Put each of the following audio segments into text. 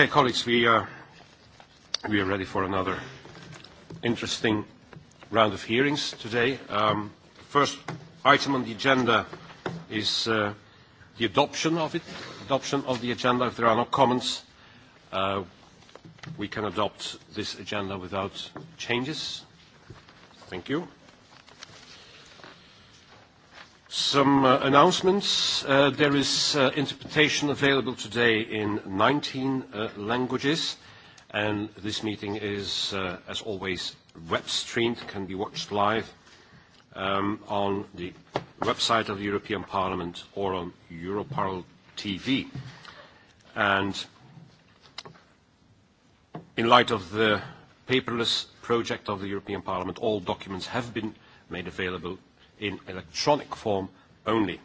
Okay, colleagues, we are, we are ready for another interesting round of hearings today. Um, first item on the agenda is the adoption of it, adoption of the agenda. If there are no comments, we can adopt this agenda without changes. Thank you. Some announcements. There is interpretation available today in 19 languages, and this meeting is, as always, web-streamed, can be watched live on the website of the European Parliament or on Europarl TV. And in light of the paperless project of the European Parliament, all documents have been made available in electronic form only.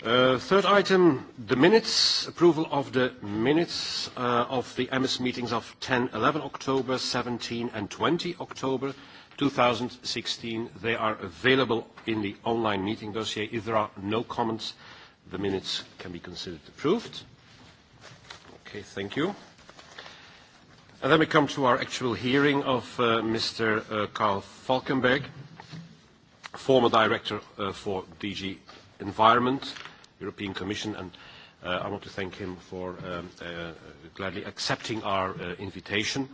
Third item, the minutes, approval of the minutes of the MS meetings of 10, 11 October, 17 and 20 October 2016. They are available in the online meeting dossier. If there are no comments, the minutes can be considered approved. Okay, thank you. And then we come to our actual hearing of Mr. Karl Falkenberg former director for DG Environment, European Commission, and I want to thank him for gladly accepting our invitation.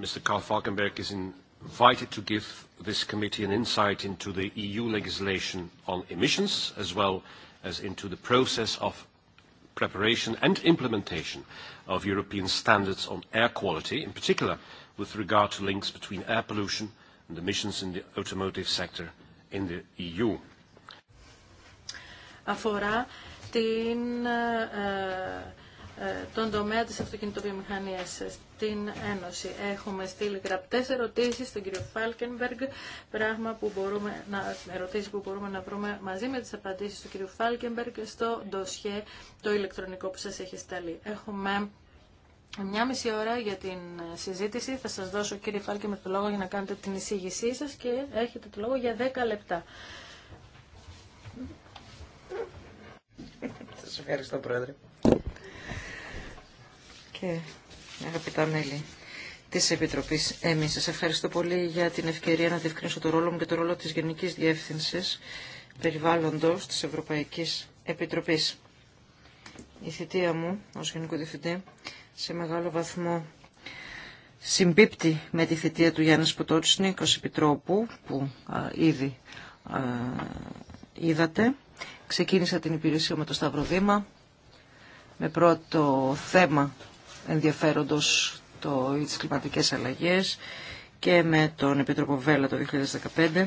Mr. Karl Falkenberg is invited to give this committee an insight into the EU legislation on emissions, as well as into the process of preparation and implementation of European standards on air quality, in particular with regard to links between air pollution and emissions in the automotive sector in the EU. Αφορά την, ε, ε, τον τομέα της αυτοκινητοβιομηχανίας στην Ένωση. Έχουμε στείλει γραπτές ερωτήσεις στον κύριο Φάλκενμπεργκ, πράγμα που μπορούμε να, ερωτήσεις που μπορούμε να βρούμε μαζί με τις απαντήσεις του κύριου Φάλκενμπεργκ στο ντοσιέ το ηλεκτρονικό που σας έχει σταλεί. Έχουμε μια μισή ώρα για την συζήτηση. Θα σας δώσω κύριε Φάρκε, με το λόγο για να κάνετε την εισήγησή σας και έχετε το λόγο για 10 λεπτά. Σας ευχαριστώ Πρόεδρε. Και αγαπητά μέλη της Επιτροπής εμείς σας ευχαριστώ πολύ για την ευκαιρία να διευκρινίσω το ρόλο μου και το ρόλο της Γενικής Διεύθυνσης Περιβάλλοντος της Ευρωπαϊκής Επιτροπής. Η θητεία μου ως Γενικό Διευθυντή σε μεγάλο βαθμό συμπίπτει με τη θητεία του Γιάννη Σποτότσνη ως Επιτρόπου που ήδη είδατε. Ξεκίνησα την υπηρεσία με το Σταυροδήμα με πρώτο θέμα ενδιαφέροντος το, τις κλιματικές αλλαγές και με τον Επίτροπο Βέλα το 2015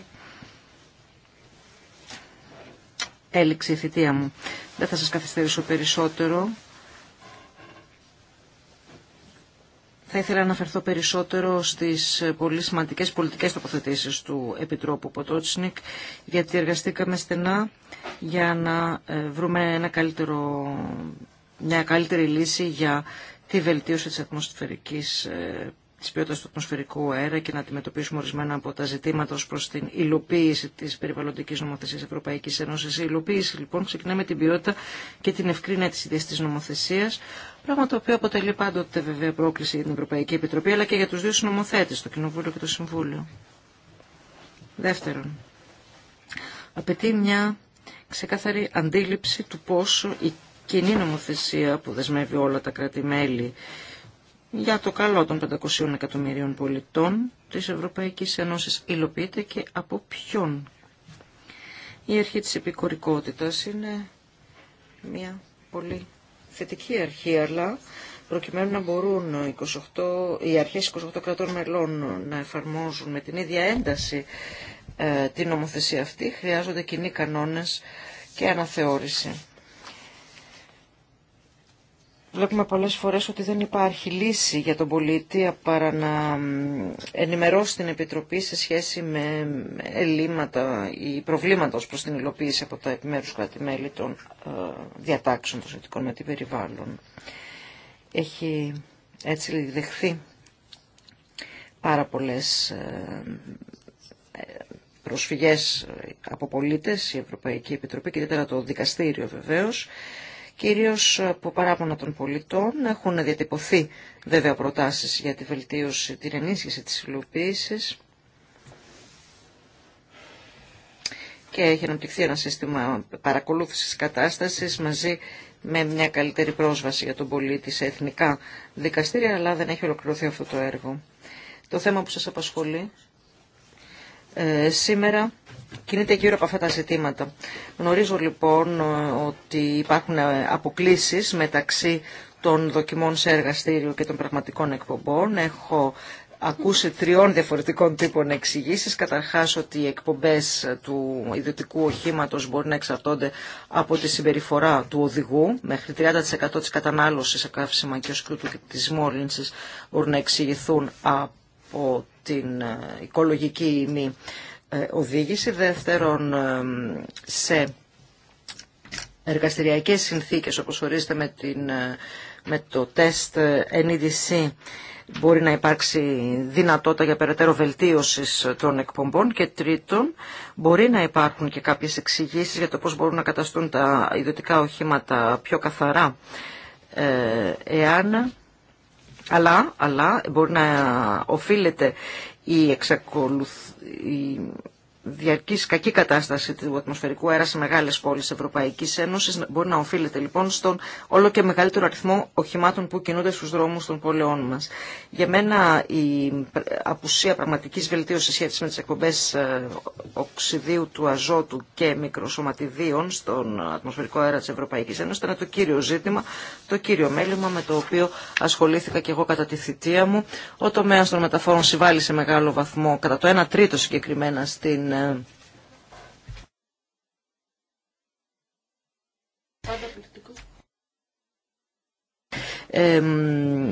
έληξε η θητεία μου. Δεν θα σας καθυστερήσω περισσότερο Θα ήθελα να αναφερθώ περισσότερο στις πολύ σημαντικές πολιτικές τοποθετήσεις του Επιτρόπου Ποτότσνικ, γιατί εργαστήκαμε στενά για να ε, βρούμε ένα καλύτερο, μια καλύτερη λύση για τη βελτίωση της ατμοσφαιρικής ε, Τη ποιότητα του ατμοσφαιρικού αέρα και να αντιμετωπίσουμε ορισμένα από τα ζητήματα ω προ την υλοποίηση τη περιβαλλοντική νομοθεσία Ευρωπαϊκή Ένωση. Η υλοποίηση λοιπόν ξεκινά με την ποιότητα και την ευκρίνεια τη ίδια τη νομοθεσία, πράγμα το οποίο αποτελεί πάντοτε βέβαια πρόκληση για την Ευρωπαϊκή Επιτροπή αλλά και για του δύο συνομοθέτε, το Κοινοβούλιο και το Συμβούλιο. Δεύτερον, απαιτεί μια ξεκάθαρη αντίληψη του πόσο η κοινή νομοθεσία που δεσμεύει όλα τα κράτη-μέλη για το καλό των 500 εκατομμυρίων πολιτών της Ευρωπαϊκής Ένωσης υλοποιείται και από ποιον. Η αρχή της επικορικότητας είναι μια πολύ θετική αρχή, αλλά προκειμένου να μπορούν 28, οι αρχές 28 κρατών μελών να εφαρμόζουν με την ίδια ένταση ε, την νομοθεσία αυτή, χρειάζονται κοινοί κανόνες και αναθεώρηση. Βλέπουμε πολλές φορές ότι δεν υπάρχει λύση για τον πολίτη παρά να ενημερώσει την Επιτροπή σε σχέση με ελλείμματα ή προβλήματα ως προς την υλοποίηση από τα επιμέρους κράτη-μέλη των ε, διατάξεων των σχετικών με την περιβάλλον. Έχει έτσι δεχθεί πάρα πολλές ε, προσφυγές από πολίτες, η Ευρωπαϊκή Επιτροπή και ιδιαίτερα το δικαστήριο βεβαίως κυρίως ε, από παράπονα των πολιτών. Έχουν διατυπωθεί βέβαια προτάσεις για τη βελτίωση, την ενίσχυση της υλοποίησης και έχει αναπτυχθεί ένα σύστημα παρακολούθησης κατάστασης μαζί με μια καλύτερη πρόσβαση για τον πολίτη σε εθνικά δικαστήρια, αλλά δεν έχει ολοκληρωθεί αυτό το έργο. Το θέμα που σας απασχολεί ε, σήμερα κινείται γύρω από αυτά τα ζητήματα. Γνωρίζω λοιπόν ότι υπάρχουν αποκλήσεις μεταξύ των δοκιμών σε εργαστήριο και των πραγματικών εκπομπών. Έχω ακούσει τριών διαφορετικών τύπων εξηγήσει. Καταρχά ότι οι εκπομπέ του ιδιωτικού οχήματο μπορεί να εξαρτώνται από τη συμπεριφορά του οδηγού. Μέχρι 30% τη κατανάλωση σε καύσιμα και ω κρούτου και τη μόλυνση μπορούν να εξηγηθούν από την ε, οικολογική ημί. Ε, οδήγηση, δεύτερον ε, σε εργαστηριακές συνθήκες όπως ορίζεται με, την, ε, με το τεστ NEDC μπορεί να υπάρξει δυνατότητα για περαιτέρω βελτίωσης των εκπομπών και τρίτον μπορεί να υπάρχουν και κάποιες εξηγήσει για το πώς μπορούν να καταστούν τα ιδιωτικά οχήματα πιο καθαρά εάν αλλά, αλλά μπορεί να οφείλεται η, εξακολουθ... η διαρκή κακή κατάσταση του ατμοσφαιρικού αέρα σε μεγάλε πόλει Ευρωπαϊκή Ένωση, μπορεί να οφείλεται λοιπόν στον όλο και μεγαλύτερο αριθμό οχημάτων που κινούνται στου δρόμου των πόλεων μα. Για μένα η απουσία πραγματικής βελτίωσης σχέση με τι εκπομπέ ε, οξυδίου του αζότου και μικροσωματιδίων στον ατμοσφαιρικό αέρα τη Ευρωπαϊκή Ένωση ήταν το κύριο ζήτημα, το κύριο μέλημα με το οποίο ασχολήθηκα και εγώ κατά τη θητεία μου. Ο τομέα των μεταφόρων συμβάλλει σε μεγάλο βαθμό κατά το 1 τρίτο συγκεκριμένα στην ναι.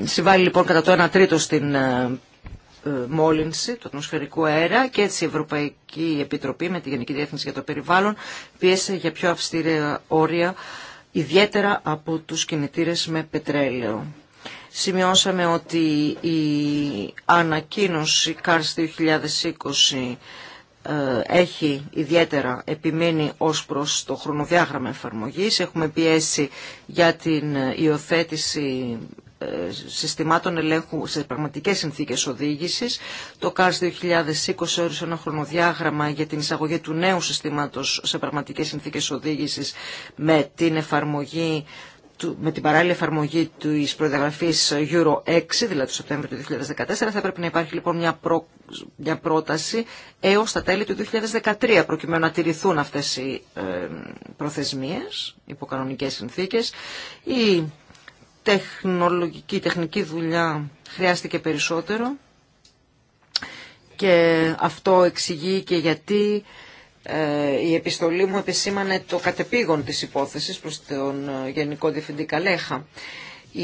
συμβάλλει λοιπόν κατά το 1 τρίτο στην ε, ε, μόλυνση του ατμοσφαιρικού αέρα και έτσι η Ευρωπαϊκή Επιτροπή με τη Γενική Διεύθυνση για το Περιβάλλον πίεσε για πιο αυστηρία όρια ιδιαίτερα από τους κινητήρες με πετρέλαιο. Σημειώσαμε ότι η ανακοίνωση CARS 2020 ε, έχει ιδιαίτερα επιμείνει ως προς το χρονοδιάγραμμα εφαρμογής. Έχουμε πιέσει για την ε, υιοθέτηση ε, συστημάτων ελέγχου σε πραγματικές συνθήκες οδήγησης. Το ΚΑΡΣ 2020 όρισε ένα χρονοδιάγραμμα για την εισαγωγή του νέου συστήματος σε πραγματικές συνθήκες οδήγησης με την εφαρμογή με την παράλληλη εφαρμογή τη προδιαγραφής Euro 6, δηλαδή το Σεπτέμβριο του 2014, θα πρέπει να υπάρχει λοιπόν μια, πρόταση έως τα τέλη του 2013, προκειμένου να τηρηθούν αυτές οι ε, προθεσμίες, υποκανονικές συνθήκες. Η τεχνολογική, η τεχνική δουλειά χρειάστηκε περισσότερο και αυτό εξηγεί και γιατί ε, η επιστολή μου επισήμανε το κατεπήγον της υπόθεσης προς τον ε, Γενικό Διευθυντή Καλέχα. Η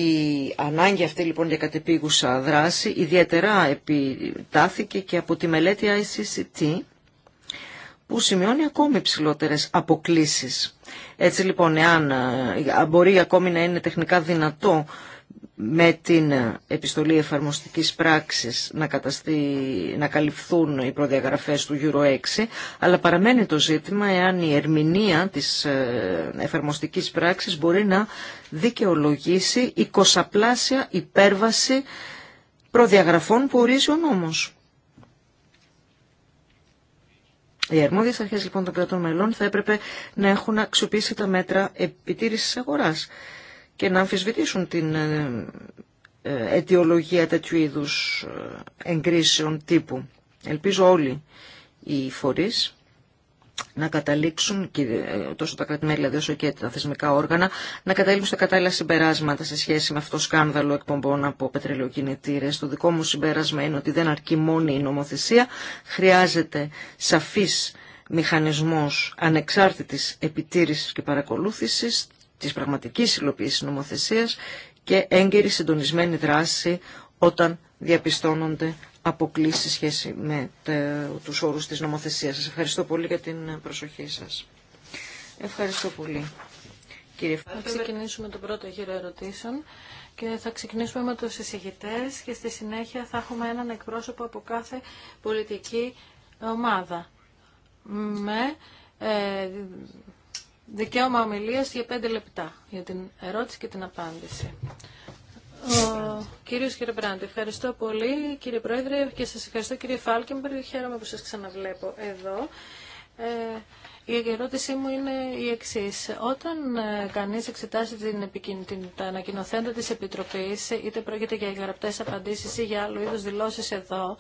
ανάγκη αυτή λοιπόν για κατεπήγουσα δράση ιδιαίτερα επιτάθηκε και από τη μελέτη ICCT που σημειώνει ακόμη ψηλότερες αποκλίσεις. Έτσι λοιπόν, εάν ε, μπορεί ακόμη να είναι τεχνικά δυνατό με την επιστολή εφαρμοστικής πράξης να, καταστεί, να καλυφθούν οι προδιαγραφές του Euro 6, αλλά παραμένει το ζήτημα εάν η ερμηνεία της ε, εφαρμοστικής πράξης μπορεί να δικαιολογήσει η κοσαπλάσια υπέρβαση προδιαγραφών που ορίζει ο νόμος. Οι αρμόδιε αρχέ λοιπόν των κρατών μελών θα έπρεπε να έχουν αξιοποιήσει τα μέτρα επιτήρηση αγορά και να αμφισβητήσουν την ε, ε, αιτιολογία τέτοιου είδου ε, εγκρίσεων τύπου. Ελπίζω όλοι οι φορείς να καταλήξουν, τόσο τα κρατημέρια δηλαδή όσο και τα θεσμικά όργανα, να καταλήξουν τα κατάλληλα συμπεράσματα σε σχέση με αυτό το σκάνδαλο εκπομπών από πετρελαιοκινητήρε. Το δικό μου συμπέρασμα είναι ότι δεν αρκεί μόνη η νομοθεσία, χρειάζεται σαφής μηχανισμός ανεξάρτητης επιτήρησης και παρακολούθησης της πραγματικής υλοποίησης νομοθεσίας και έγκαιρη συντονισμένη δράση όταν διαπιστώνονται αποκλήσεις σχέση με τους όρους της νομοθεσίας. Σας ευχαριστώ πολύ για την προσοχή σας. Ευχαριστώ πολύ. Κύριε θα ξεκινήσουμε τον πρώτο γύρο ερωτήσεων και θα ξεκινήσουμε με τους εισηγητές και στη συνέχεια θα έχουμε έναν εκπρόσωπο από κάθε πολιτική ομάδα με ε, δικαίωμα ομιλία για πέντε λεπτά για την ερώτηση και την απάντηση. Ο κύριος Μπράντε, ευχαριστώ πολύ κύριε Πρόεδρε και σας ευχαριστώ κύριε Φάλκεμπερ. Χαίρομαι που σας ξαναβλέπω εδώ. Ε, η ερώτησή μου είναι η εξή. Όταν ε, κανεί εξετάσει την, την, τα ανακοινοθέντα τη Επιτροπή, είτε πρόκειται για γραπτέ απαντήσει ή για άλλου είδου δηλώσει εδώ,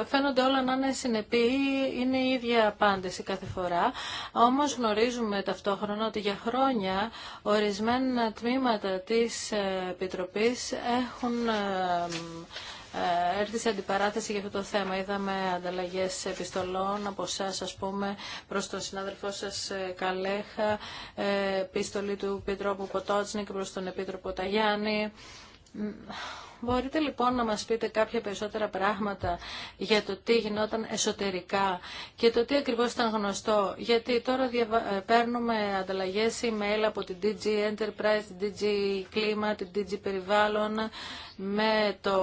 ε, φαίνονται όλα να είναι συνεπή ή είναι η ίδια απάντηση κάθε φορά. Όμω γνωρίζουμε ταυτόχρονα ότι για χρόνια συνεπει η ειναι η ιδια απαντηση καθε φορα τμήματα τη ε, Επιτροπή έχουν ε, έρθει σε αντιπαράθεση για αυτό το θέμα. Είδαμε ανταλλαγές επιστολών από εσά, α πούμε, προς τον συνάδελφό σας ε, Καλέχα, ε, επιστολή του Επιτρόπου Ποτότσνικ προς τον Επίτροπο Ταγιάννη. Μπορείτε λοιπόν να μας πείτε κάποια περισσότερα πράγματα για το τι γινόταν εσωτερικά και το τι ακριβώς ήταν γνωστό. Γιατί τώρα παίρνουμε ανταλλαγές email από την DG Enterprise, την DG Κλίμα, την DG Περιβάλλον με το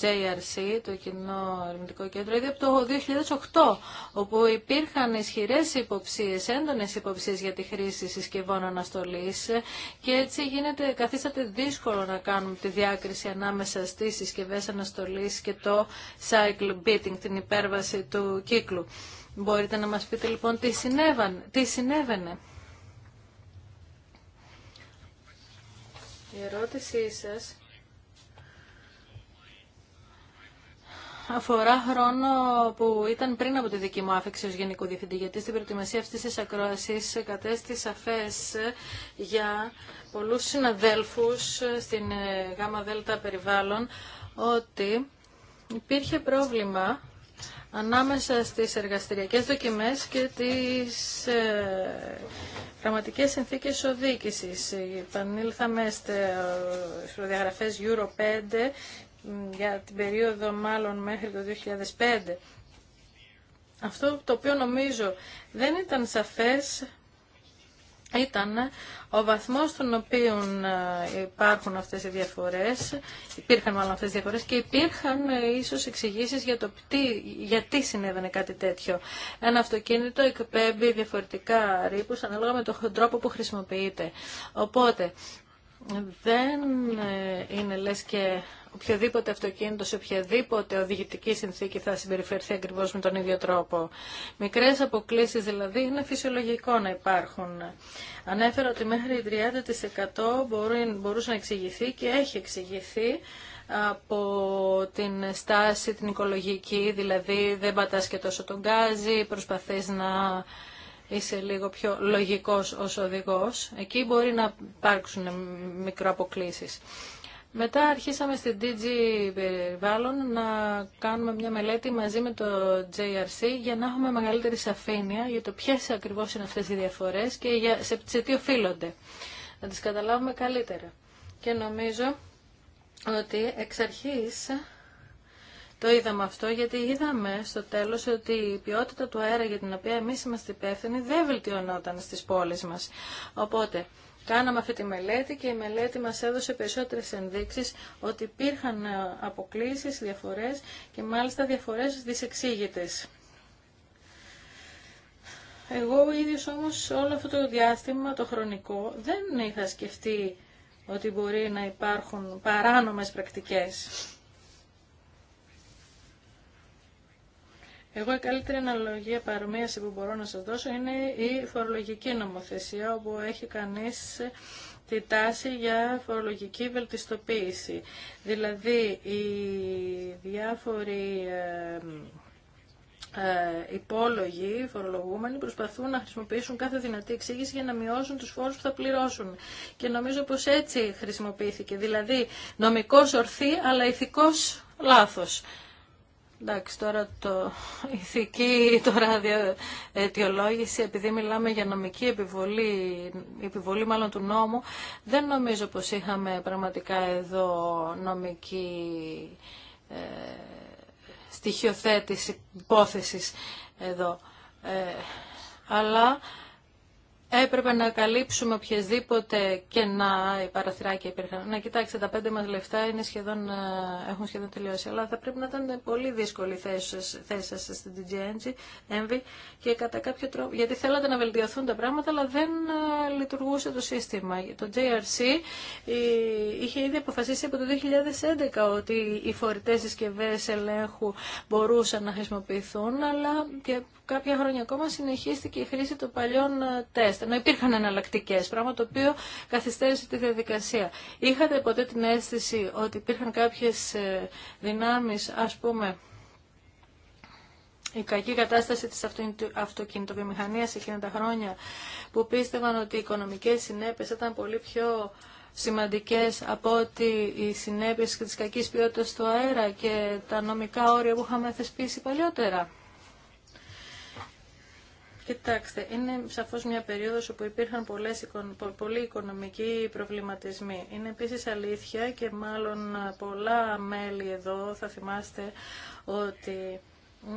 JRC, το Κοινό Ερευνητικό Κέντρο, ήδη από το 2008, όπου υπήρχαν ισχυρές υποψίες, έντονες υποψίες για τη χρήση συσκευών αναστολής και έτσι γίνεται, καθίσατε δύσκολο να κάνουμε τη διάκριση ανάμεσα στις συσκευές αναστολής και το cycle beating, την υπέρβαση του κύκλου. Μπορείτε να μας πείτε λοιπόν τι, συνέβαν, τι συνέβαινε. Η ερώτησή σας αφορά χρόνο που ήταν πριν από τη δική μου άφηξη ως Γενικού Διευθυντή, γιατί στην προετοιμασία αυτής της ακρόασης κατέστη σαφές για πολλούς συναδέλφους στην ε, ΓΑΜΑ ΔΕΛΤΑ περιβάλλον ότι υπήρχε πρόβλημα ανάμεσα στις εργαστηριακές δοκιμές και τις ε, πραγματικές συνθήκες οδήγησης. Επανήλθαμε στις προδιαγραφές Euro 5 για την περίοδο μάλλον μέχρι το 2005. Αυτό το οποίο νομίζω δεν ήταν σαφές ήταν ο βαθμός στον οποίο ε, υπάρχουν αυτές οι διαφορές, υπήρχαν μάλλον αυτές οι διαφορές και υπήρχαν ε, ίσως εξηγήσεις για το τι, γιατί συνέβαινε κάτι τέτοιο. Ένα αυτοκίνητο εκπέμπει διαφορετικά ρήπους ανάλογα με τον τρόπο που χρησιμοποιείται. Οπότε δεν ε, είναι λες και οποιοδήποτε αυτοκίνητο σε οποιαδήποτε οδηγητική συνθήκη θα συμπεριφερθεί ακριβώ με τον ίδιο τρόπο. Μικρέ αποκλήσει δηλαδή είναι φυσιολογικό να υπάρχουν. Ανέφερα ότι μέχρι 30% μπορούσε να εξηγηθεί και έχει εξηγηθεί από την στάση την οικολογική, δηλαδή δεν πατάς και τόσο τον γκάζι, προσπαθείς να είσαι λίγο πιο λογικός ως οδηγός. Εκεί μπορεί να υπάρξουν μικροαποκλήσεις. Μετά αρχίσαμε στην DG Περιβάλλον να κάνουμε μια μελέτη μαζί με το JRC για να έχουμε μεγαλύτερη σαφήνεια για το ποιες ακριβώς είναι αυτές οι διαφορές και για, σε τι οφείλονται. Να τις καταλάβουμε καλύτερα. Και νομίζω ότι εξ αρχής το είδαμε αυτό γιατί είδαμε στο τέλος ότι η ποιότητα του αέρα για την οποία εμείς είμαστε υπεύθυνοι δεν βελτιωνόταν στις πόλεις μας. Οπότε Κάναμε αυτή τη μελέτη και η μελέτη μας έδωσε περισσότερες ενδείξεις ότι υπήρχαν ε, αποκλήσεις, διαφορές και μάλιστα διαφορές δυσεξήγητες. Εγώ ο ίδιος όμως όλο αυτό το διάστημα, το χρονικό, δεν είχα σκεφτεί ότι μπορεί να υπάρχουν παράνομες πρακτικές. Εγώ η καλύτερη αναλογία παρομοίαση που μπορώ να σας δώσω είναι η φορολογική νομοθεσία όπου έχει κάνει τη τάση για φορολογική βελτιστοποίηση. Δηλαδή οι διάφοροι ε, ε υπόλογοι, φορολογούμενοι, προσπαθούν να χρησιμοποιήσουν κάθε δυνατή εξήγηση για να μειώσουν τους φόρους που θα πληρώσουν. Και νομίζω πως έτσι χρησιμοποιήθηκε. Δηλαδή νομικός ορθή αλλά ηθικός λάθος. Εντάξει, τώρα το ηθική τώρα αιτιολόγηση, επειδή μιλάμε για νομική επιβολή, επιβολή μάλλον του νόμου, δεν νομίζω πως είχαμε πραγματικά εδώ νομική ε, στοιχειοθέτηση υπόθεση εδώ. Ε, αλλά έπρεπε να καλύψουμε οποιασδήποτε κενά παραθυράκια υπήρχαν. Να κοιτάξτε, τα πέντε μας λεφτά είναι σχεδόν, ε, έχουν σχεδόν τελειώσει, αλλά θα πρέπει να ήταν πολύ δύσκολη η θέση σας στην DGNG, και κατά κάποιο τρόπο, γιατί θέλατε να βελτιωθούν τα πράγματα, αλλά δεν ε, λειτουργούσε το σύστημα. Το JRC ε, είχε ήδη αποφασίσει από το 2011 ότι οι φορητές συσκευέ ελέγχου μπορούσαν να χρησιμοποιηθούν, αλλά και κάποια χρόνια ακόμα συνεχίστηκε η χρήση των παλιών τεστ να Ενώ υπήρχαν εναλλακτικέ, πράγμα το οποίο καθυστέρησε τη διαδικασία. Είχατε ποτέ την αίσθηση ότι υπήρχαν κάποιε δυνάμει, α πούμε, η κακή κατάσταση της αυτοκινητοβιομηχανίας εκείνα τα χρόνια που πίστευαν ότι οι οικονομικές συνέπειες ήταν πολύ πιο σημαντικές από ότι οι συνέπειες της κακής ποιότητας του αέρα και τα νομικά όρια που είχαμε θεσπίσει παλιότερα. Κοιτάξτε, είναι σαφώς μια περίοδος όπου υπήρχαν πολλές, πολλοί οικονομικοί προβληματισμοί. Είναι επίσης αλήθεια και μάλλον πολλά μέλη εδώ θα θυμάστε ότι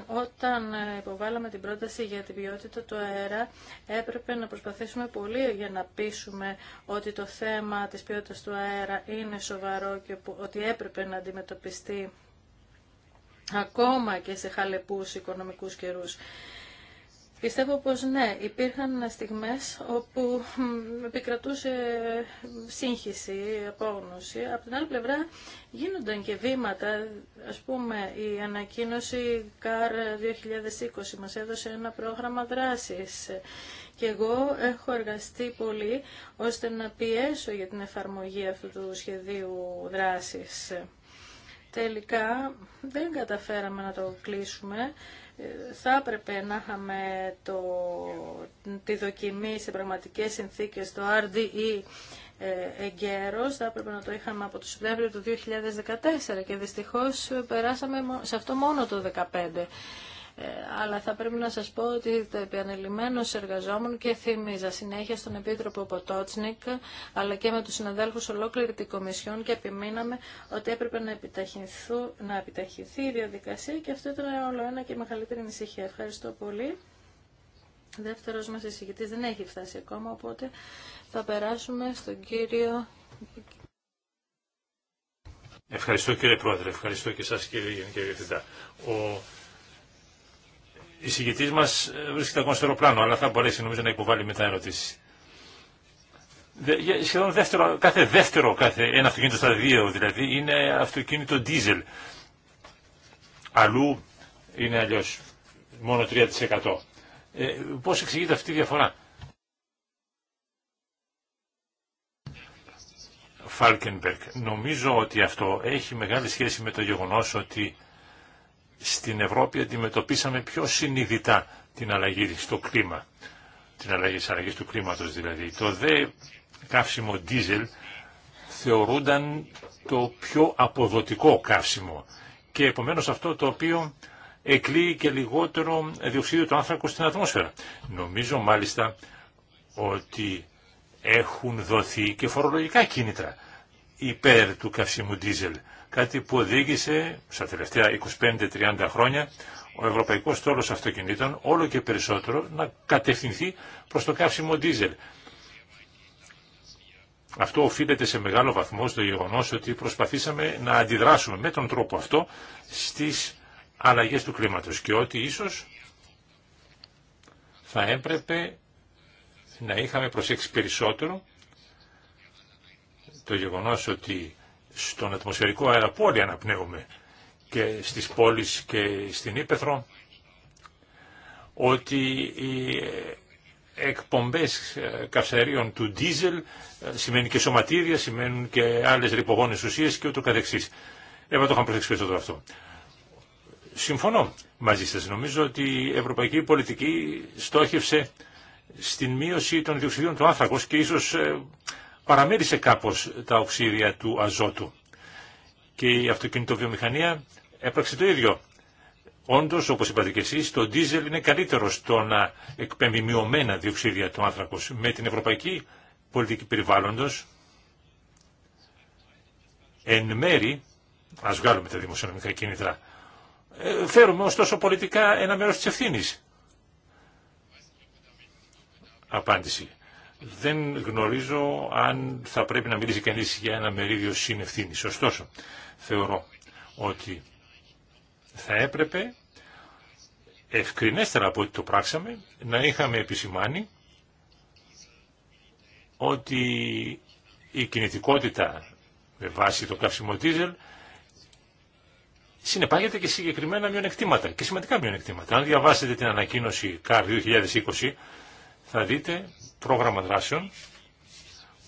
όταν υποβάλαμε την πρόταση για την ποιότητα του αέρα, έπρεπε να προσπαθήσουμε πολύ για να πείσουμε ότι το θέμα της ποιότητας του αέρα είναι σοβαρό και ότι έπρεπε να αντιμετωπιστεί ακόμα και σε χαλεπούς οικονομικούς καιρούς. Πιστεύω πως ναι, υπήρχαν στιγμές όπου επικρατούσε σύγχυση, απόγνωση. Από την άλλη πλευρά γίνονταν και βήματα, ας πούμε η ανακοίνωση ΚΑΡ 2020 μας έδωσε ένα πρόγραμμα δράσης και εγώ έχω εργαστεί πολύ ώστε να πιέσω για την εφαρμογή αυτού του σχεδίου δράσης. Τελικά δεν καταφέραμε να το κλείσουμε θα έπρεπε να είχαμε το, τη δοκιμή σε πραγματικές συνθήκες το RDE ε, εγκαίρος. θα έπρεπε να το είχαμε από το Σεπτέμβριο του 2014 και δυστυχώς περάσαμε σε αυτό μόνο το 2015. Ε, αλλά θα πρέπει να σας πω ότι το επιανελειμμένο εργαζόμουν και θυμίζα συνέχεια στον Επίτροπο Ποτότσνικ, αλλά και με τους συναδέλφους ολόκληρη την Κομισιόν και επιμείναμε ότι έπρεπε να, να επιταχυνθεί η διαδικασία και αυτό ήταν όλο ένα και μεγαλύτερη ανησυχία. Ευχαριστώ πολύ. Δεύτερος μας εισηγητής δεν έχει φτάσει ακόμα, οπότε θα περάσουμε στον κύριο... Ευχαριστώ κύριε Πρόεδρε, ευχαριστώ και εσάς κύριε Γενική Διευθυντά. Ο η συγκεκριτή μα ε, βρίσκεται ακόμα στο αεροπλάνο, αλλά θα μπορέσει νομίζω να υποβάλει μετά ερωτήσεις. Σχεδόν δεύτερο, κάθε δεύτερο, κάθε ένα αυτοκίνητο στα δύο δηλαδή, είναι αυτοκίνητο diesel. Αλλού είναι αλλιώ. μόνο 3%. Ε, πώς εξηγείται αυτή η διαφορά. Φάλκενμπερκ. Νομίζω ότι αυτό έχει μεγάλη σχέση με το γεγονός ότι στην Ευρώπη αντιμετωπίσαμε πιο συνειδητά την αλλαγή στο κλίμα, την αλλαγή της αλλαγής του κλίματος δηλαδή. Το δε καύσιμο ντίζελ θεωρούνταν το πιο αποδοτικό καύσιμο και επομένως αυτό το οποίο εκλείει και λιγότερο διοξίδιο του άνθρακου στην ατμόσφαιρα. Νομίζω μάλιστα ότι έχουν δοθεί και φορολογικά κίνητρα υπέρ του καυσίμου ντίζελ κάτι που οδήγησε στα τελευταία 25-30 χρόνια ο ευρωπαϊκός στόλος αυτοκινήτων όλο και περισσότερο να κατευθυνθεί προς το καύσιμο δίζελ. Αυτό οφείλεται σε μεγάλο βαθμό στο γεγονός ότι προσπαθήσαμε να αντιδράσουμε με τον τρόπο αυτό στις αλλαγές του κλίματος και ότι ίσως θα έπρεπε να είχαμε προσέξει περισσότερο το γεγονός ότι στον ατμοσφαιρικό αέρα που όλοι αναπνέουμε και στις πόλεις και στην Ήπεθρο ότι οι ε, εκπομπές ε, καυσαερίων του ντίζελ ε, σημαίνει και σωματίδια, σημαίνουν και άλλες ρηπογόνες ουσίες και ούτω καθεξής. Εύα το είχαμε προσέξει περισσότερο αυτό. Συμφωνώ μαζί σας. Νομίζω ότι η ευρωπαϊκή πολιτική στόχευσε στην μείωση των διοξιδίων του άνθρακος και ίσως παραμέρισε κάπως τα οξύδια του αζότου. Και η αυτοκινητοβιομηχανία έπραξε το ίδιο. Όντως, όπως είπατε και εσεί, το ντίζελ είναι καλύτερο στο να εκπέμπει μειωμένα διοξίδια του άνθρακο. Με την ευρωπαϊκή πολιτική περιβάλλοντος, εν μέρη, ας βγάλουμε τα δημοσιονομικά κίνητρα, ε, φέρουμε ωστόσο πολιτικά ένα μέρος τη ευθύνη. Απάντηση δεν γνωρίζω αν θα πρέπει να μιλήσει κανείς για ένα μερίδιο συνευθύνης. Ωστόσο, θεωρώ ότι θα έπρεπε ευκρινέστερα από ό,τι το πράξαμε να είχαμε επισημάνει ότι η κινητικότητα με βάση το καύσιμο συνεπάγεται και συγκεκριμένα μειονεκτήματα και σημαντικά μειονεκτήματα. Αν διαβάσετε την ανακοίνωση ΚΑΡ 2020 θα δείτε πρόγραμμα δράσεων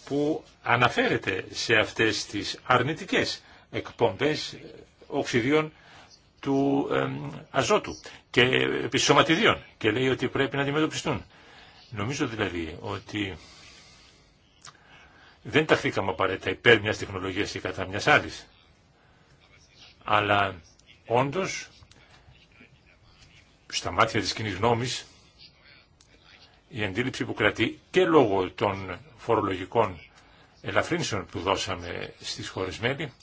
που αναφέρεται σε αυτές τις αρνητικές εκπομπές οξυδίων του αζότου και επισωματιδίων και λέει ότι πρέπει να αντιμετωπιστούν. Νομίζω δηλαδή ότι δεν ταχθήκαμε απαραίτητα υπέρ μιας τεχνολογίας ή κατά μιας άλλης. Αλλά όντως στα μάτια της κοινή γνώμης η αντίληψη που κρατεί και λόγω των φορολογικών ελαφρύνσεων που δώσαμε στις χώρες μέλη,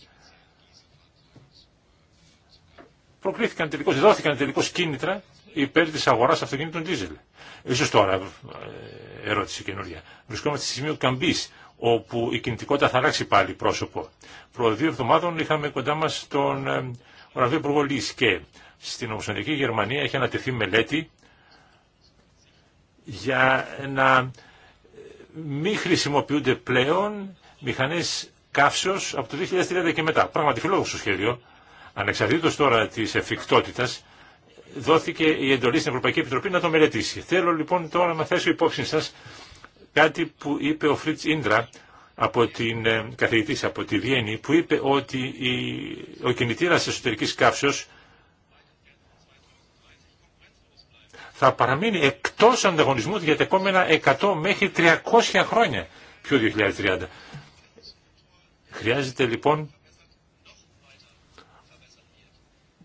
προκλήθηκαν τελικώς, δόθηκαν τελικώς κίνητρα υπέρ της αγοράς αυτοκινήτων δίζελ. Ίσως τώρα, ε, ερώτηση καινούρια, βρισκόμαστε στη σημείο καμπής, όπου η κινητικότητα θα αλλάξει πάλι πρόσωπο. Προ δύο εβδομάδων είχαμε κοντά μας τον ε, Οραβείο Υπουργό και στην Ομοσπονδιακή Γερμανία έχει ανατεθεί μελέτη για να ε, μην χρησιμοποιούνται πλέον μηχανές καύσεως από το 2030 και μετά. Πράγματι στο σχέδιο, ανεξαρτήτως τώρα της εφικτότητας, δόθηκε η εντολή στην Ευρωπαϊκή Επιτροπή να το μελετήσει. Θέλω λοιπόν τώρα να θέσω υπόψη σας κάτι που είπε ο Φρίτς Ίντρα, από την ε, καθηγητής από τη Βιέννη, που είπε ότι η, ο κινητήρας εσωτερικής καύσεως θα παραμείνει εκτός ανταγωνισμού για τα επόμενα 100 μέχρι 300 χρόνια. πιο 2030. Χρειάζεται λοιπόν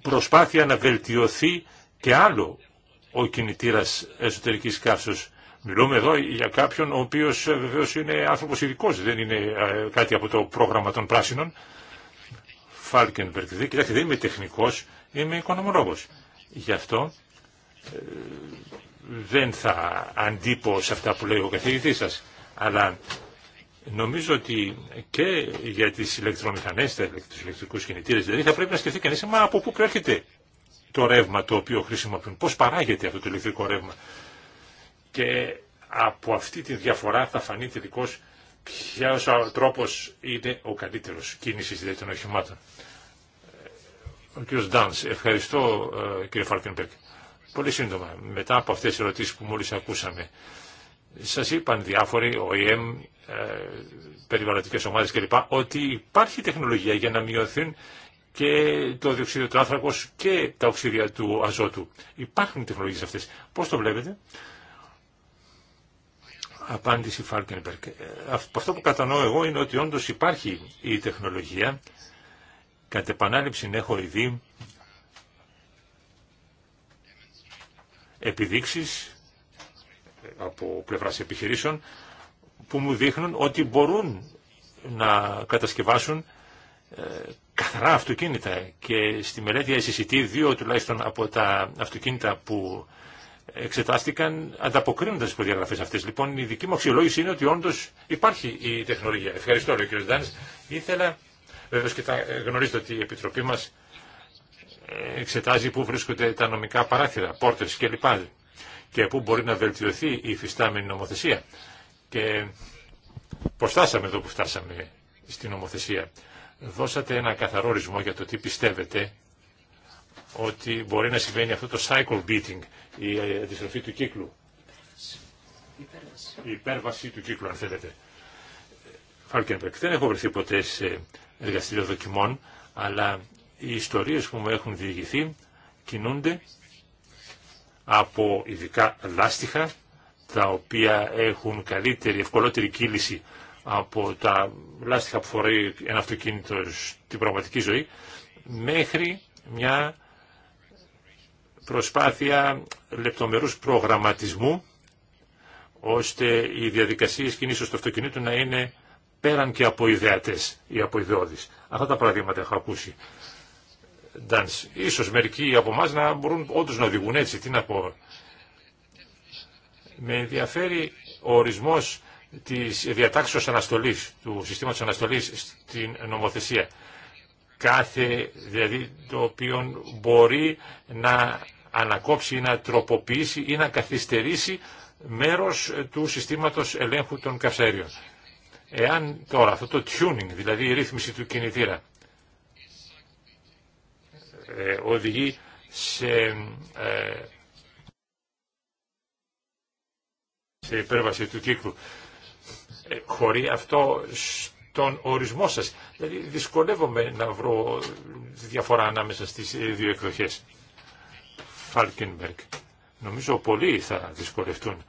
προσπάθεια να βελτιωθεί και άλλο ο κινητήρας εσωτερικής καύσεως. Μιλούμε εδώ για κάποιον ο οποίος ε, βεβαίως είναι άνθρωπος ειδικό, δεν είναι ε, κάτι από το πρόγραμμα των πράσινων. Φάλκενμπερκ, κοιτάξτε δεν είμαι τεχνικός, είμαι οικονομολόγος. Γι' αυτό δεν θα αντίπω σε αυτά που λέει ο καθηγητής σας, αλλά νομίζω ότι και για τις ηλεκτρομηχανές, τους ηλεκτρικούς κινητήρες, δηλαδή θα πρέπει να σκεφτεί κανείς, μα από πού προέρχεται το ρεύμα το οποίο χρησιμοποιούν, πώς παράγεται αυτό το ηλεκτρικό ρεύμα. Και από αυτή τη διαφορά θα φανεί τελικώς ποιο τρόπος είναι ο καλύτερος κίνησης δηλαδή των οχημάτων. Ε, ο κ. Ντάνς, ευχαριστώ ε, κύριε Φαλκενμπερκ. Πολύ σύντομα, μετά από αυτές τις ερωτήσεις που μόλις ακούσαμε, σας είπαν διάφοροι, ο ΙΕΜ, ε, περιβαλλοντικές ομάδες κλπ, ότι υπάρχει τεχνολογία για να μειωθούν και το διοξείδιο του άνθρακος και τα οξύδια του αζότου. Υπάρχουν τεχνολογίες αυτές. Πώς το βλέπετε? Απάντηση Φάλκενμπερκ. Ε, αυτό που κατανοώ εγώ είναι ότι όντως υπάρχει η τεχνολογία. Κατ' επανάληψη έχω ειδή... επιδείξεις από πλευράς επιχειρήσεων που μου δείχνουν ότι μπορούν να κατασκευάσουν ε, καθαρά αυτοκίνητα και στη μελέτη SCT δύο τουλάχιστον από τα αυτοκίνητα που εξετάστηκαν ανταποκρίνοντα τις προδιαγραφές αυτές. Λοιπόν, η δική μου αξιολόγηση είναι ότι όντως υπάρχει η τεχνολογία. Ευχαριστώ, λέει ο κ. Ντάνη. Ήθελα, βέβαια και ε, γνωρίζετε ότι η Επιτροπή μας, εξετάζει πού βρίσκονται τα νομικά παράθυρα, πόρτες κλπ. Και πού μπορεί να βελτιωθεί η υφιστάμενη νομοθεσία. Και πώς φτάσαμε εδώ που μπορει να βελτιωθει η υφισταμενη νομοθεσια και προστασαμε εδω που φτασαμε στην νομοθεσία. Δώσατε ένα καθαρόρισμο για το τι πιστεύετε ότι μπορεί να συμβαίνει αυτό το cycle beating, η αντιστροφή του κύκλου. Η υπέρβαση του κύκλου, αν θέλετε. Φάλκενμπεκ, δεν έχω βρεθεί ποτέ σε εργαστήριο δοκιμών, αλλά οι ιστορίες που μου έχουν διηγηθεί κινούνται από ειδικά λάστιχα, τα οποία έχουν καλύτερη, ευκολότερη κύληση από τα λάστιχα που φορεί ένα αυτοκίνητο στην πραγματική ζωή, μέχρι μια προσπάθεια λεπτομερούς προγραμματισμού, ώστε οι διαδικασίες κινήσεως του αυτοκινήτου να είναι πέραν και από ιδέατες ή από ιδεώδεις. Αυτά τα παραδείγματα έχω ακούσει dance. Ίσως μερικοί από εμά να μπορούν όντω να οδηγούν έτσι, τι να πω. Με ενδιαφέρει ο ορισμός της διατάξεως αναστολής, του συστήματος αναστολής στην νομοθεσία. Κάθε, δηλαδή, το οποίο μπορεί να ανακόψει ή να τροποποιήσει ή να καθυστερήσει μέρος του συστήματος ελέγχου των καυσαέριων. Εάν τώρα αυτό το tuning, δηλαδή η ρύθμιση του κινητήρα, ε, οδηγεί σε, ε, σε υπέρβαση του κύκλου. Ε, Χωρί αυτό στον ορισμό σας. Δηλαδή δυσκολεύομαι να βρω διαφορά ανάμεσα στις δύο εκδοχές. Φάλκενμπεργκ. Νομίζω πολλοί θα δυσκολευτούν.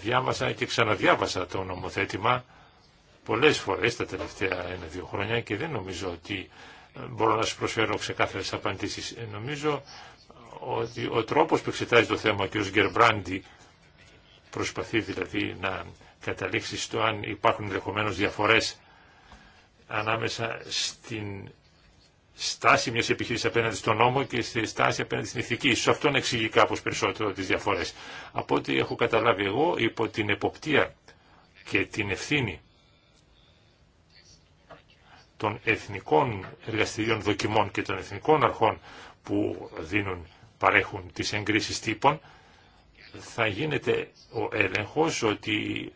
Διάβασα και ξαναδιάβασα το νομοθέτημα πολλές φορές τα τελευταία ένα-δύο χρόνια και δεν νομίζω ότι μπορώ να σου προσφέρω ξεκάθαρες απαντήσεις. Ε, νομίζω ότι ο τρόπος που εξετάζει το θέμα και ο Γκερμπράντι προσπαθεί δηλαδή να καταλήξει στο αν υπάρχουν ενδεχομένω διαφορές ανάμεσα στην στάση μιας επιχείρησης απέναντι στον νόμο και στη στάση απέναντι στην ηθική. Σε αυτόν εξηγεί κάπως περισσότερο τις διαφορές. Από ό,τι έχω καταλάβει εγώ, υπό την εποπτεία και την ευθύνη των εθνικών εργαστηρίων δοκιμών και των εθνικών αρχών που δίνουν, παρέχουν τις εγκρίσεις τύπων, θα γίνεται ο έλεγχος ότι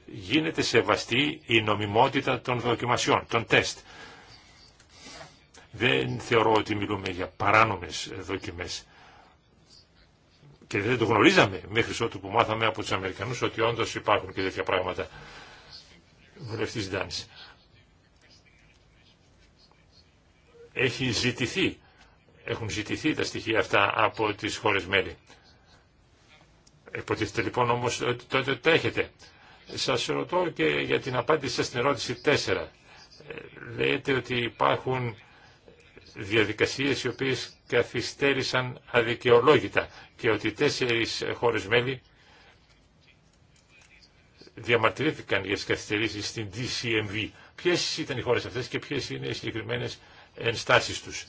γίνεται σεβαστή η νομιμότητα των δοκιμασιών, των τεστ. Δεν θεωρώ ότι μιλούμε για παράνομες δοκιμές και δεν το γνωρίζαμε μέχρι ότου που μάθαμε από τους Αμερικανούς ότι όντως υπάρχουν και τέτοια πράγματα. Βουλευτής Ντάνης. έχει ζητηθεί, έχουν ζητηθεί τα στοιχεία αυτά από τις χώρες μέλη. Υποτίθεται λοιπόν όμως ότι τότε τα έχετε. Σας ρωτώ και για την απάντηση σας στην ερώτηση 4. Ε, λέτε ότι υπάρχουν διαδικασίες οι οποίες καθυστέρησαν αδικαιολόγητα και ότι τέσσερις χώρες μέλη διαμαρτυρήθηκαν για τις καθυστερήσεις στην DCMV. Ποιες ήταν οι χώρες αυτές και ποιες είναι οι συγκεκριμένες ενστάσεις τους.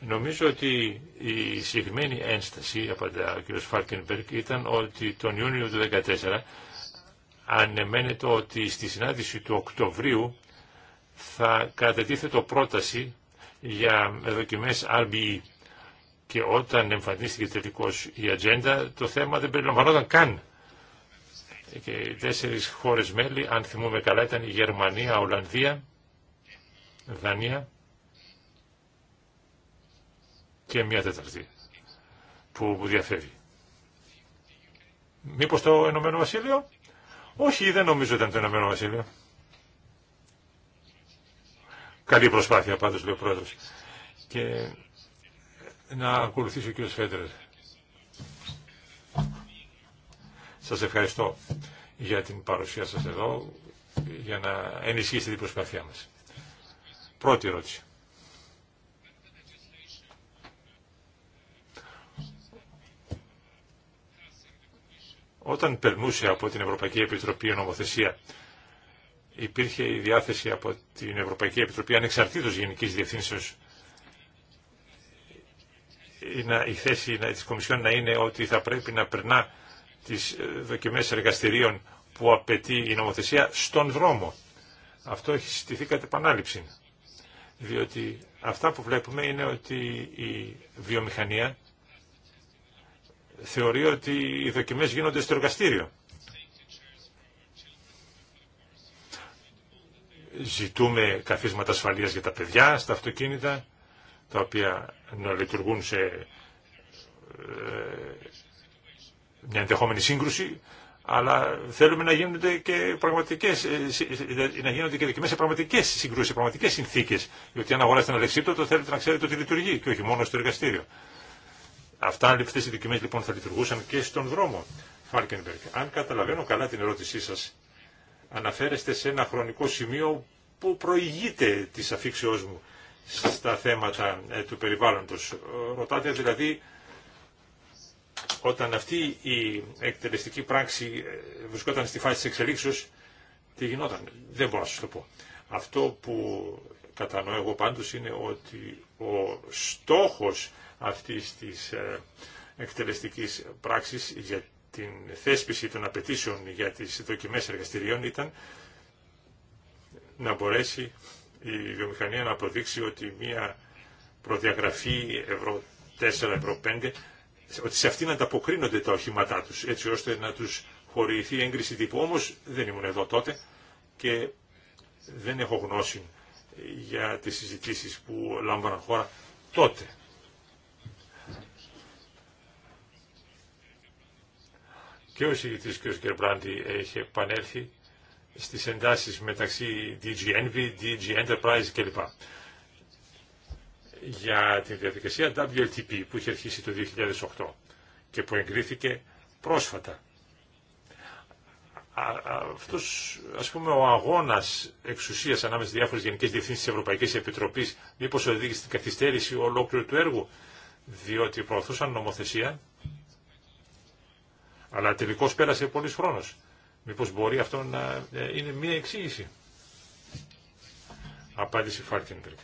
Νομίζω ότι η συγκεκριμένη ένσταση, απαντά ο κ. Φαρκενμπερκ, ήταν ότι τον Ιούνιο του 2014 ανεμένεται ότι στη συνάντηση του Οκτωβρίου θα κατετίθετο πρόταση για δοκιμές RBE και όταν εμφανίστηκε τελικώς η ατζέντα το θέμα δεν περιλαμβανόταν καν και οι τέσσερις χώρες μέλη αν θυμούμε καλά ήταν η Γερμανία, Ολλανδία, Δανία και μια τέταρτη που διαφεύγει. Μήπως το Ενωμένο Βασίλειο? Όχι, δεν νομίζω ήταν το Ενωμένο Βασίλειο. Καλή προσπάθεια πάντως, λέει ο Πρόεδρος. Και να ακολουθήσει ο κ. Φέντερ. Σας ευχαριστώ για την παρουσία σας εδώ, για να ενισχύσετε την προσπάθειά μας. Πρώτη ερώτηση. Όταν περνούσε από την Ευρωπαϊκή Επιτροπή η νομοθεσία, υπήρχε η διάθεση από την Ευρωπαϊκή Επιτροπή ανεξαρτήτως Γενικής Διευθύνσεως η θέση της Κομισιόν να είναι ότι θα πρέπει να περνά τις ε, δοκιμές εργαστηρίων που απαιτεί η νομοθεσία στον δρόμο. Αυτό έχει συστηθεί κατά επανάληψη. Διότι αυτά που βλέπουμε είναι ότι η βιομηχανία θεωρεί ότι οι δοκιμές γίνονται στο εργαστήριο. Ζητούμε καθίσματα ασφαλείας για τα παιδιά στα αυτοκίνητα, τα οποία να λειτουργούν σε ε, μια ενδεχόμενη σύγκρουση, αλλά θέλουμε να γίνονται και πραγματικές, ε, ε, να γίνονται και δοκιμές σε πραγματικές συγκρούσεις, σε πραγματικές συνθήκες. Γιατί αν αγοράσετε ένα λεξίπτο, θέλετε να ξέρετε ότι λειτουργεί και όχι μόνο στο εργαστήριο. Αυτά, αυτέ οι δοκιμέ λοιπόν θα λειτουργούσαν και στον δρόμο, Φάρκενμπεργκ. Αν καταλαβαίνω καλά την ερώτησή σα, αναφέρεστε σε ένα χρονικό σημείο που προηγείται της αφήξεώ μου στα θέματα ε, του περιβάλλοντος. Ρωτάτε δηλαδή όταν αυτή η εκτελεστική πράξη ε, βρισκόταν στη φάση της εξελίξεως, τι γινόταν. Δεν μπορώ να σας το πω. Αυτό που κατανοώ εγώ πάντως είναι ότι ο στόχος αυτή της ε, εκτελεστικής πράξης για την θέσπιση των απαιτήσεων για τις δοκιμές εργαστηριών ήταν να μπορέσει η βιομηχανία να αποδείξει ότι μια προδιαγραφή ευρώ 4, ευρώ 5, ότι σε αυτήν ανταποκρίνονται τα οχήματά τους, έτσι ώστε να τους χορηγηθεί έγκριση τύπου. Όμως δεν ήμουν εδώ τότε και δεν έχω γνώση για τις συζητήσεις που λάμβαναν χώρα τότε. και ο εισηγητής κ. Γκερμπράντι έχει επανέλθει στις εντάσεις μεταξύ DG Envy, DG Enterprise κλπ. Για την διαδικασία WLTP που είχε αρχίσει το 2008 και που εγκρίθηκε πρόσφατα. Αυτός, ας πούμε, ο αγώνας εξουσίας ανάμεσα στις διάφορες γενικές διευθύνσεις της Ευρωπαϊκής Επιτροπής μήπως οδήγησε στην καθυστέρηση ολόκληρου του έργου, διότι προωθούσαν νομοθεσία αλλά τελικώς πέρασε πολλής χρόνος. Μήπως μπορεί αυτό να ε, είναι μία εξήγηση. Απάντηση Φάρκεντρικ.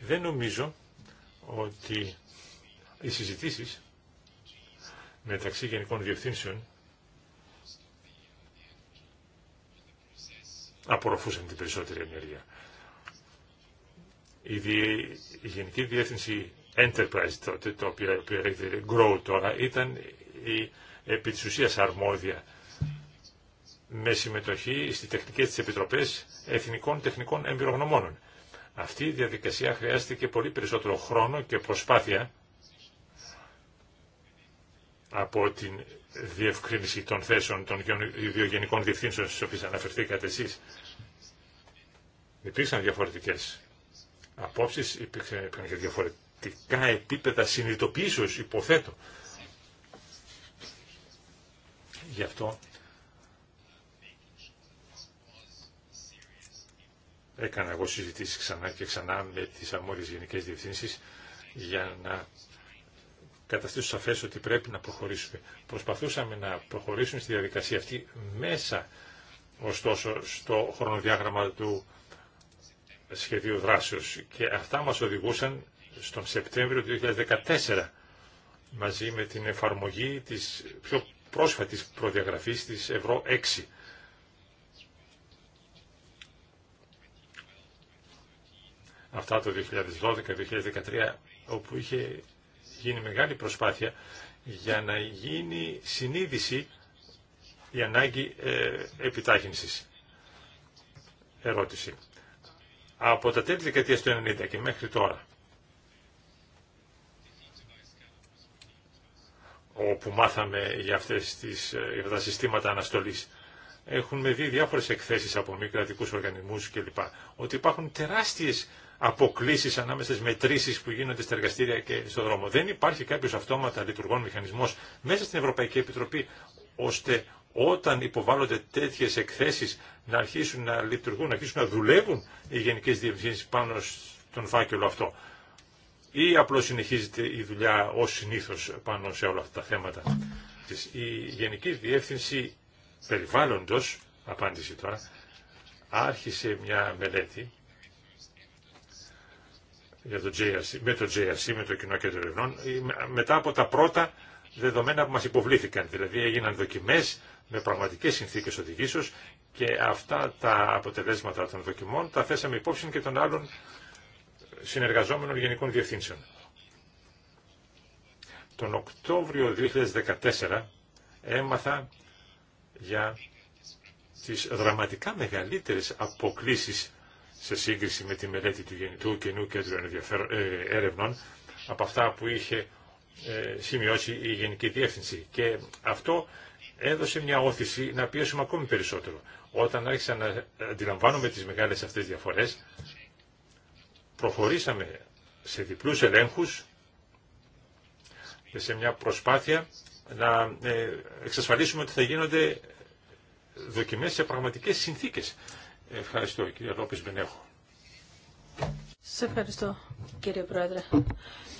Δεν νομίζω ότι οι συζητήσεις μεταξύ γενικών διευθύνσεων απορροφούσαν την περισσότερη ενέργεια. Η, Γενική Διεύθυνση Enterprise τότε, το οποίο, το οποίο λέγεται Grow τώρα, ήταν η επί της ουσίας αρμόδια με συμμετοχή στις τεχνικές της Επιτροπές Εθνικών Τεχνικών Εμπειρογνωμόνων. Αυτή η διαδικασία χρειάστηκε πολύ περισσότερο χρόνο και προσπάθεια από την διευκρίνηση των θέσεων των ιδιογενικών γενικών διευθύνσεων στις οποίες αναφερθήκατε εσείς. Υπήρξαν διαφορετικές απόψεις, υπήρξαν και διαφορετικά επίπεδα συνειδητοποιήσεως, υποθέτω, Γι' αυτό έκανα εγώ συζητήσεις ξανά και ξανά με τις αρμόδιε γενικές διευθύνσεις για να καταστήσω σαφές ότι πρέπει να προχωρήσουμε. Προσπαθούσαμε να προχωρήσουμε στη διαδικασία αυτή μέσα ωστόσο στο χρονοδιάγραμμα του σχεδίου δράσεως και αυτά μας οδηγούσαν στον Σεπτέμβριο του 2014 μαζί με την εφαρμογή της πιο πρόσφατης προδιαγραφής της Ευρώ 6. Αυτά το 2012-2013 όπου είχε γίνει μεγάλη προσπάθεια για να γίνει συνείδηση η ανάγκη ε, επιτάχυνσης. Ερώτηση. Από τα τέλη δεκαετία του 90 και μέχρι τώρα όπου μάθαμε για, αυτές τις, για ε, αυτά τα συστήματα αναστολής. Έχουμε δει διάφορες εκθέσεις από μη κρατικούς οργανισμούς κλπ. Ότι υπάρχουν τεράστιες αποκλήσεις ανάμεσα στις μετρήσεις που γίνονται στα εργαστήρια και στον δρόμο. Δεν υπάρχει κάποιος αυτόματα λειτουργών μηχανισμός μέσα στην Ευρωπαϊκή Επιτροπή ώστε όταν υποβάλλονται τέτοιες εκθέσεις να αρχίσουν να λειτουργούν, να αρχίσουν να δουλεύουν οι γενικές διευθύνσεις πάνω στον φάκελο αυτό ή απλώς συνεχίζεται η δουλειά ως συνήθως πάνω σε όλα αυτά τα θέματα. Η Γενική Διεύθυνση Περιβάλλοντος, απάντηση τώρα, άρχισε μια μελέτη το με το JRC, με το Κοινό Κέντρο Ερευνών, ε, μετά από τα πρώτα δεδομένα που μας υποβλήθηκαν. Δηλαδή έγιναν δοκιμές με πραγματικές συνθήκες οδηγήσεως και αυτά τα αποτελέσματα των δοκιμών τα θέσαμε υπόψη και των άλλων συνεργαζόμενων γενικών διευθύνσεων. Τον Οκτώβριο 2014 έμαθα για τις δραματικά μεγαλύτερες αποκλίσεις σε σύγκριση με τη μελέτη του Γενικού Κοινού Κέντρου ε, Έρευνων από αυτά που είχε ε, σημειώσει η Γενική Διεύθυνση. Και αυτό έδωσε μια όθηση να πιέσουμε ακόμη περισσότερο. Όταν άρχισα να αντιλαμβάνομαι τις μεγάλες αυτές διαφορές, προχωρήσαμε σε διπλούς ελέγχους και σε μια προσπάθεια να ε, εξασφαλίσουμε ότι θα γίνονται δοκιμές σε πραγματικές συνθήκες. Ευχαριστώ κύριε Λόπης Μπενέχο. Σε ευχαριστώ κύριε Πρόεδρε.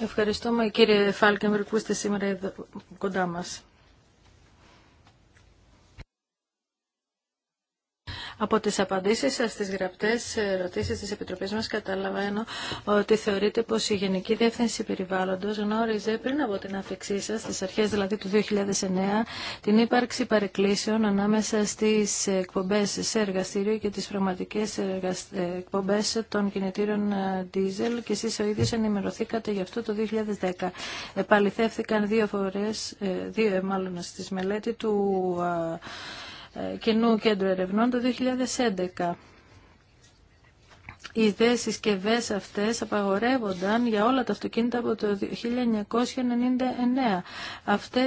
Ευχαριστούμε κύριε Φάλκεμπερ που είστε σήμερα εδώ κοντά μας. Από τις απαντήσεις σας στις γραπτές ερωτήσεις της Επιτροπής μας καταλαβαίνω ότι θεωρείτε πως η Γενική Διεύθυνση Περιβάλλοντος γνώριζε πριν από την άφηξή σας, στις αρχές δηλαδή του 2009, την ύπαρξη παρεκκλήσεων ανάμεσα στις εκπομπές σε εργαστήριο και τις πραγματικές εκπομπές των κινητήρων ε, diesel και εσείς ο ίδιος ενημερωθήκατε γι' αυτό το 2010. Επαληθεύθηκαν δύο φορές, ε, δύο ε, μάλλον στις μελέτη του ε, Κοινού Κέντρου Ερευνών το 2011 οι δε συσκευέ αυτές απαγορεύονταν για όλα τα αυτοκίνητα από το 1999. Αυτές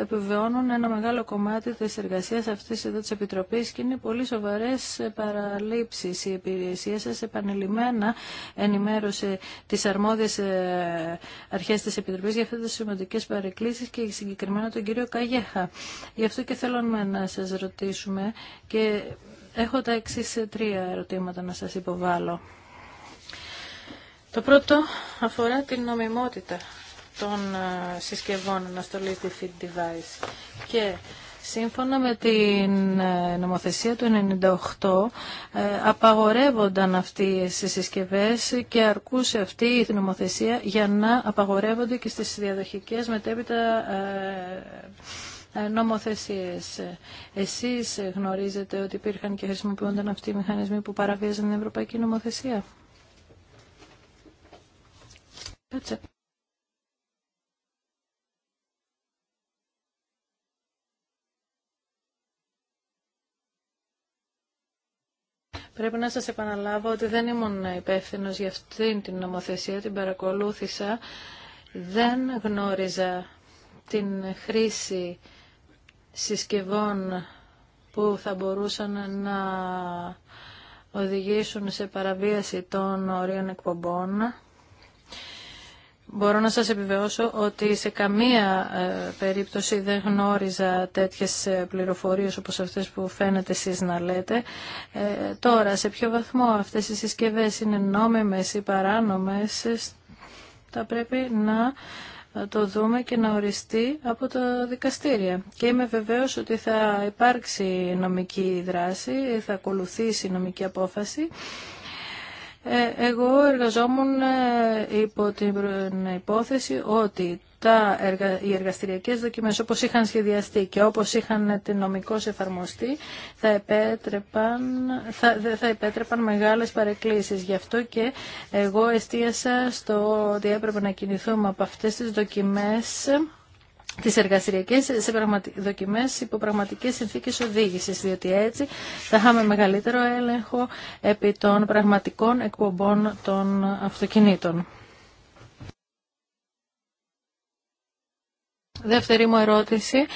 επιβεβαιώνουν ένα μεγάλο κομμάτι της εργασίας αυτής εδώ της επιτροπή και είναι πολύ σοβαρέ παραλήψεις. Η υπηρεσία σα, επανειλημμένα ενημέρωσε τι αρμόδιε ε, αρχέ της Επιτροπής για αυτές τις σημαντικέ παρεκκλήσει και συγκεκριμένα τον κύριο Καγέχα. Γι' αυτό και θέλουμε να σα ρωτήσουμε και Έχω τα εξή τρία ερωτήματα να σας υποβάλω. Το πρώτο αφορά την νομιμότητα των ε, συσκευών αναστολής defeat device και Σύμφωνα με την ε, νομοθεσία του 1998 ε, απαγορεύονταν αυτοί οι συσκευές και αρκούσε αυτή η νομοθεσία για να απαγορεύονται και στις διαδοχικές μετέπειτα νομοθεσίες. Εσείς γνωρίζετε ότι υπήρχαν και χρησιμοποιούνταν αυτοί οι μηχανισμοί που παραβίαζαν την Ευρωπαϊκή Νομοθεσία. Πρέπει να σας επαναλάβω ότι δεν ήμουν υπεύθυνο για αυτήν την νομοθεσία, την παρακολούθησα. Δεν γνώριζα την χρήση συσκευών που θα μπορούσαν να οδηγήσουν σε παραβίαση των ορίων εκπομπών. Μπορώ να σας επιβεβαιώσω ότι σε καμία ε, περίπτωση δεν γνώριζα τέτοιες ε, πληροφορίες όπως αυτές που φαίνεται εσείς να λέτε. Ε, τώρα, σε ποιο βαθμό αυτές οι συσκευές είναι νόμιμες ή παράνομες, θα πρέπει να το δούμε και να οριστεί από τα δικαστήρια. Και είμαι βεβαίως ότι θα υπάρξει νομική δράση, θα ακολουθήσει νομική απόφαση ε, εγώ εργαζόμουν ε, υπό την υπόθεση ότι τα οι εργαστηριακές δοκιμές όπως είχαν σχεδιαστεί και όπως είχαν την νομικό εφαρμοστεί θα επέτρεπαν, θα, θα επέτρεπαν μεγάλες παρεκκλήσεις. Γι' αυτό και εγώ εστίασα στο ότι έπρεπε να κινηθούμε από αυτές τις δοκιμές τις εργαστηριακέ σε δοκιμές υπό πραγματικέ συνθήκες οδήγησης, διότι έτσι θα είχαμε μεγαλύτερο έλεγχο επί των πραγματικών εκπομπών των αυτοκινήτων. Δεύτερη μου ερώτηση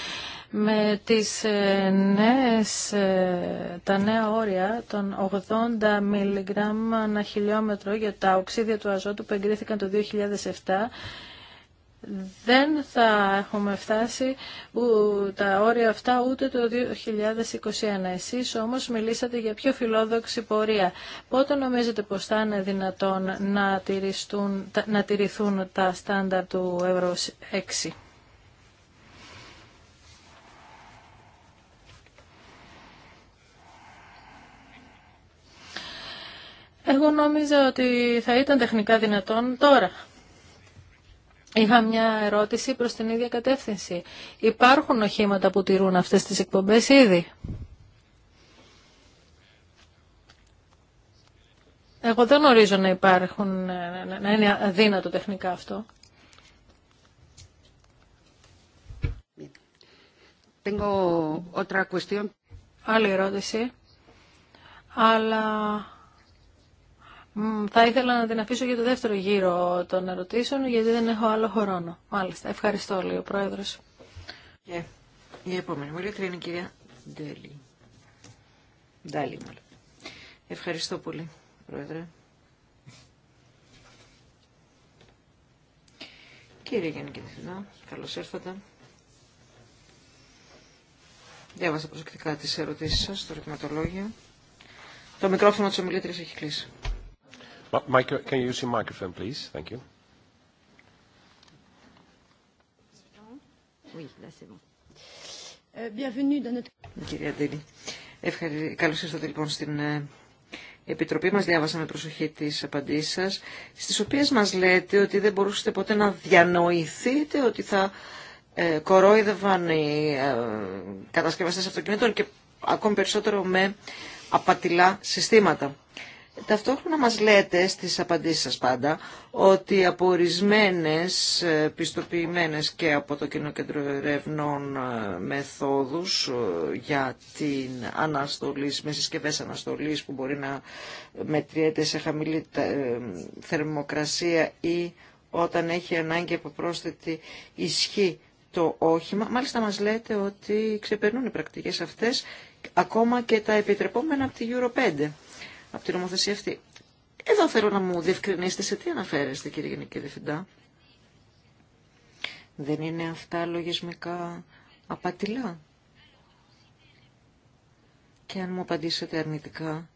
με τις ε, νέες, ε, τα νέα όρια των 80 μιλιγκράμμα ανά χιλιόμετρο για τα οξύδια του αζότου που εγκρίθηκαν το 2007 δεν θα έχουμε φτάσει τα όρια αυτά ούτε το 2021. Εσείς όμως μιλήσατε για πιο φιλόδοξη πορεία. Πότε νομίζετε πως θα είναι δυνατόν να, τηρηθούν, να τηρηθούν τα στάνταρ του Ευρώ 6. Εγώ νόμιζα ότι θα ήταν τεχνικά δυνατόν τώρα. Είχα μια ερώτηση προς την ίδια κατεύθυνση. Υπάρχουν οχήματα που τηρούν αυτές τις εκπομπές ήδη. Εγώ δεν ορίζω να υπάρχουν, να είναι αδύνατο τεχνικά αυτό. Άλλη ερώτηση. Αλλά θα ήθελα να την αφήσω για το δεύτερο γύρο των ερωτήσεων, γιατί δεν έχω άλλο χρόνο. Μάλιστα. Ευχαριστώ, λέει ο πρόεδρο. Η επόμενη μου είναι η κυρία Ντέλη. Ντάλη, μάλλον. Ευχαριστώ πολύ, Πρόεδρε. Κύριε Γενική Διευθυντά, καλώς ήρθατε. Διάβασα προσεκτικά τις ερωτήσεις σας στο ρυθματολόγιο. Το μικρόφωνο της ομιλήτρης έχει κλείσει. Can you use your microphone, please? Thank you. ήρθατε λοιπόν στην ε, Επιτροπή Μα διάβασα με προσοχή τι απαντήσει σα, στι οποίε μα λέτε ότι δεν μπορούσατε ποτέ να διανοηθείτε ότι θα ε, κορόιδευαν οι ε, κατασκευαστές αυτοκινήτων και ακόμη περισσότερο με απατηλά συστήματα. Ταυτόχρονα μας λέτε στις απαντήσεις σας πάντα ότι από ορισμένε ε, πιστοποιημένες και από το Κοινό Κέντρο Ερευνών ε, μεθόδους ε, για την αναστολή, με συσκευέ αναστολής που μπορεί να μετριέται σε χαμηλή θερμοκρασία ή όταν έχει ανάγκη από πρόσθετη ισχύ το όχημα. Μάλιστα μας λέτε ότι ξεπερνούν οι πρακτικές αυτές ακόμα και τα επιτρεπόμενα από τη Euro 5 από την νομοθεσία αυτή. Εδώ θέλω να μου διευκρινίσετε σε τι αναφέρεστε κύριε Γενική Διευθυντά. Δεν είναι αυτά λογισμικά απατηλά. Και αν μου απαντήσετε αρνητικά,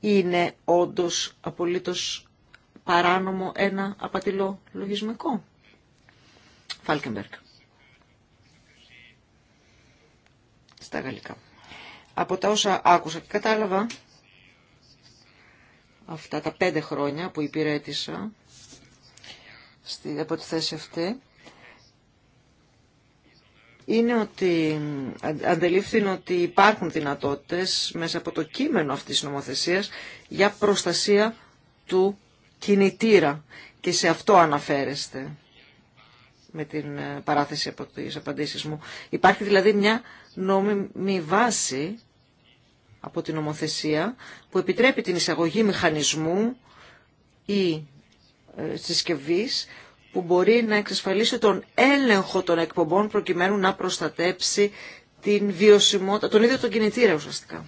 είναι όντως απολύτως παράνομο ένα απατηλό λογισμικό. Φάλκεμπεργκ. Στα γαλλικά από τα όσα άκουσα και κατάλαβα αυτά τα πέντε χρόνια που υπηρέτησα στη, από τη θέση αυτή είναι ότι αντελήφθην ότι υπάρχουν δυνατότητες μέσα από το κείμενο αυτής της νομοθεσίας για προστασία του κινητήρα και σε αυτό αναφέρεστε με την ε, παράθεση από τις απαντήσεις μου. Υπάρχει δηλαδή μια νόμιμη βάση από την νομοθεσία που επιτρέπει την εισαγωγή μηχανισμού ή ε, συσκευή που μπορεί να εξασφαλίσει τον έλεγχο των εκπομπών προκειμένου να προστατέψει την βιωσιμότητα, τον ίδιο τον κινητήρα ουσιαστικά.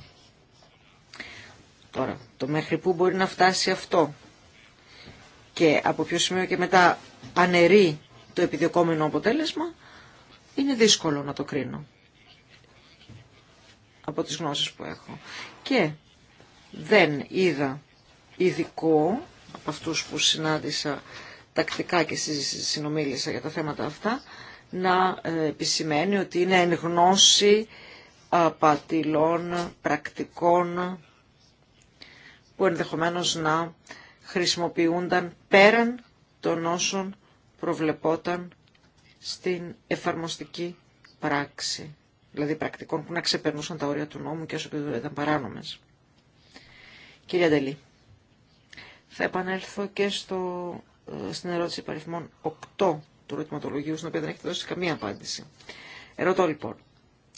Τώρα, το μέχρι πού μπορεί να φτάσει αυτό και από ποιο σημείο και μετά αναιρεί το επιδιωκόμενο αποτέλεσμα, είναι δύσκολο να το κρίνω από τις γνώσεις που έχω. Και δεν είδα ειδικό από αυτούς που συνάντησα τακτικά και συνομίλησα για τα θέματα αυτά, να ε, επισημαίνει ότι είναι εν γνώση απατηλών πρακτικών που ενδεχομένως να χρησιμοποιούνταν πέραν των όσων προβλεπόταν στην εφαρμοστική πράξη, δηλαδή πρακτικών που να ξεπερνούσαν τα όρια του νόμου και όσο και ήταν παράνομες. Κύριε Αντελή, θα επανέλθω και στο, ε, στην ερώτηση παριθμών 8 του ερωτηματολογίου, στην οποία δεν έχετε δώσει καμία απάντηση. Ερωτώ λοιπόν,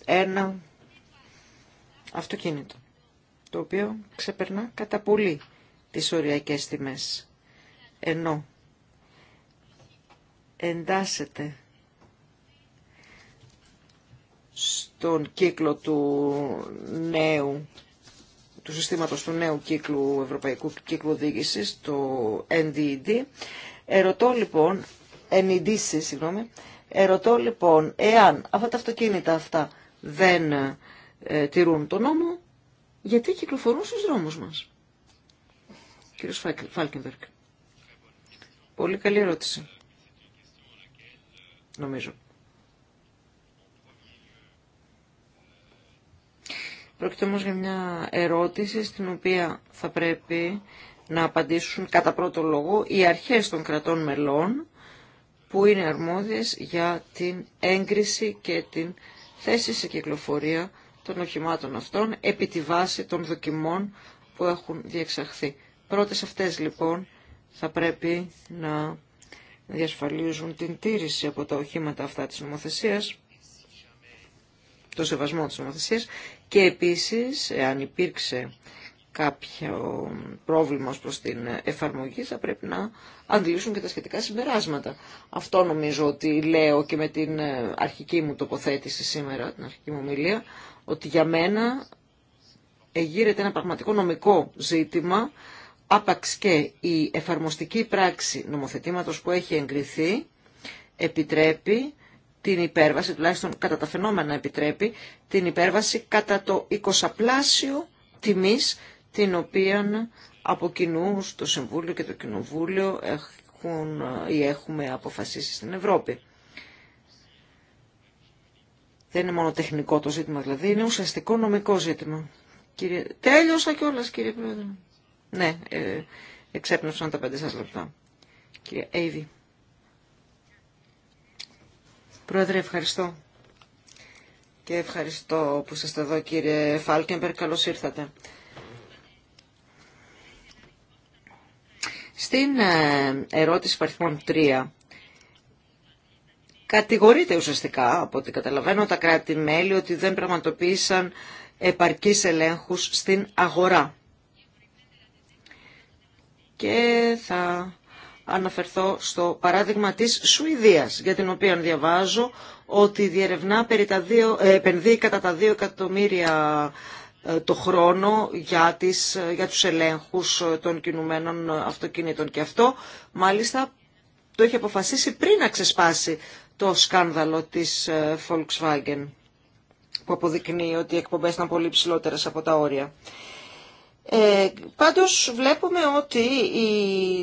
ένα αυτοκίνητο, το οποίο ξεπερνά κατά πολύ τις οριακές τιμές, ενώ εντάσσεται στον κύκλο του νέου του συστήματος του νέου κύκλου, ευρωπαϊκού κύκλου οδήγηση, το NDED. E ερωτώ λοιπόν, NEDC συγγνώμη, ερωτώ λοιπόν, εάν αυτά τα αυτοκίνητα αυτά δεν ε, τηρούν τον νόμο, γιατί κυκλοφορούν στους δρόμους μας. Κύριος Φάλκενμπεργκ. Πολύ καλή ερώτηση νομίζω. Πρόκειται όμως για μια ερώτηση στην οποία θα πρέπει να απαντήσουν κατά πρώτο λόγο οι αρχές των κρατών μελών που είναι αρμόδιες για την έγκριση και την θέση σε κυκλοφορία των οχημάτων αυτών επί τη βάση των δοκιμών που έχουν διεξαχθεί. Πρώτες αυτές λοιπόν θα πρέπει να διασφαλίζουν την τήρηση από τα οχήματα αυτά της νομοθεσίας, το σεβασμό της νομοθεσίας και επίσης, αν υπήρξε κάποιο πρόβλημα ως προς την εφαρμογή θα πρέπει να αντλήσουν και τα σχετικά συμπεράσματα. Αυτό νομίζω ότι λέω και με την αρχική μου τοποθέτηση σήμερα, την αρχική μου ομιλία, ότι για μένα εγείρεται ένα πραγματικό νομικό ζήτημα άπαξ και η εφαρμοστική πράξη νομοθετήματος που έχει εγκριθεί επιτρέπει την υπέρβαση, τουλάχιστον κατά τα φαινόμενα επιτρέπει, την υπέρβαση κατά το 20 πλάσιο τιμής την οποία από κοινού το Συμβούλιο και το Κοινοβούλιο έχουν ή έχουμε αποφασίσει στην Ευρώπη. Δεν είναι μόνο τεχνικό το ζήτημα δηλαδή, είναι ουσιαστικό νομικό ζήτημα. Κύριε... Τέλειωσα κιόλας κύριε Πρόεδρε. Ναι, ε, εξέπνευσαν τα πέντε σας λεπτά. Κυρία Αίβη. Πρόεδρε, ευχαριστώ. Και ευχαριστώ που είστε εδώ κύριε Φάλκεμπερ. Καλώς ήρθατε. Στην ε, ερώτηση παριθμών 3 κατηγορείται ουσιαστικά από ό,τι καταλαβαίνω τα κράτη-μέλη ότι δεν πραγματοποίησαν επαρκείς ελέγχους στην αγορά και θα αναφερθώ στο παράδειγμα της Σουηδίας, για την οποία διαβάζω ότι διερευνά περί τα ε, επενδύει κατά τα 2 εκατομμύρια ε, το χρόνο για, τις, ε, για τους ελέγχους των κινουμένων αυτοκινήτων. Και αυτό μάλιστα το είχε αποφασίσει πριν να ξεσπάσει το σκάνδαλο της Volkswagen που αποδεικνύει ότι οι εκπομπές ήταν πολύ ψηλότερες από τα όρια. Ε, πάντως βλέπουμε ότι οι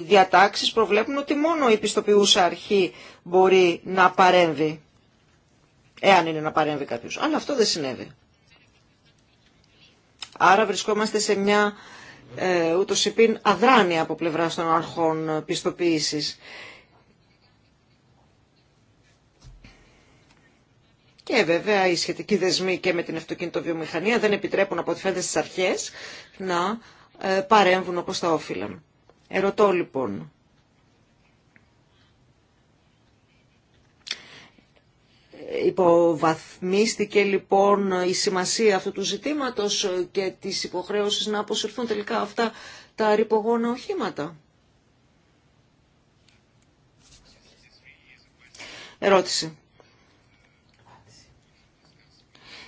διατάξεις προβλέπουν ότι μόνο η πιστοποιούσα αρχή μπορεί να παρέμβει, εάν είναι να παρέμβει κάποιος. Αλλά αυτό δεν συνέβη. Άρα βρισκόμαστε σε μια ε, ούτως υπήν αδράνεια από πλευρά των αρχών πιστοποίησης. Και βέβαια οι σχετικοί δεσμοί και με την αυτοκινητοβιομηχανία δεν επιτρέπουν από ό,τι φαίνεται στις αρχές να ε, παρέμβουν όπως τα όφυλαν. Ερωτώ λοιπόν. Υποβαθμίστηκε λοιπόν η σημασία αυτού του ζητήματος και της υποχρέωσης να αποσυρθούν τελικά αυτά τα ρηπογόνα οχήματα. Ερώτηση.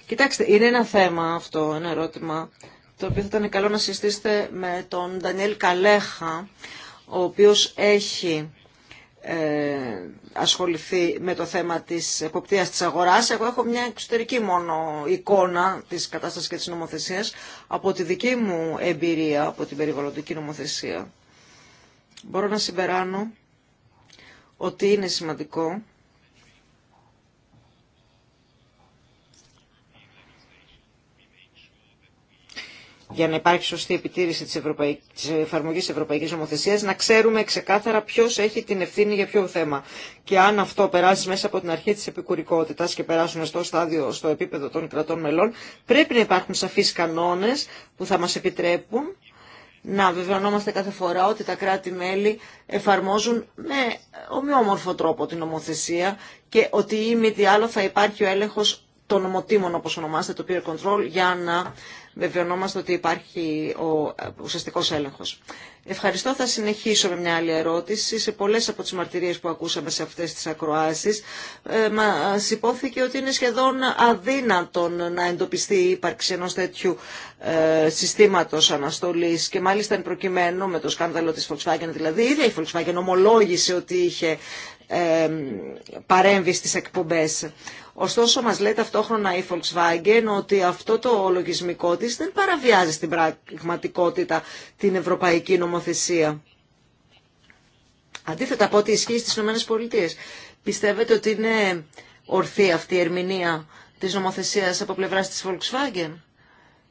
Κοιτάξτε, είναι ένα θέμα αυτό, ένα ερώτημα, το οποίο θα ήταν καλό να συστήσετε με τον Ντανιέλ Καλέχα, ο οποίος έχει ε, ασχοληθεί με το θέμα της εποπτείας της αγοράς. Εγώ έχω μια εξωτερική μόνο εικόνα της κατάστασης και της νομοθεσίας από τη δική μου εμπειρία από την περιβαλλοντική νομοθεσία. Μπορώ να συμπεράνω ότι είναι σημαντικό για να υπάρχει σωστή επιτήρηση της, Ευρωπαϊκ... της εφαρμογής Ευρωπαϊκής Νομοθεσίας, να ξέρουμε ξεκάθαρα ποιος έχει την ευθύνη για ποιο θέμα. Και αν αυτό περάσει μέσα από την αρχή της επικουρικότητας και περάσουμε στο στάδιο, στο επίπεδο των κρατών μελών, πρέπει να υπάρχουν σαφείς κανόνες που θα μας επιτρέπουν να βεβαιωνόμαστε κάθε φορά ότι τα κράτη-μέλη εφαρμόζουν με ομοιόμορφο τρόπο την νομοθεσία και ότι ή μη τι άλλο θα υπάρχει ο έλεγχος το νομοτήμων όπως ονομάζεται το peer control για να βεβαιωνόμαστε ότι υπάρχει ο ουσιαστικός έλεγχος. Ευχαριστώ. Θα συνεχίσω με μια άλλη ερώτηση. Σε πολλές από τις μαρτυρίες που ακούσαμε σε αυτές τις ακροάσεις ε, μας υπόθηκε ότι είναι σχεδόν αδύνατον να εντοπιστεί η ύπαρξη ενός τέτοιου ε, συστήματος αναστολής και μάλιστα εν προκειμένου με το σκάνδαλο της Volkswagen δηλαδή η ίδια η Volkswagen ομολόγησε ότι είχε παρέμβει στις εκπομπές. Ωστόσο μας λέει ταυτόχρονα η Volkswagen ότι αυτό το λογισμικό της δεν παραβιάζει στην πραγματικότητα την ευρωπαϊκή νομοθεσία. Αντίθετα από ό,τι ισχύει στις ΗΠΑ. Πιστεύετε ότι είναι ορθή αυτή η ερμηνεία της νομοθεσίας από πλευράς της Volkswagen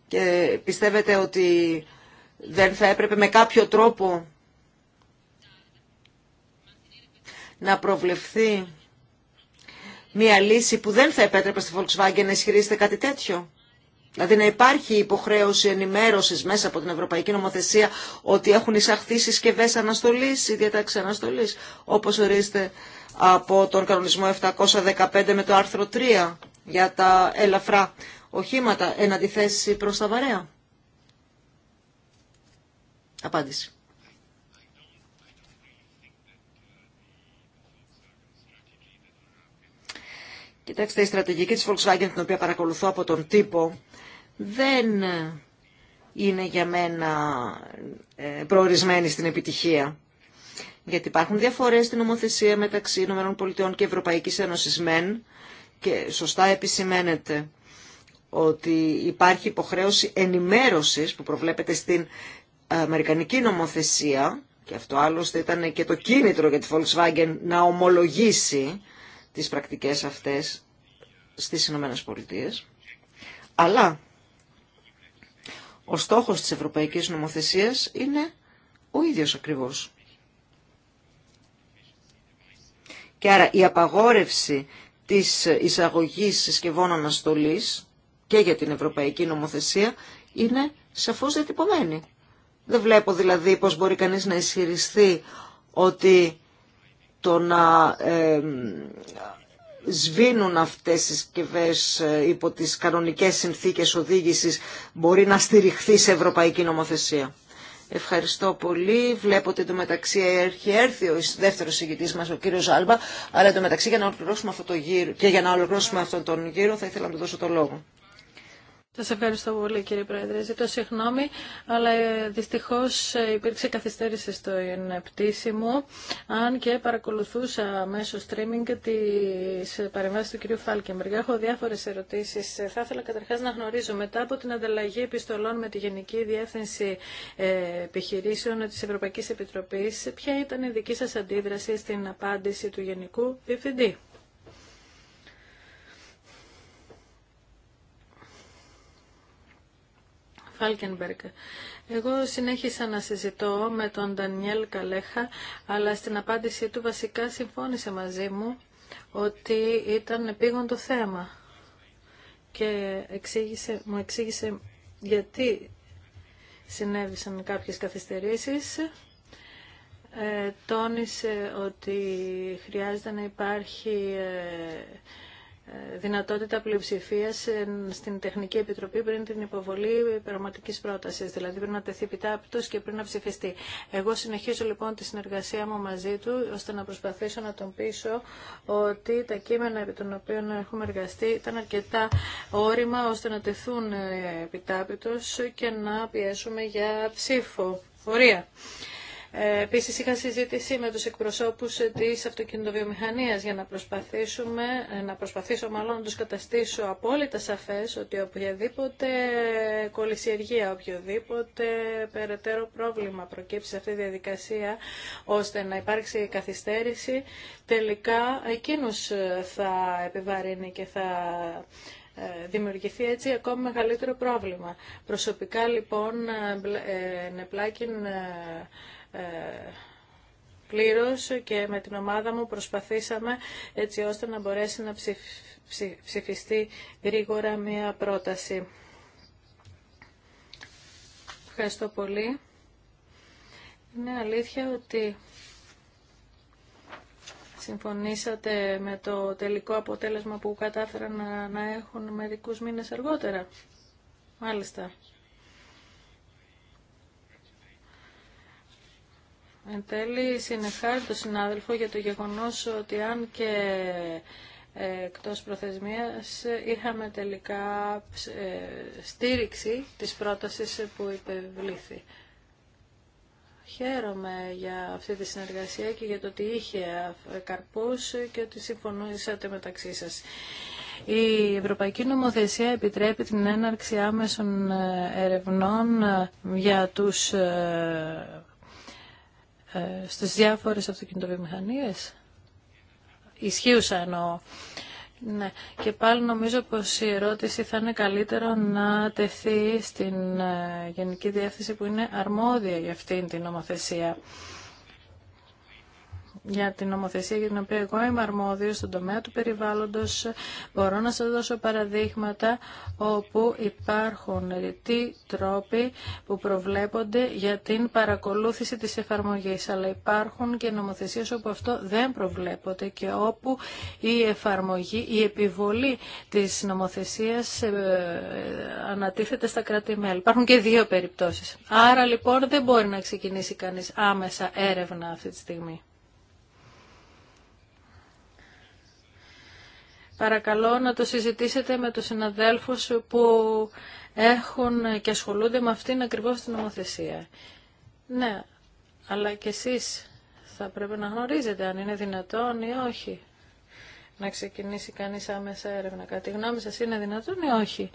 και πιστεύετε ότι δεν θα έπρεπε με κάποιο τρόπο να προβλεφθεί μια λύση που δεν θα επέτρεπε στη Volkswagen να ισχυρίζεται κάτι τέτοιο. Δηλαδή να υπάρχει υποχρέωση ενημέρωσης μέσα από την Ευρωπαϊκή Νομοθεσία ότι έχουν εισαχθεί συσκευέ αναστολής ή διατάξεις αναστολής, όπως ορίζεται από τον κανονισμό 715 με το άρθρο 3 για τα ελαφρά οχήματα εν αντιθέσει προς τα βαρέα. Απάντηση. Κοιτάξτε, η στρατηγική της Volkswagen, την οποία παρακολουθώ από τον τύπο, δεν είναι για μένα ε, προορισμένη στην επιτυχία. Γιατί υπάρχουν διαφορές στην νομοθεσία μεταξύ ΗΠΑ και Ευρωπαϊκής Ένωσης ΜΕΝ και σωστά επισημαίνεται ότι υπάρχει υποχρέωση ενημέρωσης που προβλέπεται στην Αμερικανική νομοθεσία και αυτό άλλωστε ήταν και το κίνητρο για τη Volkswagen να ομολογήσει τις πρακτικές αυτές στις Ηνωμένες Πολιτείες. Αλλά ο στόχος της Ευρωπαϊκής Νομοθεσίας είναι ο ίδιος ακριβώς. Και άρα η απαγόρευση της εισαγωγής συσκευών αναστολής και για την Ευρωπαϊκή Νομοθεσία είναι σαφώς διατυπωμένη. Δεν βλέπω δηλαδή πώς μπορεί κανείς να ισχυριστεί ότι το να σβήνουν αυτές οι συσκευέ ε, υπό τις κανονικές συνθήκες οδήγησης μπορεί να στηριχθεί σε ευρωπαϊκή νομοθεσία. Ευχαριστώ πολύ. Βλέπω ότι μεταξύ έχει έρθει ο δεύτερο ηγητή μα, ο κύριο Άλμπα. Αλλά για να ολοκληρώσουμε αυτό το γύρο, και για να ολοκληρώσουμε αυτόν τον γύρο, θα ήθελα να του δώσω το λόγο. Σα ευχαριστώ πολύ κύριε Πρόεδρε. Ζητώ συγγνώμη, αλλά ε, δυστυχώ ε, υπήρξε καθυστέρηση στο πτήση μου, αν και παρακολουθούσα μέσω streaming τις παρεμβάσει του κυρίου Φάλκεμπεργκ. Έχω διάφορε ερωτήσει. Ε, θα ήθελα καταρχά να γνωρίζω μετά από την ανταλλαγή επιστολών με τη Γενική Διεύθυνση Επιχειρήσεων τη Ευρωπαϊκή Επιτροπή, ποια ήταν η δική σα αντίδραση στην απάντηση του Γενικού Διευθυντή. Φάλκενμπεργκ. Εγώ συνέχισα να συζητώ με τον Ντανιέλ Καλέχα, αλλά στην απάντησή του βασικά συμφώνησε μαζί μου ότι ήταν επίγον το θέμα και εξήγησε, μου εξήγησε γιατί συνέβησαν κάποιες καθυστερήσεις. Ε, τόνισε ότι χρειάζεται να υπάρχει ε, ε, δυνατότητα πλειοψηφία στην Τεχνική Επιτροπή πριν την υποβολή πραγματική πρόταση. Δηλαδή πριν να τεθεί επιτάπητο και πριν να ψηφιστεί. Εγώ συνεχίζω λοιπόν τη συνεργασία μου μαζί του, ώστε να προσπαθήσω να τον πείσω ότι τα κείμενα επί των οποίων έχουμε εργαστεί ήταν αρκετά όρημα ώστε να τεθούν ε, επιτάπητο και να πιέσουμε για ψήφο. Ωραία. Επίση, είχα συζήτηση με του εκπροσώπου τη αυτοκινητοβιομηχανία για να προσπαθήσουμε, να προσπαθήσω μάλλον να του καταστήσω απόλυτα σαφέ ότι οποιαδήποτε κολυσιεργία, οποιοδήποτε περαιτέρω πρόβλημα προκύψει σε αυτή τη διαδικασία, ώστε να υπάρξει καθυστέρηση, τελικά εκείνου θα επιβαρύνει και θα ε, δημιουργηθεί έτσι ακόμη μεγαλύτερο πρόβλημα. Προσωπικά λοιπόν, ε, νεπλάκιν ε, ε, πλήρως και με την ομάδα μου προσπαθήσαμε έτσι ώστε να μπορέσει να ψηφιστεί γρήγορα μια πρόταση. Ευχαριστώ πολύ. Είναι αλήθεια ότι συμφωνήσατε με το τελικό αποτέλεσμα που κατάφεραν να, έχουν μερικούς μήνες αργότερα. Μάλιστα. Εν τέλει, συνεχάρει το συνάδελφο για το γεγονός ότι αν και ε, εκτός προθεσμίας είχαμε τελικά ε, στήριξη της πρότασης που υπευλήθη. Χαίρομαι για αυτή τη συνεργασία και για το ότι είχε καρπούς και ότι συμφωνούσατε μεταξύ σας. Η Ευρωπαϊκή Νομοθεσία επιτρέπει την έναρξη άμεσων ε, ερευνών για τους ε, στις διάφορες αυτοκινητοβιομηχανίες. ισχύουσα ο... Ναι. Και πάλι νομίζω πως η ερώτηση θα είναι καλύτερο να τεθεί στην ε, Γενική Διεύθυνση που είναι αρμόδια για αυτήν την νομοθεσία για την νομοθεσία για την οποία εγώ είμαι αρμόδιο στον τομέα του περιβάλλοντος. Μπορώ να σα δώσω παραδείγματα όπου υπάρχουν ρητοί τρόποι που προβλέπονται για την παρακολούθηση της εφαρμογής, αλλά υπάρχουν και νομοθεσίε όπου αυτό δεν προβλέπονται και όπου η εφαρμογή, η επιβολή της νομοθεσίας ε, ανατίθεται στα κράτη-μέλη. Υπάρχουν και δύο περιπτώσει. Άρα λοιπόν δεν μπορεί να ξεκινήσει κανεί άμεσα έρευνα αυτή τη στιγμή. Παρακαλώ να το συζητήσετε με τους συναδέλφους που έχουν και ασχολούνται με αυτήν ακριβώς την νομοθεσία. Ναι, αλλά και εσείς θα πρέπει να γνωρίζετε αν είναι δυνατόν ή όχι να ξεκινήσει κανείς άμεσα έρευνα. Κατά τη γνώμη σας είναι δυνατόν ή όχι.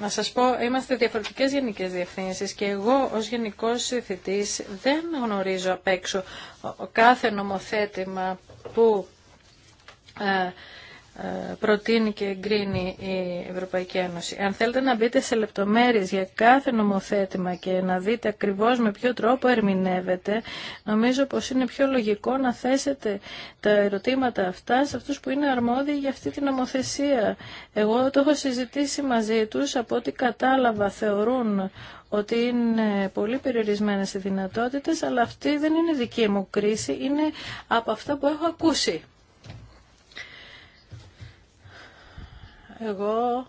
να σας πω, είμαστε διαφορετικές γενικές διευθύνσεις και εγώ ως γενικός θητής δεν γνωρίζω απ' έξω κάθε νομοθέτημα που ε, ε, προτείνει και εγκρίνει η Ευρωπαϊκή Ένωση. Αν θέλετε να μπείτε σε λεπτομέρειες για κάθε νομοθέτημα και να δείτε ακριβώς με ποιο τρόπο ερμηνεύεται, νομίζω πως είναι πιο λογικό να θέσετε τα ερωτήματα αυτά σε αυτούς που είναι αρμόδιοι για αυτή την νομοθεσία. Εγώ το έχω συζητήσει μαζί τους, από ό,τι κατάλαβα θεωρούν ότι είναι πολύ περιορισμένες οι δυνατότητες, αλλά αυτή δεν είναι δική μου κρίση, είναι από αυτά που έχω ακούσει. Εγώ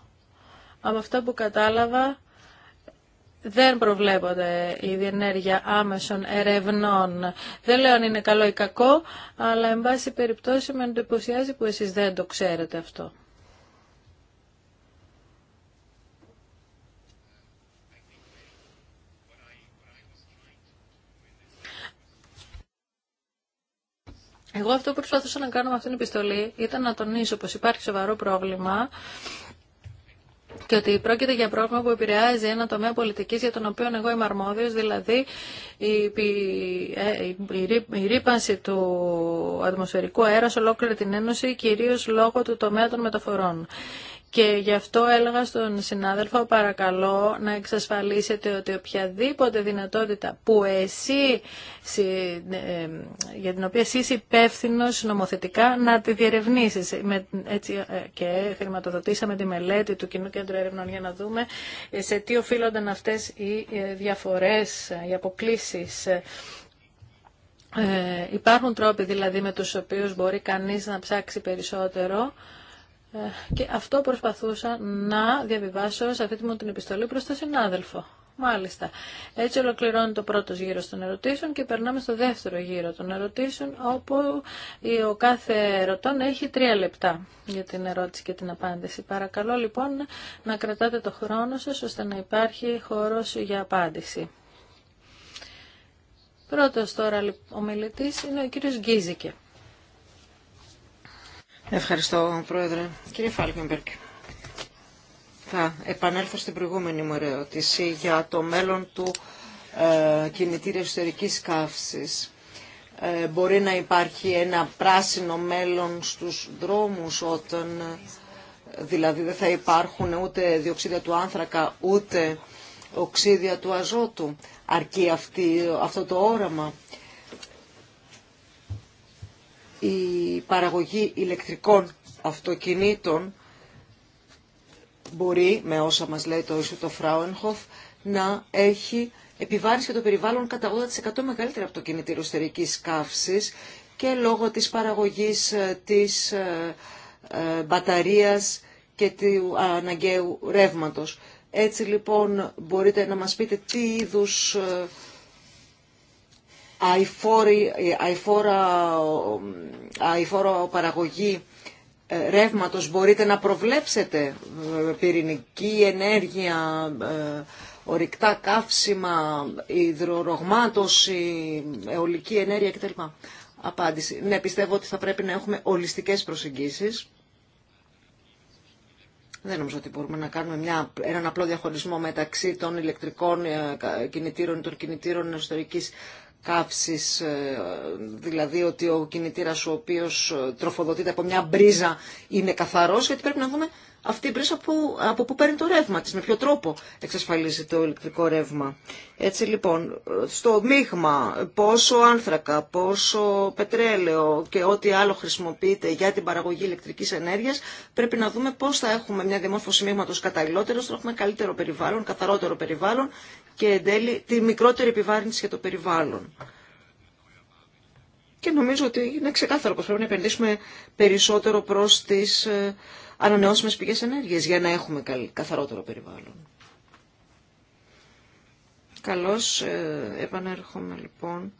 από αυτά που κατάλαβα δεν προβλέπονται η διενέργεια άμεσων ερευνών. Δεν λέω αν είναι καλό ή κακό, αλλά εν πάση περιπτώσει με εντυπωσιάζει που εσείς δεν το ξέρετε αυτό. Εγώ αυτό που προσπαθούσα να κάνω με αυτήν την επιστολή ήταν να τονίσω πως υπάρχει σοβαρό πρόβλημα και ότι πρόκειται για πρόβλημα που επηρεάζει ένα τομέα πολιτικής για τον οποίο εγώ είμαι αρμόδιος, δηλαδή η ε, ρήπανση του ατμοσφαιρικού αέρα σε ολόκληρη την Ένωση, κυρίως λόγω του τομέα των μεταφορών. Και γι' αυτό έλεγα στον συνάδελφο παρακαλώ να εξασφαλίσετε ότι οποιαδήποτε δυνατότητα που εσύ, ε, για την οποία εσύ υπεύθυνο νομοθετικά να τη διερευνήσει. έτσι, ε, και χρηματοδοτήσαμε τη μελέτη του Κοινού Κέντρου Έρευνων για να δούμε ε, σε τι οφείλονταν αυτές οι διαφορές, οι αποκλήσεις. Ε, υπάρχουν τρόποι δηλαδή με τους οποίους μπορεί κανείς να ψάξει περισσότερο ε, και αυτό προσπαθούσα να διαβιβάσω σε αυτή μου την επιστολή προς τον συνάδελφο. Μάλιστα. Έτσι ολοκληρώνει το πρώτο γύρο των ερωτήσεων και περνάμε στο δεύτερο γύρο των ερωτήσεων, όπου ο κάθε ερωτών έχει τρία λεπτά για την ερώτηση και την απάντηση. Παρακαλώ λοιπόν να κρατάτε το χρόνο σας, ώστε να υπάρχει χώρος για απάντηση. Πρώτος τώρα λοιπόν, ο μιλητής είναι ο κύριος Γκίζικε. Ευχαριστώ, Πρόεδρε. Κύριε Φάλκενμπερκ, θα επανέλθω στην προηγούμενη μου ερώτηση για το μέλλον του ε, κινητήρια εσωτερικής καύσης. Ε, μπορεί να υπάρχει ένα πράσινο μέλλον στους δρόμους όταν ε, δηλαδή δεν θα υπάρχουν ούτε διοξίδια του άνθρακα ούτε οξίδια του αζότου αρκεί αυτή, αυτό το όραμα η παραγωγή ηλεκτρικών αυτοκινήτων μπορεί, με όσα μας λέει το το Φράουενχοφ, να έχει επιβάρηση για το περιβάλλον κατά 80% μεγαλύτερη από το κινητήριο στερικής καύσης και λόγω της παραγωγής ε, της ε, ε, μπαταρίας και του αναγκαίου ρεύματος. Έτσι λοιπόν μπορείτε να μας πείτε τι είδους αηφόρο παραγωγή ε, ρεύματος μπορείτε να προβλέψετε ε, πυρηνική ενέργεια, ε, ορυκτά καύσιμα, υδρορογμάτωση, αιωλική ενέργεια κτλ. Απάντηση. Ναι, πιστεύω ότι θα πρέπει να έχουμε ολιστικές προσεγγίσεις. Δεν νομίζω ότι μπορούμε να κάνουμε μια, έναν απλό διαχωρισμό μεταξύ των ηλεκτρικών κινητήρων και των κινητήρων εσωτερικής κάψεις, ε, δηλαδή ότι ο κινητήρας ο οποίος ε, τροφοδοτείται από μια μπρίζα είναι καθαρός, γιατί πρέπει να δούμε αυτή η πρίζα που, από πού παίρνει το ρεύμα της, με ποιο τρόπο εξασφαλίζει το ηλεκτρικό ρεύμα. Έτσι λοιπόν, στο μείγμα πόσο άνθρακα, πόσο πετρέλαιο και ό,τι άλλο χρησιμοποιείται για την παραγωγή ηλεκτρικής ενέργειας, πρέπει να δούμε πώς θα έχουμε μια δημόρφωση μείγματος καταλληλότερο, θα έχουμε καλύτερο περιβάλλον, καθαρότερο περιβάλλον και εν τέλει τη μικρότερη επιβάρυνση για το περιβάλλον. Και νομίζω ότι είναι ξεκάθαρο πως πρέπει να επενδύσουμε περισσότερο προς τις ε, ανανεώσιμες πηγές ενέργεια για να έχουμε καθαρότερο περιβάλλον. Καλώς ε, επανέρχομαι λοιπόν.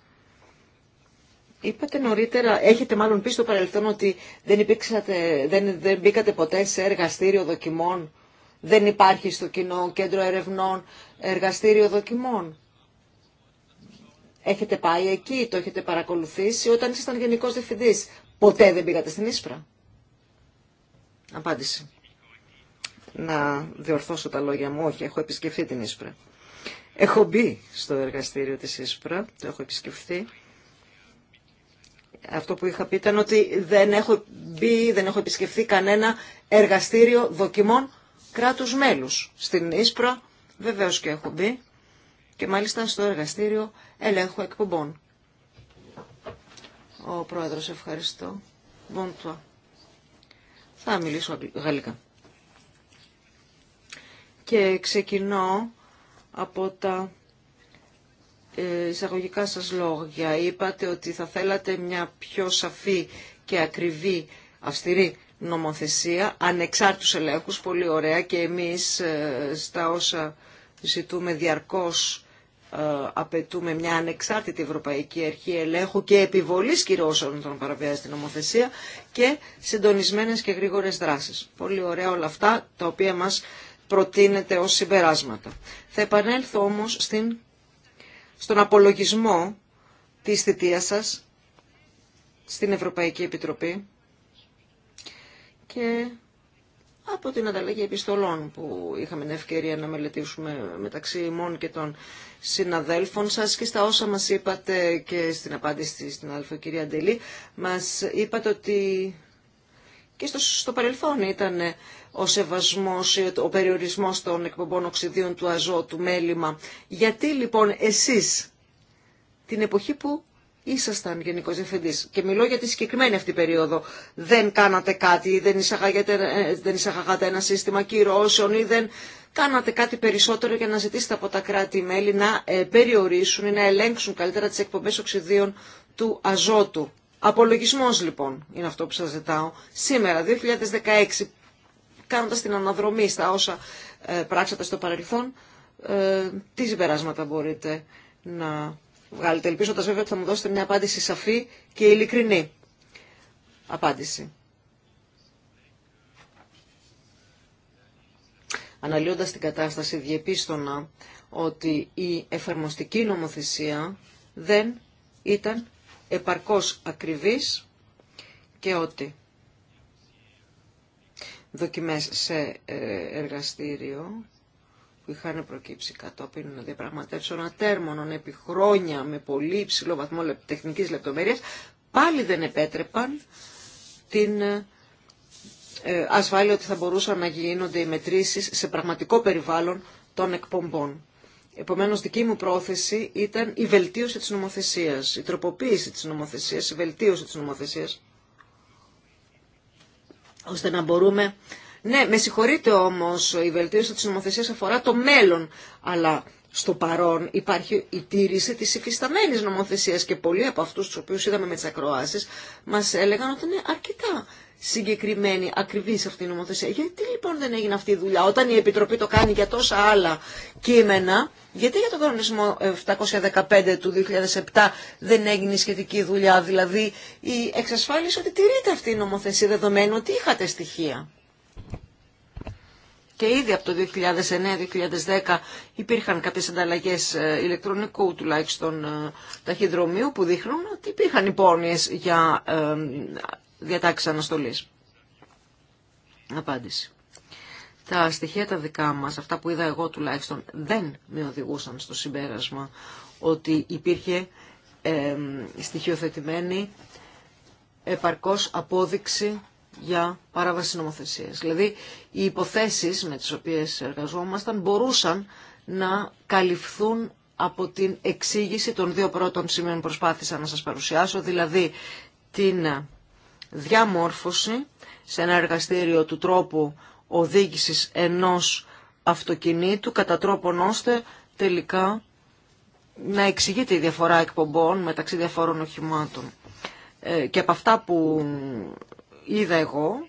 Είπατε νωρίτερα, έχετε μάλλον πει στο παρελθόν ότι δεν, υπήξατε, δεν, δεν μπήκατε ποτέ σε εργαστήριο δοκιμών. Δεν υπάρχει στο κοινό κέντρο ερευνών εργαστήριο δοκιμών. Έχετε πάει εκεί, το έχετε παρακολουθήσει όταν ήσασταν γενικός διευθυντής. Ποτέ δεν πήγατε στην Ίσπρα. Απάντηση. Να διορθώσω τα λόγια μου. Όχι, έχω επισκεφθεί την Ίσπρα. Έχω μπει στο εργαστήριο της Ίσπρα, το έχω επισκεφθεί. Αυτό που είχα πει ήταν ότι δεν έχω μπει, δεν έχω επισκεφθεί κανένα εργαστήριο δοκιμών κράτους μέλους. Στην Ίσπρα βεβαίως και έχω μπει και μάλιστα στο εργαστήριο ελέγχου εκπομπών. Ο πρόεδρος ευχαριστώ. Bon θα μιλήσω γαλλικά. Και ξεκινώ από τα ε, εισαγωγικά σας λόγια. Είπατε ότι θα θέλατε μια πιο σαφή και ακριβή αυστηρή νομοθεσία, ανεξάρτητους ελέγχους, πολύ ωραία και εμείς ε, στα όσα ζητούμε διαρκώς ε, απαιτούμε μια ανεξάρτητη Ευρωπαϊκή Αρχή Ελέγχου και επιβολής κυρώσεων των παραβιάζει την νομοθεσία και συντονισμένε και γρήγορες δράσεις. Πολύ ωραία όλα αυτά τα οποία μας προτείνεται ως συμπεράσματα. Θα επανέλθω όμως στον απολογισμό της θητείας σας στην Ευρωπαϊκή Επιτροπή και από την ανταλλαγή επιστολών που είχαμε την ευκαιρία να μελετήσουμε μεταξύ ημών και των συναδέλφων σας και στα όσα μας είπατε και στην απάντηση στην αδελφή κυρία Αντελή, μας είπατε ότι και στο, στο παρελθόν ήταν ο σεβασμός, ο περιορισμός των εκπομπών οξυδίων του αζώτου μέλημα. Γιατί λοιπόν εσείς την εποχή που ήσασταν Γενικό Διευθυντή. Και μιλώ για τη συγκεκριμένη αυτή περίοδο. Δεν κάνατε κάτι, δεν, ε, δεν εισαγαγάτε ένα σύστημα κυρώσεων ή δεν κάνατε κάτι περισσότερο για να ζητήσετε από τα κράτη-μέλη να ε, περιορίσουν ή να ελέγξουν καλύτερα τι εκπομπέ οξυδίων του αζότου. Απολογισμό λοιπόν είναι αυτό που σα ζητάω. Σήμερα, 2016, κάνοντα την αναδρομή στα όσα ε, πράξατε στο παρελθόν, τι συμπεράσματα μπορείτε να βγάλετε, ελπίζοντα βέβαια ότι θα μου δώσετε μια απάντηση σαφή και ειλικρινή. Απάντηση. Αναλύοντας την κατάσταση, διεπίστωνα ότι η εφαρμοστική νομοθεσία δεν ήταν επαρκώς ακριβής και ότι δοκιμές σε ε, εργαστήριο που είχαν προκύψει κατόπιν διαπραγματεύσεων ατέρμονων επί χρόνια με πολύ υψηλό βαθμό τεχνικής λεπτομέρειας, πάλι δεν επέτρεπαν την ε, ε, ασφάλεια ότι θα μπορούσαν να γίνονται οι μετρήσεις σε πραγματικό περιβάλλον των εκπομπών. Επομένως, δική μου πρόθεση ήταν η βελτίωση της νομοθεσίας, η τροποποίηση της νομοθεσίας, η βελτίωση της νομοθεσίας, ώστε να μπορούμε ναι, με συγχωρείτε όμω η βελτίωση τη νομοθεσία αφορά το μέλλον, αλλά στο παρόν υπάρχει η τήρηση τη υφισταμένη νομοθεσία και πολλοί από αυτού του οποίου είδαμε με τι ακροασει μα έλεγαν ότι είναι αρκετά συγκεκριμένη, ακριβή αυτή η νομοθεσία. Γιατί λοιπόν δεν έγινε αυτή η δουλειά, όταν η Επιτροπή το κάνει για τόσα άλλα κείμενα, γιατί για τον κανονισμό 715 του 2007 δεν έγινε η σχετική δουλειά, δηλαδή η εξασφάλιση ότι τηρείται αυτή η νομοθεσία, δεδομένου ότι είχατε στοιχεία και ήδη από το 2009-2010 υπήρχαν κάποιες ανταλλαγές ε, ηλεκτρονικού τουλάχιστον ε, ταχυδρομείου που δείχνουν ότι υπήρχαν υπόνοιες για ε, διατάξεις αναστολής. Απάντηση. Τα στοιχεία τα δικά μας, αυτά που είδα εγώ τουλάχιστον, δεν με οδηγούσαν στο συμπέρασμα ότι υπήρχε στοιχειοθετημένη επαρκώς απόδειξη για παράβαση νομοθεσία. Δηλαδή οι υποθέσεις με τις οποίες εργαζόμασταν μπορούσαν να καλυφθούν από την εξήγηση των δύο πρώτων σημείων προσπάθησα να σας παρουσιάσω, δηλαδή την διαμόρφωση σε ένα εργαστήριο του τρόπου οδήγησης ενός αυτοκινήτου κατά τρόπον ώστε τελικά να εξηγείται η διαφορά εκπομπών μεταξύ διαφόρων οχημάτων. Ε, και από αυτά που είδα εγώ,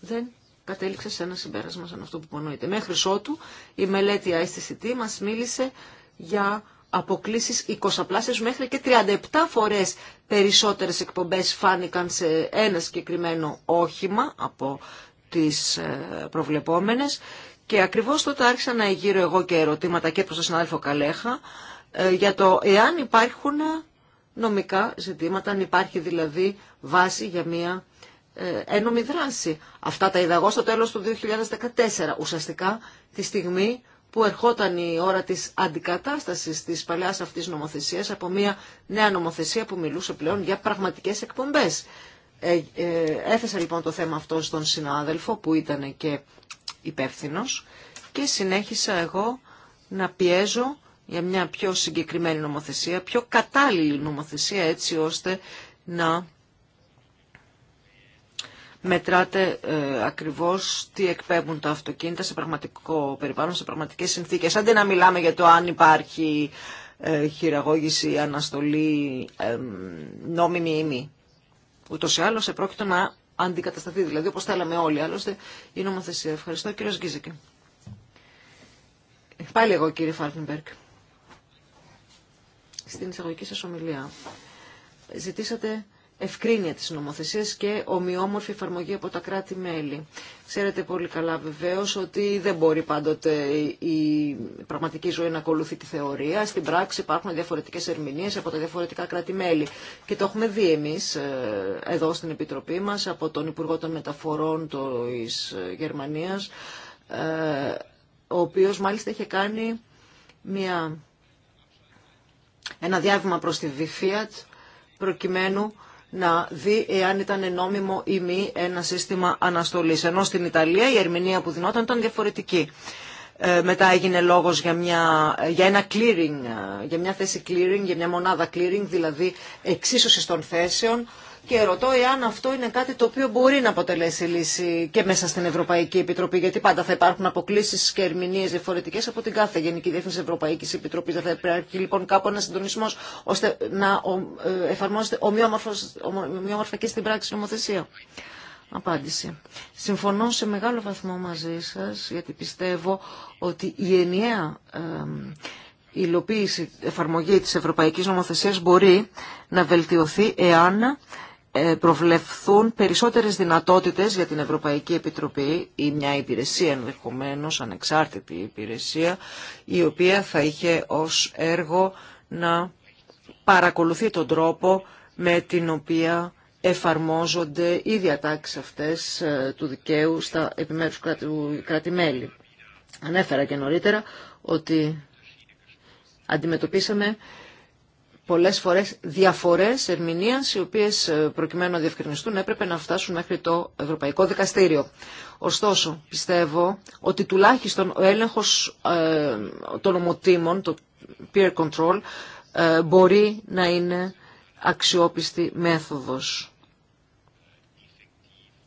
δεν κατέληξε σε ένα συμπέρασμα σαν αυτό που πονοείται. Μέχρι ότου η μελέτη ICCT μας μίλησε για αποκλήσεις 20 πλάσες μέχρι και 37 φορές περισσότερες εκπομπές φάνηκαν σε ένα συγκεκριμένο όχημα από τις ε, προβλεπόμενες και ακριβώς τότε άρχισα να γύρω εγώ και ερωτήματα και προς τον συνάδελφο Καλέχα ε, για το εάν υπάρχουν νομικά ζητήματα, αν υπάρχει δηλαδή βάση για μια ε, ένομη δράση. Αυτά τα είδα εγώ στο τέλος του 2014, ουσιαστικά τη στιγμή που ερχόταν η ώρα της αντικατάστασης της παλιάς αυτής νομοθεσίας από μια νέα νομοθεσία που μιλούσε πλέον για πραγματικές εκπομπές. Ε, ε, έθεσα λοιπόν το θέμα αυτό στον συνάδελφο που ήταν και υπεύθυνο και συνέχισα εγώ να πιέζω για μια πιο συγκεκριμένη νομοθεσία, πιο κατάλληλη νομοθεσία έτσι ώστε να μετράτε ε, ακριβώς τι εκπέμπουν τα αυτοκίνητα σε πραγματικό περιβάλλον, σε πραγματικές συνθήκες. Αντί να μιλάμε για το αν υπάρχει ε, χειραγώγηση, αναστολή, νόμιμη ή μη. Ούτως ή άλλως επρόκειτο να αντικατασταθεί, δηλαδή όπως θέλαμε όλοι. Άλλωστε η νομοθεσία. Ευχαριστώ κύριο Γκίζικη. Πάλι εγώ κύριε Φάλκενμπεργκ στην εισαγωγική σας ομιλία. Ζητήσατε ευκρίνεια της νομοθεσίας και ομοιόμορφη εφαρμογή από τα κράτη-μέλη. Ξέρετε πολύ καλά βεβαίως ότι δεν μπορεί πάντοτε η πραγματική ζωή να ακολουθεί τη θεωρία. Στην πράξη υπάρχουν διαφορετικές ερμηνείες από τα διαφορετικά κράτη-μέλη. Και το έχουμε δει εμείς ε, εδώ στην Επιτροπή μας από τον Υπουργό των Μεταφορών της Γερμανίας, ε, ο οποίος μάλιστα είχε κάνει μια ένα διάβημα προς τη Βιφίατ προκειμένου να δει εάν ήταν νόμιμο ή μη ένα σύστημα αναστολής. Ενώ στην Ιταλία η ερμηνεία που δινόταν ήταν διαφορετική. Ε, μετά έγινε λόγος για, μια, για ένα clearing, ε, για μια θέση clearing, για μια μονάδα clearing, δηλαδή εξίσωση των θέσεων και ρωτώ εάν αυτό είναι κάτι το οποίο μπορεί να αποτελέσει λύση και μέσα στην Ευρωπαϊκή Επιτροπή, γιατί πάντα θα υπάρχουν αποκλήσει και ερμηνείε διαφορετικέ από την κάθε Γενική Διεύθυνση Ευρωπαϊκή Επιτροπή. Θα υπάρχει λοιπόν κάπου ένα συντονισμό ώστε να ε, εφαρμόζεται ομοιόμορφα και στην πράξη νομοθεσία. Απάντηση. Συμφωνώ σε μεγάλο βαθμό μαζί σα, γιατί πιστεύω ότι η ενιαία υλοποίηση, εφαρμογή τη Ευρωπαϊκή Νομοθεσία μπορεί να βελτιωθεί εάν ε, προβλεφθούν περισσότερες δυνατότητες για την Ευρωπαϊκή Επιτροπή ή μια υπηρεσία ενδεχομένως, ανεξάρτητη υπηρεσία, η οποία θα είχε ως έργο να παρακολουθεί τον τρόπο με την οποία εφαρμόζονται οι διατάξεις αυτές ε, του δικαίου στα επιμέρους Ανέφερα και νωρίτερα ότι αντιμετωπίσαμε πολλές φορές διαφορές ερμηνείας οι οποίες ε, προκειμένου να διευκρινιστούν έπρεπε να φτάσουν μέχρι το Ευρωπαϊκό Δικαστήριο. Ωστόσο, πιστεύω ότι τουλάχιστον ο έλεγχος ε, των ομοτήμων, το peer control, ε, μπορεί να είναι αξιόπιστη μέθοδος.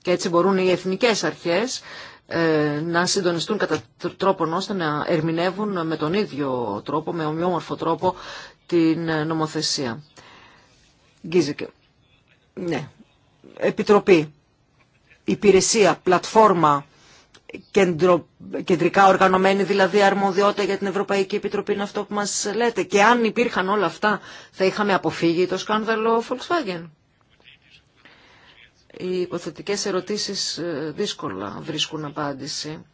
Και έτσι μπορούν οι εθνικές αρχές να συντονιστούν κατά τρόπον ώστε να ερμηνεύουν με τον ίδιο τρόπο, με ομοιόμορφο τρόπο την ε, νομοθεσία. Γκίζικε. Ναι. Επιτροπή. Υπηρεσία. Πλατφόρμα. κεντρικά οργανωμένη δηλαδή αρμοδιότητα για την Ευρωπαϊκή Επιτροπή είναι αυτό που μας λέτε. Και αν υπήρχαν όλα αυτά θα είχαμε αποφύγει το σκάνδαλο Volkswagen. Οι υποθετικές ερωτήσεις ε, δύσκολα βρίσκουν απάντηση.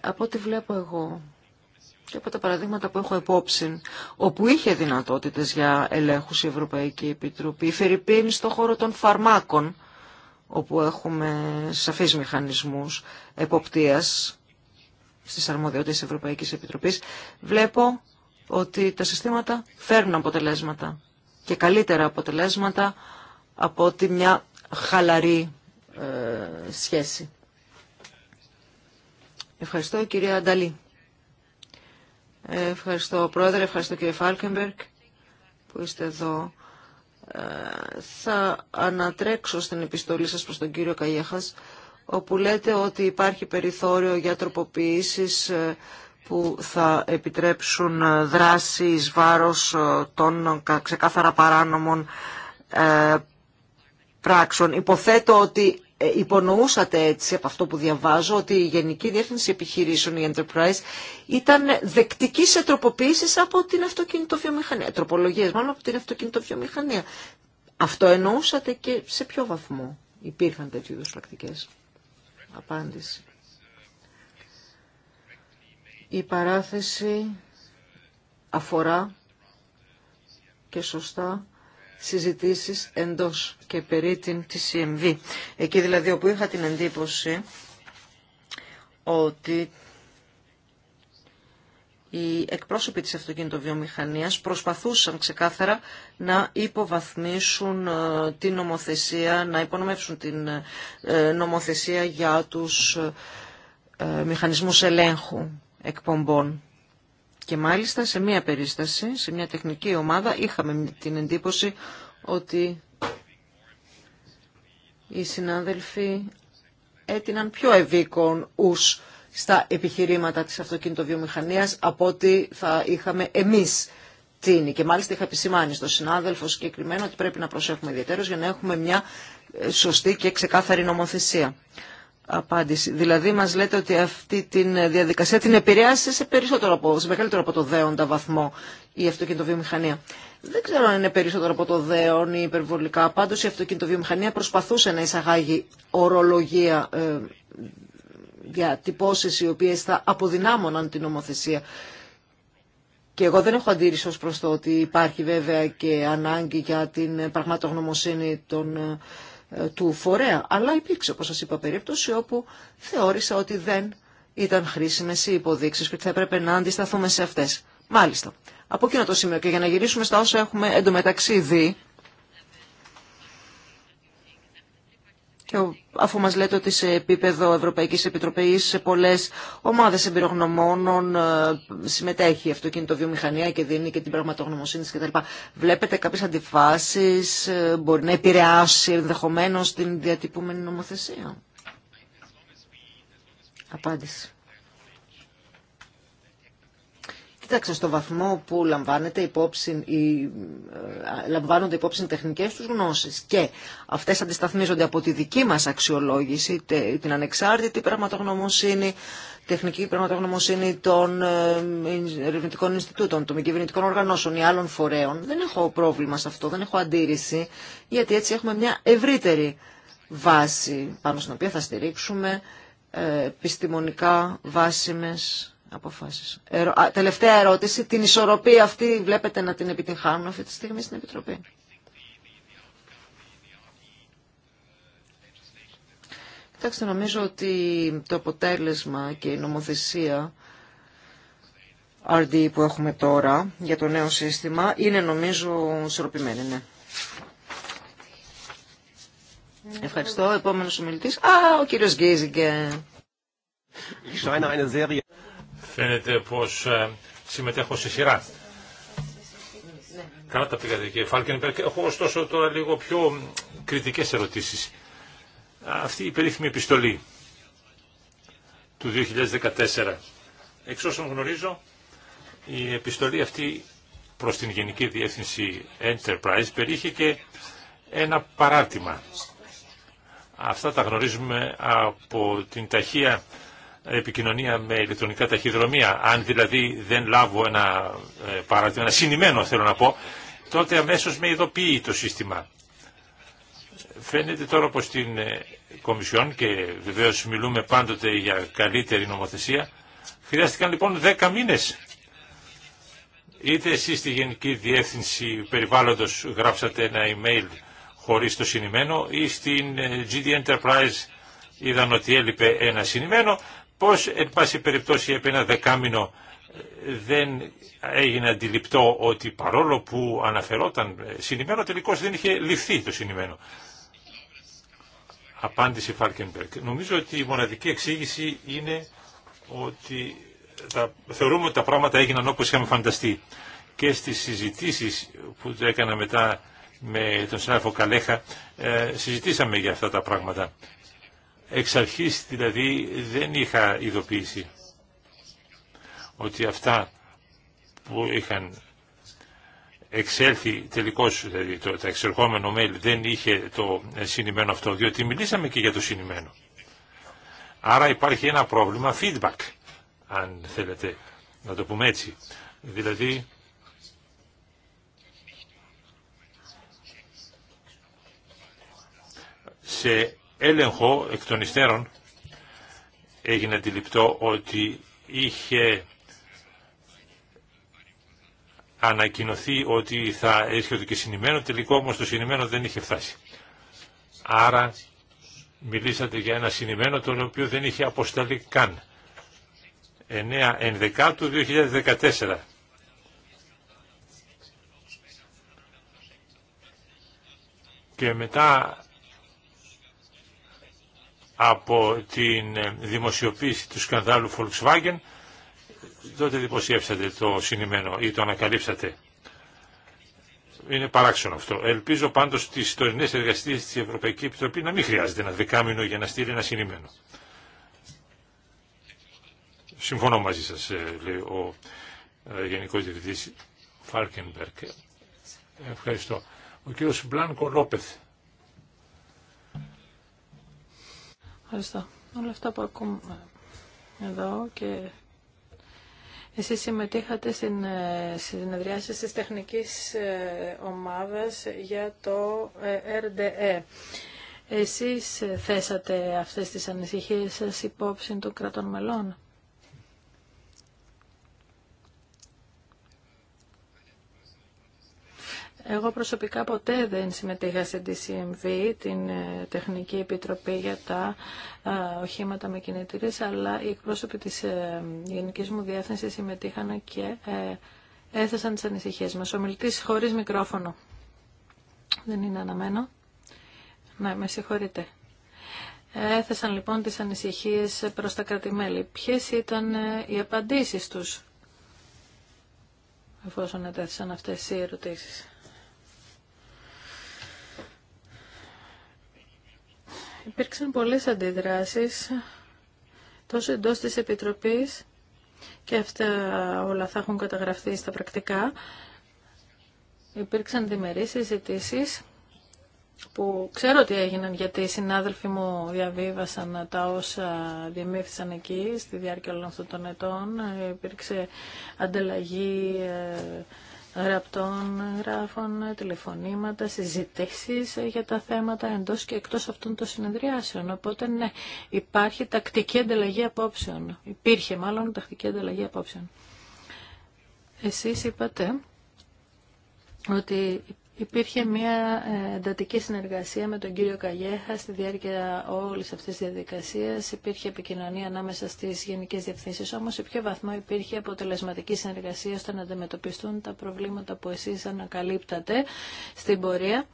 Από ό,τι βλέπω εγώ, και από τα παραδείγματα που έχω υπόψη, όπου είχε δυνατότητες για ελέγχους η Ευρωπαϊκή Επιτροπή, η Φερρυπίνη στον χώρο των φαρμάκων, όπου έχουμε σαφείς μηχανισμούς εποπτείας στις αρμοδιότητες της Ευρωπαϊκής Επιτροπής, βλέπω ότι τα συστήματα φέρνουν αποτελέσματα και καλύτερα αποτελέσματα από ότι μια χαλαρή ε, σχέση. Ευχαριστώ κυρία Ανταλή. Ευχαριστώ πρόεδρε, ευχαριστώ κύριε Φάλκεμπερκ που είστε εδώ. Ε, θα ανατρέξω στην επιστολή σας προς τον κύριο Καγιέχας όπου λέτε ότι υπάρχει περιθώριο για τροποποιήσεις ε, που θα επιτρέψουν ε, δράση εις βάρος των ξεκάθαρα παράνομων πράξεων. Υποθέτω ότι ε, υπονοούσατε έτσι από αυτό που διαβάζω ότι η Γενική Διεύθυνση Επιχειρήσεων, η Enterprise, ήταν δεκτική σε τροποποίησεις από την αυτοκινητοβιομηχανία, τροπολογίες μάλλον από την αυτοκινητοβιομηχανία. Αυτό εννοούσατε και σε ποιο βαθμό υπήρχαν τέτοιου είδους πρακτικές. Απάντηση. Η παράθεση αφορά και σωστά συζητήσεις εντός και περί την TCMV. Εκεί δηλαδή όπου είχα την εντύπωση ότι οι εκπρόσωποι της αυτοκινητοβιομηχανίας προσπαθούσαν ξεκάθαρα να υποβαθμίσουν ε, την νομοθεσία, να υπονομεύσουν την ε, νομοθεσία για τους ε, μηχανισμούς ελέγχου εκπομπών. Και μάλιστα σε μία περίσταση, σε μία τεχνική ομάδα, είχαμε την εντύπωση ότι οι συνάδελφοι έτειναν πιο ευήκον ους στα επιχειρήματα της αυτοκινητοβιομηχανίας από ό,τι θα είχαμε εμείς τίνει. Και μάλιστα είχα επισημάνει στον συνάδελφο συγκεκριμένο ότι πρέπει να προσέχουμε ιδιαίτερως για να έχουμε μια σωστή και ξεκάθαρη νομοθεσία απάντηση. Δηλαδή μας λέτε ότι αυτή τη διαδικασία την επηρέασε σε, περισσότερο από, μεγαλύτερο από το δέοντα βαθμό η αυτοκινητοβιομηχανία. Δεν ξέρω αν είναι περισσότερο από το δέον ή υπερβολικά. Πάντως η αυτοκινητοβιομηχανία προσπαθούσε να εισαγάγει ορολογία ε, τυπώσεις οι οποίες θα αποδυνάμωναν την νομοθεσία. Και εγώ δεν έχω αντίρρηση ω προς το ότι υπάρχει βέβαια και ανάγκη για την πραγματογνωμοσύνη των ε, ε, του φορέα. Αλλά υπήρξε, όπως σας είπα, περίπτωση όπου θεώρησα ότι δεν ήταν χρήσιμες οι υποδείξεις και ότι θα έπρεπε να αντισταθούμε σε αυτές. Μάλιστα. Από εκείνο το σημείο και για να γυρίσουμε στα όσα έχουμε εντωμεταξύ δει, Και αφού μας λέτε ότι σε επίπεδο Ευρωπαϊκής Επιτροπής σε πολλές ομάδες εμπειρογνωμόνων ε, συμμετέχει η αυτοκινητοβιομηχανία και δίνει και την πραγματογνωμοσύνη κτλ. Βλέπετε κάποιες αντιφάσεις, ε, μπορεί να επηρεάσει ενδεχομένω την διατυπούμενη νομοθεσία. Απάντηση. Κοιτάξτε, στο βαθμό που λαμβάνεται υπόψη, οι, ε, λαμβάνονται υπόψη οι τεχνικές τους γνώσεις και αυτές αντισταθμίζονται από τη δική μας αξιολόγηση, την ανεξάρτητη πραγματογνωμοσύνη, τεχνική πραγματογνωμοσύνη των ε, ερευνητικών Ινστιτούτων, των μη κυβερνητικών οργανώσεων ή άλλων φορέων. Δεν έχω πρόβλημα σε αυτό, δεν έχω αντίρρηση, γιατί έτσι έχουμε μια ευρύτερη βάση πάνω στην οποία θα στηρίξουμε ε, επιστημονικά βάσιμες αποφάσεις. τελευταία ερώτηση. Την ισορροπία αυτή βλέπετε να την επιτυγχάνουν αυτή τη στιγμή στην Επιτροπή. Κοιτάξτε, νομίζω ότι το αποτέλεσμα και η νομοθεσία RD που έχουμε τώρα για το νέο σύστημα είναι νομίζω ισορροπημένη, ναι. Ευχαριστώ. Επόμενος ομιλητής. Α, ο κύριος Γκίζικε. Φαίνεται πως ε, συμμετέχω σε σειρά. Καλά τα πήγατε κύριε Φάλκενμπερκ. Έχω ωστόσο τώρα λίγο πιο κριτικές ερωτήσεις. Αυτή η περίφημη επιστολή του 2014. Εξ όσων γνωρίζω, η επιστολή αυτή προς την Γενική Διεύθυνση Enterprise περίχει και ένα παράρτημα. Αυτά τα γνωρίζουμε από την ταχεία επικοινωνία με ηλεκτρονικά ταχυδρομεία, αν δηλαδή δεν λάβω ένα ε, παράδειγμα, ένα συνημένο θέλω να πω, τότε αμέσως με ειδοποιεί το σύστημα. Φαίνεται τώρα πως την ε, Κομισιόν, και βεβαίως μιλούμε πάντοτε για καλύτερη νομοθεσία, χρειάστηκαν λοιπόν δέκα μήνες. Είτε εσείς στη Γενική Διεύθυνση Περιβάλλοντος γράψατε ένα email χωρίς το συνημένο ή στην ε, GD Enterprise είδαν ότι έλειπε ένα συνημένο Πώς, εν πάση περιπτώσει, επί ένα δεκάμινο ε, δεν έγινε αντιληπτό ότι παρόλο που αναφερόταν ε, συνημένο, τελικώς δεν είχε ληφθεί το συνημένο. Απάντηση Φάλκενμπερκ. Νομίζω ότι η μοναδική εξήγηση είναι ότι θεωρούμε ότι τα πράγματα έγιναν όπως είχαμε φανταστεί. Και στις συζητήσεις που έκανα μετά με τον συνάδελφο Καλέχα, ε, συζητήσαμε για αυτά τα πράγματα. Εξ αρχής δηλαδή δεν είχα ειδοποίηση ότι αυτά που είχαν εξέλθει τελικώς, δηλαδή το, τα εξερχόμενο mail δεν είχε το συνημένο αυτό, διότι μιλήσαμε και για το συνημένο. Άρα υπάρχει ένα πρόβλημα feedback, αν θέλετε να το πούμε έτσι. Δηλαδή, σε έλεγχο εκ των υστέρων έγινε αντιληπτό ότι είχε ανακοινωθεί ότι θα έρχεται και συνημένο, τελικό όμως το συνημένο δεν είχε φτάσει. Άρα μιλήσατε για ένα συνημένο το οποίο δεν είχε αποσταλεί καν. 9 Ενδεκάτου 2014. Και μετά από την δημοσιοποίηση του σκανδάλου Volkswagen, τότε δημοσιεύσατε το συνημένο ή το ανακαλύψατε. Είναι παράξενο αυτό. Ελπίζω πάντως στις τωρινές εργασίες της Ευρωπαϊκής Επιτροπής να μην χρειάζεται ένα δεκάμινο για να στείλει ένα συνημένο. Συμφωνώ μαζί σας, ε, λέει ο ε, Γενικός Διευθυντής Φάρκενμπερκ. Ευχαριστώ. Ο κύριος Μπλάνκο Λόπεθ. Ευχαριστώ. Όλα αυτά που ακούμε εδώ και εσείς συμμετείχατε στην ε, συνεδριάση της τεχνικής ε, ομάδας για το ε, RDE. Εσείς θέσατε αυτές τις ανησυχίες σας υπόψη των κρατών μελών. Εγώ προσωπικά ποτέ δεν συμμετείχα σε DCMV, την ε, Τεχνική Επιτροπή για τα ε, οχήματα με κινητήρε, αλλά οι εκπρόσωποι της ε, Γενικής μου Διεύθυνσης συμμετείχαν και έθεσαν τις ανησυχίες μας. Ο μιλητής χωρίς μικρόφωνο. Δεν είναι αναμένο. Ναι, με συγχωρείτε. Έθεσαν λοιπόν τις ανησυχίες προς τα κρατημέλη. Ποιες ήταν οι απαντήσεις τους, εφόσον έθεσαν αυτές οι ερωτήσεις. Υπήρξαν πολλές αντιδράσεις, τόσο εντός της Επιτροπής, και αυτά όλα θα έχουν καταγραφεί στα πρακτικά. Υπήρξαν διμερείς συζητήσει που ξέρω τι έγιναν γιατί οι συνάδελφοι μου διαβίβασαν τα όσα διαμήθησαν εκεί στη διάρκεια όλων αυτών των ετών. Υπήρξε ανταλλαγή ε, γραπτών γράφων, τηλεφωνήματα, συζητήσεις για τα θέματα εντός και εκτός αυτών των συνεδριάσεων. Οπότε ναι, υπάρχει τακτική ανταλλαγή απόψεων. Υπήρχε μάλλον τακτική ανταλλαγή απόψεων. Εσείς είπατε ότι Υπήρχε μια ε, εντατική συνεργασία με τον κύριο Καγέχα στη διάρκεια όλη αυτή τη διαδικασία. Υπήρχε επικοινωνία ανάμεσα στι γενικέ διευθύνσει. Όμω, σε ποιο βαθμό υπήρχε αποτελεσματική συνεργασία ώστε να αντιμετωπιστούν τα προβλήματα που εσεί ανακαλύπτατε στην πορεία.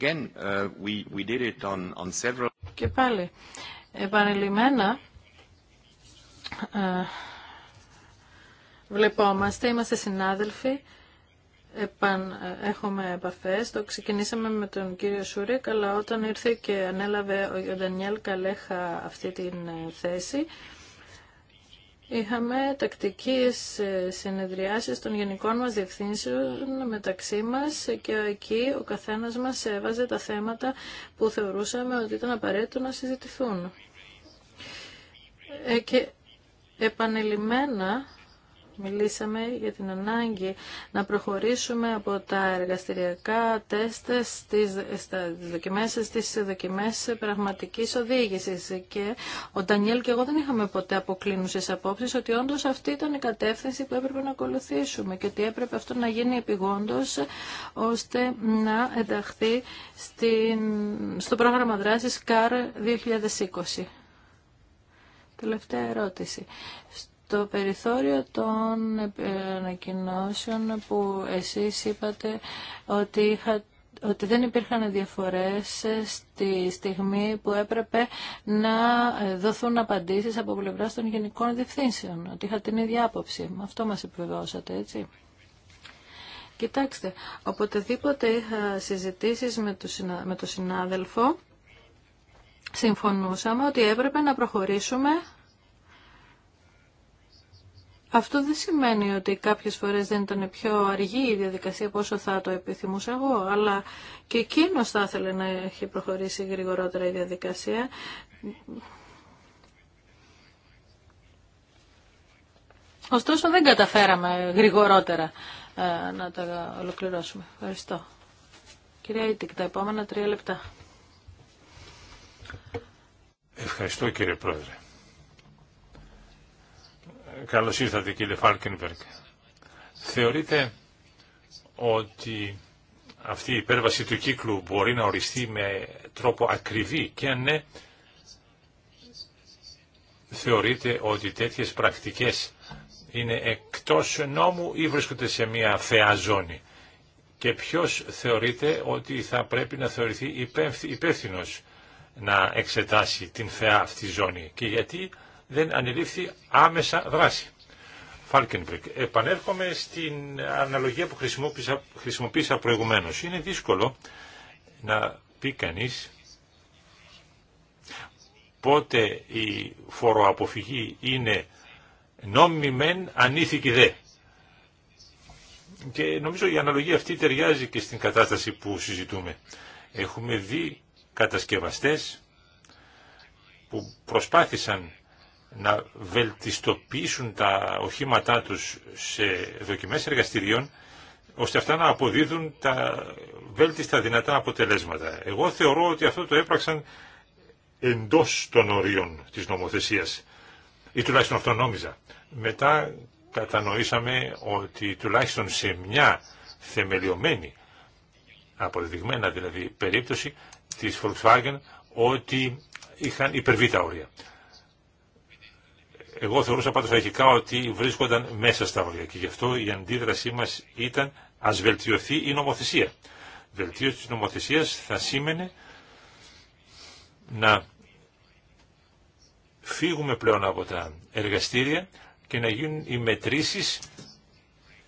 Again, uh, we, we did it on, on several... Και πάλι, επανειλημμένα, ε, βλεπόμαστε, είμαστε συνάδελφοι, επαν, ε, έχουμε επαφές. Το ξεκινήσαμε με τον κύριο Σούρικ, αλλά όταν ήρθε και ανέλαβε ο Ντανιέλ Καλέχα αυτή την ε, θέση, Είχαμε τακτικές ε, συνεδριάσεις των γενικών μας διευθύνσεων μεταξύ μας και εκεί ο καθένας μας έβαζε τα θέματα που θεωρούσαμε ότι ήταν απαραίτητο να συζητηθούν. Και επανελειμμένα Μιλήσαμε για την ανάγκη να προχωρήσουμε από τα εργαστηριακά τεστ στις, δοκιμές, στις δοκιμές πραγματικής οδήγησης. Και ο Ντανιέλ και εγώ δεν είχαμε ποτέ αποκλίνουσες απόψεις ότι όντως αυτή ήταν η κατεύθυνση που έπρεπε να ακολουθήσουμε και ότι έπρεπε αυτό να γίνει επιγόντως ώστε να ενταχθεί στην, στο πρόγραμμα δράσης CAR 2020. Τελευταία ερώτηση το περιθώριο των ανακοινώσεων που εσείς είπατε ότι ότι δεν υπήρχαν διαφορές στη στιγμή που έπρεπε να δοθούν απαντήσεις από πλευρά των γενικών διευθύνσεων, ότι είχα την ίδια άποψη. Αυτό μας επιβεβαιώσατε, έτσι. Κοιτάξτε, οποτεδήποτε είχα συζητήσεις με, με τον συνάδελφο, συμφωνούσαμε ότι έπρεπε να προχωρήσουμε αυτό δεν σημαίνει ότι κάποιες φορές δεν ήταν πιο αργή η διαδικασία πόσο θα το επιθυμούσα εγώ, αλλά και εκείνος θα ήθελε να έχει προχωρήσει γρηγορότερα η διαδικασία. Ωστόσο δεν καταφέραμε γρηγορότερα ε, να τα ολοκληρώσουμε. Ευχαριστώ. Κυρία Ιτικ, τα επόμενα τρία λεπτά. Ευχαριστώ κύριε Πρόεδρε. Καλώς ήρθατε κύριε Φάλκενμπεργκ. Θεωρείτε ότι αυτή η υπέρβαση του κύκλου μπορεί να οριστεί με τρόπο ακριβή και αν ναι, θεωρείτε ότι τέτοιες πρακτικές είναι εκτός νόμου ή βρίσκονται σε μια θεά ζώνη. Και ποιος θεωρείτε ότι θα πρέπει να θεωρηθεί υπεύθυνο να εξετάσει την θεά αυτή ζώνη και γιατί δεν ανελήφθη άμεσα δράση. Φάλκενμπρικ. Επανέρχομαι στην αναλογία που χρησιμοποίησα, χρησιμοποίησα προηγουμένως. Είναι δύσκολο να πει κανείς πότε η φοροαποφυγή είναι νόμιμη μεν, ανήθικη δε. Και νομίζω η αναλογία αυτή ταιριάζει και στην κατάσταση που συζητούμε. Έχουμε δει κατασκευαστές που προσπάθησαν να βελτιστοποιήσουν τα οχήματά τους σε δοκιμές εργαστηρίων ώστε αυτά να αποδίδουν τα βέλτιστα δυνατά αποτελέσματα. Εγώ θεωρώ ότι αυτό το έπραξαν εντός των ορίων της νομοθεσίας ή τουλάχιστον αυτό νόμιζα. Μετά κατανοήσαμε ότι τουλάχιστον σε μια θεμελιωμένη, αποδειγμένα δηλαδή περίπτωση της Volkswagen, ότι είχαν υπερβεί τα όρια. Εγώ θεωρούσα πάντως αρχικά ότι βρίσκονταν μέσα στα όρια και γι' αυτό η αντίδρασή μας ήταν α βελτιωθεί η νομοθεσία. Βελτίωση τη νομοθεσία θα σήμαινε να φύγουμε πλέον από τα εργαστήρια και να γίνουν οι μετρήσεις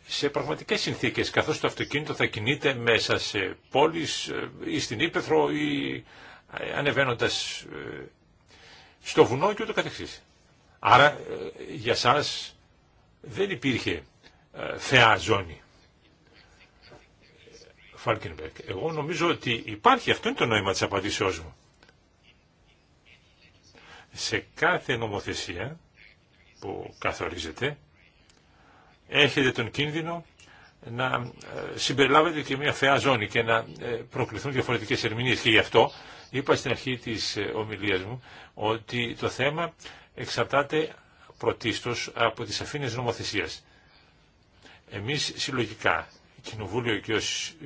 σε πραγματικές συνθήκες, καθώς το αυτοκίνητο θα κινείται μέσα σε πόλεις ε, ή στην Ήπεθρο ή ανεβαίνοντας ε, στο βουνό και Άρα ε, για σας δεν υπήρχε ε, θεά ζώνη. εγώ νομίζω ότι υπάρχει, αυτό είναι το νόημα της απαντήσεώς μου. Σε κάθε νομοθεσία που καθορίζεται, έχετε τον κίνδυνο να ε, συμπεριλάβετε και μια θεά ζώνη και να προκληθούν διαφορετικές ερμηνείες. Και γι' αυτό είπα στην αρχή της ομιλίας μου ότι το θέμα εξαρτάται πρωτίστως από τις αφήνες νομοθεσίας. Εμείς συλλογικά, Κοινοβούλιο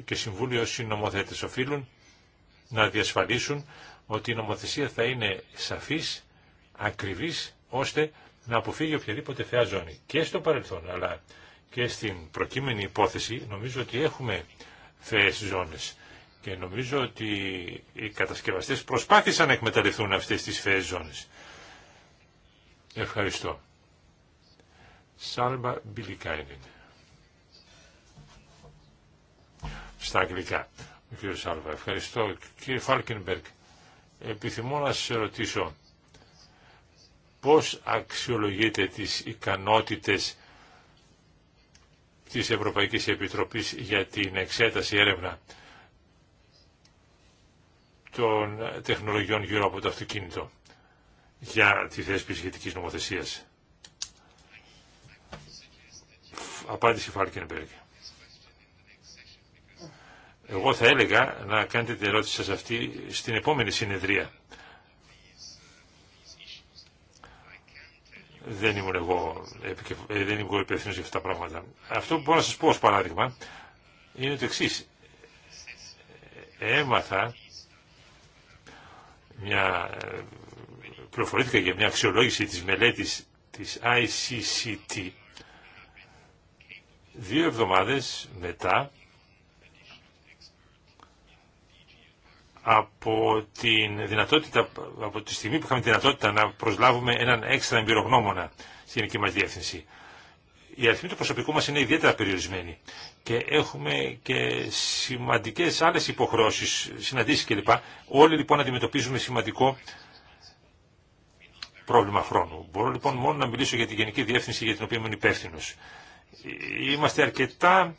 και Συμβούλιο Συνομοθέτες οφείλουν να διασφαλίσουν ότι η νομοθεσία θα είναι σαφής, ακριβής, ώστε να αποφύγει οποιαδήποτε θεά ζώνη. Και στο παρελθόν, αλλά και στην προκείμενη υπόθεση, νομίζω ότι έχουμε θεές ζώνες. Και νομίζω ότι οι κατασκευαστές προσπάθησαν να εκμεταλλευτούν αυτές τις θεές ζώνες. Ευχαριστώ. Σάλβα Μπιλικάινεν. Στα αγγλικά. Ο κύριο Σάλβα. Ευχαριστώ. Κύριε Φάλκενμπεργκ, επιθυμώ να σας ρωτήσω πώς αξιολογείτε τις ικανότητες της Ευρωπαϊκής Επιτροπής για την εξέταση έρευνα των τεχνολογιών γύρω από το αυτοκίνητο για τη θέσπιση σχετικής νομοθεσίας. Απάντηση Φάλκενμπεργκ. Εγώ θα έλεγα να κάνετε την ερώτηση σας αυτή στην επόμενη συνεδρία. Δεν ήμουν εγώ, ε, δεν υπεύθυνο για αυτά τα πράγματα. Αυτό που μπορώ να σας πω ως παράδειγμα είναι το εξή. Ε, έμαθα μια ε, πληροφορήθηκα για μια αξιολόγηση της μελέτης της ICCT. Δύο εβδομάδες μετά από, την δυνατότητα, από τη στιγμή που είχαμε τη δυνατότητα να προσλάβουμε έναν έξτρα εμπειρογνώμονα στην εκεί μας διεύθυνση. Οι αριθμή του προσωπικού μας είναι ιδιαίτερα περιορισμένη και έχουμε και σημαντικές άλλες υποχρώσεις, συναντήσεις κλπ. Όλοι λοιπόν αντιμετωπίζουμε σημαντικό πρόβλημα χρόνου. Μπορώ λοιπόν μόνο να μιλήσω για τη Γενική Διεύθυνση για την οποία είμαι υπεύθυνο. Είμαστε αρκετά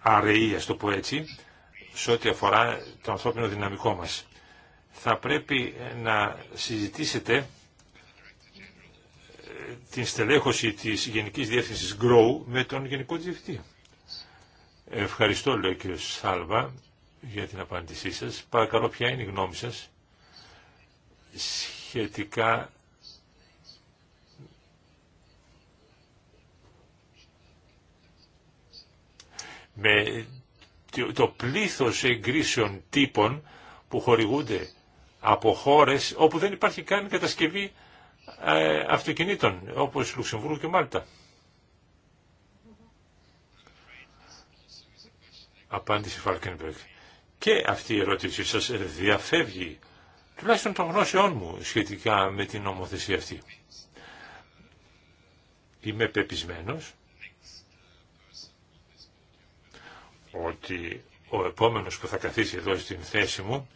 αραιοί, α το πω έτσι, σε ό,τι αφορά το ανθρώπινο δυναμικό μας. Θα πρέπει να συζητήσετε ε, την στελέχωση της Γενικής διεύθυνση GROW με τον Γενικό Διευθυντή. Ευχαριστώ, λέει ο κ. Σάλβα, για την απάντησή σα. Παρακαλώ, ποια είναι η γνώμη σα σχετικά με το πλήθος εγκρίσεων τύπων που χορηγούνται από χώρες όπου δεν υπάρχει καν κατασκευή ε, αυτοκινήτων, όπως Λουξεμβούργο και Μάλτα. Απάντηση Φαλκενμπεργκ. Και αυτή η ερώτησή σας διαφεύγει τουλάχιστον των γνώσεών μου σχετικά με την νομοθεσία αυτή. Είμαι πεπισμένος ότι ο επόμενος που θα καθίσει εδώ στην θέση μου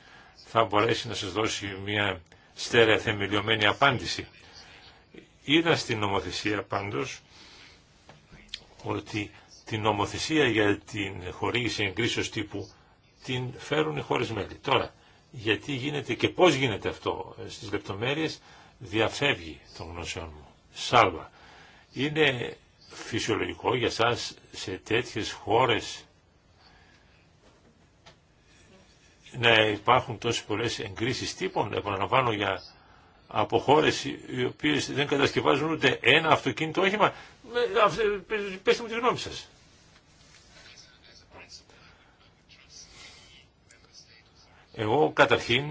θα μπορέσει να σας δώσει μια στέρεα θεμελιωμένη απάντηση. Είδα στην νομοθεσία πάντως ότι την νομοθεσία για την χορήγηση εγκρίσεως τύπου την φέρουν οι χώρες μέλη. Τώρα, γιατί γίνεται και πώς γίνεται αυτό στις λεπτομέρειες διαφεύγει των γνώσεών μου. Σάλβα, είναι φυσιολογικό για σας σε τέτοιες χώρες να υπάρχουν τόσες πολλές εγκρίσεις τύπων, επαναλαμβάνω για από χώρε οι οποίε δεν κατασκευάζουν ούτε ένα αυτοκίνητο όχημα. Ε, ε, ε, Πετε μου τη γνώμη σα. Εγώ καταρχήν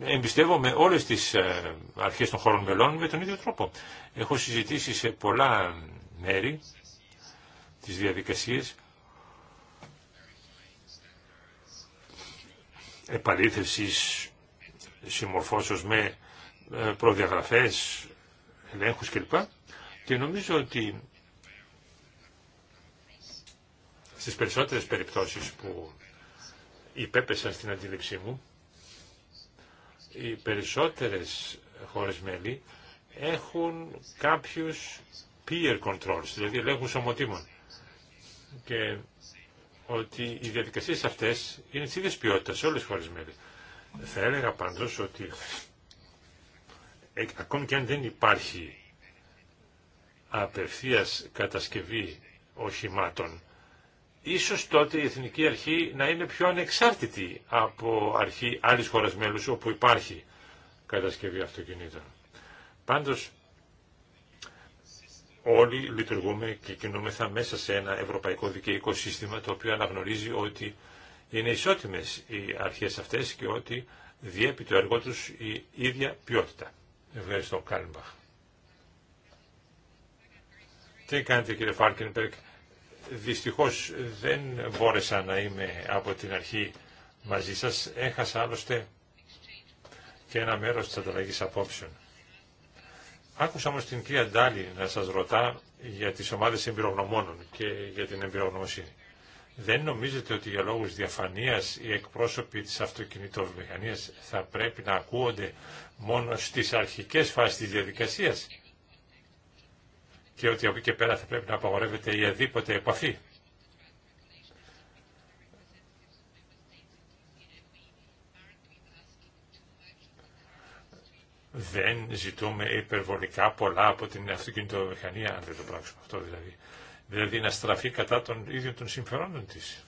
εμπιστεύομαι όλες τις ε, αρχές των χωρών μελών με τον ίδιο τρόπο. Έχω συζητήσει σε πολλά μέρη τις διαδικασίες επαλήθευσης συμμορφώσεως με ε, προδιαγραφές, ελέγχους κλπ. Και νομίζω ότι στις περισσότερες περιπτώσεις που υπέπεσαν στην αντίληψή μου, οι περισσότερες χώρες μέλη έχουν κάποιους peer controls, δηλαδή ελέγχουν σωμοτήμων. Και ότι οι διαδικασίες αυτές είναι της ίδιας ποιότητας σε όλες τις χώρες μέλη. Θα έλεγα πάντως ότι ακόμη και αν δεν υπάρχει απευθείας κατασκευή οχημάτων ίσως τότε η Εθνική Αρχή να είναι πιο ανεξάρτητη από αρχή άλλης χώρας μέλους όπου υπάρχει κατασκευή αυτοκινήτων. Πάντως όλοι λειτουργούμε και κινούμεθα μέσα σε ένα ευρωπαϊκό δικαιοίκο σύστημα το οποίο αναγνωρίζει ότι είναι ισότιμες οι αρχές αυτές και ότι διέπει το έργο τους η ίδια ποιότητα. Ευχαριστώ Κάλμπαχ. Τι κάνετε κύριε Φάρκενπερκ Δυστυχώς δεν μπόρεσα να είμαι από την αρχή μαζί σας. Έχασα άλλωστε και ένα μέρος της ανταλλαγής απόψεων. Άκουσα όμως την κυρία Ντάλη να σας ρωτά για τις ομάδες εμπειρογνωμόνων και για την εμπειρογνωμοσύνη. Δεν νομίζετε ότι για λόγους διαφανείας οι εκπρόσωποι της αυτοκινητοβιομηχανίας θα πρέπει να ακούονται μόνο στις αρχικές φάσεις της διαδικασίας και ότι από εκεί και πέρα θα πρέπει να απαγορεύεται η αδίποτε επαφή. Δεν ζητούμε υπερβολικά πολλά από την αυτοκινητοβιομηχανία, αν δεν το πράξουμε αυτό δηλαδή. Δηλαδή να στραφεί κατά των ίδιων των συμφερόντων της.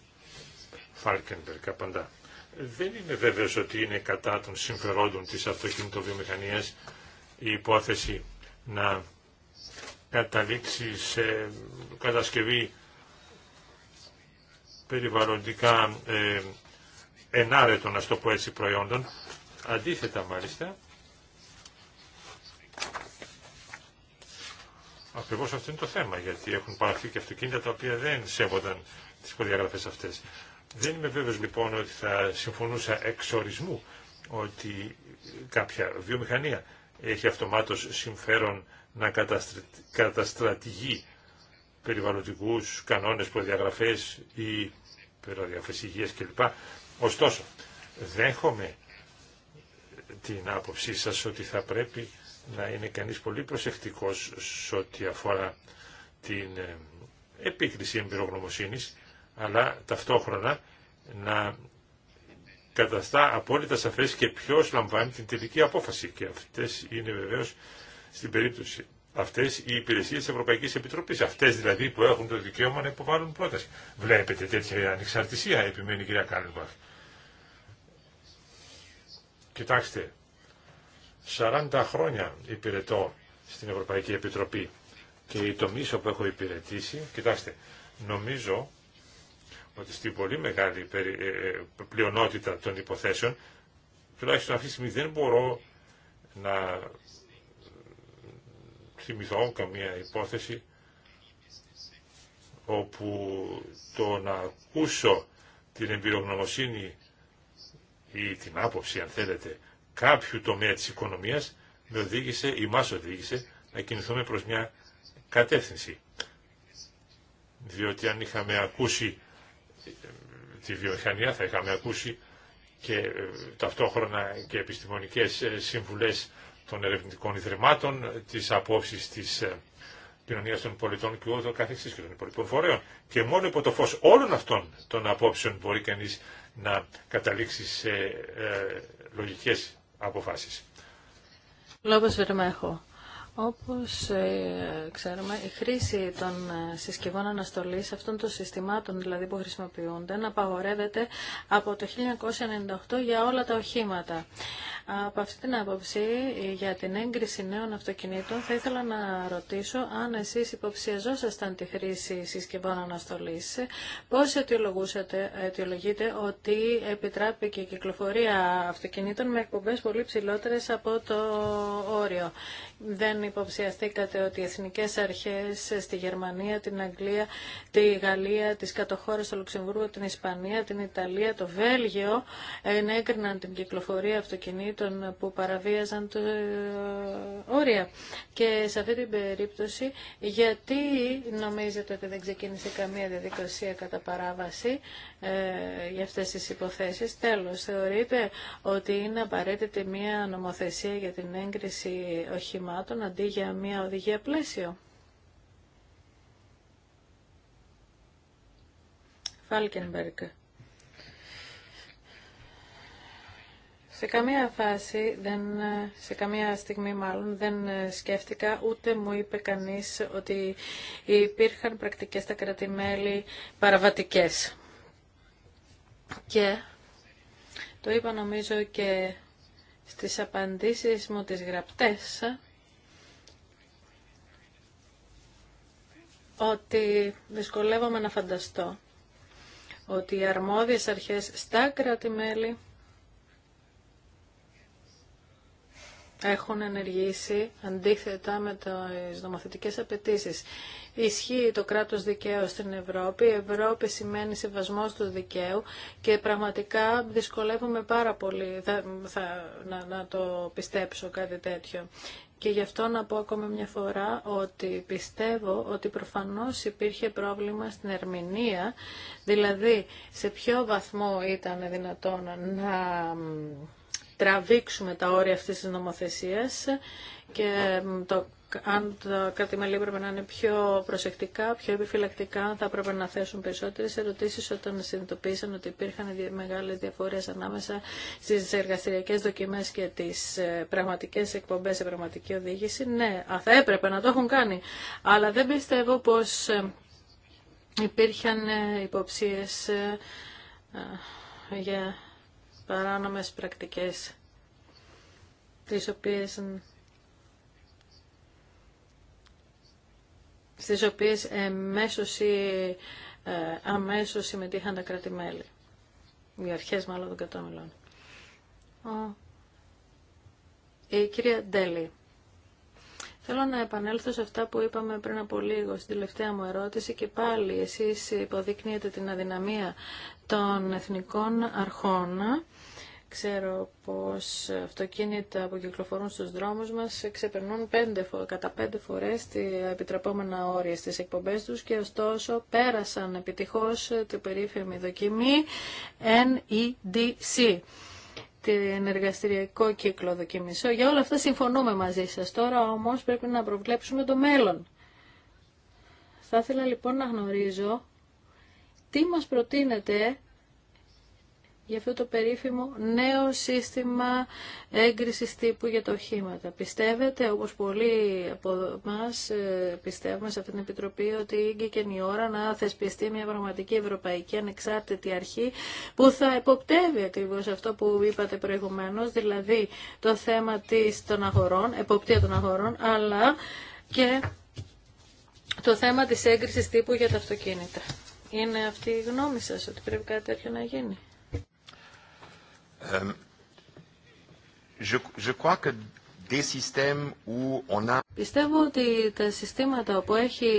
Φάλκενμπεργκ καπαντά. Δεν είναι βέβαιος ότι είναι κατά των συμφερόντων της αυτοκινητοβιομηχανίας η υπόθεση να καταλήξει σε κατασκευή περιβαλλοντικά ε, ενάρετων, να το πω έτσι, προϊόντων. Αντίθετα, μάλιστα, ακριβώς αυτό είναι το θέμα, γιατί έχουν παραχθεί και αυτοκίνητα τα οποία δεν σέβονταν τις προδιαγραφές αυτές. Δεν είμαι βέβαιος, λοιπόν, ότι θα συμφωνούσα εξ ορισμού ότι κάποια βιομηχανία έχει αυτομάτως συμφέρον να καταστρατηγεί περιβαλλοντικούς κανόνες, προδιαγραφές ή προδιαγραφές υγείας κλπ. Ωστόσο, δέχομαι την άποψή σας ότι θα πρέπει να είναι κανείς πολύ προσεκτικός σε ό,τι αφορά την ε, επίκριση εμπειρογνωμοσύνης, αλλά ταυτόχρονα να καταστά απόλυτα σαφές και ποιος λαμβάνει την τελική απόφαση. Και αυτές είναι βεβαίως στην περίπτωση αυτέ οι υπηρεσίε τη Ευρωπαϊκή Επιτροπή. Αυτέ δηλαδή που έχουν το δικαίωμα να υποβάλουν πρόταση. Βλέπετε τέτοια ανεξαρτησία, επιμένει η κυρία Κάλενμπαχ. Κοιτάξτε, 40 χρόνια υπηρετώ στην Ευρωπαϊκή Επιτροπή και οι τομεί όπου έχω υπηρετήσει, κοιτάξτε, νομίζω ότι στην πολύ μεγάλη ε, ε, πλειονότητα των υποθέσεων, τουλάχιστον αυτή τη στιγμή δεν μπορώ να θυμηθώ καμία υπόθεση όπου το να ακούσω την εμπειρογνωμοσύνη ή την άποψη αν θέλετε κάποιου τομέα της οικονομίας με οδήγησε ή μας οδήγησε να κινηθούμε προς μια κατεύθυνση. Διότι αν είχαμε ακούσει ε, τη βιομηχανία θα είχαμε ακούσει και ε, ταυτόχρονα και επιστημονικές ε, συμβουλές των ερευνητικών ιδρυμάτων, τις απόψεις της ε, κοινωνία των πολιτών και ούτω καθεξής και των υπολοιπών φορέων. Και μόνο υπό το φως όλων αυτών των απόψεων μπορεί κανείς να καταλήξει σε ε, λογικές αποφάσεις. Λόγος Βερμέχο. Όπως ε, ξέρουμε, η χρήση των ε, συσκευών αναστολής αυτών των συστημάτων δηλαδή που χρησιμοποιούνται απαγορεύεται από το 1998 για όλα τα οχήματα. Από αυτή την άποψη για την έγκριση νέων αυτοκινήτων θα ήθελα να ρωτήσω αν εσείς υποψιαζόσασταν τη χρήση συσκευών αναστολής. Πώς αιτιολογείτε ότι επιτράπηκε η κυκλοφορία αυτοκινήτων με εκπομπές πολύ ψηλότερες από το όριο. Δεν υποψιαστήκατε ότι οι εθνικές αρχές στη Γερμανία, την Αγγλία, τη Γαλλία, τις κατοχώρες στο Λουξεμβούργο, την Ισπανία, την Ιταλία, το Βέλγιο ενέκριναν την κυκλοφορία αυτοκινήτων που παραβίαζαν το ε, όρια. Και σε αυτή την περίπτωση, γιατί νομίζετε ότι δεν ξεκίνησε καμία διαδικασία κατά παράβαση ε, για αυτές τις υποθέσεις. Τέλος, θεωρείτε ότι είναι απαραίτητη μια νομοθεσία για την έγκριση οχημάτων αντί για μια οδηγία πλαίσιο. Falkenberg. Σε καμία φάση, δεν, σε καμία στιγμή μάλλον, δεν ε, σκέφτηκα ούτε μου είπε κανείς ότι υπήρχαν πρακτικές στα κρατημέλη παραβατικές. Και το είπα νομίζω και στις απαντήσεις μου τις γραπτές ότι δυσκολεύομαι να φανταστώ ότι οι αρμόδιες αρχές στα κρατημέλη έχουν ενεργήσει αντίθετα με τις νομοθετικές απαιτήσεις. Ισχύει το κράτος δικαίου στην Ευρώπη, η Ευρώπη σημαίνει σεβασμός του δικαίου και πραγματικά δυσκολεύομαι πάρα πολύ θα, να, το πιστέψω κάτι τέτοιο. Και γι' αυτό να πω ακόμα μια φορά ότι πιστεύω ότι προφανώς υπήρχε πρόβλημα στην ερμηνεία, δηλαδή σε ποιο βαθμό ήταν δυνατόν να τραβήξουμε τα όρια αυτής της νομοθεσίας και το, αν τα κρατημέλη έπρεπε να είναι πιο προσεκτικά, πιο επιφυλακτικά, θα έπρεπε να θέσουν περισσότερες ερωτήσεις όταν συνειδητοποίησαν ότι υπήρχαν μεγάλες διαφορές ανάμεσα στις εργαστηριακές δοκιμές και τις ε, πραγματικές εκπομπές σε πραγματική οδήγηση. Ναι, θα έπρεπε να το έχουν κάνει, αλλά δεν πιστεύω πως ε, υπήρχαν ε, υποψίες για παράνομες πρακτικές τις οποίες στις οποίες εμέσως ή ε, αμέσως συμμετείχαν αμεσως συμμετειχαν τα κρατη μελη οι Ντέλη. Θέλω να επανέλθω σε αυτά που είπαμε πριν από λίγο, στην τελευταία μου ερώτηση και πάλι εσείς υποδεικνύετε την αδυναμία των εθνικών αρχών. Ξέρω πως αυτοκίνητα που κυκλοφορούν στους δρόμους μας ξεπερνούν πέντε, κατά πέντε φορές τα επιτρεπόμενα όρια στις εκπομπές τους και ωστόσο πέρασαν επιτυχώς την περίφημη δοκιμή NEDC την εργαστηριακό κύκλο δοκιμισό. Για όλα αυτά συμφωνούμε μαζί σας. Τώρα όμως πρέπει να προβλέψουμε το μέλλον. Θα ήθελα λοιπόν να γνωρίζω τι μας προτείνετε για αυτό το περίφημο νέο σύστημα έγκρισης τύπου για τα οχήματα. Πιστεύετε, όπως πολλοί από μας ε, πιστεύουμε σε αυτή την Επιτροπή, ότι είναι η ώρα να θεσπιστεί μια πραγματική ευρωπαϊκή ανεξάρτητη αρχή που θα εποπτεύει ακριβώς αυτό που είπατε προηγουμένως, δηλαδή το θέμα της των αγορών, εποπτεία των αγορών, αλλά και το θέμα της έγκρισης τύπου για τα αυτοκίνητα. Είναι αυτή η γνώμη σας ότι πρέπει κάτι τέτοιο να γίνει. Πιστεύω ότι τα συστήματα που έχει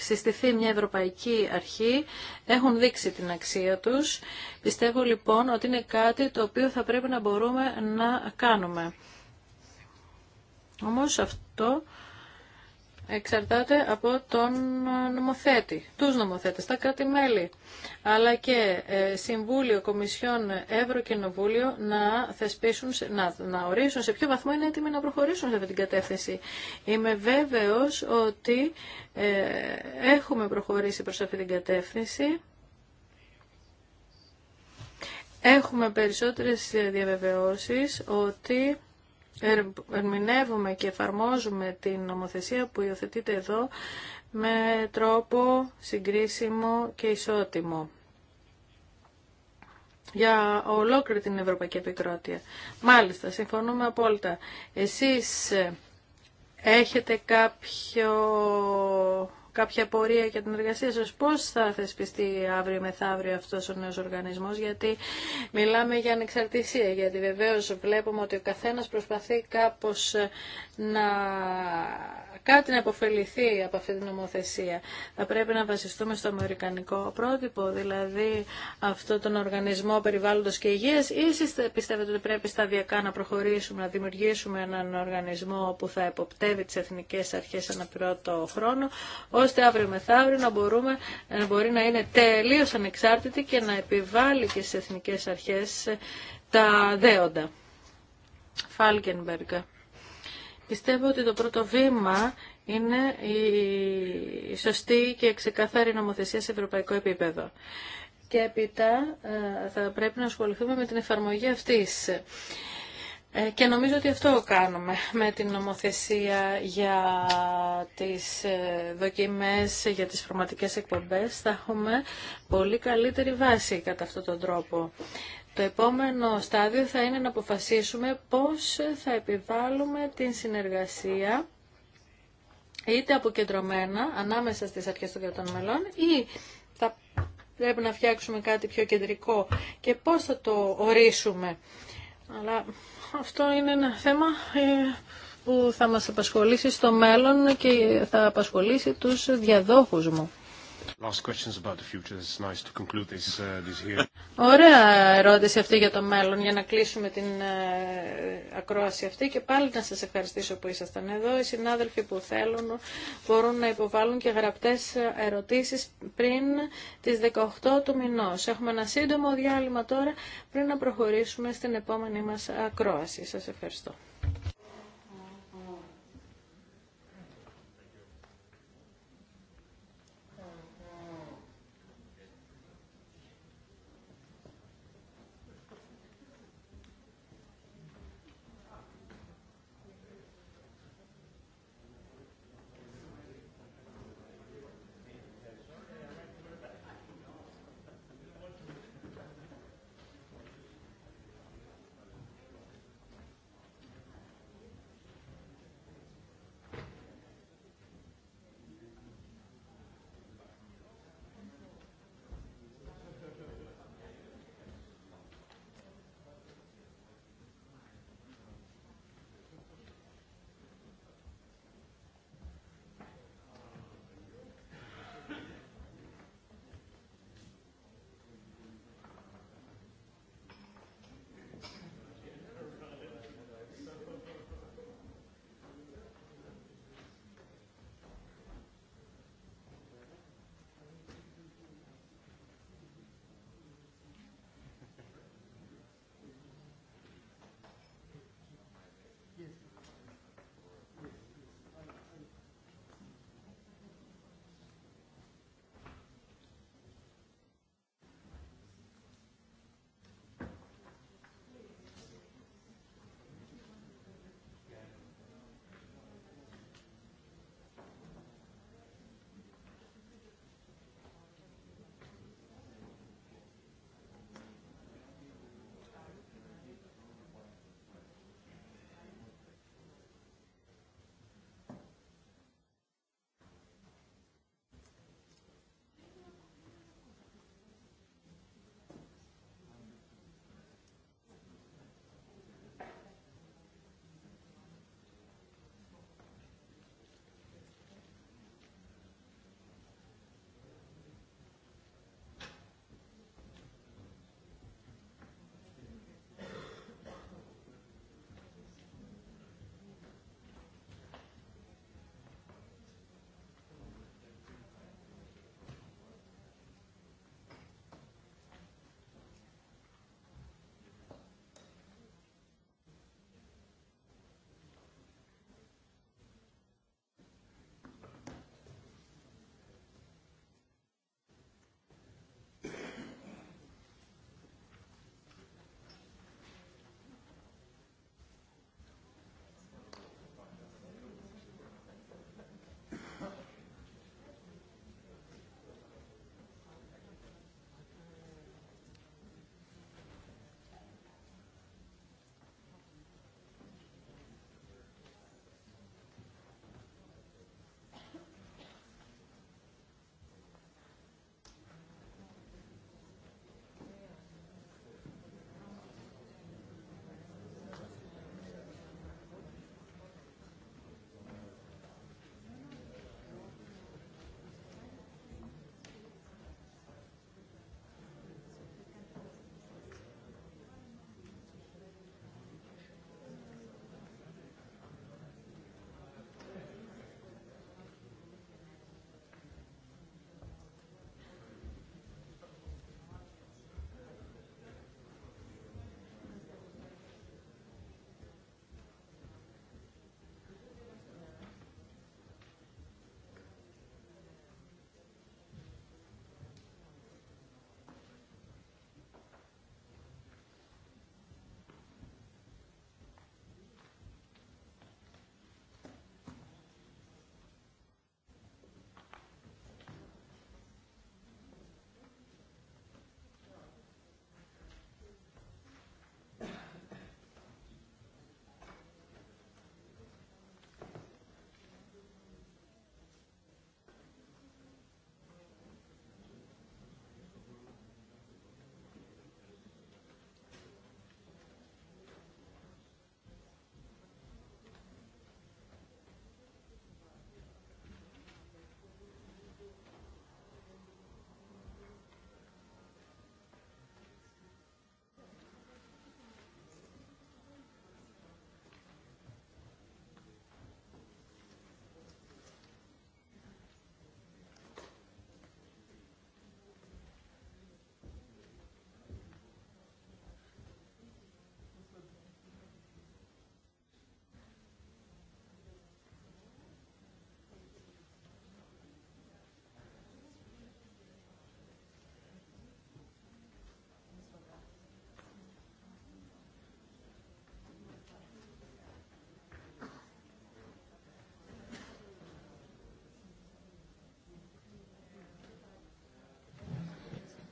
συστηθεί μια ευρωπαϊκή αρχή έχουν δείξει την αξία τους. Πιστεύω λοιπόν ότι είναι κάτι το οποίο θα πρέπει να μπορούμε να κάνουμε. Όμως αυτό εξαρτάται από τον ε, νομοθέτη, τους νομοθέτες, τα κράτη-μέλη, αλλά και ε, Συμβούλιο, Κομισιόν, Ευρωκοινοβούλιο να θεσπίσουν, να, να ορίσουν σε ποιο βαθμό είναι έτοιμοι να προχωρήσουν σε αυτή την κατεύθυνση. Είμαι βέβαιος ότι ε, έχουμε προχωρήσει προς αυτή την κατεύθυνση. Έχουμε περισσότερες διαβεβαιώσεις ότι ερμηνεύουμε και εφαρμόζουμε την νομοθεσία που υιοθετείται εδώ με τρόπο συγκρίσιμο και ισότιμο για ολόκληρη την Ευρωπαϊκή Επικρότεια. Μάλιστα, συμφωνούμε απόλυτα. Εσείς έχετε κάποιο κάποια πορεία για την εργασία σας, πώς θα θεσπιστεί αύριο μεθαύριο αυτός ο νέος οργανισμός, γιατί μιλάμε για ανεξαρτησία, γιατί βεβαίως βλέπουμε ότι ο καθένας προσπαθεί κάπως να κάτι να υποφεληθεί από αυτή την νομοθεσία. Θα πρέπει να βασιστούμε στο αμερικανικό πρότυπο, δηλαδή αυτό τον οργανισμό περιβάλλοντος και υγείας ή πιστεύετε ότι πρέπει σταδιακά να προχωρήσουμε, να δημιουργήσουμε έναν οργανισμό που θα εποπτεύει τις εθνικές αρχές ένα πρώτο χρόνο, ώστε αύριο μεθαύριο να, μπορούμε, να μπορεί να είναι τελείω ανεξάρτητη και να επιβάλλει και στις εθνικές αρχές τα δέοντα. Φάλκενμπεργκ. Πιστεύω ότι το πρώτο βήμα είναι η σωστή και ξεκαθαρή νομοθεσία σε ευρωπαϊκό επίπεδο. Και επίτα ε, θα πρέπει να ασχοληθούμε με την εφαρμογή αυτής. Ε, και νομίζω ότι αυτό κάνουμε με την νομοθεσία για τις ε, δοκιμές, για τις πραγματικές εκπομπές. Θα έχουμε πολύ καλύτερη βάση κατά αυτόν τον τρόπο. Το επόμενο στάδιο θα είναι να αποφασίσουμε πώς θα επιβάλλουμε την συνεργασία είτε αποκεντρωμένα ανάμεσα στις αρχές των κρατών μελών ή θα πρέπει να φτιάξουμε κάτι πιο κεντρικό και πώς θα το ορίσουμε. Αλλά αυτό είναι ένα θέμα ε, που θα μας απασχολήσει στο μέλλον και θα απασχολήσει τους διαδόχους μου. Ωραία ερώτηση αυτή για το μέλλον, για να κλείσουμε την ε, ακρόαση αυτή και πάλι να σας ευχαριστήσω που ήσασταν εδώ. Οι συνάδελφοι που θέλουν μπορούν να υποβάλουν και γραπτές ερωτήσεις πριν τις 18 του μηνός. Έχουμε ένα σύντομο διάλειμμα τώρα πριν να προχωρήσουμε στην επόμενη μας ακρόαση. Σας ευχαριστώ.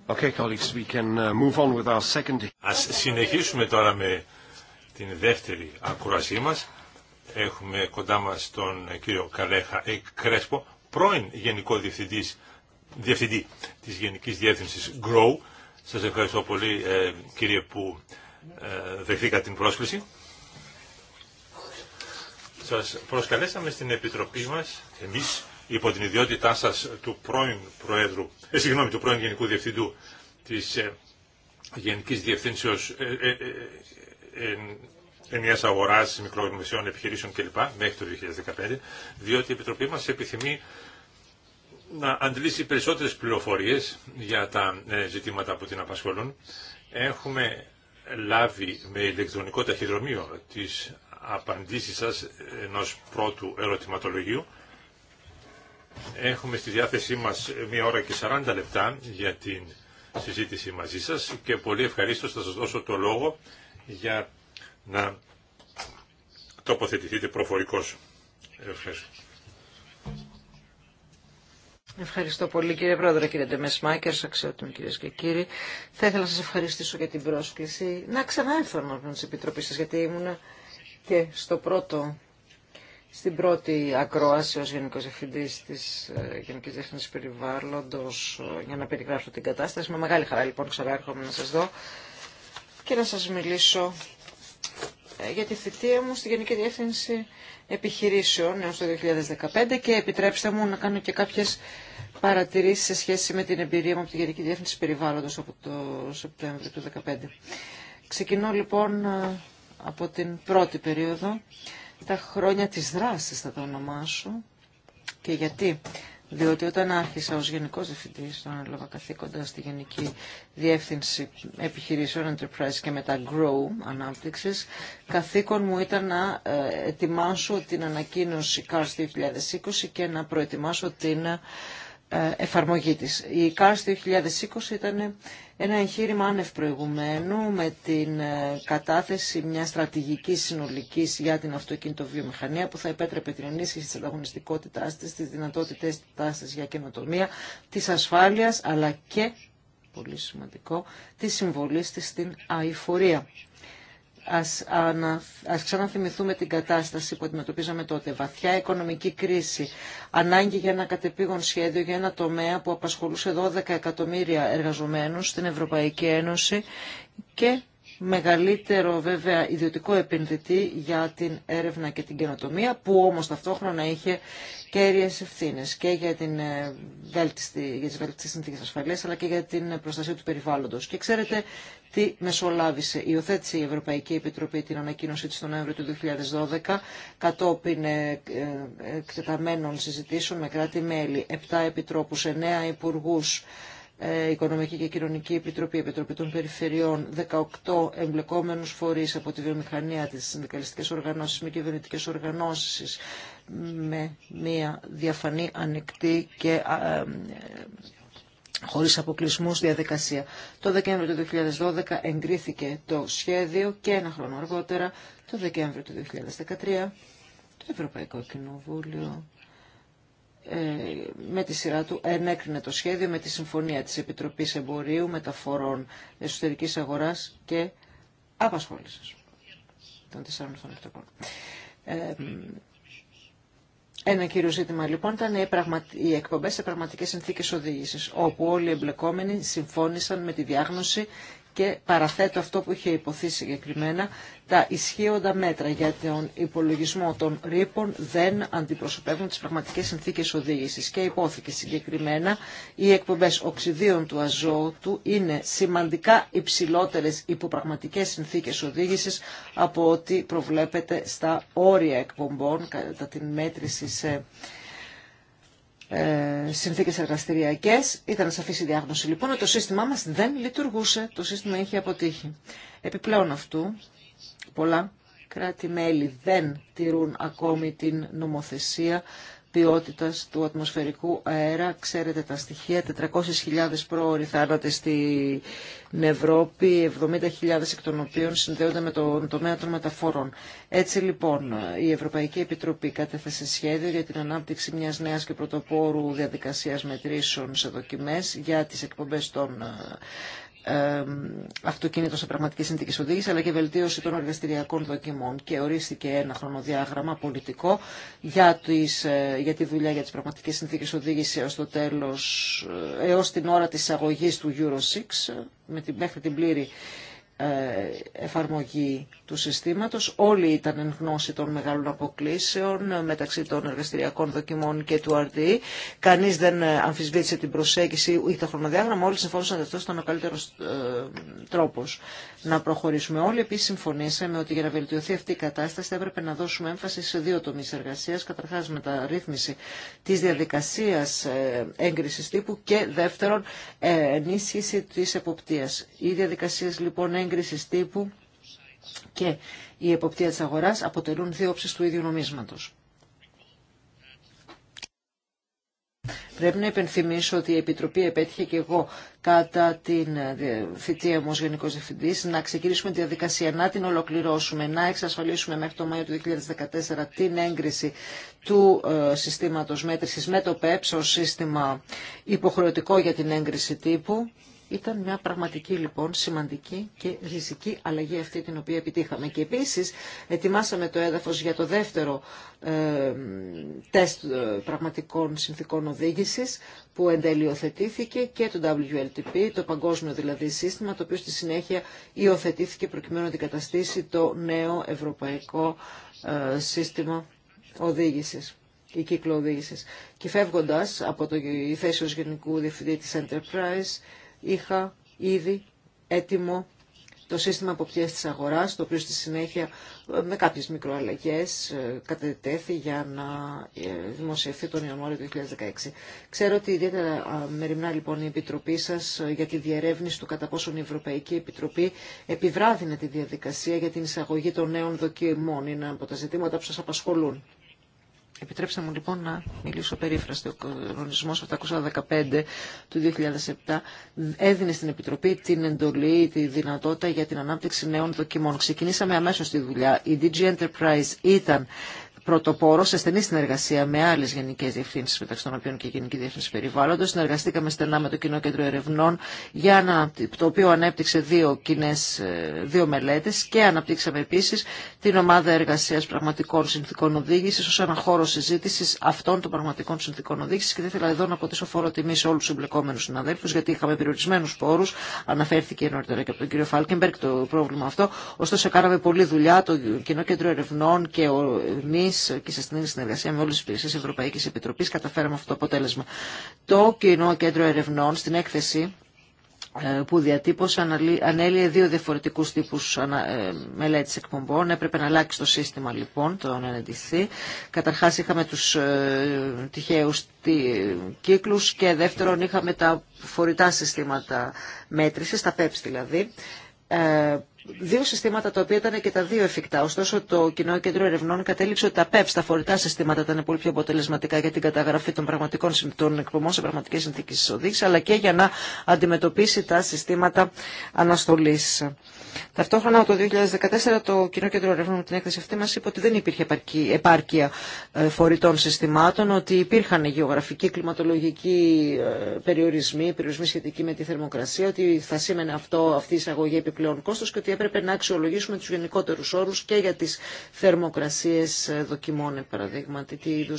Okay, colleagues, we can uh, move on Ας συνεχίσουμε τώρα με την δεύτερη ακούρασή μας. Έχουμε κοντά μας τον ε, κύριο Καλέχα Κρέσπο, πρώην Γενικό Διευθυντής, Διευθυντή της Γενικής Διεύθυνσης GROW. Σας ευχαριστώ πολύ ε, κύριε που ε, δεχθήκα την πρόσκληση. Σας προσκαλέσαμε στην Επιτροπή μας, εμείς, υπό την ιδιότητά σας του πρώην Προέδρου, ε, συγγνώμη, του πρώην Γενικού Διευθυντού της ε, Γενικής Διευθύνσεως ε, ε, ε, ε ενιαίας αγοράς μικρομεσαίων επιχειρήσεων κλπ. μέχρι το 2015, διότι η Επιτροπή μας επιθυμεί να αντλήσει περισσότερες πληροφορίες για τα ε, ζητήματα που την απασχολούν. Έχουμε λάβει με ηλεκτρονικό ταχυδρομείο τις απαντήσεις σας ενός πρώτου ερωτηματολογίου Έχουμε στη διάθεσή μας μία ώρα και 40 λεπτά για την συζήτηση μαζί σας και πολύ ευχαριστώ, θα σας δώσω το λόγο για να τοποθετηθείτε προφορικός. Ευχαριστώ. Ευχαριστώ πολύ κύριε Πρόεδρε, κύριε Ντεμεσμάκερ, αξιότιμοι κυρίε και κύριοι. Θα ήθελα να σα ευχαριστήσω για την πρόσκληση. Να ξαναέρθω ενώπιον τη Επιτροπή σα, γιατί ήμουν και στο πρώτο στην πρώτη ακρόαση ως Γενικός Διευθυντής της ε, Γενικής Διευθυντής Περιβάλλοντος ε, για να περιγράψω την κατάσταση. Με μεγάλη χαρά λοιπόν ξαναέρχομαι να σας δω και να σας μιλήσω ε, για τη θητεία μου στη Γενική Διεύθυνση Επιχειρήσεων έως το 2015 και επιτρέψτε μου να κάνω και κάποιες παρατηρήσεις σε σχέση με την εμπειρία μου από τη Γενική Διεύθυνση Περιβάλλοντος από το Σεπτέμβριο του 2015. Ξεκινώ λοιπόν από την πρώτη περίοδο τα χρόνια της δράσης θα το ονομάσω και γιατί. Διότι όταν άρχισα ως Γενικός Διευθυντής, όταν έλαβα καθήκοντα στη Γενική Διεύθυνση Επιχειρήσεων Enterprise και μετά Grow Ανάπτυξης, καθήκον μου ήταν να ε, ετοιμάσω την ανακοίνωση CARS 2020 και να προετοιμάσω την ε, εφαρμογή της. Η CARS 2020 ήταν ένα εγχείρημα άνευ προηγουμένου με την ε, κατάθεση μιας στρατηγικής συνολική για την αυτοκινητοβιομηχανία που θα επέτρεπε την ενίσχυση της ανταγωνιστικότητάς τη, τις δυνατότητες της για καινοτομία, της ασφάλειας αλλά και, πολύ σημαντικό, τη συμβολή της στην αηφορία. Ας, ξαναθυμηθούμε την κατάσταση που αντιμετωπίζαμε τότε. Βαθιά οικονομική κρίση, ανάγκη για ένα κατεπήγον σχέδιο για ένα τομέα που απασχολούσε 12 εκατομμύρια εργαζομένους στην Ευρωπαϊκή Ένωση και μεγαλύτερο βέβαια ιδιωτικό επενδυτή για την έρευνα και την καινοτομία που όμως ταυτόχρονα είχε κέρυες ευθύνες και για, την ε, βέλτιστη, για τις βέλτιστες συνθήκες ασφαλείας αλλά και για την προστασία του περιβάλλοντος. Και ξέρετε τι μεσολάβησε. Υιοθέτησε η Ευρωπαϊκή Επιτροπή την ανακοίνωσή της τον Νοέμβριο του 2012 κατόπιν ε, ε, εκτεταμένων συζητήσεων με κράτη-μέλη, 7 επιτρόπους, 9 υπουργούς, ε, Οικονομική και Κοινωνική Επιτροπή, Επιτροπή των Περιφερειών, 18 εμπλεκόμενους φορείς από τη βιομηχανία, τις συνδικαλιστικές οργανώσεις, μη κυβερνητικέ οργανώσεις, με μια διαφανή, ανοιχτή και ε, χωρίς αποκλεισμούς διαδικασία. Το Δεκέμβριο του 2012 εγκρίθηκε το σχέδιο και ένα χρόνο αργότερα, το Δεκέμβριο του 2013, το Ευρωπαϊκό Κοινοβούλιο ε, με τη σειρά του ενέκρινε το σχέδιο με τη συμφωνία της Επιτροπής Εμπορίου, Μεταφορών, Εσωτερικής Αγοράς και Απασχόλησης των τεσσάρων των επιτροπών. Ε, ένα κύριο ζήτημα λοιπόν ήταν οι, οι εκπομπέ σε πραγματικέ συνθήκε οδήγηση, όπου όλοι οι εμπλεκόμενοι συμφώνησαν με τη διάγνωση και παραθέτω αυτό που είχε υποθεί συγκεκριμένα, τα ισχύοντα μέτρα για τον υπολογισμό των ρήπων δεν αντιπροσωπεύουν τις πραγματικές συνθήκες οδήγησης και υπόθηκε συγκεκριμένα οι εκπομπές οξυδίων του αζότου είναι σημαντικά υψηλότερες πραγματικές συνθήκες οδήγησης από ό,τι προβλέπεται στα όρια εκπομπών κατά την μέτρηση σε ε, συνθήκες εργαστηριακές. Ήταν σαφής η διάγνωση λοιπόν ότι το σύστημά μας δεν λειτουργούσε, το σύστημα είχε αποτύχει. Επιπλέον αυτού, πολλά κράτη-μέλη δεν τηρούν ακόμη την νομοθεσία ποιότητας του ατμοσφαιρικού αέρα. Ξέρετε τα στοιχεία, 400.000 πρόωροι θάνατοι στην Ευρώπη, 70.000 εκ των οποίων συνδέονται με τον τομέα των μεταφορών. Έτσι λοιπόν η Ευρωπαϊκή Επιτροπή κατέθεσε σχέδιο για την ανάπτυξη μιας νέας και πρωτοπόρου διαδικασίας μετρήσεων σε δοκιμές για τις εκπομπές των αυτοκίνητο σε πραγματικέ συνθήκε οδήγηση, αλλά και βελτίωση των εργαστηριακών δοκιμών. Και ορίστηκε ένα χρονοδιάγραμμα πολιτικό για, τις, ε, για τη δουλειά για τι πραγματικέ συνθήκε οδήγηση έω το τέλο, ε, έω την ώρα τη εισαγωγή του Euro 6, με την, μέχρι την πλήρη ε, εφαρμογή του συστήματος. Όλοι ήταν εν γνώση των μεγάλων αποκλήσεων ε, μεταξύ των εργαστηριακών δοκιμών και του RD. Κανείς δεν ε, αμφισβήτησε την προσέγγιση ή το χρονοδιάγραμμα. Όλοι συμφώνησαν ότι αυτό ήταν ο καλύτερο τρόπος να προχωρήσουμε. Όλοι επίσης συμφωνήσαμε ότι για να βελτιωθεί αυτή η κατάσταση έπρεπε να δώσουμε έμφαση σε δύο τομείς εργασίας. Καταρχάς μεταρρύθμιση τη διαδικασία έγκρισης τύπου και δεύτερον ενίσχυση της εποπτείας. Οι διαδικασίες λοιπόν Έγκριση τύπου και η εποπτεία της αγοράς αποτελούν δύο του ίδιου νομίσματος. Πρέπει να υπενθυμίσω ότι η Επιτροπή επέτυχε και εγώ κατά την ε, θητεία μου ως Γενικός Διευθυντής να ξεκινήσουμε τη διαδικασία, να την ολοκληρώσουμε, να εξασφαλίσουμε μέχρι το Μάιο του 2014 την έγκριση του ε, συστήματος μέτρησης με το ΠΕΠΣ ως σύστημα υποχρεωτικό για την έγκριση τύπου ήταν μια πραγματική λοιπόν σημαντική και ριζική αλλαγή αυτή την οποία επιτύχαμε. Και επίσης ετοιμάσαμε το έδαφος για το δεύτερο ε, τεστ ε, πραγματικών συνθήκων οδήγησης που εντελειοθετήθηκε και το WLTP, το παγκόσμιο δηλαδή σύστημα, το οποίο στη συνέχεια υιοθετήθηκε προκειμένου να αντικαταστήσει το νέο ευρωπαϊκό ε, σύστημα οδήγησης η κύκλο οδήγησης. Και φεύγοντας από το, θέση ως Γενικού Διευθυντή της Enterprise, είχα ήδη έτοιμο το σύστημα αποπτίας της αγοράς, το οποίο στη συνέχεια ε, με κάποιες μικροαλλαγές ε, κατετέθη για να ε, δημοσιευθεί τον Ιανουάριο του 2016. Ξέρω ότι ιδιαίτερα μεριμνά λοιπόν η Επιτροπή σας για τη διερεύνηση του κατά πόσον η Ευρωπαϊκή Επιτροπή επιβράδυνε τη διαδικασία για την εισαγωγή των νέων δοκιμών. Είναι από τα ζητήματα που σας απασχολούν. Επιτρέψτε μου λοιπόν να μιλήσω περίφραστη. Ο κανονισμό 715 του 2007 έδινε στην Επιτροπή την εντολή, τη δυνατότητα για την ανάπτυξη νέων δοκιμών. Ξεκινήσαμε αμέσω τη δουλειά. Η DG Enterprise ήταν πρωτοπόρο σε στενή συνεργασία με άλλε γενικέ διευθύνσει, μεταξύ των οποίων και η Γενική Διεύθυνση Περιβάλλοντο. Συνεργαστήκαμε στενά με το Κοινό Κέντρο Ερευνών, για να, το οποίο ανέπτυξε δύο, ε, δύο μελέτε και αναπτύξαμε επίση την ομάδα εργασία πραγματικών συνθήκων οδήγηση ω ένα χώρο συζήτηση αυτών των πραγματικών συνθήκων οδήγηση. Και δεν ήθελα εδώ να αποτίσω φόρο τιμή σε όλου του εμπλεκόμενου συναδέλφου, γιατί είχαμε περιορισμένου πόρου. Αναφέρθηκε νωρίτερα και από τον κύριο Φάλκεμπεργκ το πρόβλημα αυτό. Ωστόσο, κάναμε πολλή δουλειά το Κοινό Κέντρο Ερευνών και εμεί και σε στενή συνεργασία με όλε τι υπηρεσίε Ευρωπαϊκή Επιτροπής καταφέραμε αυτό το αποτέλεσμα. Το Κοινό Κέντρο Ερευνών στην έκθεση ε, που διατύπωσε ανέλυε δύο διαφορετικούς τύπους ε, μελέτης εκπομπών. Έπρεπε να αλλάξει το σύστημα λοιπόν, το να αναντηθεί. Καταρχάς είχαμε τους ε, τυχαίους κύκλους και δεύτερον είχαμε τα φορητά συστήματα μέτρησης, τα PEPS δηλαδή. Ε, δύο συστήματα τα οποία ήταν και τα δύο εφικτά. Ωστόσο, το Κοινό Κέντρο Ερευνών κατέληξε ότι τα ΠΕΠ, e στα φορητά συστήματα, ήταν πολύ πιο αποτελεσματικά για την καταγραφή των πραγματικών των εκπομπών σε πραγματικέ συνθήκε οδήγηση, αλλά και για να αντιμετωπίσει τα συστήματα αναστολή. Ταυτόχρονα το 2014 το Κοινό Κέντρο Ερευνών με την έκθεση αυτή μα είπε ότι δεν υπήρχε επάρκεια ε, φορητών συστημάτων, ότι υπήρχαν γεωγραφικοί, κλιματολογικοί ε, περιορισμοί, περιορισμοί σχετικοί με τη θερμοκρασία, ότι θα σήμαινε αυτό, αυτή η εισαγωγή επιπλέον κόστος και ότι έπρεπε να αξιολογήσουμε τους γενικότερους όρους και για τις θερμοκρασίες ε, δοκιμών, παραδείγματι, τι είδου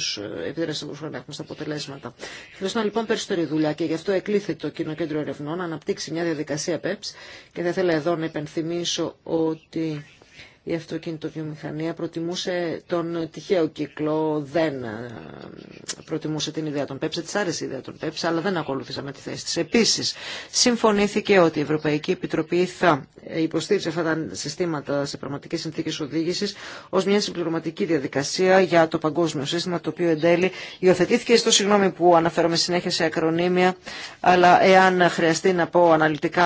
επίδραση θα μπορούσαμε να έχουμε στα αποτελέσματα. Χρειαζόταν λοιπόν περισσότερη δουλειά και γι' αυτό εκλήθη το Κοινό Κέντρο Ερευνών αναπτύξει μια διαδικασία PEPS και θα ήθελα εδώ να υπενθυμίσω υπενθυμίσω ότι η αυτοκινητοβιομηχανία προτιμούσε τον τυχαίο κύκλο, δεν ε, προτιμούσε την ιδέα των ΠΕΠΣ, της άρεσε η ιδέα των ΠΕΠΣ, αλλά δεν ακολουθήσαμε τη θέση της. Επίσης, συμφωνήθηκε ότι η Ευρωπαϊκή Επιτροπή θα υποστήριξε αυτά τα συστήματα σε πραγματικές συνθήκες οδήγησης ως μια συμπληρωματική διαδικασία για το παγκόσμιο σύστημα, το οποίο εν τέλει υιοθετήθηκε στο συγγνώμη που αναφέρομαι συνέχεια σε ακρονίμια, αλλά εάν χρειαστεί να πω αναλυτικά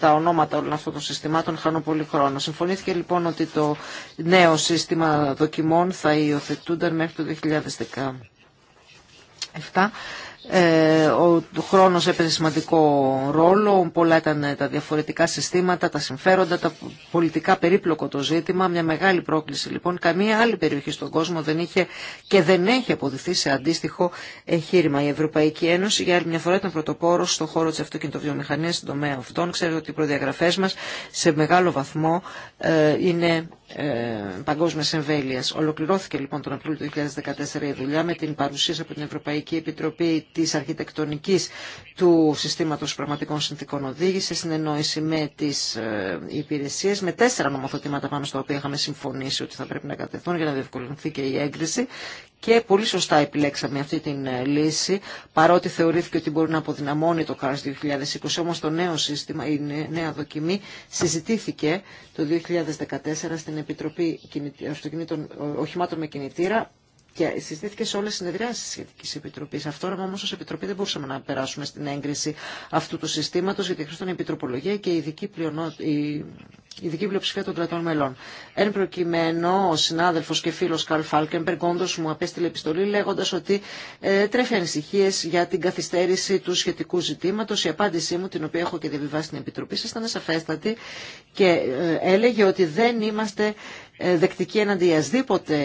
τα ονόματα όλων αυτών των συστημάτων, χάνω πολύ χρόνο. Συμφωνήθηκε λοιπόν ότι το το νέο σύστημα δοκιμών θα υιοθετούνταν μέχρι το 2017 ε, ο χρόνος έπαιζε σημαντικό ρόλο, πολλά ήταν τα διαφορετικά συστήματα, τα συμφέροντα, τα πολιτικά περίπλοκο το ζήτημα, μια μεγάλη πρόκληση λοιπόν. Καμία άλλη περιοχή στον κόσμο δεν είχε και δεν έχει αποδειχθεί σε αντίστοιχο εγχείρημα. Η Ευρωπαϊκή Ένωση για άλλη μια φορά ήταν πρωτοπόρο στον χώρο τη αυτοκινητοβιομηχανία, στον τομέα αυτών. Ξέρετε ότι οι προδιαγραφέ μα σε μεγάλο βαθμό ε, είναι ε, παγκόσμια εμβέλεια. Ολοκληρώθηκε λοιπόν τον Απρίλιο του 2014 η δουλειά με την παρουσίαση από την Ευρωπαϊκή Επιτροπή της αρχιτεκτονικής του συστήματος πραγματικών συνθήκων οδήγησης, συνεννόηση με τις ε, υπηρεσίες, με τέσσερα νομοθετήματα πάνω στα οποία είχαμε συμφωνήσει ότι θα πρέπει να κατευθούν για να διευκολυνθεί και η έγκριση και πολύ σωστά επιλέξαμε αυτή την ε, λύση, παρότι θεωρήθηκε ότι μπορεί να αποδυναμώνει το CARS 2020, όμως το νέο σύστημα, η νέα δοκιμή, συζητήθηκε το 2014 στην Επιτροπή Αυτοκινήτων, Οχημάτων με Κινητήρα και συζητήθηκε σε όλε τι συνεδριάσει τη σχετική επιτροπή. Αυτό, όμω ω επιτροπή δεν μπορούσαμε να περάσουμε στην έγκριση αυτού του συστήματο, γιατί χρειαζόταν η επιτροπολογία και η ειδική, πλειονό... η... ειδική πλειοψηφία των κρατών μελών. Εν προκειμένου, ο συνάδελφο και φίλο Καρλ Φάλκεμπεργκ όντω μου απέστειλε επιστολή λέγοντα ότι ε, τρέφει ανησυχίε για την καθυστέρηση του σχετικού ζητήματο. Η απάντησή μου, την οποία έχω και διαβιβάσει στην επιτροπή σα, ήταν σαφέστατη και ε, έλεγε ότι δεν είμαστε ε, δεκτική εναντιασδήποτε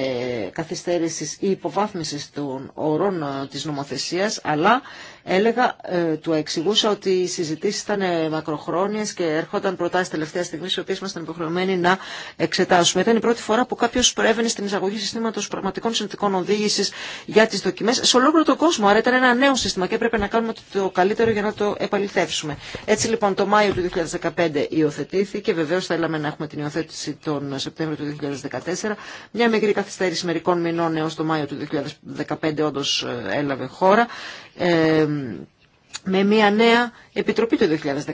καθυστέρησης ή υποβάθμισης των ορών ε, της νομοθεσίας, αλλά Έλεγα, ε, του εξηγούσα ότι οι συζητήσει ήταν ε, μακροχρόνιε και έρχονταν προτάσει τελευταία στιγμή, οι οποίε ήμασταν υποχρεωμένοι να εξετάσουμε. Ήταν η πρώτη φορά που κάποιο προέβαινε στην εισαγωγή συστήματο πραγματικών συνθηκών οδήγηση για τι δοκιμέ σε ολόκληρο τον κόσμο. Άρα ήταν ένα νέο σύστημα και έπρεπε να κάνουμε το καλύτερο για να το επαληθεύσουμε. Έτσι λοιπόν το Μάιο του 2015 υιοθετήθηκε. Βεβαίω θέλαμε να έχουμε την υιοθέτηση τον Σεπτέμβριο του 2014. Μια μικρή καθυστέρηση μερικών μηνών έω το Μάιο του 2015 όντω ε, έλαβε χώρα με μια νέα επιτροπή το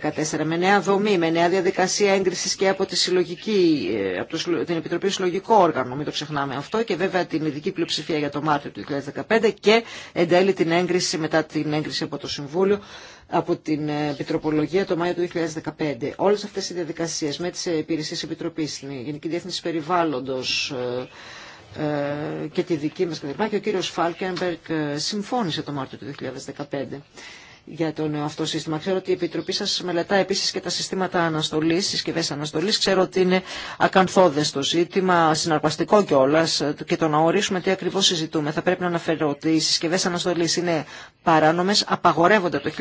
2014, με νέα δομή, με νέα διαδικασία έγκριση και από, ε, από την Επιτροπή Συλλογικό Όργανο, μην το ξεχνάμε αυτό, και βέβαια την ειδική πλειοψηφία για το Μάρτιο του 2015 και εν τέλει την έγκριση μετά την έγκριση από το Συμβούλιο από την ε, Επιτροπολογία το Μάιο του 2015. Όλες αυτές οι διαδικασίες με τις ε, υπηρεσίε Επιτροπής, την Γενική Διεύθυνση Περιβάλλοντος, ε, και τη δική μας κλπ. Και ο κύριος Φάλκενμπεργκ ε, συμφώνησε το Μάρτιο του 2015 για το νέο αυτό σύστημα. Ξέρω ότι η Επιτροπή σας μελετά επίσης και τα συστήματα αναστολής, συσκευές αναστολής. Ξέρω ότι είναι ακαθόδεστο το ζήτημα, συναρπαστικό κιόλα και το να ορίσουμε τι ακριβώς συζητούμε. Θα πρέπει να αναφέρω ότι οι συσκευές αναστολής είναι παράνομες, απαγορεύονται το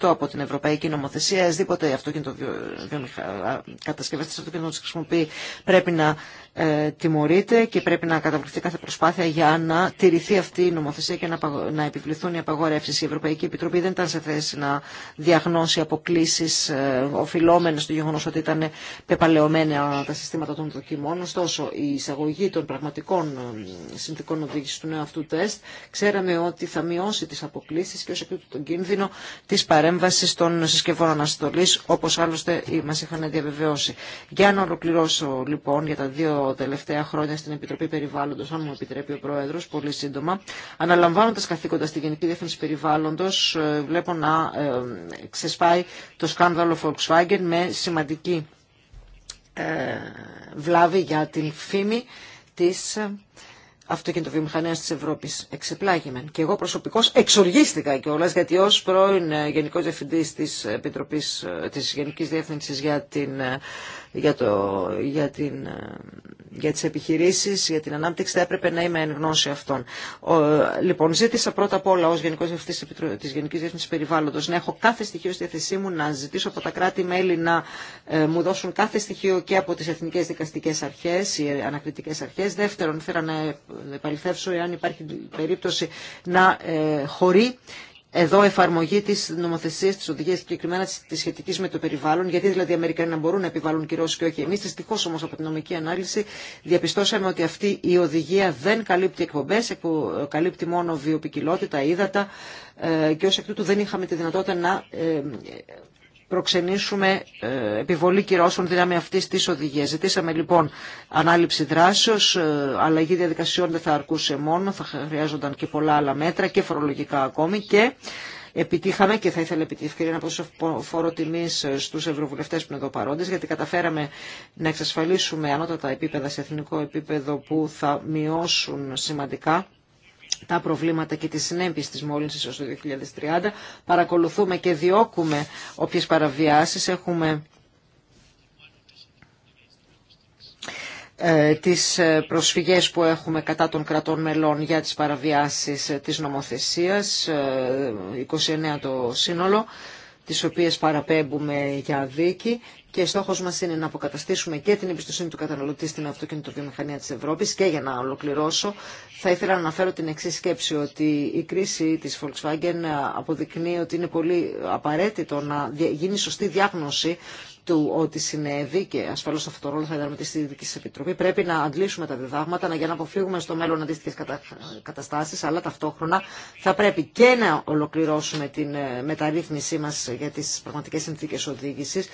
1998 από την Ευρωπαϊκή Νομοθεσία. Εσδήποτε αυτοκίνητο κατασκευές της αυτοκίνητο χρησιμοποιεί πρέπει να ε, τιμωρείται και πρέπει να καταβληθεί κάθε προσπάθεια για να τηρηθεί αυτή η νομοθεσία και να, να επιβληθούν οι απαγορεύσεις. Η Ευρωπαϊκή Επιτροπή δεν σε θέση να διαγνώσει αποκλήσει ε, οφειλόμενε στο γεγονό ότι ήταν πεπαλαιωμένα τα συστήματα των δοκιμών. Ωστόσο, η εισαγωγή των πραγματικών ε, συνθηκών οδήγηση του νέου αυτού τεστ ξέραμε ότι θα μειώσει τι αποκλήσει και ω εκ τούτου τον κίνδυνο τη παρέμβαση των συσκευών αναστολή, όπω άλλωστε μα είχαν διαβεβαιώσει. Για να ολοκληρώσω λοιπόν για τα δύο τελευταία χρόνια στην Επιτροπή Περιβάλλοντο, αν μου επιτρέπει ο Πρόεδρο, πολύ σύντομα, αναλαμβάνοντα καθήκοντα στη Γενική Διεύθυνση Περιβάλλοντο, ε, βλέπω να ε, ξεσπάει το σκάνδαλο Volkswagen με σημαντική ε, βλάβη για την φήμη της ε, αυτοκινητοβιομηχανία τη Ευρώπη. Εξεπλάγημεν. Και εγώ προσωπικώ εξοργίστηκα κιόλα, γιατί ω πρώην Γενικό Διευθυντή της Επιτροπή τη Γενική Διεύθυνση για την για, το, για, την, ε, για τις επιχειρήσεις, για την ανάπτυξη, θα έπρεπε να είμαι εν γνώση αυτών. λοιπόν, ζήτησα πρώτα απ' όλα ως Γενικός Διευθυντής της Γενικής Διεύθυνσης Περιβάλλοντος να έχω κάθε στοιχείο στη θέση μου, να ζητήσω από τα κράτη-μέλη να ε, μου δώσουν κάθε στοιχείο και από τις Εθνικές Δικαστικές Αρχές, οι ανακριτικές αρχές. Δεύτερον, ήθελα να επαληθεύσω εάν υπάρχει περίπτωση να ε, χωρεί εδώ εφαρμογή τη νομοθεσία τη οδηγία συγκεκριμένα τη σχετική με το περιβάλλον, γιατί δηλαδή οι Αμερικανοί να μπορούν να επιβάλλουν κυρώσει και όχι εμεί. Δυστυχώ όμω από την νομική ανάλυση διαπιστώσαμε ότι αυτή η οδηγία δεν καλύπτει εκπομπέ, καλύπτει μόνο βιοπικιλότητα, ύδατα ε, και ω εκ τούτου δεν είχαμε τη δυνατότητα να ε, προξενήσουμε ε, επιβολή κυρώσεων δυνάμει αυτή τη οδηγία. Ζητήσαμε λοιπόν ανάληψη δράσεω, ε, αλλαγή διαδικασιών δεν θα αρκούσε μόνο, θα χρειάζονταν και πολλά άλλα μέτρα και φορολογικά ακόμη και επιτύχαμε και θα ήθελα επί τη ευκαιρία να προσφέρω φόρο τιμή ε, στου ευρωβουλευτέ που είναι εδώ παρόντε, γιατί καταφέραμε να εξασφαλίσουμε ανώτατα επίπεδα σε εθνικό επίπεδο που θα μειώσουν σημαντικά τα προβλήματα και τις συνέπειες της μόλυνσης ω το 2030. Παρακολουθούμε και διώκουμε όποιες παραβιάσεις έχουμε ε, τις ε, προσφυγές που έχουμε κατά των κρατών μελών για τις παραβιάσεις ε, της νομοθεσίας, 29 το σύνολο, τις οποίες παραπέμπουμε για δίκη και στόχο μα είναι να αποκαταστήσουμε και την εμπιστοσύνη του καταναλωτή στην αυτοκινητοβιομηχανία τη Ευρώπη και για να ολοκληρώσω θα ήθελα να αναφέρω την εξή σκέψη ότι η κρίση τη Volkswagen αποδεικνύει ότι είναι πολύ απαραίτητο να γίνει σωστή διάγνωση του ότι συνέβη και ασφαλώ αυτό το ρόλο θα διαρμετήσει τη Δική Επιτροπή. Πρέπει να αντλήσουμε τα διδάγματα για να αποφύγουμε στο μέλλον αντίστοιχε κατα... καταστάσει, αλλά ταυτόχρονα θα πρέπει και να ολοκληρώσουμε την ε, μεταρρύθμισή μα για τι πραγματικέ συνθήκε οδήγηση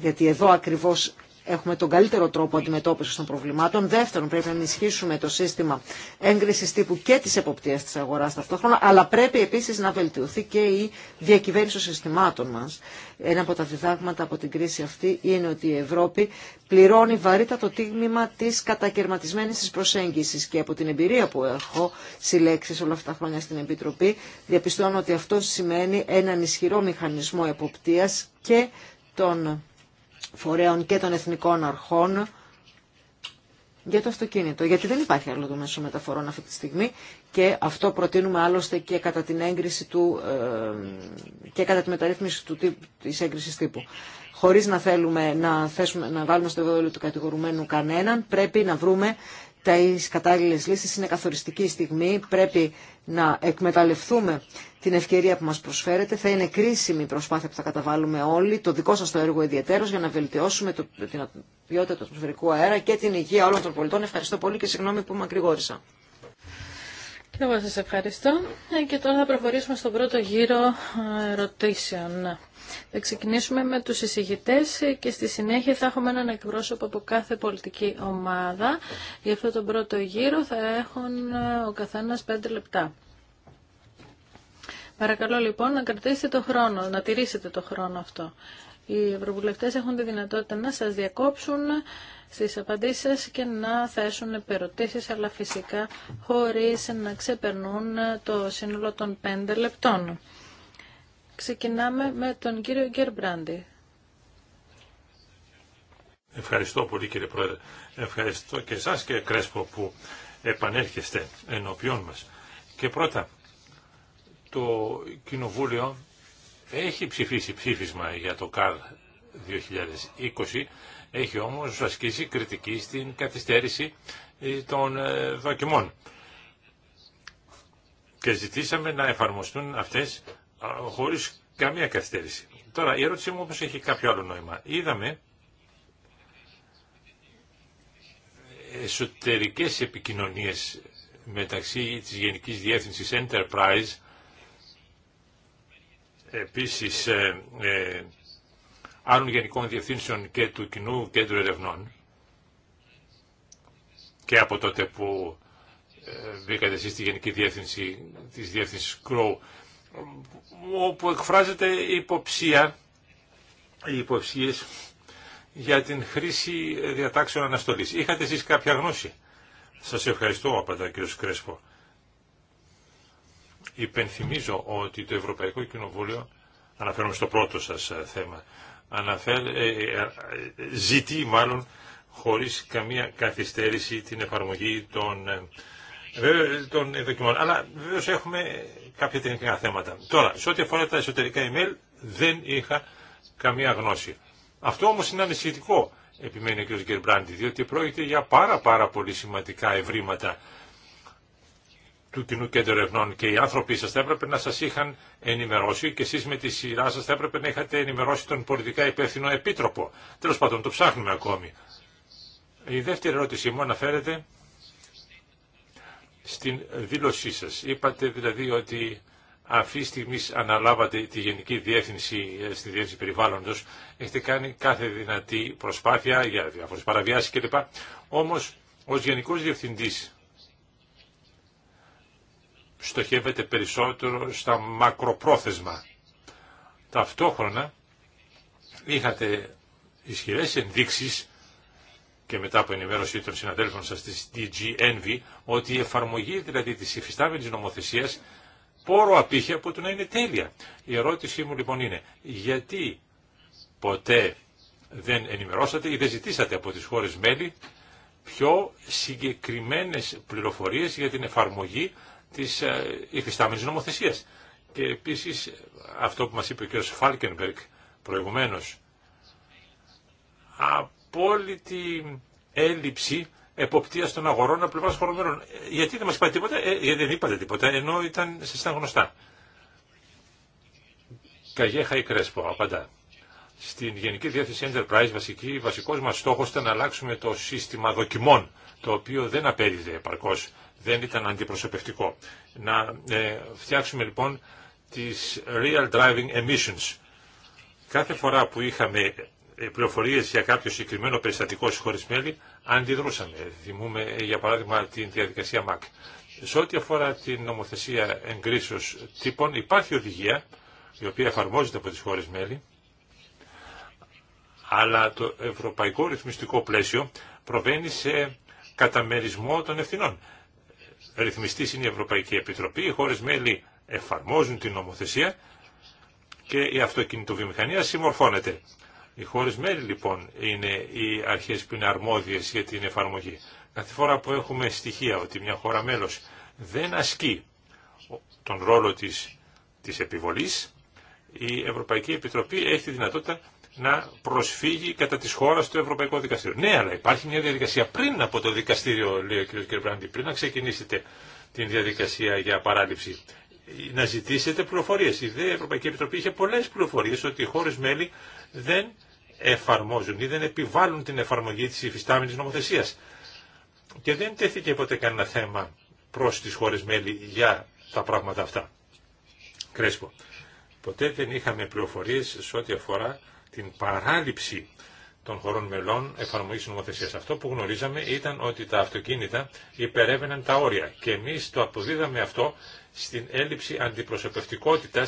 γιατί εδώ ακριβώς έχουμε τον καλύτερο τρόπο αντιμετώπισης των προβλημάτων. Δεύτερον, πρέπει να ενισχύσουμε το σύστημα έγκρισης τύπου και της εποπτείας της αγοράς ταυτόχρονα, αλλά πρέπει επίσης να βελτιωθεί και η διακυβέρνηση των συστημάτων μας. Ένα από τα διδάγματα από την κρίση αυτή είναι ότι η Ευρώπη πληρώνει βαρύτα το τίμημα της κατακαιρματισμένης της προσέγγισης και από την εμπειρία που έχω συλλέξει όλα αυτά τα χρόνια στην Επιτροπή διαπιστώνω ότι αυτό σημαίνει έναν ισχυρό μηχανισμό εποπτείας και των φορέων και των εθνικών αρχών για το αυτοκίνητο. Γιατί δεν υπάρχει άλλο το μέσο μεταφορών αυτή τη στιγμή και αυτό προτείνουμε άλλωστε και κατά την έγκριση του ε, και κατά τη μεταρρύθμιση του, της έγκρισης τύπου. Χωρίς να θέλουμε να, θέσουμε, να βάλουμε στο δόλιο του κατηγορουμένου κανέναν, πρέπει να βρούμε τα κατάλληλε λύσει. Είναι καθοριστική στιγμή. Πρέπει να εκμεταλλευτούμε την ευκαιρία που μας προσφέρετε. Θα είναι κρίσιμη η προσπάθεια που θα καταβάλουμε όλοι, το δικό σας το έργο ιδιαίτερος, για να βελτιώσουμε το, την ποιότητα του ατμοσφαιρικού αέρα και την υγεία όλων των πολιτών. Ευχαριστώ πολύ και συγγνώμη που μακρηγόρησα. Και εγώ σας ευχαριστώ. Ε, και τώρα θα προχωρήσουμε στον πρώτο γύρο ε, ερωτήσεων. Θα ξεκινήσουμε με τους εισηγητές ε, και στη συνέχεια θα έχουμε έναν εκπρόσωπο από κάθε πολιτική ομάδα. Για αυτό τον πρώτο γύρο θα έχουν ο καθένας πέντε λεπτά. Παρακαλώ λοιπόν να κρατήσετε το χρόνο, να τηρήσετε το χρόνο αυτό. Οι ευρωβουλευτέ έχουν τη δυνατότητα να σας διακόψουν στις απαντήσεις σας και να θέσουν επερωτήσεις, αλλά φυσικά χωρίς να ξεπερνούν το σύνολο των 5 λεπτών. Ξεκινάμε με τον κύριο Γκερμπράντι. Ευχαριστώ πολύ κύριε Πρόεδρε. Ευχαριστώ και εσάς και Κρέσπο που επανέρχεστε ενώπιόν μας. Και πρώτα το Κοινοβούλιο έχει ψηφίσει ψήφισμα για το ΚΑΡ 2020, έχει όμως ασκήσει κριτική στην καθυστέρηση ε, των ε, δοκιμών. Και ζητήσαμε να εφαρμοστούν αυτές χωρίς καμία καθυστέρηση. Τώρα, η ερώτησή μου όπως έχει κάποιο άλλο νόημα. Είδαμε εσωτερικές επικοινωνίες μεταξύ της Γενικής Διεύθυνσης Enterprise επίσης ε, ε, άλλων γενικών διευθύνσεων και του Κοινού Κέντρου Ερευνών και από τότε που μπήκατε ε, εσείς στη Γενική Διεύθυνση της Διεύθυνσης Crow όπου εκφράζεται υποψία οι υποψίες για την χρήση διατάξεων αναστολής. Είχατε εσείς κάποια γνώση. Σας ευχαριστώ, απαντά κύριο κ. Κρέσπο. Υπενθυμίζω ότι το Ευρωπαϊκό Κοινοβούλιο, αναφέρομαι στο πρώτο σας ε, θέμα, αναφέρ, ε, ε, ζητεί μάλλον χωρίς καμία καθυστέρηση την εφαρμογή των, των δοκιμών. Αλλά βεβαίω έχουμε κάποια τεχνικά θέματα. Τώρα, σε ό,τι αφορά τα εσωτερικά email, δεν είχα καμία γνώση. Αυτό όμως είναι ανησυχητικό, επιμένει ο κ. Γκέρμπραντι, διότι πρόκειται για πάρα πάρα πολύ σημαντικά ευρήματα του Κοινού Κέντρου Ερευνών και οι άνθρωποι σας θα έπρεπε να σας είχαν ενημερώσει και εσείς με τη σειρά σας θα έπρεπε να είχατε ενημερώσει τον πολιτικά υπεύθυνο επίτροπο. Τέλος πάντων, το ψάχνουμε ακόμη. Η δεύτερη ερώτησή μου αναφέρεται στην δήλωσή σας. Είπατε δηλαδή ότι αυτή τη στιγμή αναλάβατε τη Γενική Διεύθυνση ε, στη Διεύθυνση Περιβάλλοντος. Έχετε κάνει κάθε δυνατή προσπάθεια για διάφορε παραβιάσεις κλπ. Όμως, ως Γενικός Διευθυντής στοχεύεται περισσότερο στα μακροπρόθεσμα. Ταυτόχρονα είχατε ισχυρές ενδείξεις και μετά από ενημέρωση των συναδέλφων σας της DG Envy ότι η εφαρμογή δηλαδή της υφιστάμενης νομοθεσίας πόρο απήχε από το να είναι τέλεια. Η ερώτησή μου λοιπόν είναι γιατί ποτέ δεν ενημερώσατε ή δεν ζητήσατε από τις χώρες μέλη πιο συγκεκριμένες πληροφορίες για την εφαρμογή της ε, υφιστάμενης νομοθεσίας. Και επίσης αυτό που μας είπε ο κ. Φάλκενμπεργκ προηγουμένως, απόλυτη έλλειψη εποπτείας των αγορών από πλευράς Γιατί δεν μας είπατε τίποτα, γιατί ε, ε, δεν είπατε τίποτα, ενώ ήταν, σας ήταν γνωστά. Καγέχα ή Κρέσπο, απαντά. Στην Γενική Διεύθυνση Enterprise βασική, βασικός μας στόχος ήταν να αλλάξουμε το σύστημα δοκιμών, το οποίο δεν απέριδε επαρκώς δεν ήταν αντιπροσωπευτικό. Να ε, φτιάξουμε λοιπόν τις Real Driving Emissions. Κάθε φορά που είχαμε ε, πληροφορίες για κάποιο συγκεκριμένο περιστατικό στις χώρες μέλη, αντιδρούσαμε. Θυμούμε ε, για παράδειγμα την διαδικασία MAC. Σε ό,τι αφορά την νομοθεσία εγκρίσεως τύπων, υπάρχει οδηγία, η οποία εφαρμόζεται από τις χώρες μέλη, αλλά το ευρωπαϊκό ρυθμιστικό πλαίσιο προβαίνει σε καταμερισμό των ευθυνών ρυθμιστής είναι η Ευρωπαϊκή Επιτροπή, οι χώρες μέλη εφαρμόζουν την νομοθεσία και η αυτοκινητοβιομηχανία συμμορφώνεται. Οι χώρες μέλη λοιπόν είναι οι αρχές που είναι αρμόδιες για την εφαρμογή. Κάθε φορά που έχουμε στοιχεία ότι μια χώρα μέλος δεν ασκεί τον ρόλο της, της επιβολής, η Ευρωπαϊκή Επιτροπή έχει τη δυνατότητα να προσφύγει κατά τη χώρα στο Ευρωπαϊκό Δικαστήριο. Ναι, αλλά υπάρχει μια διαδικασία πριν από το δικαστήριο, λέει ο κ. Κερμπράντη, πριν να ξεκινήσετε την διαδικασία για παράληψη. Να ζητήσετε πληροφορίε. Η ΔΕ Ευρωπαϊκή Επιτροπή είχε πολλέ πληροφορίε ότι οι χώρε μέλη δεν εφαρμόζουν ή δεν επιβάλλουν την εφαρμογή τη υφιστάμενη νομοθεσία. Και δεν τέθηκε ποτέ κανένα θέμα προ τι χώρε μέλη για τα πράγματα αυτά. Κρέσπο. Ποτέ δεν είχαμε πληροφορίε σε ό,τι αφορά την παράληψη των χωρών μελών εφαρμογή νομοθεσία. Αυτό που γνωρίζαμε ήταν ότι τα αυτοκίνητα υπερεύαιναν τα όρια και εμεί το αποδίδαμε αυτό στην έλλειψη αντιπροσωπευτικότητα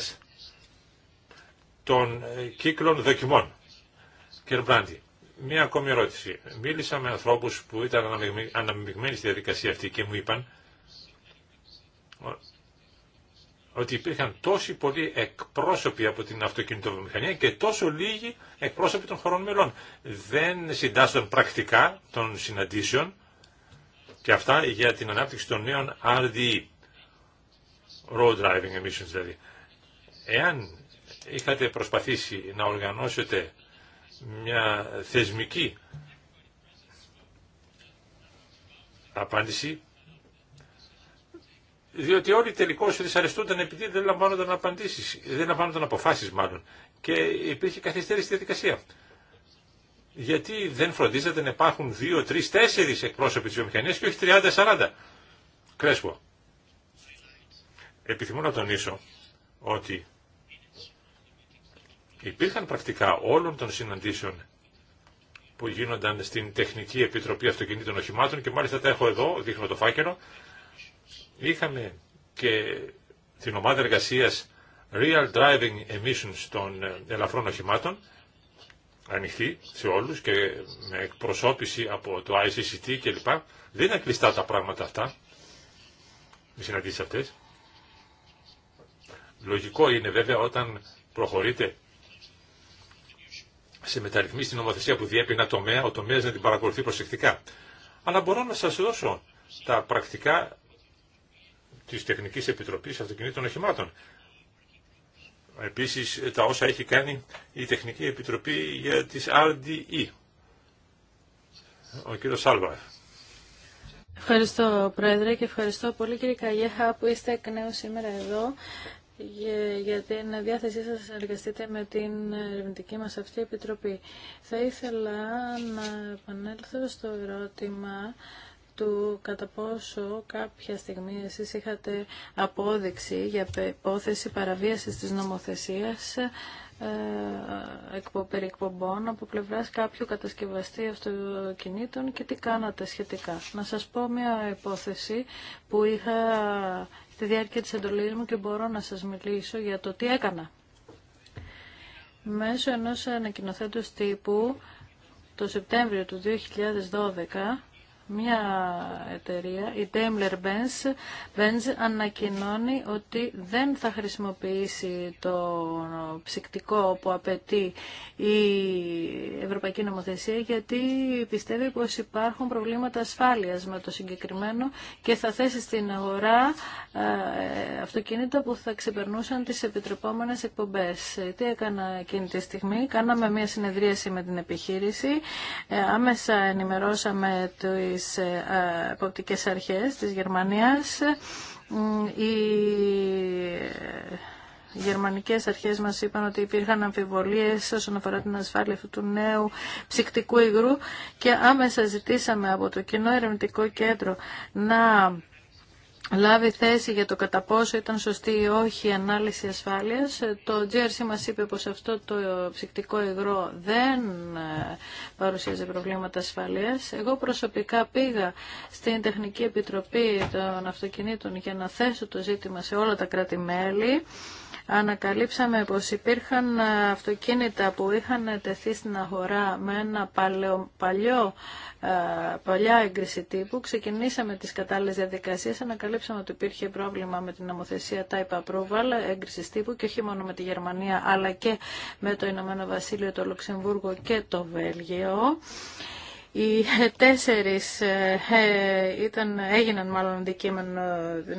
των ε, κύκλων δοκιμών. Κύριε Μπράντι, μία ακόμη ερώτηση. Μίλησα με ανθρώπους που ήταν αναμειγμένοι στη διαδικασία αυτή και μου είπαν ότι υπήρχαν τόσοι πολλοί εκπρόσωποι από την αυτοκινητοβιομηχανία και τόσο λίγοι εκπρόσωποι των χωρών μελών. Δεν συντάσσονται πρακτικά των συναντήσεων και αυτά για την ανάπτυξη των νέων RDE, Road Driving Emissions δηλαδή. Εάν είχατε προσπαθήσει να οργανώσετε μια θεσμική απάντηση, διότι όλοι τελικώ δυσαρεστούνταν επειδή δεν λαμβάνονταν απαντήσει, δεν λαμβάνονταν αποφάσεις μάλλον και υπήρχε καθυστέρηση στη διαδικασία. Γιατί δεν φροντίζεται να υπάρχουν δύο, τρει, τέσσερι εκπρόσωποι τη βιομηχανία και όχι 30-40. Κρέσπο. Επιθυμώ να τονίσω ότι υπήρχαν πρακτικά όλων των συναντήσεων που γίνονταν στην Τεχνική Επιτροπή Αυτοκινήτων Οχημάτων και μάλιστα τα έχω εδώ, δείχνω το φάκελο, Είχαμε και την ομάδα εργασίας Real Driving Emissions των ε, ελαφρών οχημάτων, ανοιχτή σε όλους και με εκπροσώπηση από το ICCT κλπ. Δεν είναι κλειστά τα πράγματα αυτά, οι συναντήσεις αυτές. Λογικό είναι βέβαια όταν προχωρείτε σε μεταρρυθμίσει στην νομοθεσία που διέπει ένα τομέα, ο τομέας να την παρακολουθεί προσεκτικά. Αλλά μπορώ να σας δώσω τα πρακτικά της Τεχνικής Επιτροπής Αυτοκινήτων Οχημάτων. Επίσης τα όσα έχει κάνει η Τεχνική Επιτροπή για τις RDE. Ο κύριος Σάλβα. Ευχαριστώ Πρόεδρε και ευχαριστώ πολύ κύριε Καγιέχα που είστε εκ νέου σήμερα εδώ για την διάθεσή σας να εργαστείτε με την ερευνητική μας αυτή επιτροπή. Θα ήθελα να επανέλθω στο ερώτημα του κατά πόσο κάποια στιγμή εσείς είχατε απόδειξη για υπόθεση παραβίασης της νομοθεσίας ε, περί εκπομπών από πλευράς κάποιου κατασκευαστή αυτοκινήτων και τι κάνατε σχετικά. Να σας πω μια υπόθεση που είχα στη διάρκεια της εντολής μου και μπορώ να σας μιλήσω για το τι έκανα. Μέσω ενός ανακοινοθέντος τύπου το Σεπτέμβριο του 2012 μια εταιρεία, η Daimler-Benz, Benz ανακοινώνει ότι δεν θα χρησιμοποιήσει το ψυκτικό που απαιτεί η Ευρωπαϊκή Νομοθεσία γιατί πιστεύει πως υπάρχουν προβλήματα ασφάλειας με το συγκεκριμένο και θα θέσει στην αγορά ε, αυτοκίνητα που θα ξεπερνούσαν τις επιτρεπόμενες εκπομπές. Τι έκανα εκείνη τη στιγμή. Κάναμε μια συνεδρίαση με την επιχείρηση. Ε, άμεσα ενημερώσαμε το τις ε, εποπτικές αρχές της Γερμανίας. Mm, οι ε, γερμανικές αρχές μας είπαν ότι υπήρχαν αμφιβολίες όσον αφορά την ασφάλεια αυτού του νέου ψυκτικού υγρού και άμεσα ζητήσαμε από το Κοινό Ερευνητικό Κέντρο να λάβει θέση για το κατά πόσο ήταν σωστή ή όχι η ανάλυση ασφάλειας. Ε, το GRC μας είπε πως αυτό το ψυκτικό υγρό δεν ε, παρουσιάζει προβλήματα ασφαλείας. Εγώ προσωπικά πήγα στην Τεχνική Επιτροπή των Αυτοκινήτων για να θέσω το ζήτημα σε όλα τα κράτη-μέλη ανακαλύψαμε πως υπήρχαν ε, αυτοκίνητα που είχαν τεθεί στην αγορά με ένα παλαιο, παλιό, ε, παλιά έγκριση τύπου. Ξεκινήσαμε τις κατάλληλες διαδικασίες, ανακαλύψαμε ότι υπήρχε πρόβλημα με την νομοθεσία Type Approval, έγκριση τύπου και όχι μόνο με τη Γερμανία αλλά και με το Ηνωμένο Βασίλειο, το Λουξεμβούργο και το Βέλγιο. Οι τέσσερις ε, ε, ήταν, έγιναν μάλλον αντικείμενο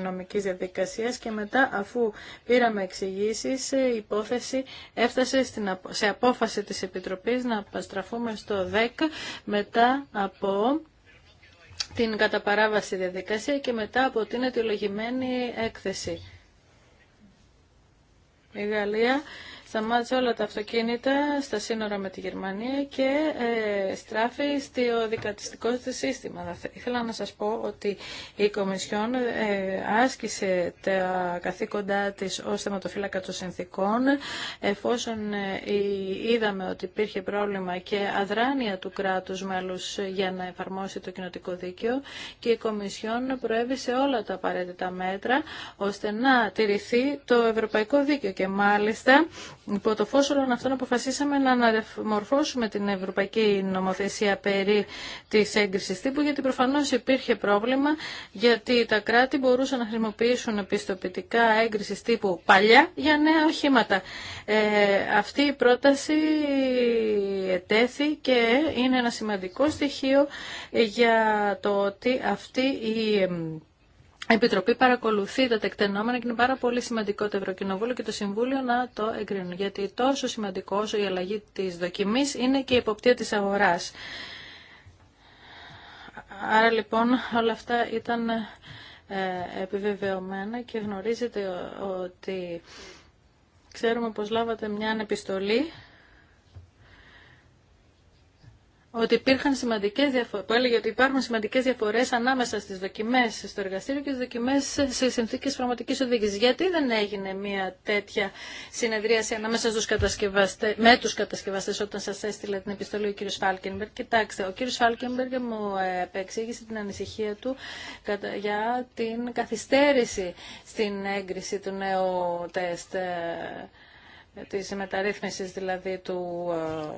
νομικής διαδικασίας και μετά αφού πήραμε εξηγήσει, ε, η υπόθεση έφτασε στην, σε απόφαση της Επιτροπής να παστραφούμε στο 10 μετά από την καταπαράβαση διαδικασία και μετά από την αιτιολογημένη έκθεση. Η σταμάτησε όλα τα αυτοκίνητα στα σύνορα με τη Γερμανία και ε, στράφει στο δικατιστικό της σύστημα. Ήθελα να σας πω ότι η Κομισιόν ε, άσκησε τα καθήκοντά της ως θεματοφύλακα των συνθήκων εφόσον ε, είδαμε ότι υπήρχε πρόβλημα και αδράνεια του κράτους μέλους για να εφαρμόσει το κοινοτικό δίκαιο και η Κομισιόν προέβησε όλα τα απαραίτητα μέτρα ώστε να τηρηθεί το ευρωπαϊκό δίκαιο και μάλιστα Υπό το φως όλων αυτών αποφασίσαμε να αναμορφώσουμε την Ευρωπαϊκή Νομοθεσία περί της έγκρισης τύπου γιατί προφανώς υπήρχε πρόβλημα γιατί τα κράτη μπορούσαν να χρησιμοποιήσουν επιστοποιητικά έγκρισης τύπου παλιά για νέα οχήματα. Ε, αυτή η πρόταση ετέθη και είναι ένα σημαντικό στοιχείο για το ότι αυτή η η Επιτροπή παρακολουθεί τα τεκτενόμενα και είναι πάρα πολύ σημαντικό το Ευρωκοινοβούλιο και το Συμβούλιο να το εγκρίνουν. Γιατί τόσο σημαντικό όσο η αλλαγή τη δοκιμή είναι και η εποπτεία τη αγορά. Άρα λοιπόν όλα αυτά ήταν ε, επιβεβαιωμένα και γνωρίζετε ότι ξέρουμε πως λάβατε μια ανεπιστολή ότι υπήρχαν σημαντικές διαφορές, που έλεγε ότι υπάρχουν σημαντικές διαφορές ανάμεσα στις δοκιμές στο εργαστήριο και στις δοκιμές σε συνθήκες πραγματικής οδήγησης. Γιατί δεν έγινε μια τέτοια συνεδρίαση ανάμεσα στους κατασκευαστές, με τους κατασκευαστές όταν σας έστειλε την επιστολή ο κ. Φάλκενμπεργκ. Κοιτάξτε, ο κ. Φάλκενμπεργκ μου επεξήγησε την ανησυχία του για την καθυστέρηση στην έγκριση του νέου τεστ της μεταρρύθμισης δηλαδή του, ε,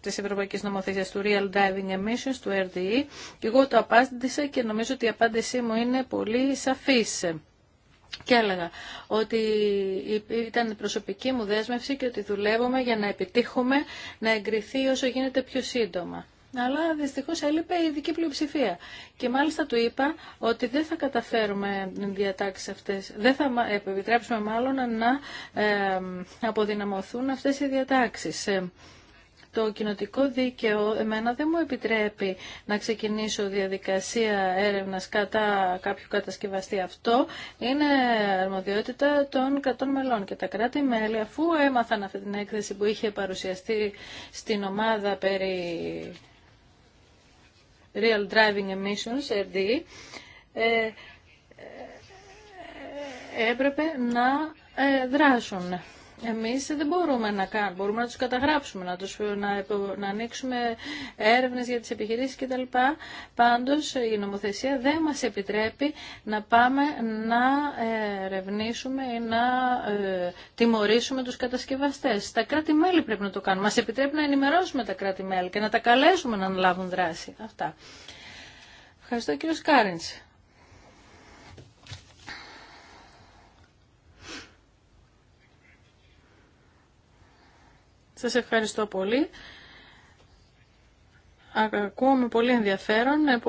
της Ευρωπαϊκής Νομοθεσίας του Real Diving Emissions, του RDE. Και εγώ το απάντησα και νομίζω ότι η απάντησή μου είναι πολύ σαφής. Και έλεγα ότι ήταν η προσωπική μου δέσμευση και ότι δουλεύουμε για να επιτύχουμε να εγκριθεί όσο γίνεται πιο σύντομα αλλά δυστυχώ έλειπε η ειδική πλειοψηφία. Και μάλιστα του είπα ότι δεν θα καταφέρουμε διατάξει αυτέ. δεν θα επιτρέψουμε μάλλον να αποδυναμωθούν αυτέ οι διατάξεις. Ε, το κοινοτικό δίκαιο εμένα δεν μου επιτρέπει να ξεκινήσω διαδικασία έρευνας κατά κάποιου κατασκευαστή. Αυτό είναι αρμοδιότητα των κρατών μελών. Και τα κράτη-μέλη, αφού έμαθαν αυτή την έκθεση που είχε παρουσιαστεί στην ομάδα περί Real Driving Emissions, RD, έπρεπε να δράσουν. Εμείς δεν μπορούμε να κάνουμε, μπορούμε να τους καταγράψουμε, να, τους, να, να ανοίξουμε έρευνες για τις επιχειρήσεις κτλ. Πάντως η νομοθεσία δεν μας επιτρέπει να πάμε να ε, ερευνήσουμε ή να ε, τιμωρήσουμε τους κατασκευαστές. Τα κράτη-μέλη πρέπει να το κάνουν. Μας επιτρέπει να ενημερώσουμε τα κράτη-μέλη και να τα καλέσουμε να λάβουν δράση. Αυτά. Ευχαριστώ κύριο Σκάριντς. Σας ευχαριστώ πολύ. Ακούω με πολύ ενδιαφέρον. Ε,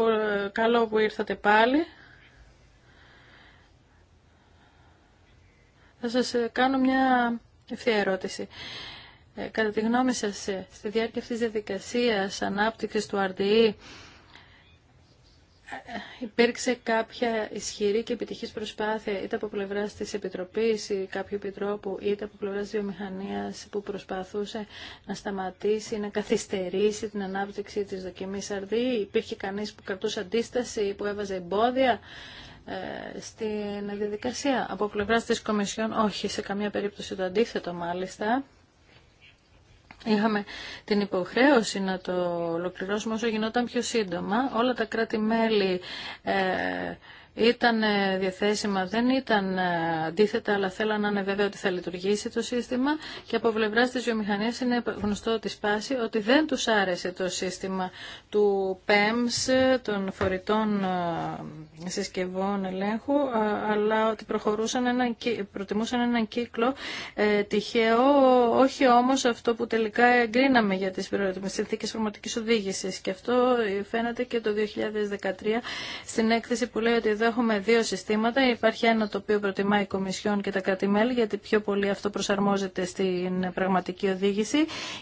καλό που ήρθατε πάλι. Θα σας ε, κάνω μια ευθεία ερώτηση. Ε, κατά τη γνώμη σας, στη διάρκεια αυτής της διαδικασίας ανάπτυξης του RDE, υπήρξε κάποια ισχυρή και επιτυχής προσπάθεια είτε από πλευρά τη Επιτροπή ή κάποιου επιτρόπου είτε από τη βιομηχανία που προσπαθούσε να σταματήσει, να καθυστερήσει την ανάπτυξη της δοκιμής αρδί. Υπήρχε κανείς που κρατούσε αντίσταση ή που έβαζε εμπόδια ε, στην διαδικασία. Από πλευρά τη Κομισιόν όχι, σε καμία περίπτωση το αντίθετο μάλιστα. Είχαμε την υποχρέωση να το ολοκληρώσουμε όσο γινόταν πιο σύντομα. Όλα τα κράτη-μέλη ε, ήταν ε, διαθέσιμα, δεν ήταν ε, αντίθετα, αλλά θέλανε να είναι βέβαια ότι θα λειτουργήσει το σύστημα και από πλευρά τη βιομηχανία είναι γνωστό τη σπάσει, ότι δεν του άρεσε το σύστημα του ΠΕΜΣ, των φορητών ε, συσκευών ελέγχου, αλλά ότι προχωρούσαν ένα, προτιμούσαν έναν κύκλο τυχαίο, όχι όμω αυτό που τελικά εγκρίναμε για τι συνθήκε πραγματική οδήγηση. Και αυτό φαίνεται και το 2013 στην έκθεση που λέει ότι εδώ έχουμε δύο συστήματα. Υπάρχει ένα το οποίο προτιμάει η Κομισιόν και τα Κράτη-Μέλη γιατί πιο πολύ αυτό προσαρμόζεται στην πραγματική οδήγηση.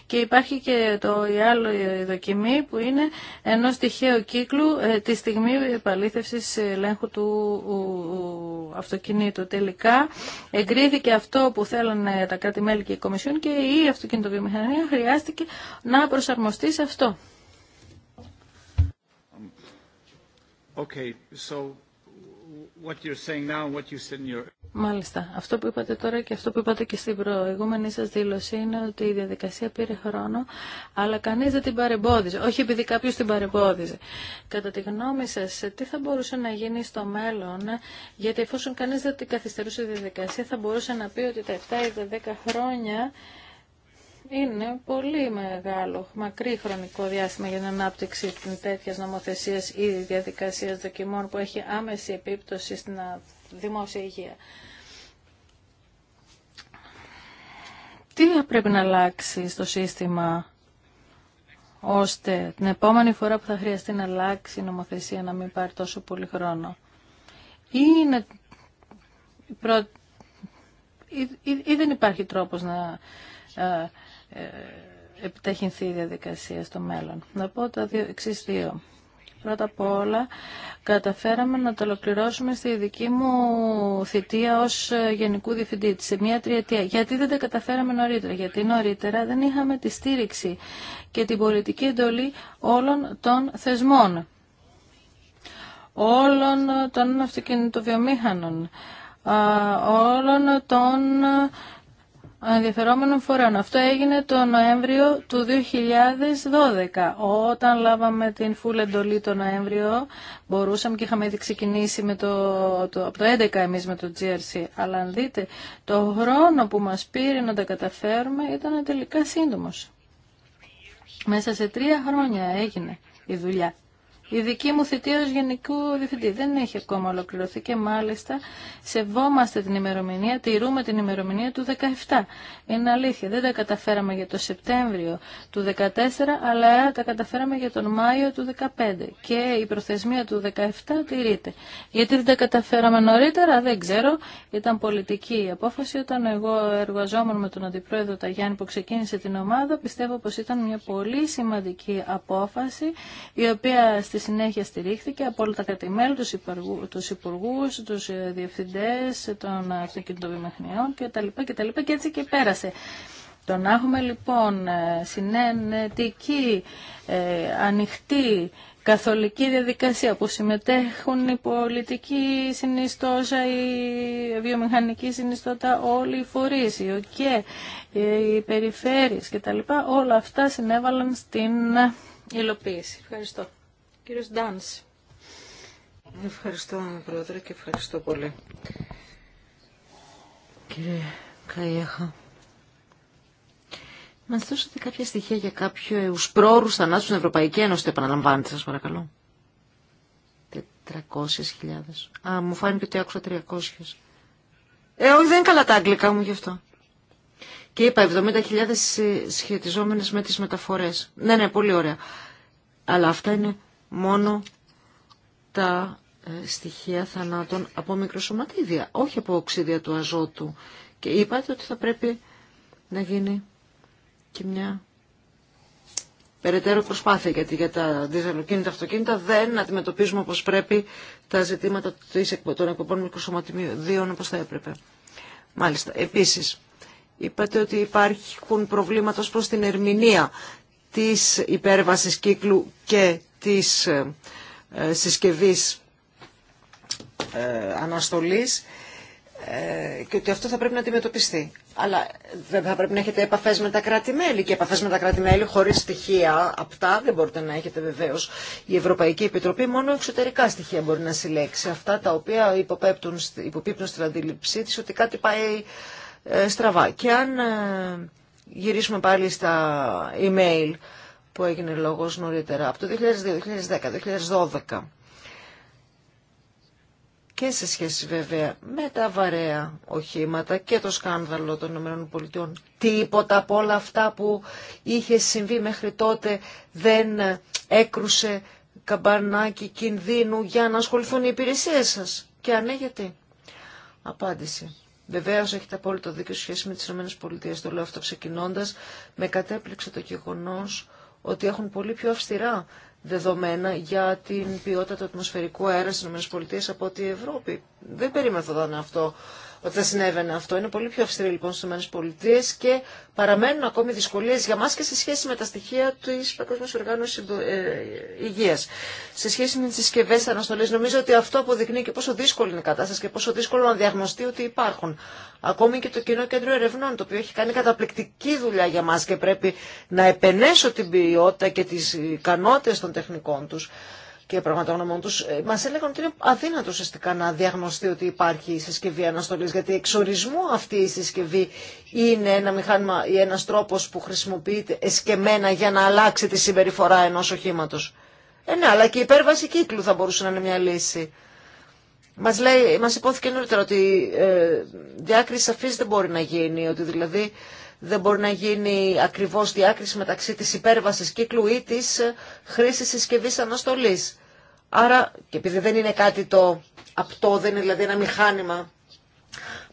Και υπάρχει και το, η άλλη δοκιμή που είναι ενό τυχαίου κύκλου ε, τη στιγμή επαλήθευση ελέγχου του αυτοκινήτου. Τελικά εγκρίθηκε αυτό που θέλανε τα Κράτη-Μέλη και η Κομισιόν και η αυτοκινητοβιομηχανία χρειάστηκε να προσαρμοστεί σε αυτό. Okay, so Μάλιστα. Αυτό που είπατε τώρα και αυτό που είπατε και στην προηγούμενη σας δήλωση είναι ότι η διαδικασία πήρε χρόνο, αλλά κανείς δεν την παρεμπόδιζε. Όχι επειδή κάποιος την παρεμπόδιζε. Κατά τη γνώμη σας, τι θα μπορούσε να γίνει στο μέλλον, γιατί εφόσον κανείς δεν την καθυστερούσε η διαδικασία, θα μπορούσε να πει ότι τα 7 ή τα 10 χρόνια είναι πολύ μεγάλο, μακρύ χρονικό διάστημα για την ανάπτυξη τέτοια νομοθεσία ή διαδικασία δοκιμών που έχει άμεση επίπτωση στην δημόσια υγεία. Τι πρέπει να αλλάξει στο σύστημα ώστε την επόμενη φορά που θα χρειαστεί να αλλάξει η νομοθεσία να μην πάρει τόσο πολύ χρόνο. Ή, είναι... ή δεν υπάρχει τρόπος να ε, επιταχυνθεί η διαδικασία στο μέλλον. Να πω τα δύο, δύο. Πρώτα απ' όλα καταφέραμε να το ολοκληρώσουμε στη δική μου θητεία ως ε, Γενικού Διευθυντή σε μια τριετία. Γιατί δεν τα καταφέραμε νωρίτερα, γιατί νωρίτερα δεν είχαμε τη στήριξη και την πολιτική εντολή όλων των θεσμών, όλων των αυτοκινητοβιομήχανων, όλων των ενδιαφερόμενων φορέων. Αυτό έγινε το Νοέμβριο του 2012. Όταν λάβαμε την φούλη εντολή το Νοέμβριο, μπορούσαμε και είχαμε ήδη ξεκινήσει το, το, από το 2011 εμείς με το GRC. Αλλά αν δείτε, το χρόνο που μας πήρε να τα καταφέρουμε ήταν τελικά σύντομος. Μέσα σε τρία χρόνια έγινε η δουλειά. Η δική μου θητεία ως Γενικού Διευθυντή δεν έχει ακόμα ολοκληρωθεί και μάλιστα σεβόμαστε την ημερομηνία, τηρούμε την ημερομηνία του 17. Είναι αλήθεια, δεν τα καταφέραμε για το Σεπτέμβριο του 14, αλλά τα καταφέραμε για τον Μάιο του 15 και η προθεσμία του 17 τηρείται. Γιατί δεν τα καταφέραμε νωρίτερα, δεν ξέρω. Ήταν πολιτική η απόφαση. Όταν εγώ εργαζόμουν με τον Αντιπρόεδρο Ταγιάννη που ξεκίνησε την ομάδα, πιστεύω πως ήταν μια πολύ σημαντική απόφαση, η οποία Στη συνέχεια στηρίχθηκε από όλα τα κρατημέλη, τους, υπουργού, τους υπουργούς, τους ε, διευθυντές των αυτοκινητοβιομηχανιών κτλ. κτλ. Και έτσι και πέρασε. Το να έχουμε λοιπόν ε, συνενετική, ε, ανοιχτή, καθολική διαδικασία που συμμετέχουν η πολιτική συνιστόσα, η βιομηχανική συνιστότα, όλοι οι φορείς, οι ΟΚΕ, οι περιφέρειες κτλ. Όλα αυτά συνέβαλαν στην υλοποίηση. Ευχαριστώ. Κύριος Ντάνς. Ευχαριστώ, Πρόεδρε, και ευχαριστώ πολύ. Κύριε Καϊέχα, μας δώσατε κάποια στοιχεία για κάποιους πρόρους θανάτους στην Ευρωπαϊκή Ένωση, το επαναλαμβάνετε, σας παρακαλώ. 400.000. Α, μου φάνηκε ότι άκουσα 300. Ε, όχι, δεν είναι καλά τα αγγλικά μου γι' αυτό. Και είπα 70.000 σχετιζόμενες με τις μεταφορές. Ναι, ναι, πολύ ωραία. Αλλά αυτά είναι μόνο τα ε, στοιχεία θανάτων από μικροσωματίδια, όχι από οξύδια του αζότου. Και είπατε ότι θα πρέπει να γίνει και μια περαιτέρω προσπάθεια, γιατί για τα διζελοκίνητα αυτοκίνητα δεν αντιμετωπίζουμε όπως πρέπει τα ζητήματα των εκπομπών μικροσωματιδίων όπως θα έπρεπε. Μάλιστα. Επίσης, είπατε ότι υπάρχουν προβλήματα προς την ερμηνεία της υπέρβασης κύκλου και της ε, συσκευής ε, αναστολής ε, και ότι αυτό θα πρέπει να αντιμετωπιστεί. Αλλά δεν θα πρέπει να έχετε επαφέ με τα κράτη-μέλη. Και επαφέ με τα κράτη-μέλη χωρί στοιχεία αυτά δεν μπορείτε να έχετε βεβαίω. Η Ευρωπαϊκή Επιτροπή μόνο εξωτερικά στοιχεία μπορεί να συλλέξει. Αυτά τα οποία υποπίπτουν στην αντίληψή τη ότι κάτι πάει στραβά. Και αν γυρίσουμε πάλι στα email που έγινε λόγος νωρίτερα, από το 2002, 2010, 2012 και σε σχέση βέβαια με τα βαρέα οχήματα και το σκάνδαλο των ΗΠΑ. Τίποτα από όλα αυτά που είχε συμβεί μέχρι τότε δεν έκρουσε καμπανάκι κινδύνου για να ασχοληθούν οι υπηρεσίες σας. Και αν ναι, Απάντηση. Βεβαίω έχετε απόλυτο δίκιο σχέση με τι ΗΠΑ. Το λέω αυτό ξεκινώντα. Με κατέπληξε το γεγονό ότι έχουν πολύ πιο αυστηρά δεδομένα για την ποιότητα του ατμοσφαιρικού αέρα στι ΗΠΑ από ότι η Ευρώπη. Δεν περίμεθα αυτό ότι θα συνέβαινε αυτό. Είναι πολύ πιο αυστηρή λοιπόν στι ΗΠΑ και παραμένουν ακόμη δυσκολίε για μα και σε σχέση με τα στοιχεία τη Παγκόσμια Οργάνωση ε, Υγεία. Σε σχέση με τι συσκευέ αναστολή, νομίζω ότι αυτό αποδεικνύει και πόσο δύσκολη είναι η κατάσταση και πόσο δύσκολο να διαγνωστεί ότι υπάρχουν. Ακόμη και το Κοινό Κέντρο Ερευνών, το οποίο έχει κάνει καταπληκτική δουλειά για μα και πρέπει να επενέσω την ποιότητα και τι ικανότητε των τεχνικών του και πραγματογνωμών του, ε, μα έλεγαν ότι είναι αδύνατο ουσιαστικά να διαγνωστεί ότι υπάρχει η συσκευή αναστολή. Γιατί εξ ορισμού αυτή η συσκευή είναι ένα μηχάνημα ή ένα τρόπο που χρησιμοποιείται εσκεμμένα για να αλλάξει τη συμπεριφορά ενό οχήματο. Ε, ναι, αλλά και η υπέρβαση κύκλου θα μπορούσε να είναι μια λύση. Μα υπόθηκε νωρίτερα ότι ε, διάκριση σαφή δεν μπορεί να γίνει, ότι δηλαδή δεν μπορεί να γίνει ακριβώς διάκριση μεταξύ της υπέρβασης κύκλου ή της χρήσης συσκευή αναστολή. Άρα, και επειδή δεν είναι κάτι το απτό, δεν είναι δηλαδή ένα μηχάνημα,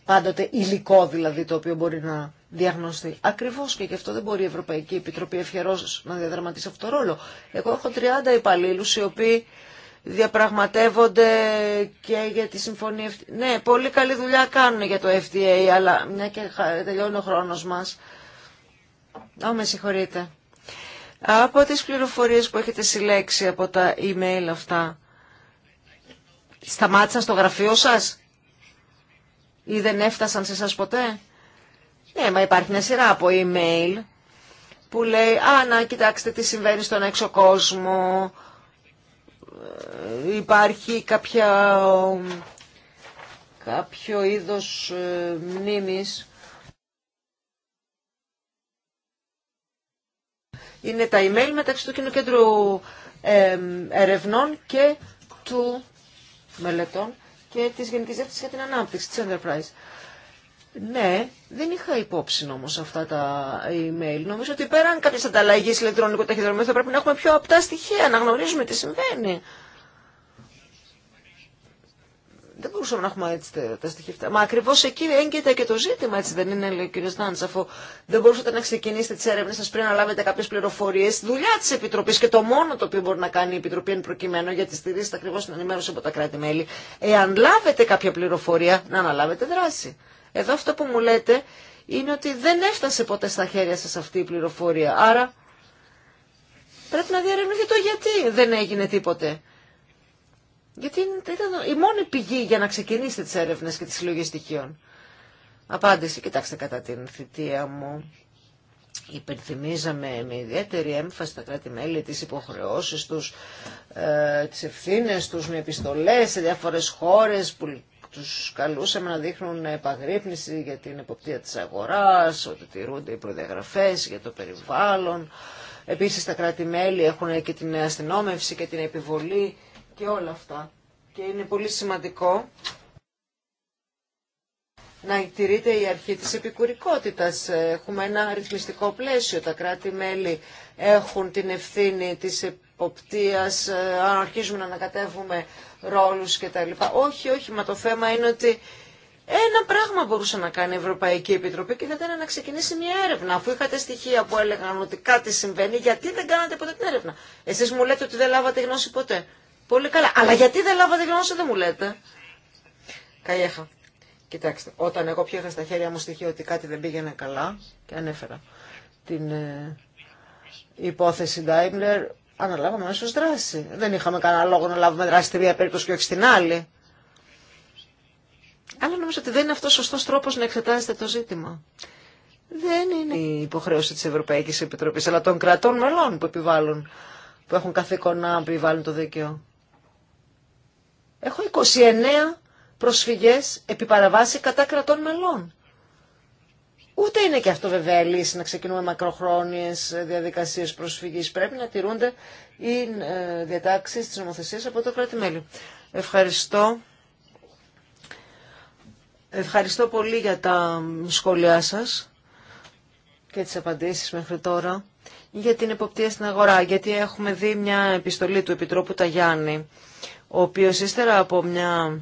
πάντοτε υλικό δηλαδή το οποίο μπορεί να διαγνωστεί. Ακριβώς και γι' αυτό δεν μπορεί η Ευρωπαϊκή Επιτροπή ευχερός να διαδραματίσει αυτό το ρόλο. Εγώ έχω 30 υπαλλήλους οι οποίοι διαπραγματεύονται και για τη συμφωνία. Ναι, πολύ καλή δουλειά κάνουν για το FDA, αλλά μια και τελειώνει ο χρόνος μας. Ω, με συγχωρείτε. Από τις πληροφορίες που έχετε συλλέξει από τα email αυτά, σταμάτησαν στο γραφείο σας ή δεν έφτασαν σε σας ποτέ. Ναι, μα υπάρχει μια σειρά από email που λέει «Α, να κοιτάξτε τι συμβαίνει στον έξω κόσμο», υπάρχει κάποια, κάποιο είδος ε, μνήμης. Είναι τα email μεταξύ του Κοινοκέντρου ε, Ερευνών και του Μελετών και της Γενικής Διεύθυνσης για την Ανάπτυξη της Enterprise. Ναι, δεν είχα υπόψη όμω αυτά τα email. Νομίζω ότι πέραν κάποιε ανταλλαγέ ηλεκτρονικού ταχυδρομείου θα πρέπει να έχουμε πιο απτά στοιχεία, να γνωρίζουμε τι συμβαίνει. Δεν μπορούσαμε να έχουμε έτσι τα στοιχεία αυτά. Μα ακριβώ εκεί έγκυται και το ζήτημα, έτσι δεν είναι, λέει ο κ. Στάντ, αφού δεν μπορούσατε να ξεκινήσετε τι έρευνε σα πριν να λάβετε κάποιε πληροφορίε. Δουλειά τη Επιτροπή και το μόνο το οποίο μπορεί να κάνει η Επιτροπή εν προκειμένου, τη στηρίζει ακριβώ την ενημέρωση από τα κράτη-μέλη, εάν λάβετε κάποια πληροφορία, να αναλάβετε δράση. Εδώ αυτό που μου λέτε είναι ότι δεν έφτασε ποτέ στα χέρια σας αυτή η πληροφορία. Άρα πρέπει να διαρευνηθεί το γιατί δεν έγινε τίποτε. Γιατί ήταν η μόνη πηγή για να ξεκινήσετε τις έρευνες και τις συλλογές στοιχείων. Απάντηση, κοιτάξτε κατά την θητεία μου. Υπενθυμίζαμε με ιδιαίτερη έμφαση τα κράτη-μέλη τις υποχρεώσεις τους, ε, τις ευθύνες τους με επιστολές σε διάφορες χώρες, τους καλούσαμε να δείχνουν επαγρύπνηση για την εποπτεία της αγοράς, ότι τηρούνται οι προδιαγραφές για το περιβάλλον. Επίσης τα κράτη-μέλη έχουν και την αστυνόμευση και την επιβολή και όλα αυτά. Και είναι πολύ σημαντικό να τηρείται η αρχή της επικουρικότητας. Έχουμε ένα αριθμιστικό πλαίσιο. Τα κράτη-μέλη έχουν την ευθύνη της εποπτείας, ε, αν αρχίζουμε να ανακατεύουμε ρόλους κτλ. Όχι, όχι, μα το θέμα είναι ότι ένα πράγμα μπορούσε να κάνει η Ευρωπαϊκή Επιτροπή και θα ήταν να ξεκινήσει μια έρευνα. Αφού είχατε στοιχεία που έλεγαν ότι κάτι συμβαίνει, γιατί δεν κάνατε ποτέ την έρευνα. Εσείς μου λέτε ότι δεν λάβατε γνώση ποτέ. Πολύ καλά. Αλλά γιατί δεν λάβατε γνώση δεν μου λέτε. Καλιέχα. Κοιτάξτε, όταν εγώ πια στα χέρια μου στοιχεία ότι κάτι δεν πήγαινε καλά και ανέφερα την ε, υπόθεση Daimler, αναλάβαμε αμέσω δράση. Δεν είχαμε κανένα λόγο να λάβουμε δράση στη μία περίπτωση και όχι στην άλλη. Αλλά νομίζω ότι δεν είναι αυτό ο σωστό τρόπο να εξετάζετε το ζήτημα. Δεν είναι η υποχρέωση τη Ευρωπαϊκή Επιτροπή, αλλά των κρατών μελών που επιβάλλουν, που έχουν καθήκον να επιβάλλουν το δίκαιο. Έχω 29 προσφυγές επί παραβάση κατά κρατών μελών. Ούτε είναι και αυτό βέβαια λύση να ξεκινούμε μακροχρόνιες ε, διαδικασίες προσφυγής. Πρέπει να τηρούνται οι ε, διατάξει τη νομοθεσία από το κράτη-μέλη. Ευχαριστώ. Ευχαριστώ πολύ για τα σχόλιά σας και τι απαντήσει μέχρι τώρα για την εποπτεία στην αγορά, γιατί έχουμε δει μια επιστολή του Επιτρόπου Ταγιάννη, ο οποίο ύστερα από μια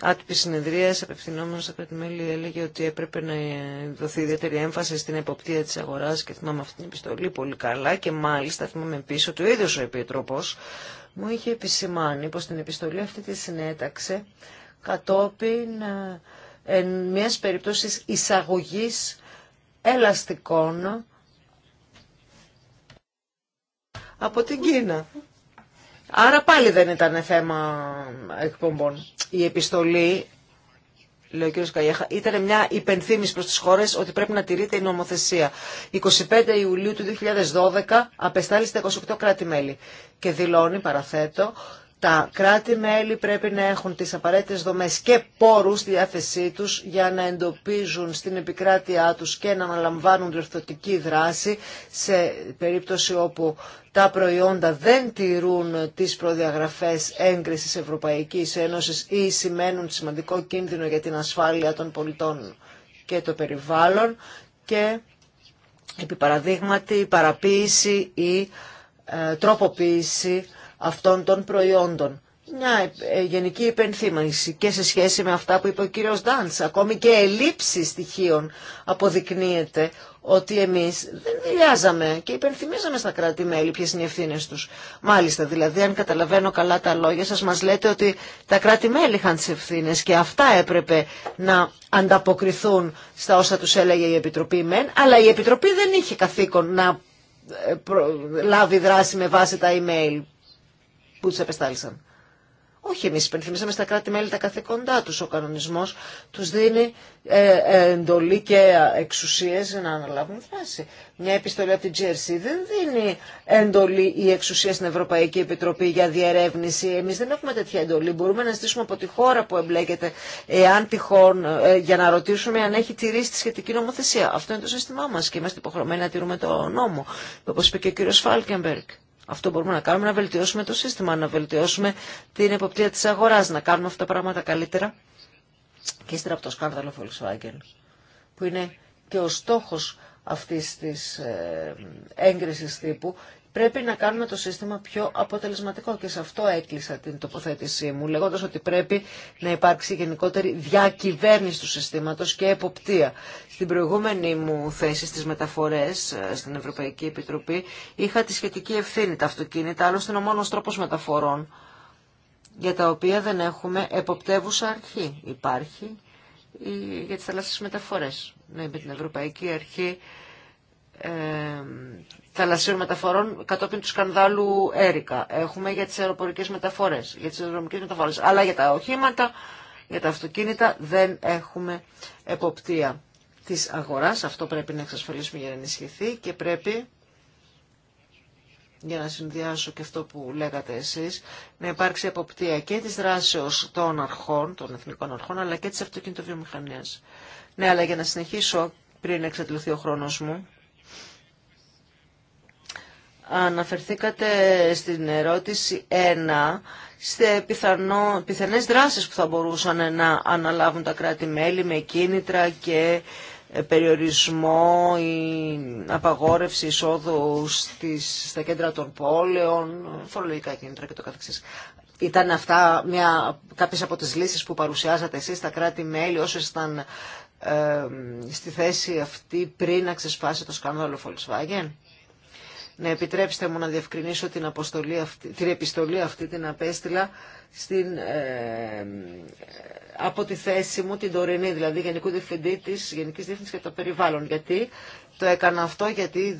άτυπη συνεδρία απευθυνόμενο από την Μέλη έλεγε ότι έπρεπε να δοθεί ιδιαίτερη έμφαση στην εποπτεία τη αγορά και θυμάμαι αυτή την επιστολή πολύ καλά. Και μάλιστα θυμάμαι πίσω ο ίδιο ο Επίτροπο μου είχε επισημάνει πω την επιστολή αυτή τη συνέταξε κατόπιν μια ε, μιας εισαγωγή ελαστικών από την Κίνα. Άρα πάλι δεν ήταν θέμα εκπομπών. Η επιστολή, λέει ο κ. Καγιέχα, ήταν μια υπενθύμηση προς τις χώρες ότι πρέπει να τηρείται η νομοθεσία. 25 Ιουλίου του 2012 απεστάλησε 28 κράτη-μέλη και δηλώνει, παραθέτω, τα κράτη-μέλη πρέπει να έχουν τις απαραίτητες δομές και πόρους στη διάθεσή τους για να εντοπίζουν στην επικράτειά τους και να αναλαμβάνουν διορθωτική δράση σε περίπτωση όπου τα προϊόντα δεν τηρούν τις προδιαγραφές έγκρισης Ευρωπαϊκής Ένωσης ή σημαίνουν σημαντικό κίνδυνο για την ασφάλεια των πολιτών και το περιβάλλον και επί παραδείγματι η παραποίηση ή ε, τροποποίηση αυτών των προϊόντων. Μια ε, γενική υπενθύμανση και σε σχέση με αυτά που είπε ο κύριος Ντάντς, ακόμη και ελλείψη στοιχείων αποδεικνύεται ότι εμείς δεν δηλιάζαμε και υπενθυμίζαμε στα κράτη-μέλη ποιες είναι οι ευθύνες τους. Μάλιστα, δηλαδή, αν καταλαβαίνω καλά τα λόγια σας, μας λέτε ότι τα κράτη-μέλη είχαν τις ευθύνες και αυτά έπρεπε να ανταποκριθούν στα όσα τους έλεγε η Επιτροπή ΜΕΝ, αλλά η Επιτροπή δεν είχε καθήκον να ε, λάβει δράση με βάση τα email που του επεστάλησαν. Όχι εμεί υπενθυμίσαμε στα κράτη-μέλη τα καθήκοντά του. Ο κανονισμό του δίνει ε, εντολή και εξουσίε να αναλάβουν δράση. Μια επιστολή από την GRC δεν δίνει εντολή ή εξουσία στην Ευρωπαϊκή Επιτροπή για διερεύνηση. Εμεί δεν έχουμε τέτοια εντολή. Μπορούμε να ζητήσουμε από τη χώρα που εμπλέκεται, εάν τυχόν, ε, για να ρωτήσουμε αν έχει τηρήσει τη σχετική νομοθεσία. Αυτό είναι το σύστημά μα και είμαστε υποχρεωμένοι να τηρούμε το νόμο. Όπω είπε και ο κύριο Φάλκεμπεργκ. Αυτό μπορούμε να κάνουμε, να βελτιώσουμε το σύστημα, να βελτιώσουμε την εποπτεία της αγοράς, να κάνουμε αυτά τα πράγματα καλύτερα. Και ύστερα από το σκάνδαλο Volkswagen, που είναι και ο στόχος αυτής της ε, έγκρισης τύπου Πρέπει να κάνουμε το σύστημα πιο αποτελεσματικό και σε αυτό έκλεισα την τοποθέτησή μου, λέγοντας ότι πρέπει να υπάρξει γενικότερη διακυβέρνηση του συστήματος και εποπτεία. Στην προηγούμενη μου θέση στις μεταφορές ε, στην Ευρωπαϊκή Επιτροπή είχα τη σχετική ευθύνη τα αυτοκίνητα, άλλωστε είναι ο μόνος τρόπος μεταφορών για τα οποία δεν έχουμε εποπτεύουσα αρχή. Υπάρχει για τις θαλάσσιες μεταφορές. Ναι, με την Ευρωπαϊκή Αρχή ε, θαλασσίων μεταφορών κατόπιν του σκανδάλου Έρικα. Έχουμε για τι αεροπορικέ μεταφορέ, για τι αεροδρομικέ μεταφορέ. Αλλά για τα οχήματα, για τα αυτοκίνητα δεν έχουμε εποπτεία τη αγορά. Αυτό πρέπει να εξασφαλίσουμε για να ενισχυθεί και πρέπει για να συνδυάσω και αυτό που λέγατε εσείς, να υπάρξει εποπτεία και της δράσεως των αρχών, των εθνικών αρχών, αλλά και της αυτοκινητοβιομηχανίας. Ναι, αλλά για να συνεχίσω πριν εξαντληθεί ο χρόνος μου, αναφερθήκατε στην ερώτηση 1 σε πιθανό, πιθανές δράσεις που θα μπορούσαν να αναλάβουν τα κράτη-μέλη με κίνητρα και ε, περιορισμό ή απαγόρευση εισόδου στις, στα κέντρα των πόλεων, φορολογικά κίνητρα και το καθεξής. Ήταν αυτά μια, κάποιες από τις λύσεις που παρουσιάζατε εσείς στα κράτη-μέλη όσο ήταν ε, στη θέση αυτή πριν να ξεσπάσει το σκάνδαλο Volkswagen να επιτρέψετε μου να διευκρινίσω την, την επιστολή αυτή την απέστειλα στην, ε, από τη θέση μου την τωρινή, δηλαδή Γενικού Διευθυντή της Γενικής Διεύθυνσης για το Περιβάλλον. Γιατί το έκανα αυτό γιατί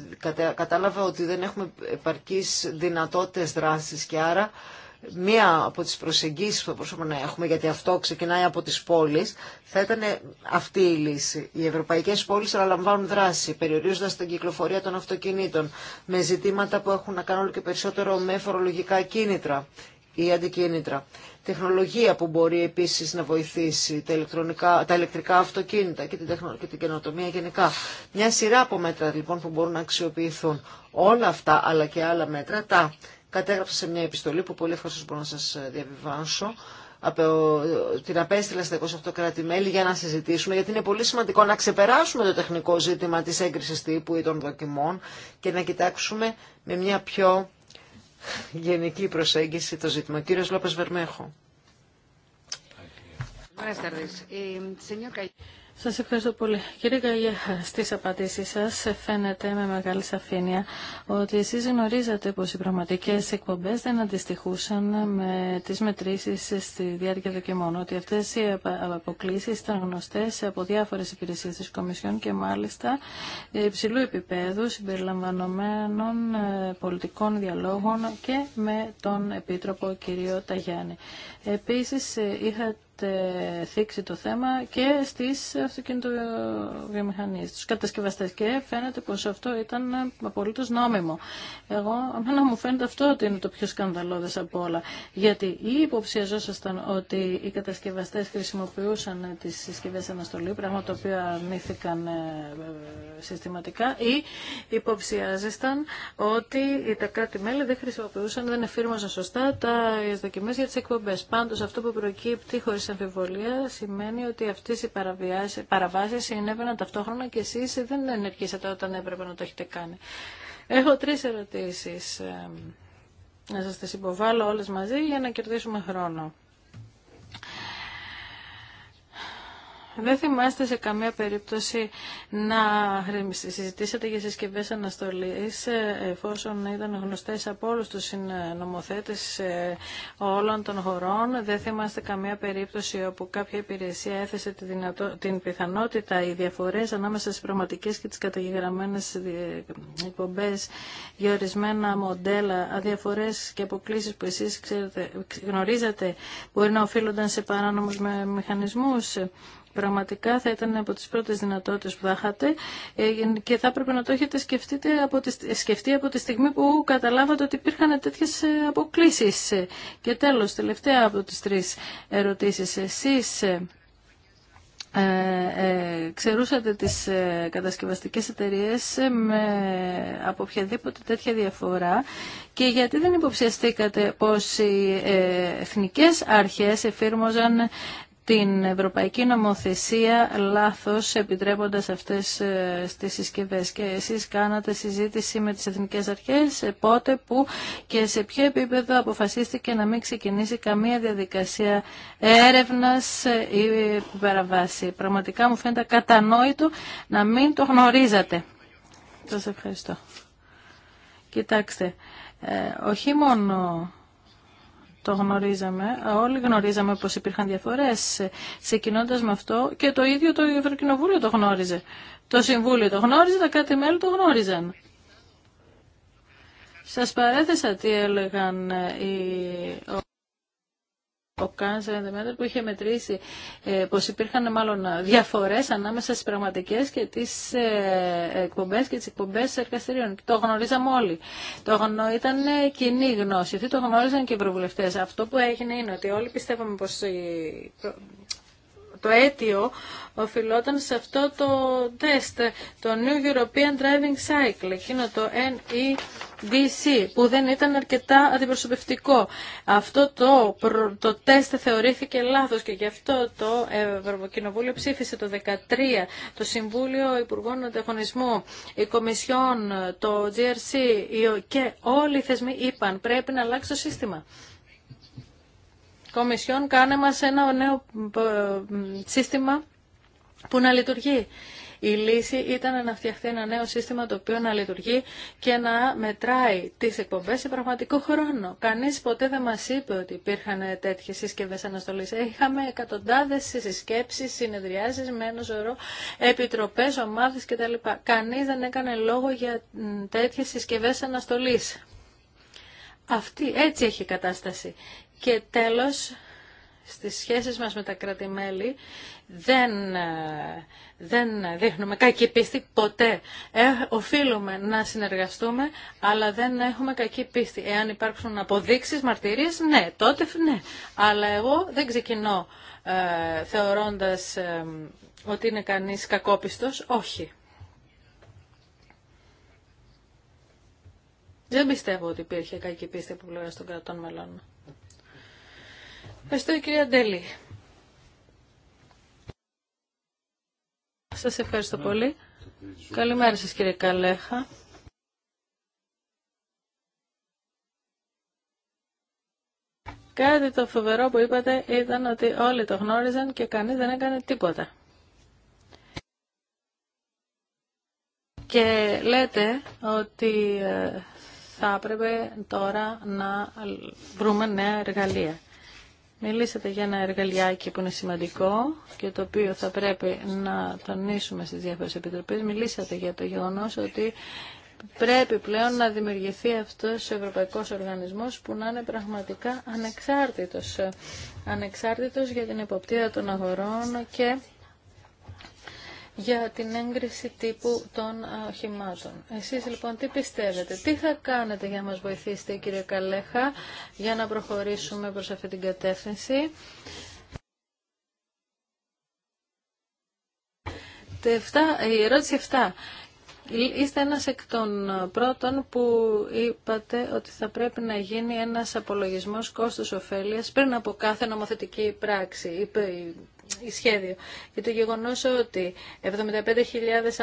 κατάλαβα ότι δεν έχουμε επαρκείς δυνατότητες δράσης και άρα μία από τις προσεγγίσεις που θα να έχουμε, γιατί αυτό ξεκινάει από τις πόλεις, θα ήταν αυτή η λύση. Οι ευρωπαϊκές πόλεις αναλαμβάνουν δράση, περιορίζοντας την κυκλοφορία των αυτοκινήτων, με ζητήματα που έχουν να κάνουν όλο και περισσότερο με φορολογικά κίνητρα ή αντικίνητρα. Τεχνολογία που μπορεί επίσης να βοηθήσει τα, ηλεκτρονικά, τα ηλεκτρικά αυτοκίνητα και την, και την καινοτομία γενικά. Μια σειρά από μέτρα λοιπόν που μπορούν να αξιοποιηθούν όλα αυτά αλλά και άλλα μέτρα τα κατέγραψα σε μια επιστολή που πολύ ευχαριστώ μπορώ να σας ε, διαβιβάσω από την απέστειλα στα 28 κράτη-μέλη για να συζητήσουμε, γιατί είναι πολύ σημαντικό να ξεπεράσουμε το τεχνικό ζήτημα της έγκρισης τύπου ή των δοκιμών και να κοιτάξουμε με μια πιο γενική προσέγγιση το ζήτημα. Κύριος Λόπες Βερμέχο. Σας ευχαριστώ πολύ. Κύριε Καγιέχα, στις απαντήσεις σας φαίνεται με μεγάλη σαφήνεια ότι εσείς γνωρίζατε πως οι πραγματικές εκπομπές δεν αντιστοιχούσαν με τις μετρήσεις στη διάρκεια δοκιμών, ότι αυτές οι αποκλήσεις ήταν γνωστές από διάφορες υπηρεσίες της Κομισιόν και μάλιστα υψηλού επίπεδου συμπεριλαμβανομένων ε, πολιτικών διαλόγων και με τον Επίτροπο κ. Ταγιάννη. Επίσης ε, είχατε θίξει το θέμα και στις αυτοκινητοβιομηχανίες, στους κατασκευαστές και φαίνεται πως αυτό ήταν απολύτως νόμιμο. Εγώ, εμένα μου φαίνεται αυτό ότι είναι το πιο σκανδαλώδες από όλα, γιατί ή υποψιαζόσασταν ότι οι κατασκευαστές χρησιμοποιούσαν τις συσκευές αναστολή, πράγμα το οποίο αρνήθηκαν ε, ε, συστηματικά, ή υποψιάζεσταν ότι τα κράτη-μέλη δεν χρησιμοποιούσαν, δεν εφήρμοζαν σωστά τα δοκιμές για τις εκπομπές. Πάντως αυτό που προκύπτει χωρίς αμφιβολία σημαίνει ότι αυτέ οι παραβάσεις συνέβαιναν ταυτόχρονα και εσεί δεν ενεργήσατε όταν έπρεπε να το έχετε κάνει. Έχω τρεις ερωτήσεις ε, να σας τι υποβάλω όλες μαζί για να κερδίσουμε χρόνο. Δεν θυμάστε σε καμία περίπτωση να συζητήσατε για συσκευέ αναστολή, ε, εφόσον ήταν γνωστέ από όλου του συνομοθέτε ε, όλων των χωρών. Δεν θυμάστε καμία περίπτωση όπου κάποια υπηρεσία έθεσε τη δυνατό... την πιθανότητα οι διαφορέ ανάμεσα στι πραγματικέ και τι καταγεγραμμένε ε, εκπομπέ για ορισμένα μοντέλα, αδιαφορέ και αποκλήσει που εσεί γνωρίζετε μπορεί να οφείλονταν σε παράνομου μηχανισμού. Πραγματικά θα ήταν από τις πρώτες δυνατότητες που θα είχατε ε, και θα έπρεπε να το έχετε σκεφτείτε από τη, σκεφτεί από τη στιγμή που καταλάβατε ότι υπήρχαν τέτοιες ε, αποκλήσεις. Και τέλος, τελευταία από τις τρεις ερωτήσεις. Εσείς ε, ε ξερούσατε τις κατασκευαστικές εταιρείες με, από οποιαδήποτε τέτοια διαφορά και γιατί δεν υποψιαστήκατε πως οι εθνικές αρχές εφήρμοζαν την ευρωπαϊκή νομοθεσία λάθος επιτρέποντας αυτές ε, τις συσκευές. Και εσείς κάνατε συζήτηση με τις εθνικές αρχές ε, πότε, που και σε ποιο επίπεδο αποφασίστηκε να μην ξεκινήσει καμία διαδικασία έρευνας ε, ή παραβάση. Πραγματικά μου φαίνεται κατανόητο να μην το γνωρίζατε. Σας ευχαριστώ. Κοιτάξτε, όχι μόνο το γνωρίζαμε. Όλοι γνωρίζαμε πως υπήρχαν διαφορές, ξεκινώντα με αυτό και το ίδιο το Ευρωκοινοβούλιο το γνώριζε. Το Συμβούλιο το γνώριζε, τα κάτι μέλη το γνώριζαν. Σας παρέθεσα τι έλεγαν ε, οι ο Καν 40 που είχε μετρήσει ε, πως υπήρχαν μάλλον διαφορές ανάμεσα στις πραγματικές και τις ε, εκπομπές και τις εκπομπές εργαστηρίων. Το γνωρίζαμε όλοι. Το γνω... Ήταν ε, κοινή γνώση. Αυτή το γνώριζαν και οι προβουλευτές. Αυτό που έγινε είναι ότι όλοι πιστεύαμε πως η το αίτιο οφειλόταν σε αυτό το τεστ, το New European Driving Cycle, εκείνο το NEDC, που δεν ήταν αρκετά αντιπροσωπευτικό. Αυτό το, το τεστ θεωρήθηκε λάθος και γι' αυτό το Ευρωκοινοβούλιο ψήφισε το 2013, το Συμβούλιο Υπουργών Ανταγωνισμού, η Κομισιόν, το GRC και όλοι οι θεσμοί είπαν πρέπει να αλλάξει το σύστημα. Κομισιόν κάνε μας ένα νέο ε, σύστημα που να λειτουργεί. Η λύση ήταν να φτιαχτεί ένα νέο σύστημα το οποίο να λειτουργεί και να μετράει τις εκπομπές σε πραγματικό χρόνο. Κανείς ποτέ δεν μας είπε ότι υπήρχαν τέτοιες συσκευές αναστολής. Είχαμε εκατοντάδες συσκέψεις, συνεδριάσεις με ένα ζωρό επιτροπές, ομάδες κτλ. Κανείς δεν έκανε λόγο για τέτοιες συσκευές αναστολής. Αυτή, έτσι έχει η κατάσταση. Και τέλος, στις σχέσεις μας με τα κράτη-μέλη δεν, ε, δεν δείχνουμε κακή πίστη ποτέ. Ε, οφείλουμε να συνεργαστούμε, αλλά δεν έχουμε κακή πίστη. Εάν υπάρξουν αποδείξεις, μαρτυρίες, ναι, τότε ναι. Αλλά εγώ δεν ξεκινώ ε, θεωρώντας ε, ότι είναι κανείς κακόπιστος. Όχι. Δεν πιστεύω ότι υπήρχε κακή πίστη από πλευρά των κρατών μελών. Ευχαριστώ η κυρία Ντέλη. Σας ευχαριστώ πολύ. Καλημέρα σας κύριε Καλέχα. Κάτι το φοβερό που είπατε ήταν ότι όλοι το γνώριζαν και κάνει δεν έκανε τίποτα. Και λέτε ότι ε, θα έπρεπε τώρα να βρούμε νέα εργαλεία. Μιλήσατε για ένα εργαλειάκι που είναι σημαντικό και το οποίο θα πρέπει να τονίσουμε στις διάφορες επιτροπές. Μιλήσατε για το γεγονός ότι πρέπει πλέον να δημιουργηθεί αυτός ο ευρωπαϊκός οργανισμός που να είναι πραγματικά ανεξάρτητος. Ανεξάρτητος για την υποπτήρα των αγορών και για την έγκριση τύπου των οχημάτων. Εσείς λοιπόν τι πιστεύετε, τι θα κάνετε για να μας βοηθήσετε κύριε Καλέχα για να προχωρήσουμε προς αυτή την κατεύθυνση. Η ερώτηση 7. Είστε ένας εκ των πρώτων που είπατε ότι θα πρέπει να γίνει ένας απολογισμός κόστους ωφέλειας πριν από κάθε νομοθετική πράξη σχέδιο. το γεγονό ότι 75.000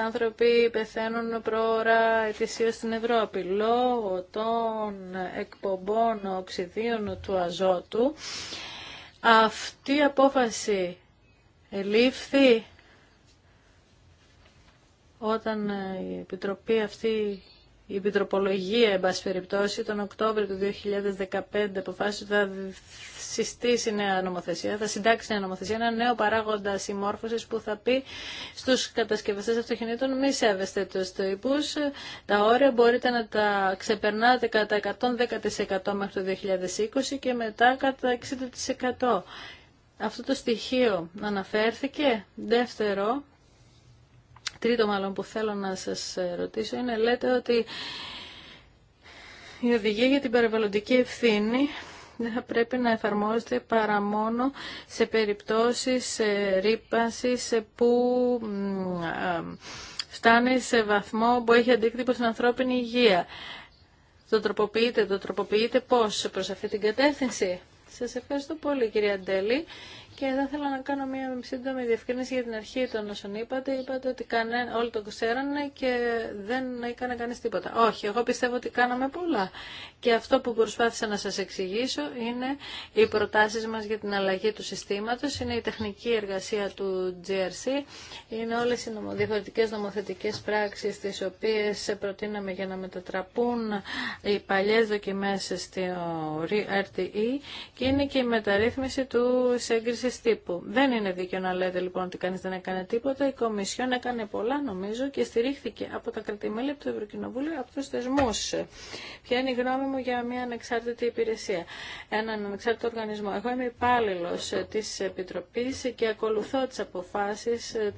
άνθρωποι πεθαίνουν πρόωρα ετησίω στην Ευρώπη λόγω των εκπομπών οξυδίων του αζότου, αυτή η απόφαση λήφθη όταν η Επιτροπή αυτή η Επιτροπολογία, εν πάση περιπτώσει, τον Οκτώβριο του 2015 αποφάσισε ότι θα συστήσει νέα νομοθεσία, θα συντάξει νέα νομοθεσία, ένα νέο παράγοντα συμμόρφωση που θα πει στου κατασκευαστέ αυτοκινήτων μη σέβεστε του τύπου. Τα όρια μπορείτε να τα ξεπερνάτε κατά 110% μέχρι το 2020 και μετά κατά 60%. Αυτό το στοιχείο αναφέρθηκε. Δεύτερο, τρίτο μάλλον που θέλω να σας ρωτήσω είναι λέτε ότι η οδηγία για την περιβαλλοντική ευθύνη δεν θα πρέπει να εφαρμόζεται παρά μόνο σε περιπτώσεις σε που φτάνει σε βαθμό που έχει αντίκτυπο στην ανθρώπινη υγεία. Το τροποποιείτε, το τροποποιείτε πώς προς αυτή την κατεύθυνση. Σας ευχαριστώ πολύ κυρία Ντέλη και εδώ θέλω να κάνω μια σύντομη διευκρίνηση για την αρχή των όσων είπατε. Είπατε ότι κανέ, όλοι το ξέρανε και δεν έκανε κανείς τίποτα. Όχι, εγώ πιστεύω ότι κάναμε πολλά. Και αυτό που προσπάθησα να σας εξηγήσω είναι οι προτάσεις μας για την αλλαγή του συστήματος, είναι η τεχνική εργασία του GRC, είναι όλες οι διαφορετικές νομοθετικές πράξεις τις οποίες προτείναμε για να μετατραπούν οι παλιές δοκιμές στο RTE και είναι και η μεταρρύθμιση του έγκριση τύπου. Δεν είναι δίκαιο να λέτε λοιπόν ότι κανεί δεν έκανε τίποτα. Η Κομισιόν έκανε πολλά νομίζω και στηρίχθηκε από τα κρατημέλη, από το από του θεσμού. Ποια είναι η γνώμη μου για μια ανεξάρτητη υπηρεσία, έναν ανεξάρτητο οργανισμό. Εγώ είμαι υπάλληλο τη Επιτροπή και ακολουθώ τι αποφάσει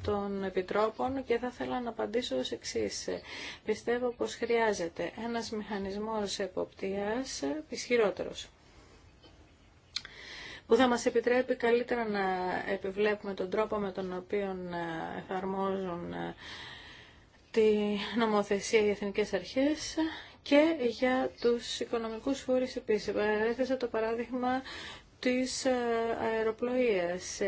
των Επιτρόπων και θα ήθελα να απαντήσω ω εξή. Πιστεύω πω χρειάζεται ένα μηχανισμό εποπτεία ισχυρότερο που θα μας επιτρέπει καλύτερα να επιβλέπουμε τον τρόπο με τον οποίο ε, εφαρμόζουν ε, τη νομοθεσία οι εθνικές αρχές και για τους οικονομικούς φορείς επίσης. Έθεσα το παράδειγμα της ε, αεροπλοείας.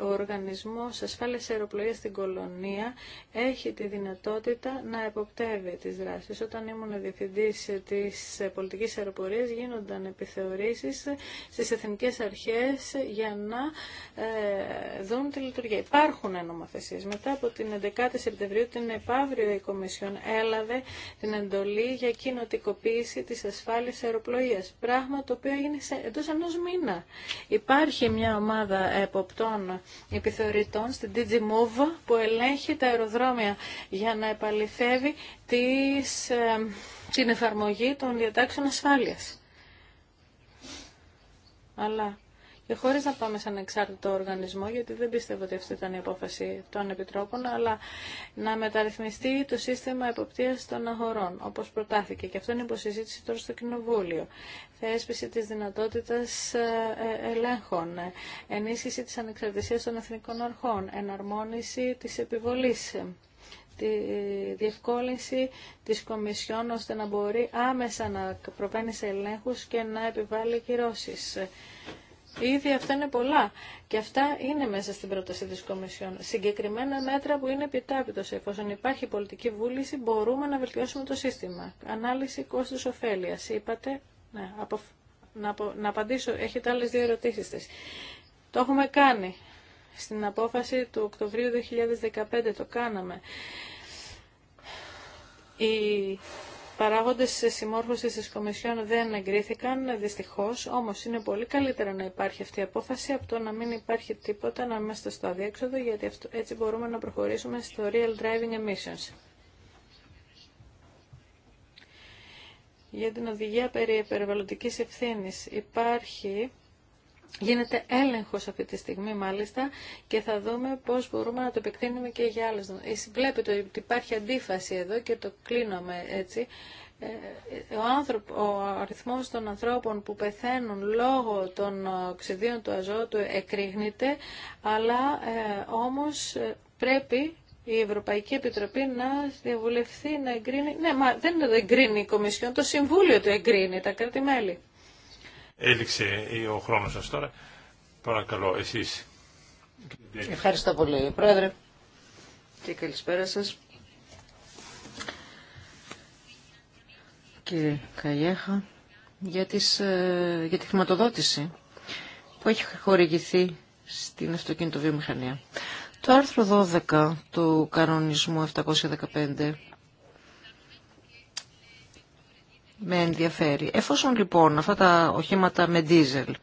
Ο Οργανισμός Ασφάλειας Αεροπλοείας στην Κολονία έχει τη δυνατότητα να εποπτεύει τις δράσεις. Όταν ήμουν διευθυντής της πολιτικής αεροπορίας γίνονταν επιθεωρήσεις στις εθνικές αρχές για να ε, δουν τη λειτουργία. Υπάρχουν νομοθεσίες. Μετά από την 11η Σεπτεμβρίου την επαύριο η Κομισιόν έλαβε την εντολή για κοινοτικοποίηση της ασφάλειας αεροπλοείας. Πράγμα το οποίο έγινε εντός ενός μήνα Υπάρχει μια ομάδα εποπτών επιθεωρητών στην DG Move που ελέγχει τα αεροδρόμια για να επαληθεύει τις, ε, την εφαρμογή των διατάξεων ασφάλειας. Αλλά Χωρί χωρίς να πάμε σαν εξάρτητο οργανισμό, γιατί δεν πιστεύω ότι αυτή ήταν η απόφαση των επιτρόπων, αλλά να μεταρρυθμιστεί το σύστημα εποπτείας των αγορών, όπω προτάθηκε. Και αυτό είναι υποσυζήτηση τώρα στο Κοινοβούλιο. Θέσπιση τη δυνατότητα ε, ε, ελέγχων, ενίσχυση τη ανεξαρτησία των εθνικών αρχών, εναρμόνιση τη επιβολή, τη διευκόλυνση της Κομισιόν ώστε να μπορεί άμεσα να προβαίνει σε ελέγχους και να επιβάλλει κυρώσεις. Ήδη αυτά είναι πολλά και αυτά είναι μέσα στην πρόταση τη Κομισιόν. Συγκεκριμένα μέτρα που είναι επιτάπητο. Εφόσον υπάρχει πολιτική βούληση μπορούμε να βελτιώσουμε το σύστημα. Ανάλυση κόστους ωφέλεια. Είπατε, ναι, να, απαντήσω, έχετε άλλε δύο ερωτήσει Το έχουμε κάνει. Στην απόφαση του Οκτωβρίου 2015 το κάναμε. Η παράγοντες τη συμμόρφωση τη Κομισιόν δεν εγκρίθηκαν, δυστυχώς, όμως είναι πολύ καλύτερα να υπάρχει αυτή η απόφαση από το να μην υπάρχει τίποτα, να είμαστε στο αδιέξοδο, γιατί έτσι μπορούμε να προχωρήσουμε στο Real Driving Emissions. Για την οδηγία περί περιβαλλοντικής ευθύνης υπάρχει Γίνεται έλεγχο αυτή τη στιγμή μάλιστα και θα δούμε πώς μπορούμε να το επεκτείνουμε και για άλλε. Βλέπετε ότι υπάρχει αντίφαση εδώ και το κλείνομαι έτσι. Ε, ε, ο, άνθρωπο, ο αριθμός των ανθρώπων που πεθαίνουν λόγω των ε, οξυδίων του αζότου εκρήγνεται, αλλά ε, όμως πρέπει η Ευρωπαϊκή Επιτροπή να διαβουλευθεί, να εγκρίνει. Ναι, μα δεν το εγκρίνει η Κομισιόν, το Συμβούλιο το εγκρίνει, τα κράτη-μέλη. Έληξε ο χρόνος σας τώρα. Παρακαλώ, εσείς. Ευχαριστώ πολύ, Πρόεδρε. Και καλησπέρα σας. Κύριε Καγιέχα, για, τις, ε, για τη χρηματοδότηση που έχει χορηγηθεί στην αυτοκίνητο βιομηχανία. Το άρθρο 12 του κανονισμού 715 με ενδιαφέρει. Εφόσον λοιπόν αυτά τα οχήματα με δίζελ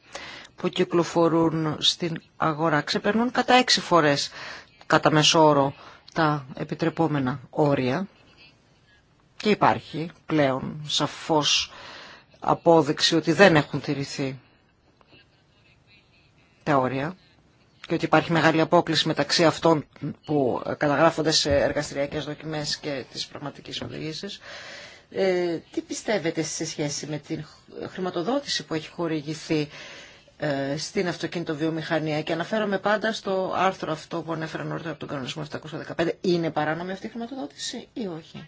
που κυκλοφορούν στην αγορά ξεπερνούν κατά έξι φορές κατά μεσόωρο, τα επιτρεπόμενα όρια και υπάρχει πλέον σαφώς απόδειξη ότι δεν έχουν τηρηθεί τα όρια και ότι υπάρχει μεγάλη απόκληση μεταξύ αυτών που καταγράφονται σε εργαστηριακές δοκιμές και της πραγματικής οδήγησης. Ε, τι πιστεύετε σε σχέση με την χρηματοδότηση που έχει χορηγηθεί ε, στην αυτοκινητοβιομηχανία και αναφέρομαι πάντα στο άρθρο αυτό που ανέφερα νωρίτερα από τον κανονισμό 715. Είναι παράνομη αυτή η χρηματοδότηση ή όχι.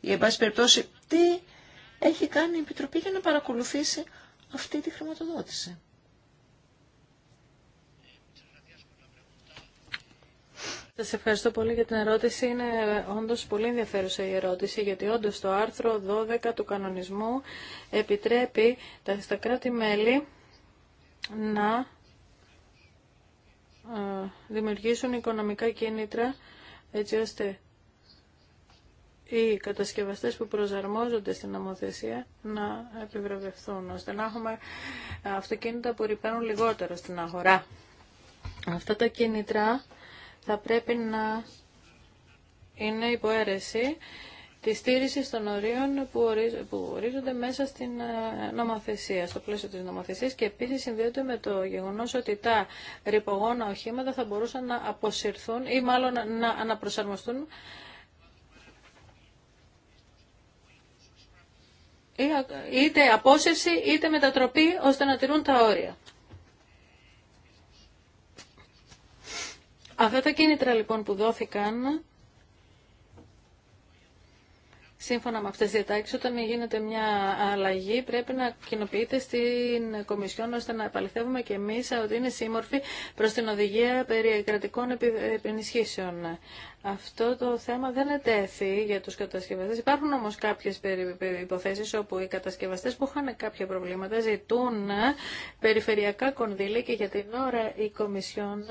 Ή εν πάση περιπτώσει τι έχει κάνει η Επιτροπή για να παρακολουθήσει αυτή τη χρηματοδότηση. Σας ευχαριστώ πολύ για την ερώτηση. Είναι όντως πολύ ενδιαφέρουσα η ερώτηση, γιατί όντως το άρθρο 12 του κανονισμού επιτρέπει τα κράτη-μέλη να ε, δημιουργήσουν οικονομικά κίνητρα έτσι ώστε οι κατασκευαστές που προσαρμόζονται στην νομοθεσία να επιβραβευθούν, ώστε να έχουμε αυτοκίνητα που ρηπαίνουν λιγότερο στην αγορά. Αυτά τα κίνητρα θα πρέπει να είναι υποαίρεση τη στήριξη των ορίων που, ορίζονται μέσα στην ε, νομοθεσία, στο πλαίσιο της νομοθεσίας και επίσης συνδέεται με το γεγονός ότι τα ρηπογόνα οχήματα θα μπορούσαν να αποσυρθούν ή μάλλον να αναπροσαρμοστούν ε, είτε απόσυρση είτε μετατροπή ώστε να τηρούν τα όρια. Αυτά τα κίνητρα λοιπόν που δόθηκαν Σύμφωνα με αυτές τις διατάξεις, όταν γίνεται μια αλλαγή πρέπει να κοινοποιείται στην Κομισιόν ώστε να επαληθεύουμε και εμείς ότι είναι σύμμορφη προς την οδηγία περί κρατικών αυτό το θέμα δεν ετέθη για τους κατασκευαστές. Υπάρχουν όμως κάποιες υποθέσεις όπου οι κατασκευαστές που είχαν κάποια προβλήματα ζητούν περιφερειακά κονδύλια και για την ώρα η Κομισιόν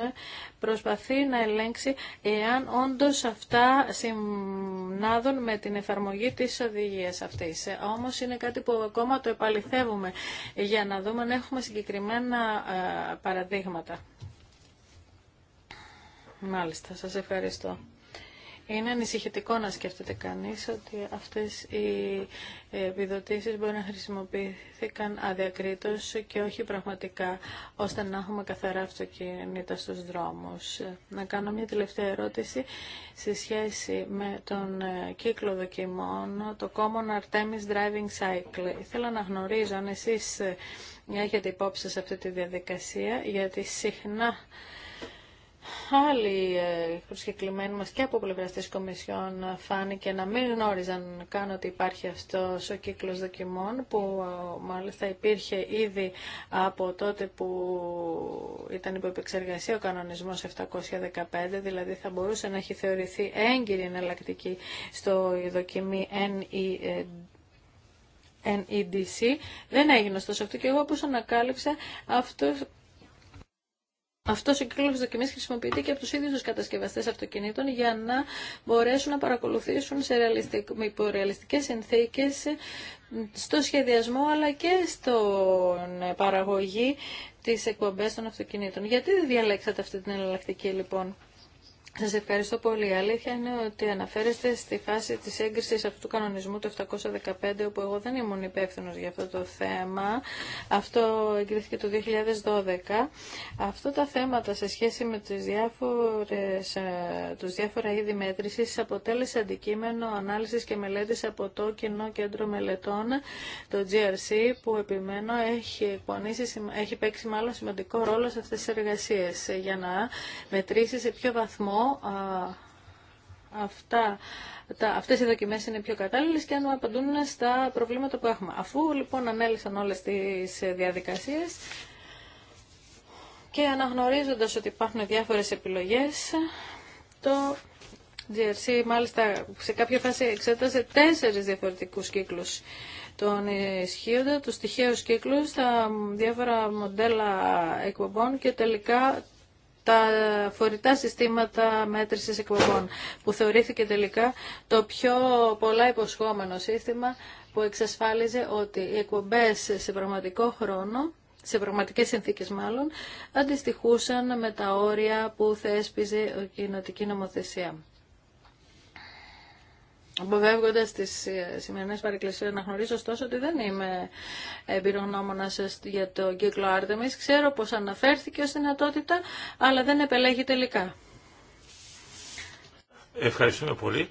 προσπαθεί να ελέγξει εάν όντως αυτά συνάδουν με την εφαρμογή της οδηγίας αυτής. Όμως είναι κάτι που ακόμα το επαληθεύουμε για να δούμε αν έχουμε συγκεκριμένα ε, παραδείγματα. Μάλιστα, σας ευχαριστώ. Είναι ανησυχητικό να σκέφτεται κανείς ότι αυτές οι επιδοτήσεις μπορεί να χρησιμοποιήθηκαν αδιακρίτως και όχι πραγματικά, ώστε να έχουμε καθαρά αυτοκίνητα στους δρόμους. Να κάνω μια τελευταία ερώτηση σε σχέση με τον ε, κύκλο δοκιμών, το Common Artemis Driving Cycle. Ήθελα να γνωρίζω αν εσείς ε, έχετε υπόψη σε αυτή τη διαδικασία, γιατί συχνά άλλοι ε, προσκεκλημένοι μας και από πλευρά της Κομισιόν φάνηκε να μην γνώριζαν καν ότι υπάρχει αυτός ο κύκλος δοκιμών που ε, μάλιστα υπήρχε ήδη από τότε που ήταν υπό επεξεργασία ο κανονισμός 715 δηλαδή θα μπορούσε να έχει θεωρηθεί έγκυρη εναλλακτική στο δοκιμή NED e NEDC. Δεν έγινε ωστόσο αυτό και εγώ όπως ανακάλυψα αυτό αυτό ο κύκλο δοκιμή χρησιμοποιείται και από του ίδιου τους κατασκευαστές αυτοκινήτων για να μπορέσουν να παρακολουθήσουν σε με υπορεαλιστικές συνθήκε στο σχεδιασμό αλλά και στον παραγωγή τις εκπομπές των αυτοκινήτων. Γιατί δεν διαλέξατε αυτή την εναλλακτική λοιπόν. Σα ευχαριστώ πολύ. Η αλήθεια είναι ότι αναφέρεστε στη φάση της έγκρισης αυτού του κανονισμού του 715, όπου εγώ δεν ήμουν υπεύθυνο για αυτό το θέμα. Αυτό εγκρίθηκε το 2012. Αυτά τα θέματα σε σχέση με τις διάφορες, ε, τους διάφορα είδη μέτρηση αποτέλεσε αντικείμενο ανάλυσης και μελέτης από το Κοινό Κέντρο Μελετών, το GRC, που επιμένω έχει, έχει παίξει μάλλον σημαντικό ρόλο σε αυτέ τι εργασίε, για να μετρήσει σε ποιο βαθμό α, αυτά, τα, αυτές οι δοκιμές είναι πιο κατάλληλες και αν απαντούν στα προβλήματα που έχουμε. Αφού λοιπόν ανέλησαν όλες τις ε, διαδικασίες και αναγνωρίζοντας ότι υπάρχουν διάφορες επιλογές, το GRC μάλιστα σε κάποια φάση εξέτασε τέσσερις διαφορετικούς κύκλους των ισχύοντα, τους τυχαίους κύκλους, τα διάφορα μοντέλα εκπομπών και τελικά τα φορητά συστήματα μέτρησης εκπομπών, που θεωρήθηκε τελικά το πιο πολλά υποσχόμενο σύστημα που εξασφάλιζε ότι οι εκπομπές σε πραγματικό χρόνο, σε πραγματικές συνθήκες μάλλον, αντιστοιχούσαν με τα όρια που θέσπιζε η κοινοτική νομοθεσία. Αποβεύγοντας τις ε, σημερινές παρεκκλησίες να γνωρίζω ωστόσο ότι δεν είμαι εμπειρογνώμονας ε, για το κύκλο Άρτεμις. Ξέρω πως αναφέρθηκε ως δυνατότητα, αλλά δεν επελέγει τελικά. Ευχαριστούμε πολύ.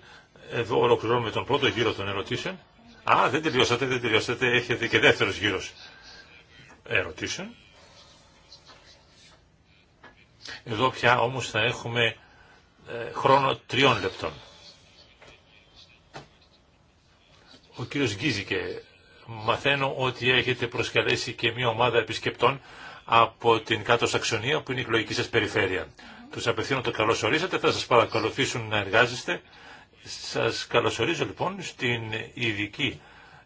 Εδώ ολοκληρώνουμε τον πρώτο γύρο των ερωτήσεων. Α, δεν τελειώσατε, δεν τελειώσατε. Έχετε και δεύτερος γύρος ερωτήσεων. Εδώ πια όμως θα έχουμε ε, χρόνο τριών λεπτών. Ο κύριος Γκίζικε, μαθαίνω ότι έχετε προσκαλέσει και μια ομάδα επισκεπτών από την Κάτω Σαξονία που είναι η εκλογική σας περιφέρεια. Τους απευθύνω το καλώς ορίσατε, θα σας παρακολουθήσουν να εργάζεστε. Σας καλωσορίζω λοιπόν στην ειδική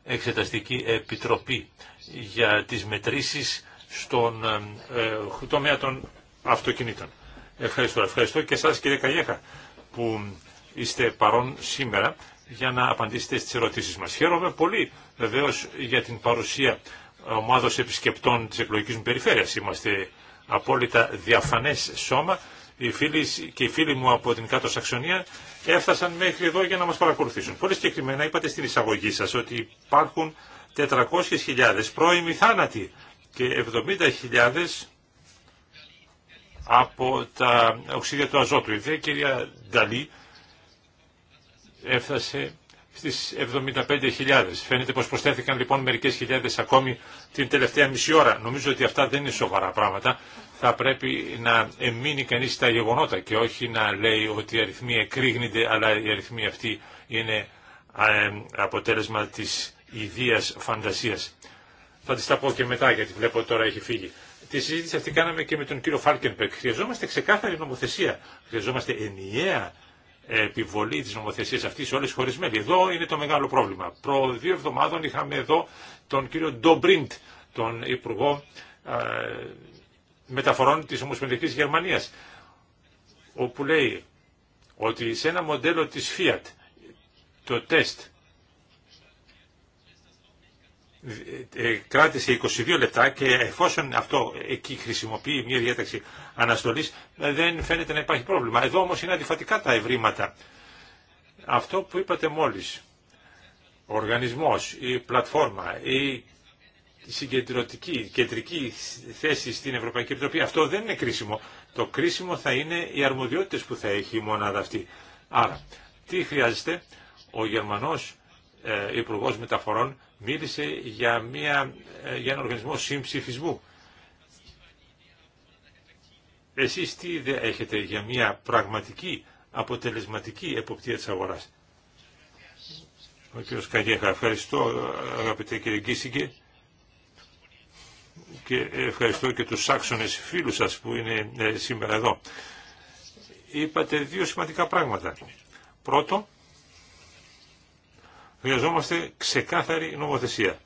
εξεταστική επιτροπή για τις μετρήσεις στον ε, ε τομέα των αυτοκινήτων. Ευχαριστώ, ευχαριστώ και σας κύριε Καγιέχα που είστε παρόν σήμερα για να απαντήσετε στις ερωτήσεις μας. Χαίρομαι πολύ βεβαίως για την παρουσία ομάδος επισκεπτών της εκλογικής μου περιφέρειας. Είμαστε απόλυτα διαφανές σώμα. Οι φίλοι και οι φίλοι μου από την Κάτω Σαξονία έφτασαν μέχρι εδώ για να μας παρακολουθήσουν. Πολύ συγκεκριμένα είπατε στην εισαγωγή σας ότι υπάρχουν 400.000 πρώιμοι θάνατοι και 70.000 από τα οξύδια του αζότου. Η κυρία Νταλή έφτασε στις 75.000. Φαίνεται πως προσθέθηκαν λοιπόν μερικές χιλιάδες ακόμη την τελευταία μισή ώρα. Νομίζω ότι αυτά δεν είναι σοβαρά πράγματα. Θα πρέπει να εμείνει κανείς στα γεγονότα και όχι να λέει ότι οι αριθμοί εκρήγνεται, αλλά οι αριθμοί αυτοί είναι ε, αποτέλεσμα της ιδίας φαντασίας. Θα τις τα πω και μετά γιατί βλέπω τώρα έχει φύγει. Τη συζήτηση αυτή κάναμε και με τον κύριο Φάλκενπεκ. Χρειαζόμαστε ξεκάθαρη νομοθεσία. Χρειαζόμαστε ενιαία επιβολή της νομοθεσίας αυτής σε όλες τις Εδώ είναι το μεγάλο πρόβλημα. Προ δύο εβδομάδων είχαμε εδώ τον κύριο Ντομπριντ, τον Υπουργό ε, Μεταφορών της Ομοσπονδιακής Γερμανίας, όπου λέει ότι σε ένα μοντέλο της Fiat το τεστ ε, ε, κράτησε 22 λεπτά και εφόσον αυτό εκεί χρησιμοποιεί μια διάταξη αναστολής ε, δεν φαίνεται να υπάρχει πρόβλημα. Εδώ όμως είναι αντιφατικά τα ευρήματα. Αυτό που είπατε μόλις, ο οργανισμός, η πλατφόρμα, η συγκεντρωτική, κεντρική θέση στην Ευρωπαϊκή Επιτροπή, αυτό δεν είναι κρίσιμο. Το κρίσιμο θα είναι οι αρμοδιότητες που θα έχει η μονάδα αυτή. Άρα, τι χρειάζεται ο Γερμανός ε, Μεταφορών μίλησε για, μια, ε, για ένα οργανισμό συμψηφισμού. Εσείς τι ιδέα έχετε για μια πραγματική αποτελεσματική εποπτεία της αγοράς. Ο κ. Καγέχα, ευχαριστώ αγαπητέ κύριε Κίσικε και ευχαριστώ και τους άξονες φίλους σας που είναι ε, σήμερα εδώ. Είπατε δύο σημαντικά πράγματα. Πρώτο, Χρειαζόμαστε ξεκάθαρη νομοθεσία.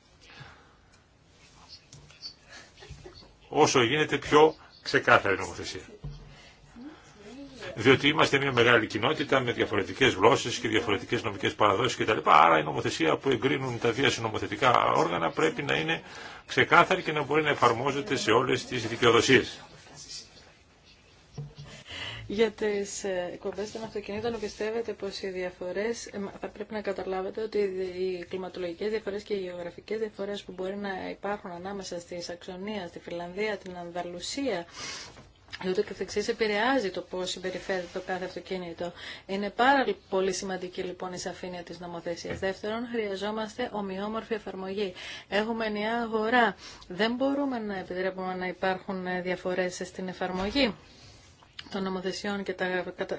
Όσο γίνεται πιο ξεκάθαρη νομοθεσία. Διότι είμαστε μια μεγάλη κοινότητα με διαφορετικέ γλώσσε και διαφορετικέ νομικέ παραδόσει κτλ. Άρα η νομοθεσία που εγκρίνουν τα δύο συνομοθετικά όργανα πρέπει να είναι ξεκάθαρη και να μπορεί να εφαρμόζεται σε όλε τι δικαιοδοσίε. Για τις ε, εκπομπές των αυτοκινήτων πιστεύετε πως οι διαφορές, ε, θα πρέπει να καταλάβετε ότι οι κλιματολογικές διαφορές και οι γεωγραφικές διαφορές που μπορεί να υπάρχουν ανάμεσα στη Σαξονία, στη Φιλανδία, την Ανδαλουσία, διότι και εξής επηρεάζει το πώς συμπεριφέρεται το κάθε αυτοκίνητο. Είναι πάρα πολύ σημαντική λοιπόν η σαφήνεια της νομοθεσία. Δεύτερον, χρειαζόμαστε ομοιόμορφη εφαρμογή. Έχουμε μια αγορά. Δεν μπορούμε να επιτρέπουμε να υπάρχουν ε, διαφορές στην εφαρμογή των νομοθεσιών και τα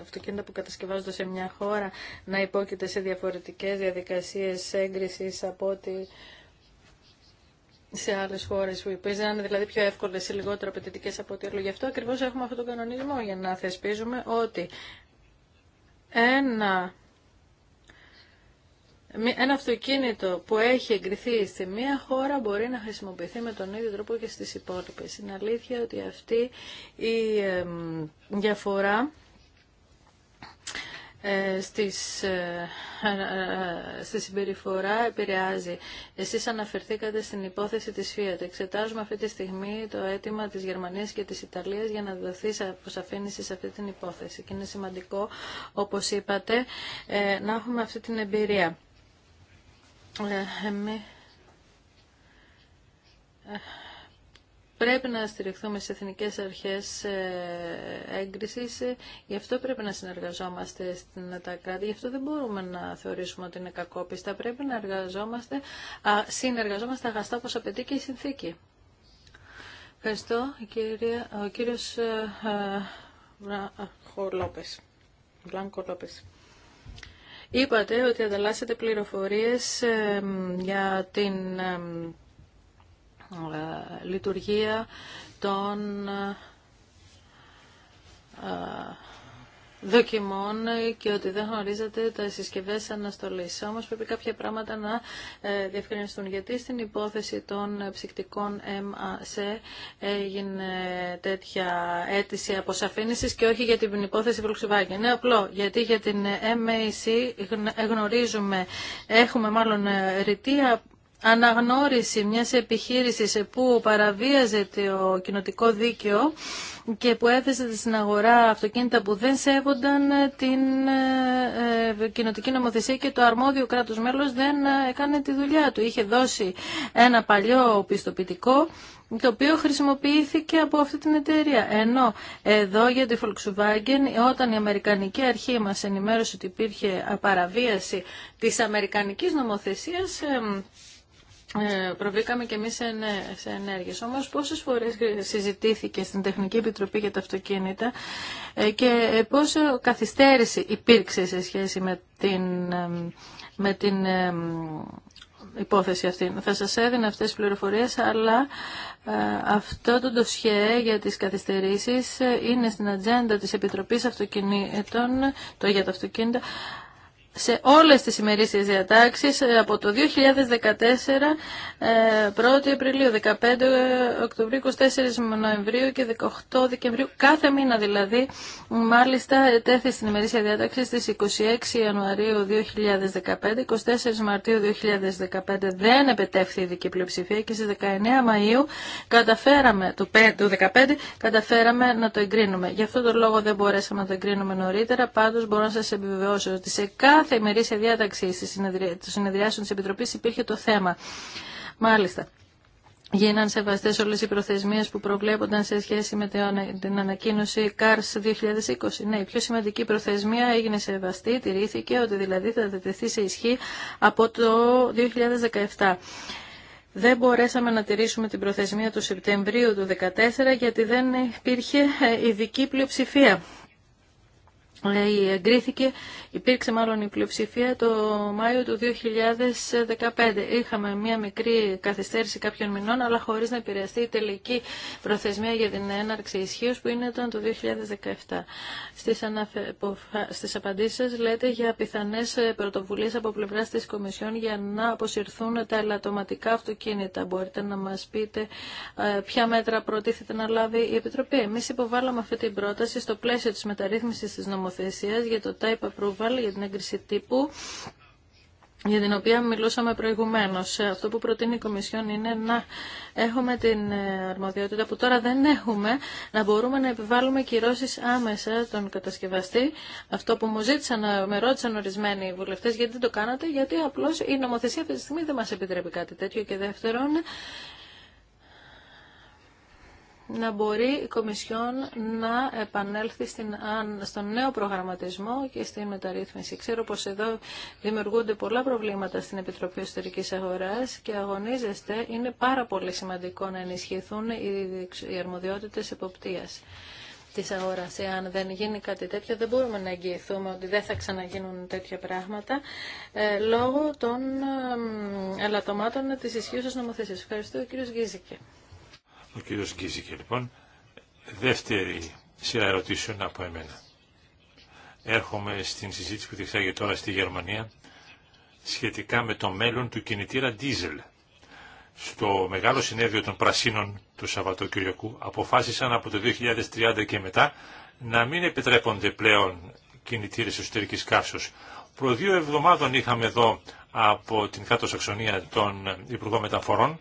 αυτοκίνητα που κατασκευάζονται σε μια χώρα να υπόκειται σε διαφορετικές διαδικασίες έγκρισης από ότι σε άλλες χώρες που υπήρχαν, δηλαδή πιο εύκολες ή λιγότερο απαιτητικέ από ό,τι άλλο. Γι' αυτό ακριβώς έχουμε αυτόν τον κανονισμό για να θεσπίζουμε ότι ένα ένα αυτοκίνητο που έχει εγκριθεί στη μία χώρα μπορεί να χρησιμοποιηθεί με τον ίδιο τρόπο και στις υπόλοιπες. Είναι αλήθεια ότι αυτή η διαφορά ε, στις, ε, ε, στη συμπεριφορά επηρεάζει. Εσείς αναφερθήκατε στην υπόθεση της Fiat. Εξετάζουμε αυτή τη στιγμή το αίτημα της Γερμανίας και της Ιταλίας για να δοθεί αποσαφήνιση σε αυτή την υπόθεση. Και είναι σημαντικό, όπως είπατε, να έχουμε αυτή την εμπειρία. Ε, ε, πρέπει να στηριχθούμε σε εθνικές αρχές ε, έγκρισης, γι' αυτό πρέπει να συνεργαζόμαστε στην τα γι' αυτό δεν μπορούμε να θεωρήσουμε ότι είναι κακόπιστα, πρέπει να εργαζόμαστε, α, συνεργαζόμαστε αγαστά όπως απαιτεί και η συνθήκη. Ευχαριστώ, κύριε, ο κύριος Λόπες. Λόπες. Είπατε ότι ανταλλάσσετε πληροφορίες για την ε, λειτουργία των ε, δοκιμών και ότι δεν γνωρίζετε τα συσκευέ αναστολή. Όμω πρέπει κάποια πράγματα να ε, διευκρινιστούν. Γιατί στην υπόθεση των ψυκτικών MAC έγινε τέτοια αίτηση αποσαφήνιση και όχι για την υπόθεση Volkswagen. Είναι απλό. Γιατί για την MAC γνωρίζουμε, έχουμε μάλλον ρητή αναγνώριση μιας επιχείρησης που παραβιάζεται ο κοινοτικό δίκαιο και που έθεσε στην αγορά αυτοκίνητα που δεν σέβονταν την ε, κοινοτική νομοθεσία και το αρμόδιο κράτος μέλος δεν ε, έκανε τη δουλειά του. Είχε δώσει ένα παλιό πιστοποιητικό το οποίο χρησιμοποιήθηκε από αυτή την εταιρεία. Ενώ εδώ για τη Volkswagen, όταν η Αμερικανική Αρχή μας ενημέρωσε ότι υπήρχε παραβίαση της Αμερικανικής νομοθεσίας, ε, ε, προβήκαμε και εμείς σε, σε ενέργειες. Όμως πόσες φορές συζητήθηκε στην Τεχνική Επιτροπή για τα αυτοκίνητα ε, και ε, πόσο καθυστέρηση υπήρξε σε σχέση με την, με την υπόθεση αυτή. Θα σας έδινα αυτές τις πληροφορίες, αλλά αυτό το ντοσχέ για τις καθυστερήσεις είναι στην ατζέντα της Επιτροπής Αυτοκινήτων, το για τα αυτοκίνητα, σε όλες τις ημερήσιες διατάξεις ε, από το 2014, 1η ε, Απριλίου, 15 Οκτωβρίου, 24 Νοεμβρίου και 18 Δεκεμβρίου, κάθε μήνα δηλαδή, μάλιστα τέθη στην ημερήσια διάταξη στις 26 Ιανουαρίου 2015, 24 Μαρτίου 2015 δεν επετεύχθη η δική πλειοψηφία και στις 19 Μαΐου καταφέραμε, του 2015 καταφέραμε να το εγκρίνουμε. Γι' αυτό το λόγο δεν μπορέσαμε να το εγκρίνουμε νωρίτερα, πάντως μπορώ να σας επιβεβαιώσω ότι σε κάθε κάθε ημερήσια διάταξη των συνεδριάσεων τη Επιτροπή υπήρχε το θέμα. Μάλιστα. Γίναν σεβαστέ όλε οι προθεσμίε που προβλέπονταν σε σχέση με την ανακοίνωση CARS 2020. Ναι, η πιο σημαντική προθεσμία έγινε σεβαστή, τηρήθηκε, ότι δηλαδή θα τεθεί σε ισχύ από το 2017. Δεν μπορέσαμε να τηρήσουμε την προθεσμία του Σεπτεμβρίου του 2014 γιατί δεν υπήρχε ε, ειδική πλειοψηφία εγκρίθηκε, υπήρξε μάλλον η πλειοψηφία το Μάιο του 2015. Είχαμε μία μικρή καθυστέρηση κάποιων μηνών, αλλά χωρίς να επηρεαστεί η τελική προθεσμία για την έναρξη ισχύω που είναι το 2017. Στις, αναφε... στις απαντήσεις σας λέτε για πιθανές ε, πρωτοβουλίες από πλευράς της Κομισιόν για να αποσυρθούν τα ελαττωματικά αυτοκίνητα. Μπορείτε να μας πείτε ε, ποια μέτρα προτίθεται να λάβει η Επιτροπή. Εμείς υποβάλαμε αυτή την πρόταση στο πλαίσιο της μεταρρύθμισης της νομοθεσίας για το type approval, για την έγκριση τύπου, για την οποία μιλούσαμε προηγουμένως. Αυτό που προτείνει η Κομισιόν είναι να έχουμε την ε, αρμοδιότητα που τώρα δεν έχουμε, να μπορούμε να επιβάλλουμε κυρώσεις άμεσα τον κατασκευαστή. Αυτό που μου ζήτησαν, ε, με ρώτησαν ορισμένοι βουλευτές γιατί δεν το κάνατε, γιατί απλώς η νομοθεσία αυτή τη στιγμή δεν μας επιτρέπει κάτι τέτοιο και δεύτερον να μπορεί η Κομισιόν να επανέλθει στην, στον νέο προγραμματισμό και στην μεταρρύθμιση. Ξέρω πως εδώ δημιουργούνται πολλά προβλήματα στην Επιτροπή Ιστορικής Αγοράς και αγωνίζεστε, είναι πάρα πολύ σημαντικό να ενισχυθούν οι, οι αρμοδιότητες εποπτείας της αγοράς. Εάν δεν γίνει κάτι τέτοιο δεν μπορούμε να εγγυηθούμε ότι δεν θα ξαναγίνουν τέτοια πράγματα ε, λόγω των ε, ε, ελαττωμάτων της ισχύουσας νομοθεσίας. Ευχαριστώ κύριος Γκίζικε. Ο κύριος Γκίζικε λοιπόν. Δεύτερη σειρά ερωτήσεων από εμένα. Έρχομαι στην συζήτηση που διεξάγει τώρα στη Γερμανία σχετικά με το μέλλον του κινητήρα diesel. Στο μεγάλο συνέδριο των Πρασίνων του Σαββατοκυριακού αποφάσισαν από το 2030 και μετά να μην επιτρέπονται πλέον κινητήρες εσωτερικής καύσεως. Προ δύο εβδομάδων είχαμε εδώ από την κάτω σαξονία των Υπουργών Μεταφορών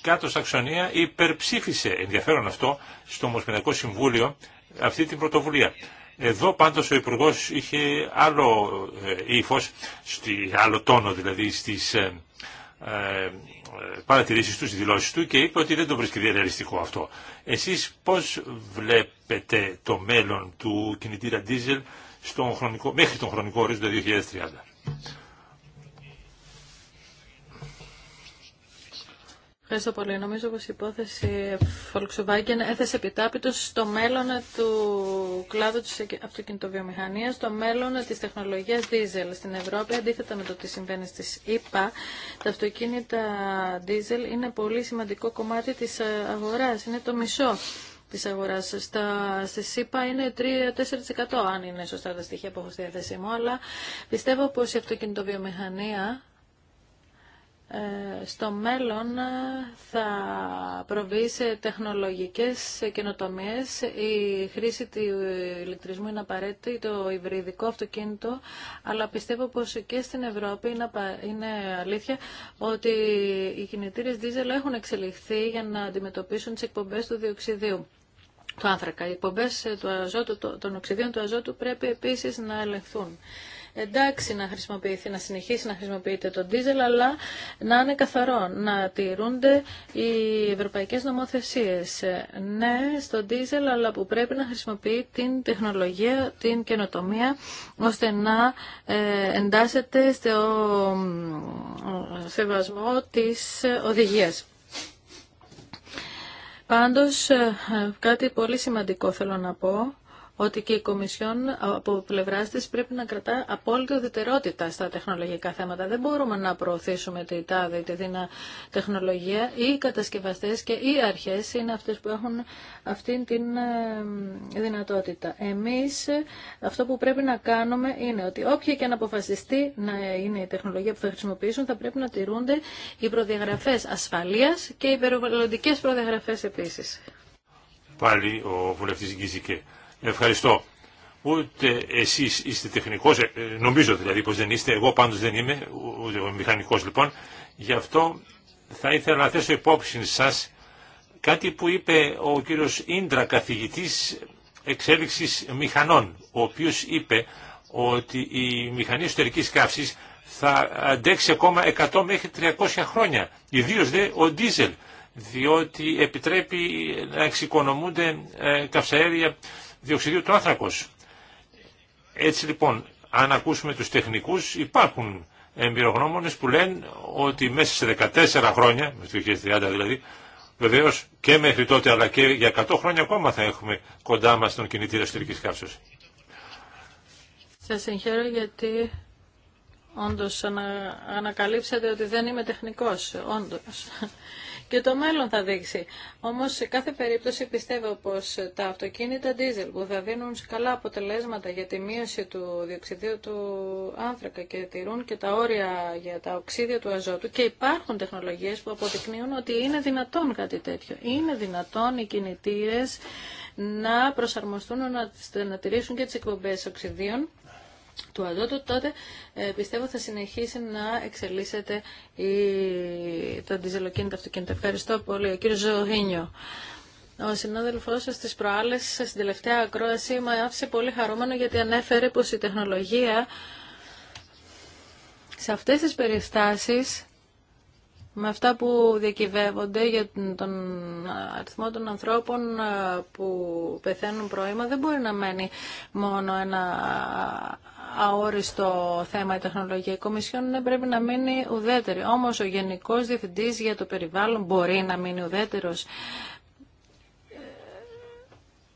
κάτω Σαξονία υπερψήφισε, ενδιαφέρον αυτό, στο Ομοσπονδιακό Συμβούλιο αυτή την πρωτοβουλία. Εδώ πάντως ο υπουργό είχε άλλο ε, ύφος, άλλο τόνο δηλαδή στις ε, ε, παρατηρήσεις του, στι δηλώσει του και είπε ότι δεν το βρίσκει διαρρεαλιστικό αυτό. Εσείς πώς βλέπετε το μέλλον του κινητήρα Diesel στον χρονικό, μέχρι τον χρονικό ορίζοντα 2030. Ευχαριστώ πολύ. Νομίζω πως η υπόθεση Volkswagen έθεσε επιτάπητος στο μέλλον του κλάδου της αυτοκινητοβιομηχανίας, στο μέλλον της τεχνολογίας diesel στην Ευρώπη, αντίθετα με το τι συμβαίνει στις ΗΠΑ. Τα αυτοκίνητα diesel είναι πολύ σημαντικό κομμάτι της αγοράς, είναι το μισό τη αγορά. Στη ΣΥΠΑ είναι 3-4% αν είναι σωστά τα στοιχεία που έχω στη διάθεσή μου, αλλά πιστεύω πω η αυτοκινητοβιομηχανία ε, στο μέλλον ε, θα προβεί σε τεχνολογικές καινοτομίες. Η χρήση του ηλεκτρισμού είναι απαραίτητη, το υβριδικό αυτοκίνητο, αλλά πιστεύω πως και στην Ευρώπη είναι αλήθεια ότι οι κινητήρες δίζελ έχουν εξελιχθεί για να αντιμετωπίσουν τις εκπομπές του διοξιδίου του άνθρακα. Οι εκπομπές ε, του των οξυδίων του αζότου πρέπει επίσης να ελεγχθούν εντάξει να χρησιμοποιηθεί, να συνεχίσει να χρησιμοποιείται το ντίζελ, αλλά να είναι καθαρό, να τηρούνται οι ευρωπαϊκές νομοθεσίες. Ε, ναι, στο ντίζελ, αλλά που πρέπει να χρησιμοποιεί την τεχνολογία, την καινοτομία, ώστε να ε, εντάσσεται στο σεβασμό της οδηγίας. Πάντως, ε, κάτι πολύ σημαντικό θέλω να πω, ότι και η Κομισιόν από πλευρά τη πρέπει να κρατά απόλυτη ουδετερότητα στα τεχνολογικά θέματα. Δεν μπορούμε να προωθήσουμε τη τάδε ή τη δίνα τεχνολογία. Οι κατασκευαστέ και οι αρχέ είναι αυτέ που έχουν αυτή την ε, δυνατότητα. Εμεί ε, αυτό που πρέπει να κάνουμε είναι ότι όποια και να αποφασιστεί να είναι η τεχνολογία που θα χρησιμοποιήσουν, θα πρέπει να τηρούνται οι προδιαγραφέ ασφαλεία και οι περιβαλλοντικέ προδιαγραφέ επίση. Πάλι ο βουλευτή Γκίζικε. Ευχαριστώ. Ούτε εσείς είστε τεχνικός, ε, νομίζω δηλαδή πως δεν είστε, εγώ πάντως δεν είμαι, ούτε ο μηχανικός λοιπόν. Γι' αυτό θα ήθελα να θέσω υπόψη σας κάτι που είπε ο κύριος Ίντρα, Καθηγητή εξέλιξη μηχανών, ο οποίος είπε ότι η μηχανή εσωτερική καύσης θα αντέξει ακόμα 100 μέχρι 300 χρόνια, ιδίω δε ο ντίζελ, διότι επιτρέπει να εξοικονομούνται ε, καυσαέρια διοξιδίου του άνθρακος. Έτσι λοιπόν, αν ακούσουμε τους τεχνικούς, υπάρχουν εμπειρογνώμονες που λένε ότι μέσα σε 14 χρόνια, με το 2030 δηλαδή, βεβαίως και μέχρι τότε αλλά και για 100 χρόνια ακόμα θα έχουμε κοντά μας τον κινητήρα εσωτερικής καύσεως. Σα συγχαίρω γιατί όντως ανα... ανακαλύψατε ότι δεν είμαι τεχνικός, όντως και το μέλλον θα δείξει. Όμως σε κάθε περίπτωση πιστεύω πως τα αυτοκίνητα diesel που θα δίνουν καλά αποτελέσματα για τη μείωση του διοξιδίου του άνθρακα και τηρούν και τα όρια για τα οξύδια του αζότου και υπάρχουν τεχνολογίες που αποδεικνύουν ότι είναι δυνατόν κάτι τέτοιο. Είναι δυνατόν οι κινητήρες να προσαρμοστούν να, να τηρήσουν και τι εκπομπέ οξυδίων του ΑΔΟΤΟ, τότε ε, πιστεύω θα συνεχίσει να εξελίσσεται η... το αντιζελοκίνητο αυτοκίνητο. Ευχαριστώ πολύ. Ο κύριος Ζωγίνιο. Ο συνάδελφό σα τη προάλλε, στην τελευταία ακρόαση, με άφησε πολύ χαρούμενο γιατί ανέφερε πω η τεχνολογία σε αυτέ τι περιστάσει, με αυτά που διακυβεύονται για τον αριθμό των ανθρώπων ε, που πεθαίνουν πρώιμα, δεν μπορεί να μένει μόνο ένα αόριστο θέμα η τεχνολογία. Η Κομισιόν πρέπει να μείνει ουδέτερη. Όμω ο γενικό διευθυντή για το περιβάλλον μπορεί να μείνει ουδέτερο.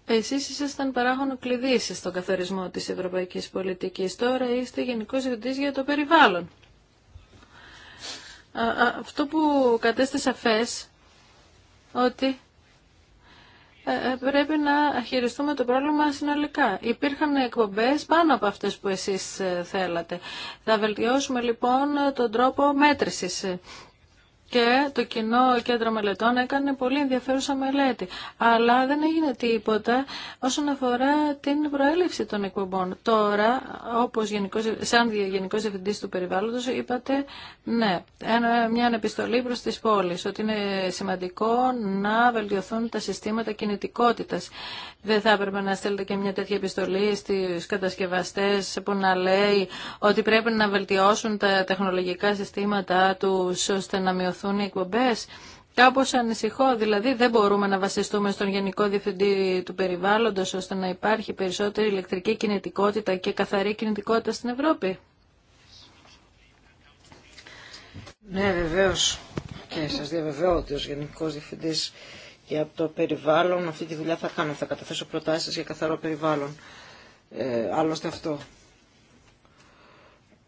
Εσείς ήσασταν παράγονο κλειδί στον καθορισμό τη Ευρωπαϊκή πολιτική. Τώρα είστε γενικό Διευθυντής για το περιβάλλον. Αυτό που κατέστε σαφέ ότι ε, ε, πρέπει να χειριστούμε το πρόβλημα συνολικά. Υπήρχαν εκπομπές πάνω από αυτές που εσείς ε, θέλατε. Θα βελτιώσουμε λοιπόν τον τρόπο μέτρησης και το κοινό κέντρο μελετών έκανε πολύ ενδιαφέρουσα μελέτη. Αλλά δεν έγινε τίποτα όσον αφορά την προέλευση των εκπομπών. Τώρα, όπως γενικός, σαν Γενικός Διευθυντής του Περιβάλλοντος, είπατε ναι, μια ανεπιστολή προς τις πόλεις, ότι είναι σημαντικό να βελτιωθούν τα συστήματα κινητικότητας. Δεν θα έπρεπε να στέλνετε και μια τέτοια επιστολή στις κατασκευαστές που να λέει ότι πρέπει να βελτιώσουν τα τεχνολογικά συστήματα τους ώστε να μειωθούν τον οι Κάπως ανησυχώ, δηλαδή δεν μπορούμε να βασιστούμε στον Γενικό Διευθυντή του Περιβάλλοντος ώστε να υπάρχει περισσότερη ηλεκτρική κινητικότητα και καθαρή κινητικότητα στην Ευρώπη. Ναι, βεβαίω, Και σας διαβεβαιώ ότι ο Γενικός Διευθυντής για το περιβάλλον αυτή τη δουλειά θα κάνω. Θα καταθέσω προτάσεις για καθαρό περιβάλλον. Ε, άλλωστε αυτό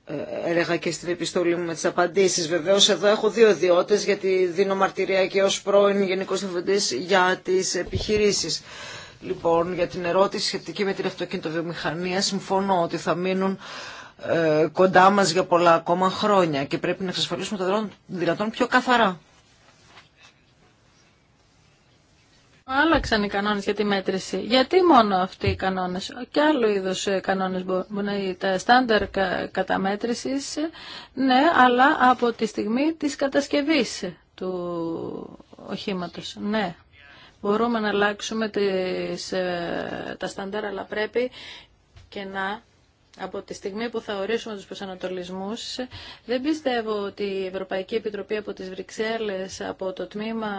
ε, έλεγα και στην επιστολή μου με τις απαντήσεις. Βεβαίως εδώ έχω δύο ιδιώτες γιατί δίνω μαρτυρία και ως πρώην Γενικός Διευθυντής για τις επιχειρήσεις. Λοιπόν, για την ερώτηση σχετική με την αυτοκινητοβιομηχανία συμφωνώ ότι θα μείνουν ε, κοντά μας για πολλά ακόμα χρόνια και πρέπει να εξασφαλίσουμε τα δρόμο δυνατόν πιο καθαρά. Άλλαξαν οι κανόνε για τη μέτρηση. Γιατί μόνο αυτοί οι κανόνε, και άλλου είδου ε, κανόνε μπορούν να τα στάνταρ καταμέτρηση, ναι, αλλά από τη στιγμή τη κατασκευή του οχήματο. Ναι, μπορούμε να αλλάξουμε ε, τα στάνταρ, αλλά πρέπει και να από τη στιγμή που θα ορίσουμε τους προσανατολισμούς, δεν πιστεύω ότι η Ευρωπαϊκή Επιτροπή από τις Βρυξέλλες, από το τμήμα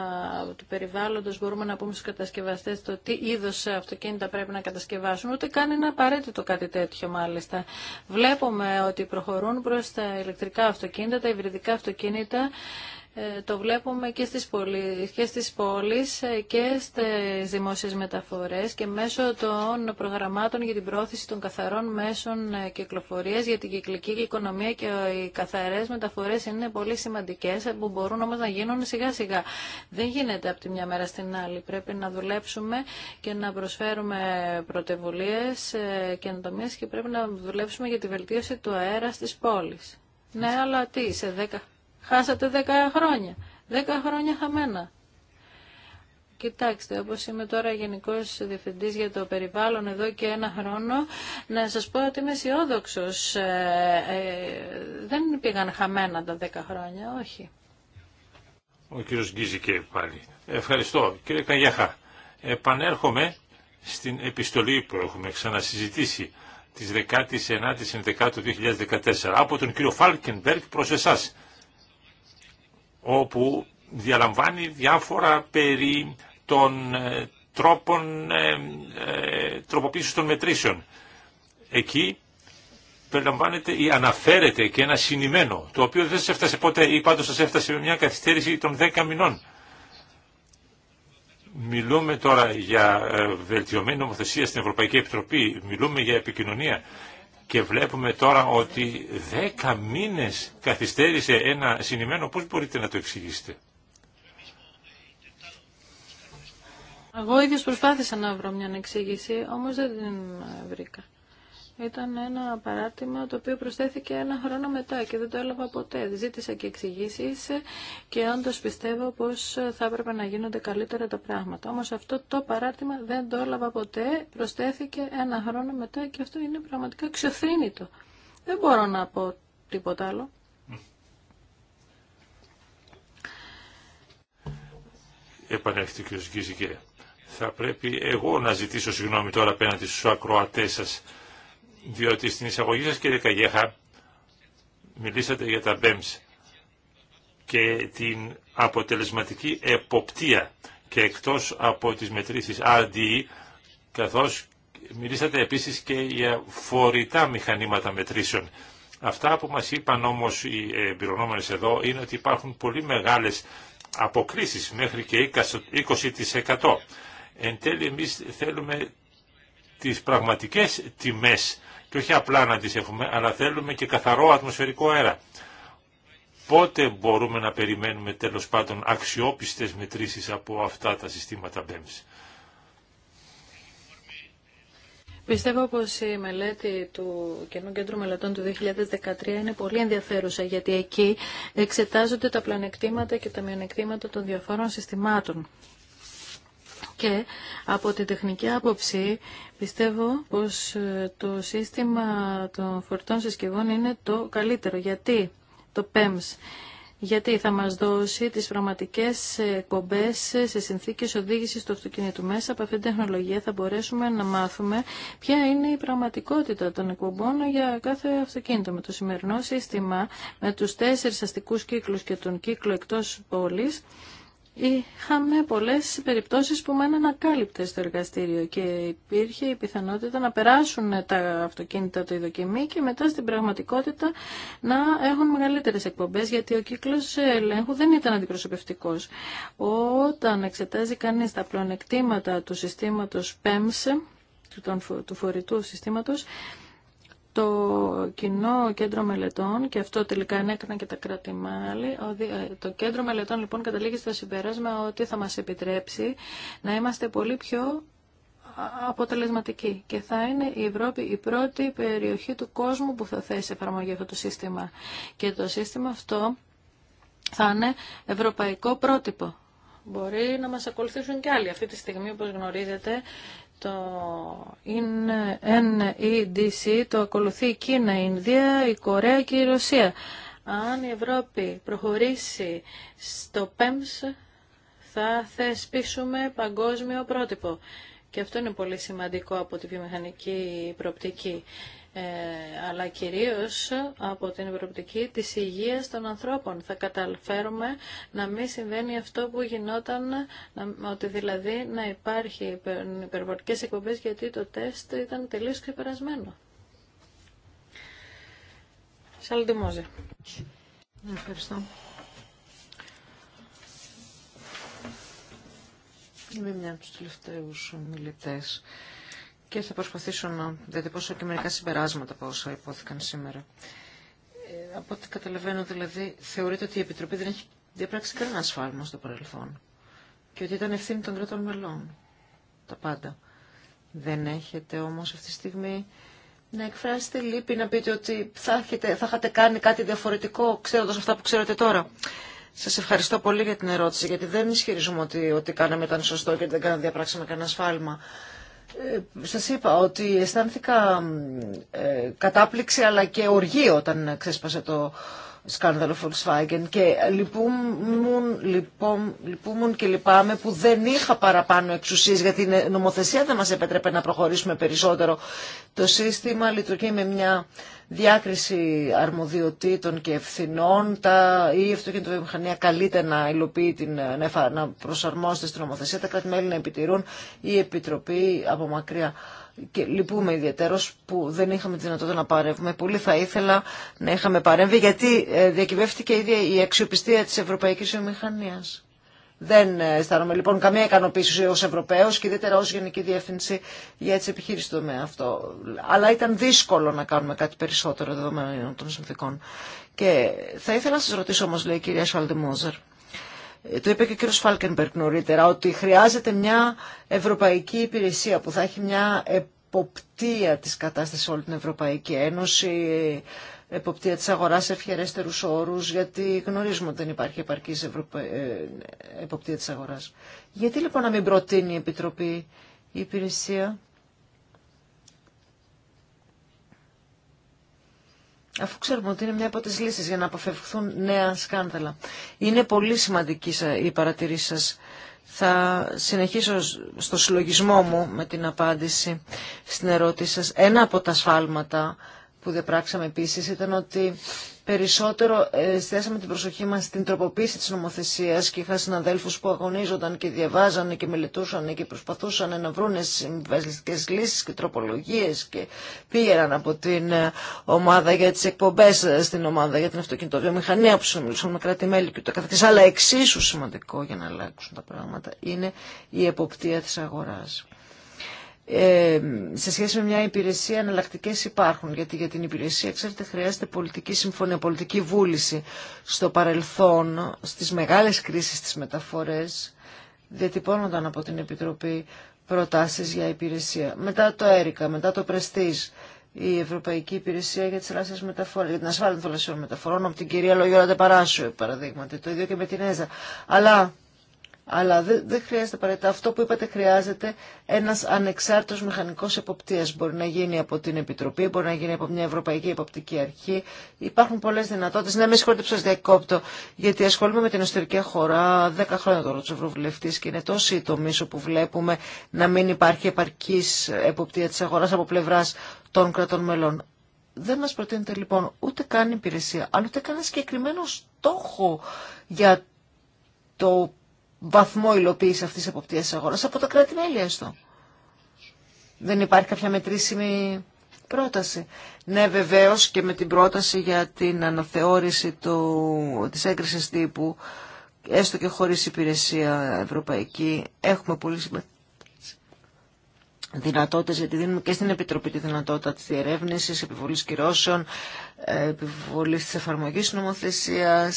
του περιβάλλοντος, μπορούμε να πούμε στους κατασκευαστές το τι είδος αυτοκίνητα πρέπει να κατασκευάσουν, ούτε καν είναι απαραίτητο κάτι τέτοιο μάλιστα. Βλέπουμε ότι προχωρούν προς τα ηλεκτρικά αυτοκίνητα, τα υβριδικά αυτοκίνητα, ε, το βλέπουμε και στις, πόλεις, και στις πόλεις ε, και στις δημόσιες μεταφορές και μέσω των προγραμμάτων για την πρόθεση των καθαρών μέσων ε, κυκλοφορίας για την κυκλική οικονομία και οι καθαρές μεταφορές είναι πολύ σημαντικές που μπορούν όμως να γίνουν σιγά σιγά. Δεν γίνεται από τη μια μέρα στην άλλη. Πρέπει να δουλέψουμε και να προσφέρουμε πρωτευουλίες και και πρέπει να δουλέψουμε για τη βελτίωση του αέρα στις πόλεις. Ναι, αλλά τι, σε 10... Χάσατε δέκα χρόνια. Δέκα χρόνια χαμένα. Κοιτάξτε, όπως είμαι τώρα γενικό Διευθυντής για το Περιβάλλον εδώ και ένα χρόνο, να σας πω ότι είμαι αισιόδοξο. Ε, ε, δεν πήγαν χαμένα τα δέκα χρόνια, όχι. Ο κύριος Γκίζικε πάλι. Ευχαριστώ. Κύριε Καγιάχα, επανέρχομαι στην επιστολή που έχουμε ξανασυζητήσει της 19ης 11 του 2014 από τον κύριο Φάλκενμπεργκ προς εσάς όπου διαλαμβάνει διάφορα περί των ε, τρόπων ε, ε, τροποποίησης των μετρήσεων. Εκεί περιλαμβάνεται ή αναφέρεται και ένα συνημένο, το οποίο δεν σας έφτασε ποτέ ή πάντως σας έφτασε με μια καθυστέρηση των 10 μηνών. Μιλούμε τώρα για βελτιωμένη νομοθεσία στην Ευρωπαϊκή Επιτροπή, μιλούμε για επικοινωνία και βλέπουμε τώρα ότι δέκα μήνες καθυστέρησε ένα συνημένο. Πώς μπορείτε να το εξηγήσετε. Εγώ ίδιος προσπάθησα να βρω μια εξήγηση, όμως δεν την βρήκα ήταν ένα παράρτημα το οποίο προσθέθηκε ένα χρόνο μετά και δεν το έλαβα ποτέ. Ζήτησα και εξηγήσει και όντω πιστεύω πω θα έπρεπε να γίνονται καλύτερα τα πράγματα. Όμω αυτό το παράρτημα δεν το έλαβα ποτέ, προσθέθηκε ένα χρόνο μετά και αυτό είναι πραγματικά ξεθρύνητο. Δεν μπορώ να πω τίποτα άλλο. Επανέρχεται ο Θα πρέπει εγώ να ζητήσω συγγνώμη τώρα απέναντι στου ακροατέ σα διότι στην εισαγωγή σας κύριε Καγέχα μιλήσατε για τα BEMS και την αποτελεσματική εποπτεία και εκτός από τις μετρήσεις RDE καθώς μιλήσατε επίσης και για φορητά μηχανήματα μετρήσεων. Αυτά που μας είπαν όμως οι εμπειρονόμενες εδώ είναι ότι υπάρχουν πολύ μεγάλες αποκρίσεις μέχρι και 20%. Εν τέλει εμείς θέλουμε τις πραγματικές τιμές και όχι απλά να τις έχουμε, αλλά θέλουμε και καθαρό ατμοσφαιρικό αέρα. Πότε μπορούμε να περιμένουμε τέλος πάντων αξιόπιστες μετρήσεις από αυτά τα συστήματα BEMS. Πιστεύω πως η μελέτη του Κενού Κέντρου Μελετών του 2013 είναι πολύ ενδιαφέρουσα γιατί εκεί εξετάζονται τα πλανεκτήματα και τα μειονεκτήματα των διαφόρων συστημάτων και από την τεχνική άποψη πιστεύω πως ε, το σύστημα των φορτών συσκευών είναι το καλύτερο. Γιατί το PEMS γιατί θα μας δώσει τις πραγματικές κομπές σε συνθήκες οδήγησης του αυτοκινήτου. Μέσα από αυτήν την τεχνολογία θα μπορέσουμε να μάθουμε ποια είναι η πραγματικότητα των εκπομπών για κάθε αυτοκίνητο. Με το σημερινό σύστημα, με τους τέσσερις αστικούς κύκλους και τον κύκλο εκτός πόλης, Είχαμε πολλές περιπτώσεις που μέναν ακάλυπτες στο εργαστήριο και υπήρχε η πιθανότητα να περάσουν τα αυτοκίνητα το ειδοκιμή και μετά στην πραγματικότητα να έχουν μεγαλύτερες εκπομπές γιατί ο κύκλος ελέγχου δεν ήταν αντιπροσωπευτικός. Όταν εξετάζει κανείς τα πλονεκτήματα του συστήματος PEMS, του φορητού συστήματος, το κοινό κέντρο μελετών, και αυτό τελικά ενέκριναν και τα κράτη ε, το κέντρο μελετών λοιπόν καταλήγει στο συμπέρασμα ότι θα μας επιτρέψει να είμαστε πολύ πιο αποτελεσματικοί και θα είναι η Ευρώπη η πρώτη περιοχή του κόσμου που θα θέσει εφαρμογή αυτό το σύστημα. Και το σύστημα αυτό θα είναι ευρωπαϊκό πρότυπο. Μπορεί να μας ακολουθήσουν και άλλοι. Αυτή τη στιγμή, όπως γνωρίζετε, το NEDC το ακολουθεί η Κίνα, η Ινδία, η Κορέα και η Ρωσία. Αν η Ευρώπη προχωρήσει στο PEMS θα θεσπίσουμε παγκόσμιο πρότυπο. Και αυτό είναι πολύ σημαντικό από τη βιομηχανική προοπτική. Ε, αλλά κυρίως από την προοπτική της υγείας των ανθρώπων. Θα καταφέρουμε να μην συμβαίνει αυτό που γινόταν, ότι δηλαδή να υπάρχει υπερβολικές εκπομπές γιατί το τεστ ήταν τελείως ξεπερασμένο. Σαλντιμόζε. Ναι, ευχαριστώ. Είμαι μια από τους τελευταίους μιλητές και θα προσπαθήσω να διατυπώσω και μερικά συμπεράσματα από όσα υπόθηκαν σήμερα. Ε, από ό,τι καταλαβαίνω δηλαδή, θεωρείτε ότι η Επιτροπή δεν έχει διαπράξει κανένα σφάλμα στο παρελθόν και ότι ήταν ευθύνη των κρατών μελών. Τα πάντα. Δεν έχετε όμω αυτή τη στιγμή να εκφράσετε λύπη, να πείτε ότι θα, έχετε, θα είχατε κάνει κάτι διαφορετικό ξέροντα αυτά που ξέρετε τώρα. Σα ευχαριστώ πολύ για την ερώτηση, γιατί δεν ισχυρίζουμε ότι ό,τι κάναμε ήταν σωστό και δεν διαπράξαμε κανένα σφάλμα. Ε, σας είπα ότι αισθάνθηκα ε, κατάπληξη αλλά και οργή όταν ξέσπασε το σκάνδαλο Volkswagen και λυπούμουν, λυπούμουν και λυπάμαι που δεν είχα παραπάνω εξουσίες γιατί η νομοθεσία δεν μας επέτρεπε να προχωρήσουμε περισσότερο. Το σύστημα λειτουργεί με μια διάκριση αρμοδιοτήτων και ευθυνών, τα, η αυτοκινητοβιομηχανία καλείται να, υλοποιεί την, να προσαρμόζεται στην νομοθεσία, τα κρατη να επιτηρούν, η Επιτροπή από μακριά. Και λυπούμε ιδιαίτερως που δεν είχαμε τη δυνατότητα να παρεύουμε. Πολύ θα ήθελα να είχαμε παρέμβει γιατί ε, διακυβεύτηκε η αξιοπιστία της Ευρωπαϊκής Βιομηχανίας. Δεν ε, αισθάνομαι λοιπόν καμία ικανοποίηση ω Ευρωπαίο και ιδιαίτερα ω Γενική Διεύθυνση για τι επιχείρησει του τομέα αυτό. Αλλά ήταν δύσκολο να κάνουμε κάτι περισσότερο δεδομένων των συνθήκων. Και θα ήθελα να σα ρωτήσω όμω, λέει η κυρία Σουαλντεμόζερ, ε, το είπε και ο κύριο Φάλκενμπερκ νωρίτερα, ότι χρειάζεται μια ευρωπαϊκή υπηρεσία που θα έχει μια εποπτεία τη κατάσταση σε όλη την Ευρωπαϊκή Ένωση, εποπτεία της αγοράς σε ευχερέστερους όρους, γιατί γνωρίζουμε ότι δεν υπάρχει επαρκής ε, εποπτεία της αγοράς. Γιατί λοιπόν να μην προτείνει η Επιτροπή η υπηρεσία, αφού ξέρουμε ότι είναι μια από τις λύσεις για να αποφευχθούν νέα σκάνδαλα. Είναι πολύ σημαντική η παρατηρή σας. Θα συνεχίσω στο συλλογισμό μου με την απάντηση στην ερώτηση σας. Ένα από τα σφάλματα που διαπράξαμε επίση ήταν ότι περισσότερο ε, εστιάσαμε την προσοχή μας στην τροποποίηση τη νομοθεσία και είχα συναδέλφου που αγωνίζονταν και διαβάζανε και μελετούσαν και προσπαθούσαν να βρουν συμβασιστικέ λύσεις και τροπολογίες και πήγαιναν από την ε, ομάδα για τι εκπομπές ε, στην ομάδα για την αυτοκινητοβιομηχανία που συνομιλούσαν με κράτη-μέλη και το καθεξή. Αλλά εξίσου σημαντικό για να αλλάξουν τα πράγματα είναι η εποπτεία τη αγορά. Ε, σε σχέση με μια υπηρεσία εναλλακτικέ υπάρχουν. Γιατί για την υπηρεσία, ξέρετε, χρειάζεται πολιτική συμφωνία, πολιτική βούληση. Στο παρελθόν, στι μεγάλε κρίσει στι μεταφορέ, διατυπώνονταν από την Επιτροπή προτάσει για υπηρεσία. Μετά το ΕΡΙΚΑ, μετά το Πρεστής, η Ευρωπαϊκή Υπηρεσία για, τις μεταφορές, για την ασφάλεια των θαλασσιών μεταφορών, από την κυρία Λογιόλα Τεπαράσου, παραδείγματι, το ίδιο και με την ΕΖΑ. Αλλά αλλά δεν χρειάζεται απαραίτητα. Αυτό που είπατε χρειάζεται ένας ανεξάρτητος μηχανικός εποπτείας. Μπορεί να γίνει από την Επιτροπή, μπορεί να γίνει από μια Ευρωπαϊκή Εποπτική Αρχή. Υπάρχουν πολλές δυνατότητες. Ναι, με συγχωρείτε που σας διακόπτω, γιατί ασχολούμαι με την ιστορική χώρα δέκα χρόνια τώρα του Ευρωβουλευτή και είναι τόσο η τομή που βλέπουμε να μην υπάρχει επαρκής εποπτεία της αγοράς από πλευράς των κρατών μελών. Δεν μας προτείνεται λοιπόν ούτε καν υπηρεσία, αλλά ούτε καν συγκεκριμένο στόχο για το βαθμό υλοποίηση αυτής τη εποπτείας αγορά από το κράτη-μέλη έστω. Δεν υπάρχει κάποια μετρήσιμη πρόταση. Ναι, βεβαίω και με την πρόταση για την αναθεώρηση του, της έγκρισης τύπου, έστω και χωρίς υπηρεσία ευρωπαϊκή, έχουμε πολύ Δυνατότητε γιατί δίνουμε και στην Επιτροπή τη δυνατότητα τη διερεύνηση, επιβολή κυρώσεων, ε, επιβολή τη εφαρμογή νομοθεσία,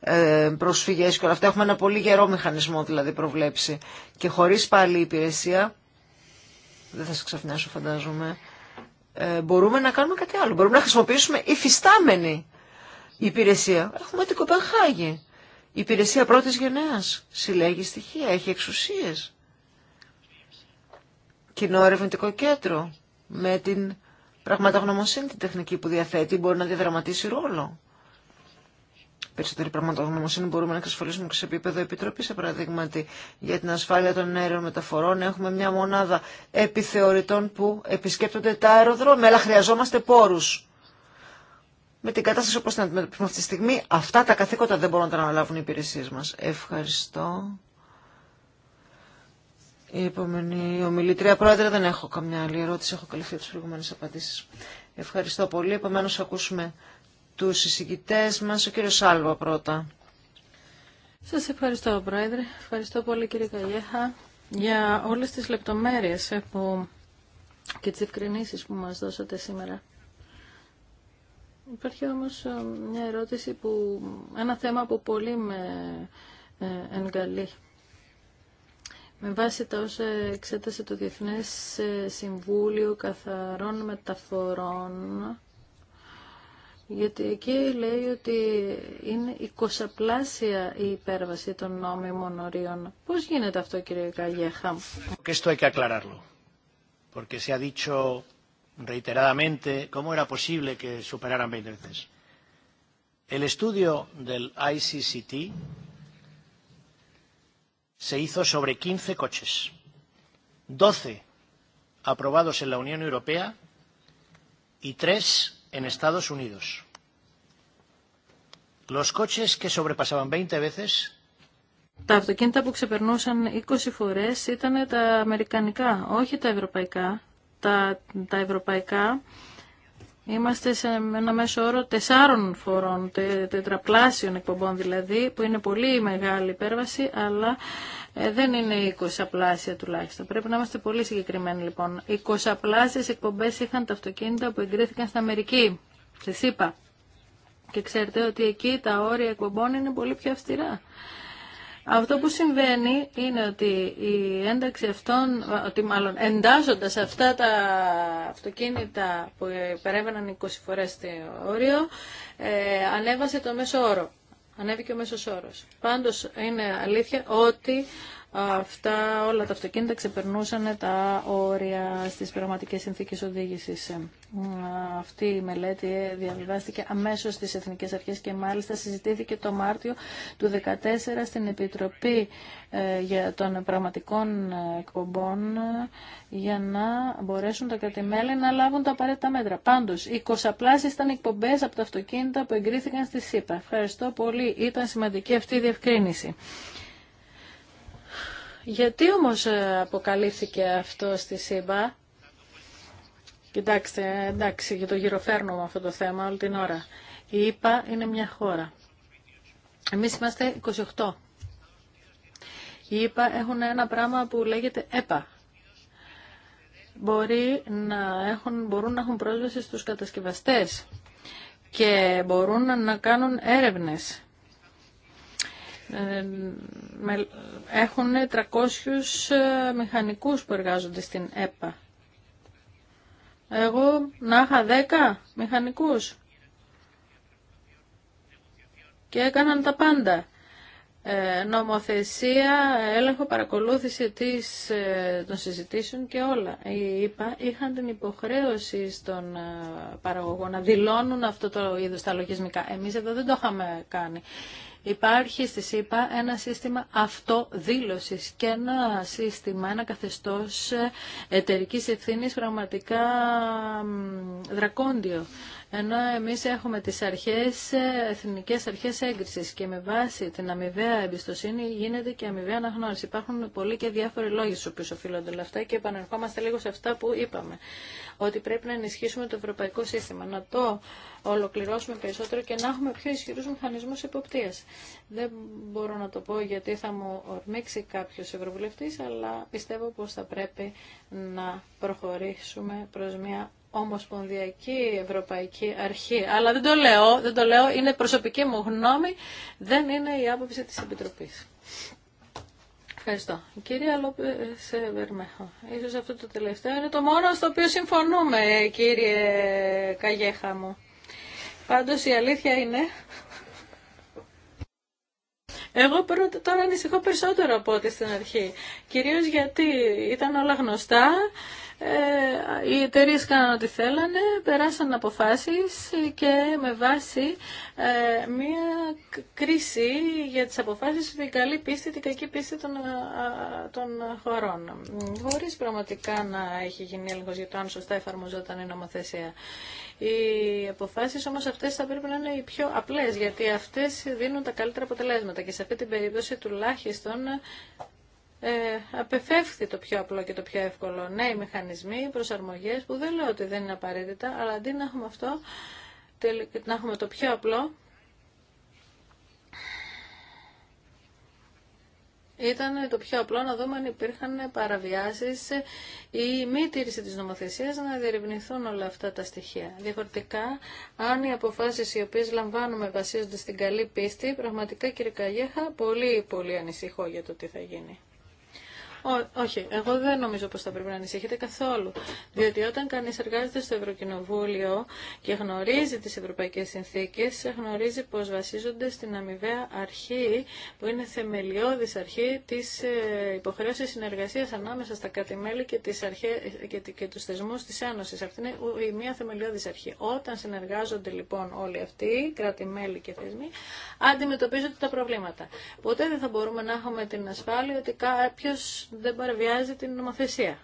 ε, προσφυγέ και όλα αυτά. Έχουμε ένα πολύ γερό μηχανισμό δηλαδή προβλέψει. Και χωρί πάλι υπηρεσία, δεν θα σα ξαφνιάσω φαντάζομαι, ε, μπορούμε να κάνουμε κάτι άλλο. Μπορούμε να χρησιμοποιήσουμε υφιστάμενη υπηρεσία. Έχουμε την Κοπενχάγη. υπηρεσία πρώτη γενναία. συλλέγει στοιχεία, έχει εξουσίε κοινό ερευνητικό κέντρο με την πραγματογνωμοσύνη την τεχνική που διαθέτει μπορεί να διαδραματίσει ρόλο. Περισσότερη πραγματογνωμοσύνη μπορούμε να εξασφαλίσουμε και σε επίπεδο επιτροπή, σε παραδείγματι, για την ασφάλεια των αέριων Έχουμε μια μονάδα επιθεωρητών που επισκέπτονται τα αεροδρόμια, αλλά χρειαζόμαστε πόρου. Με την κατάσταση όπω την αντιμετωπίζουμε αυτή τη στιγμή, αυτά τα καθήκοντα δεν μπορούν να τα αναλάβουν οι υπηρεσίε μα. Ευχαριστώ. Η επόμενη ομιλητρία πρόεδρε δεν έχω καμιά άλλη ερώτηση, έχω καλυφθεί τις προηγούμενες απαντήσεις. Ευχαριστώ πολύ. Επομένως ακούσουμε τους συζητητές μας. Ο κύριος Σάλβα πρώτα. Σας ευχαριστώ πρόεδρε. Ευχαριστώ πολύ κύριε Καγιέχα για όλες τις λεπτομέρειες που... και τις ευκρινήσεις που μας δώσατε σήμερα. Υπάρχει όμως ε, μια ερώτηση που, ένα θέμα που πολύ με εγκαλεί με βάση τα όσα εξέτασε το Διεθνές ε, Συμβούλιο Καθαρών Μεταφορών, γιατί εκεί λέει ότι είναι 20 πλάσια η υπέρβαση των νόμιμων ορίων. Πώς γίνεται αυτό κύριε Καγιέχα? Και αυτό έχει que aclararlo, porque se ha dicho reiteradamente cómo era posible que superaran 20 veces. El estudio del ICCT se hizo sobre 15 coches, 12 aprobados en la Unión Europea y 3 en Estados Unidos. Los coches que sobrepasaban 20 veces τα αυτοκίνητα που ξεπερνούσαν 20 φορές ήταν τα αμερικανικά, όχι τα ευρωπαϊκά. Τα, τα ευρωπαϊκά Είμαστε σε ένα μέσο όρο τεσσάρων φορών, τετραπλάσιων εκπομπών δηλαδή, που είναι πολύ μεγάλη υπέρβαση, αλλά ε, δεν είναι 20 πλάσια τουλάχιστον. Πρέπει να είμαστε πολύ συγκεκριμένοι λοιπόν. 20 πλάσια εκπομπές είχαν τα αυτοκίνητα που εγκρίθηκαν στην Αμερική, στη ΣΥΠΑ. Και ξέρετε ότι εκεί τα όρια εκπομπών είναι πολύ πιο αυστηρά. Αυτό που συμβαίνει είναι ότι η ένταξη αυτών, ότι μάλλον εντάσσοντας αυτά τα αυτοκίνητα που υπερέβαιναν 20 φορές το όριο, ε, ανέβασε το μέσο όρο. Ανέβηκε ο μέσος όρος. Πάντως είναι αλήθεια ότι αυτά όλα τα αυτοκίνητα ξεπερνούσαν τα όρια στις πραγματικές συνθήκες οδήγησης. Ε, αυτή η μελέτη διαβιβάστηκε αμέσως στις Εθνικές Αρχές και μάλιστα συζητήθηκε το Μάρτιο του 2014 στην Επιτροπή ε, για των Πραγματικών Εκπομπών για να μπορέσουν τα κρατημέλη να λάβουν τα απαραίτητα μέτρα. Πάντως, οι κοσαπλάσεις ήταν εκπομπές από τα αυτοκίνητα που εγκρίθηκαν στη ΣΥΠΑ. Ευχαριστώ πολύ. Ήταν σημαντική αυτή η διευκρίνηση. Γιατί όμως ε, αποκαλύφθηκε αυτό στη ΣΥΜΠΑ. Κοιτάξτε, εντάξει, για το γυροφέρνω με αυτό το θέμα όλη την ώρα. Η ΣΥΠΑ είναι μια χώρα. Εμείς είμαστε 28. Η ΣΥΠΑ έχουν ένα πράγμα που λέγεται ΕΠΑ. Μπορεί να έχουν, μπορούν να έχουν πρόσβαση στους κατασκευαστές και μπορούν να κάνουν έρευνες. Ε, έχουν 300 ε, μηχανικούς που εργάζονται στην ΕΠΑ. Εγώ να είχα 10 μηχανικούς και έκαναν τα πάντα. Ε, νομοθεσία, έλεγχο, παρακολούθηση της, των συζητήσεων και όλα. Είπα, είχαν την υποχρέωση στον παραγωγό να δηλώνουν αυτό το είδος τα λογισμικά. Εμείς εδώ δεν το είχαμε κάνει. Υπάρχει στη ΣΥΠΑ ένα σύστημα αυτοδήλωσης και ένα σύστημα, ένα καθεστώς εταιρικής ευθύνης πραγματικά δρακόντιο. Ενώ εμείς έχουμε τις αρχές, εθνικές αρχές έγκρισης και με βάση την αμοιβαία εμπιστοσύνη γίνεται και αμοιβαία αναγνώριση. Υπάρχουν πολλοί και διάφοροι λόγοι στους οποίους οφείλονται όλα αυτά και επανερχόμαστε λίγο σε αυτά που είπαμε. Ότι πρέπει να ενισχύσουμε το ευρωπαϊκό σύστημα, να το ολοκληρώσουμε περισσότερο και να έχουμε πιο ισχυρούς μηχανισμούς υποπτίας. Δεν μπορώ να το πω γιατί θα μου ορμήξει κάποιος ευρωβουλευτής, αλλά πιστεύω πως θα πρέπει να προχωρήσουμε προς μια Ομοσπονδιακή Ευρωπαϊκή Αρχή. Αλλά δεν το λέω, δεν το λέω, είναι προσωπική μου γνώμη, δεν είναι η άποψη της Επιτροπής. Ευχαριστώ. Κύριε. Λόπε Βερμέχο, ίσως αυτό το τελευταίο είναι το μόνο στο οποίο συμφωνούμε, κύριε Καγέχα μου. Πάντως η αλήθεια είναι εγώ πρώτα τώρα ανησυχώ περισσότερο από ό,τι στην αρχή. Κυρίως γιατί ήταν όλα γνωστά, ε, οι εταιρείε κάνανε ό,τι θέλανε, περάσαν αποφάσεις και με βάση ε, μία κρίση για τις αποφάσεις την καλή πίστη, την κακή πίστη των, ε, των χωρών. Χωρίς πραγματικά να έχει γίνει έλεγχος για το αν σωστά εφαρμοζόταν η νομοθεσία. Οι αποφάσεις όμως αυτές θα πρέπει να είναι οι πιο απλές, γιατί αυτές δίνουν τα καλύτερα αποτελέσματα και σε αυτή την περίπτωση τουλάχιστον ε, απεφεύχθη το πιο απλό και το πιο εύκολο. νέοι μηχανισμοί, προσαρμογές που δεν λέω ότι δεν είναι απαραίτητα, αλλά αντί να έχουμε αυτό, να έχουμε το πιο απλό, Ήταν το πιο απλό να δούμε αν υπήρχαν παραβιάσεις ή μη τήρηση της νομοθεσίας να διερευνηθούν όλα αυτά τα στοιχεία. Διαφορετικά, αν οι αποφάσεις οι οποίες λαμβάνουμε βασίζονται στην καλή πίστη, πραγματικά κύριε Καγέχα, πολύ πολύ ανησυχώ για το τι θα γίνει. Ό, όχι, εγώ δεν νομίζω πως θα πρέπει να ανησυχείτε καθόλου. Διότι όταν κανείς εργάζεται στο Ευρωκοινοβούλιο και γνωρίζει τις ευρωπαϊκές συνθήκες, γνωρίζει πως βασίζονται στην αμοιβαία αρχή, που είναι θεμελιώδης αρχή της ε, υποχρέωσης συνεργασίας ανάμεσα στα κράτη-μέλη και, τις αρχές, και, και τους θεσμούς της Ένωσης. Αυτή είναι η μία θεμελιώδης αρχή. Όταν συνεργάζονται λοιπόν όλοι αυτοί, κράτη-μέλη και θεσμοί, αντιμετωπίζονται τα προβλήματα. Ποτέ δεν θα μπορούμε να έχουμε την ασφάλεια ότι κάποιος δεν παραβιάζει την νομοθεσία.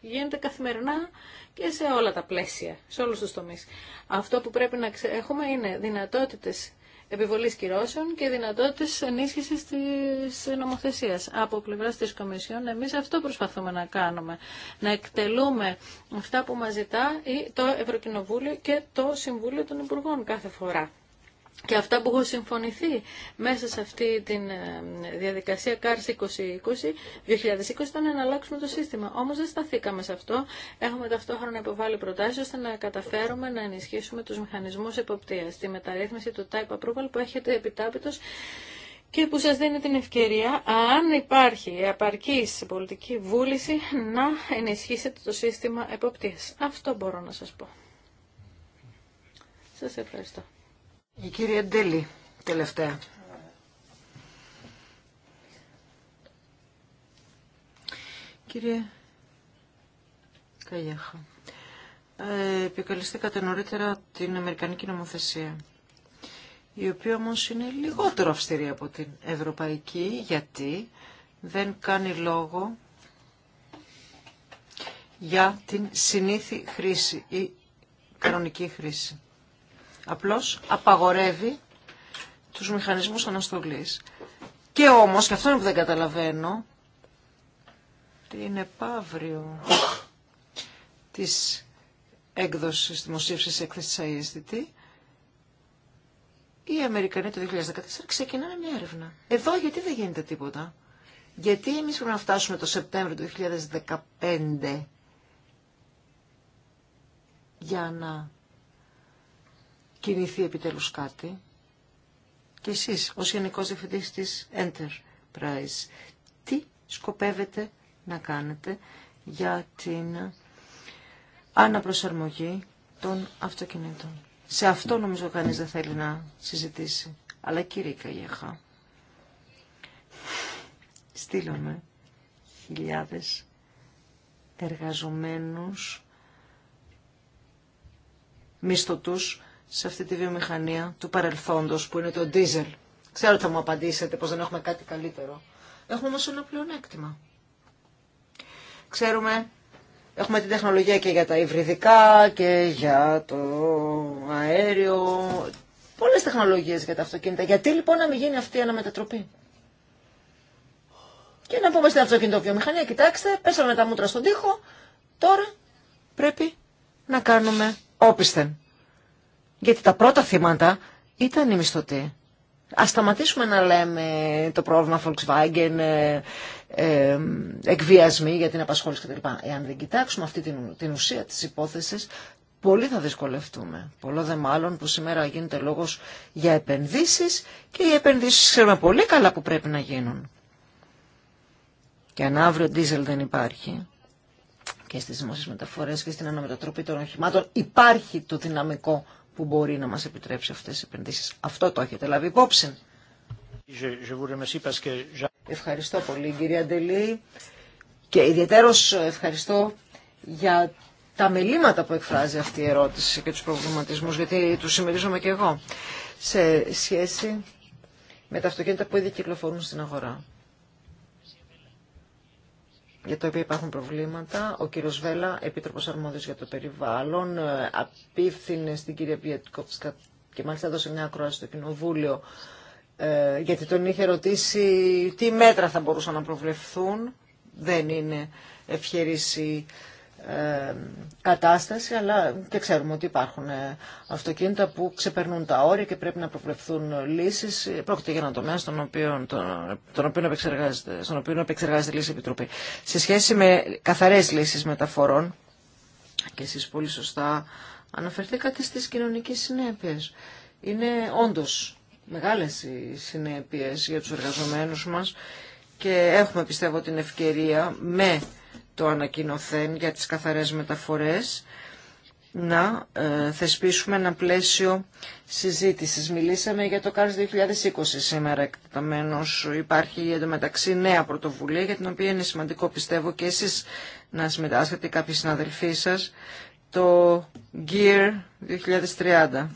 Γίνεται καθημερινά και σε όλα τα πλαίσια, σε όλους τους τομείς. Αυτό που πρέπει να έχουμε είναι δυνατότητες επιβολής κυρώσεων και δυνατότητες ενίσχυσης της νομοθεσίας. Από πλευράς της Κομισιόν εμείς αυτό προσπαθούμε να κάνουμε, να εκτελούμε αυτά που μας ζητά το Ευρωκοινοβούλιο και το Συμβούλιο των Υπουργών κάθε φορά και αυτά που έχουν συμφωνηθεί μέσα σε αυτή τη ε, διαδικασία ΚΑΡΣ 2020, 2020 ήταν να αλλάξουμε το σύστημα. Όμως δεν σταθήκαμε σε αυτό. Έχουμε ταυτόχρονα υποβάλει προτάσεις ώστε να καταφέρουμε να ενισχύσουμε τους μηχανισμούς εποπτείας. Τη μεταρρύθμιση του type approval που έχετε επιτάπητος και που σας δίνει την ευκαιρία, αν υπάρχει απαρκής πολιτική βούληση, να ενισχύσετε το σύστημα εποπτείας. Αυτό μπορώ να σας πω. Σας ευχαριστώ. Η κυρία Ντέλη, τελευταία. Κύριε Καγιάχα, ε, επικαλυστήκατε νωρίτερα την Αμερικανική νομοθεσία, η οποία όμω είναι λιγότερο αυστηρή από την Ευρωπαϊκή, γιατί δεν κάνει λόγο για την συνήθη χρήση ή κανονική χρήση. Απλώς απαγορεύει τους μηχανισμούς αναστολής. Και όμως, και αυτό είναι που δεν καταλαβαίνω, την επαύριο της έκδοσης δημοσίευσης έκθεσης ISDT, οι Αμερικανοί το 2014 ξεκινάνε μια έρευνα. Εδώ γιατί δεν γίνεται τίποτα. Γιατί εμείς πρέπει να φτάσουμε το Σεπτέμβριο του 2015 για να κινηθεί επιτέλους κάτι. Και εσείς ως Γενικός Διευθυντής της Enterprise, τι σκοπεύετε να κάνετε για την αναπροσαρμογή των αυτοκινήτων. Σε αυτό νομίζω κανείς δεν θέλει να συζητήσει. Αλλά κύριε Καγιαχά, στείλαμε χιλιάδες εργαζομένους μισθωτούς σε αυτή τη βιομηχανία του παρελθόντος που είναι το ντίζελ. Ξέρω ότι θα μου απαντήσετε πως δεν έχουμε κάτι καλύτερο. Έχουμε όμως ένα πλεονέκτημα. Ξέρουμε, έχουμε την τεχνολογία και για τα υβριδικά και για το αέριο, πολλές τεχνολογίες για τα αυτοκίνητα. Γιατί λοιπόν να μην γίνει αυτή η αναμετατροπή. Και να πούμε στην αυτοκινητοβιομηχανία, κοιτάξτε, πέσαμε τα μούτρα στον τοίχο, τώρα πρέπει να κάνουμε όπισθεν. Γιατί τα πρώτα θύματα ήταν οι μισθωτοί. Α σταματήσουμε να λέμε το πρόβλημα Volkswagen, ε, ε, εκβιασμοί για την απασχόληση κτλ. Εάν δεν κοιτάξουμε αυτή την, την ουσία τη υπόθεση, πολύ θα δυσκολευτούμε. Πολλό δε μάλλον που σήμερα γίνεται λόγο για επενδύσει και οι επενδύσει ξέρουμε πολύ καλά που πρέπει να γίνουν. Και αν αύριο ντίζελ δεν υπάρχει και στις δημόσιες μεταφορές και στην αναμετατροπή των οχημάτων υπάρχει το δυναμικό που μπορεί να μας επιτρέψει αυτές τις επενδύσεις. Αυτό το έχετε λάβει υπόψη. Ευχαριστώ πολύ κυρία Ντελή και ιδιαίτερος ευχαριστώ για τα μελήματα που εκφράζει αυτή η ερώτηση και τους προβληματισμούς, γιατί τους συμμερίζομαι και εγώ, σε σχέση με τα αυτοκίνητα που ήδη κυκλοφορούν στην αγορά για το οποίο υπάρχουν προβλήματα. Ο κύριος Βέλα, Επίτροπος Αρμόδιος για το Περιβάλλον, ε, απίφθινε στην κυρία Πιετκόψκα και μάλιστα έδωσε μια ακρόαση στο Κοινοβούλιο, ε, γιατί τον είχε ρωτήσει τι μέτρα θα μπορούσαν να προβλεφθούν. Δεν είναι ευχερήση. Ε, κατάσταση, αλλά και ξέρουμε ότι υπάρχουν ε, αυτοκίνητα που ξεπερνούν τα όρια και πρέπει να προβλεφθούν λύσεις. Πρόκειται για ένα τομέα στον οποίο, τον, οποίο επεξεργάζεται, στον οποίο επεξεργάζεται λύση επιτροπή. Σε σχέση με καθαρές λύσεις μεταφορών, και εσείς πολύ σωστά αναφερθήκατε στις κοινωνικές συνέπειες. Είναι όντω μεγάλες οι συνέπειες για τους εργαζομένους μας και έχουμε πιστεύω την ευκαιρία με το ανακοινωθέν για τις καθαρές μεταφορές να ε, θεσπίσουμε ένα πλαίσιο συζήτησης. Μιλήσαμε για το ΚΑΡΣ 2020 σήμερα εκτεταμένως. Υπάρχει εντωμεταξύ νέα πρωτοβουλία για την οποία είναι σημαντικό πιστεύω και εσείς να συμμετάσχετε κάποιοι συναδελφοί σας το Gear 2030.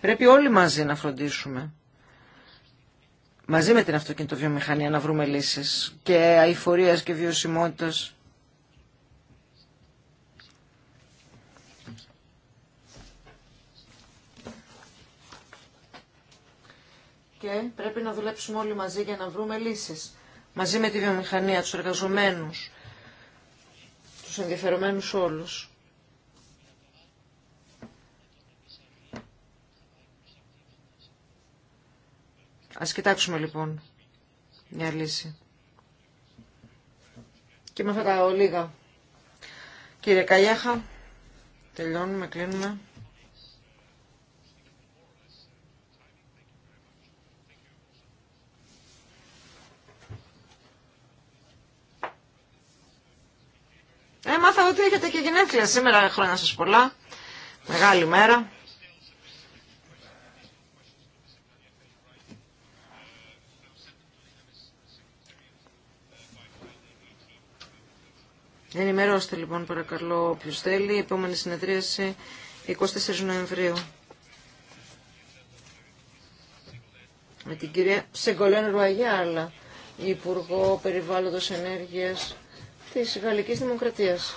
Πρέπει όλοι μαζί να φροντίσουμε μαζί με την αυτοκινητοβιομηχανία να βρούμε λύσεις και αηφορίας και βιωσιμότητας. Και πρέπει να δουλέψουμε όλοι μαζί για να βρούμε λύσεις. Μαζί με τη βιομηχανία, τους εργαζομένους, τους ενδιαφερομένους όλους. Ας κοιτάξουμε λοιπόν μια λύση. Και με αυτά τα ολίγα. Κύριε Καγιάχα, τελειώνουμε, κλείνουμε. Έμαθα ότι έχετε και γενέθλια σήμερα, χρόνια σας πολλά. Μεγάλη μέρα. Ενημερώστε λοιπόν παρακαλώ όποιο θέλει. Η επόμενη συνεδρίαση 24 Νοεμβρίου. Με την κυρία Σεγκολέν Ρουαγιάλα, Υπουργό Περιβάλλοντος Ενέργειας της Γαλλικής Δημοκρατίας.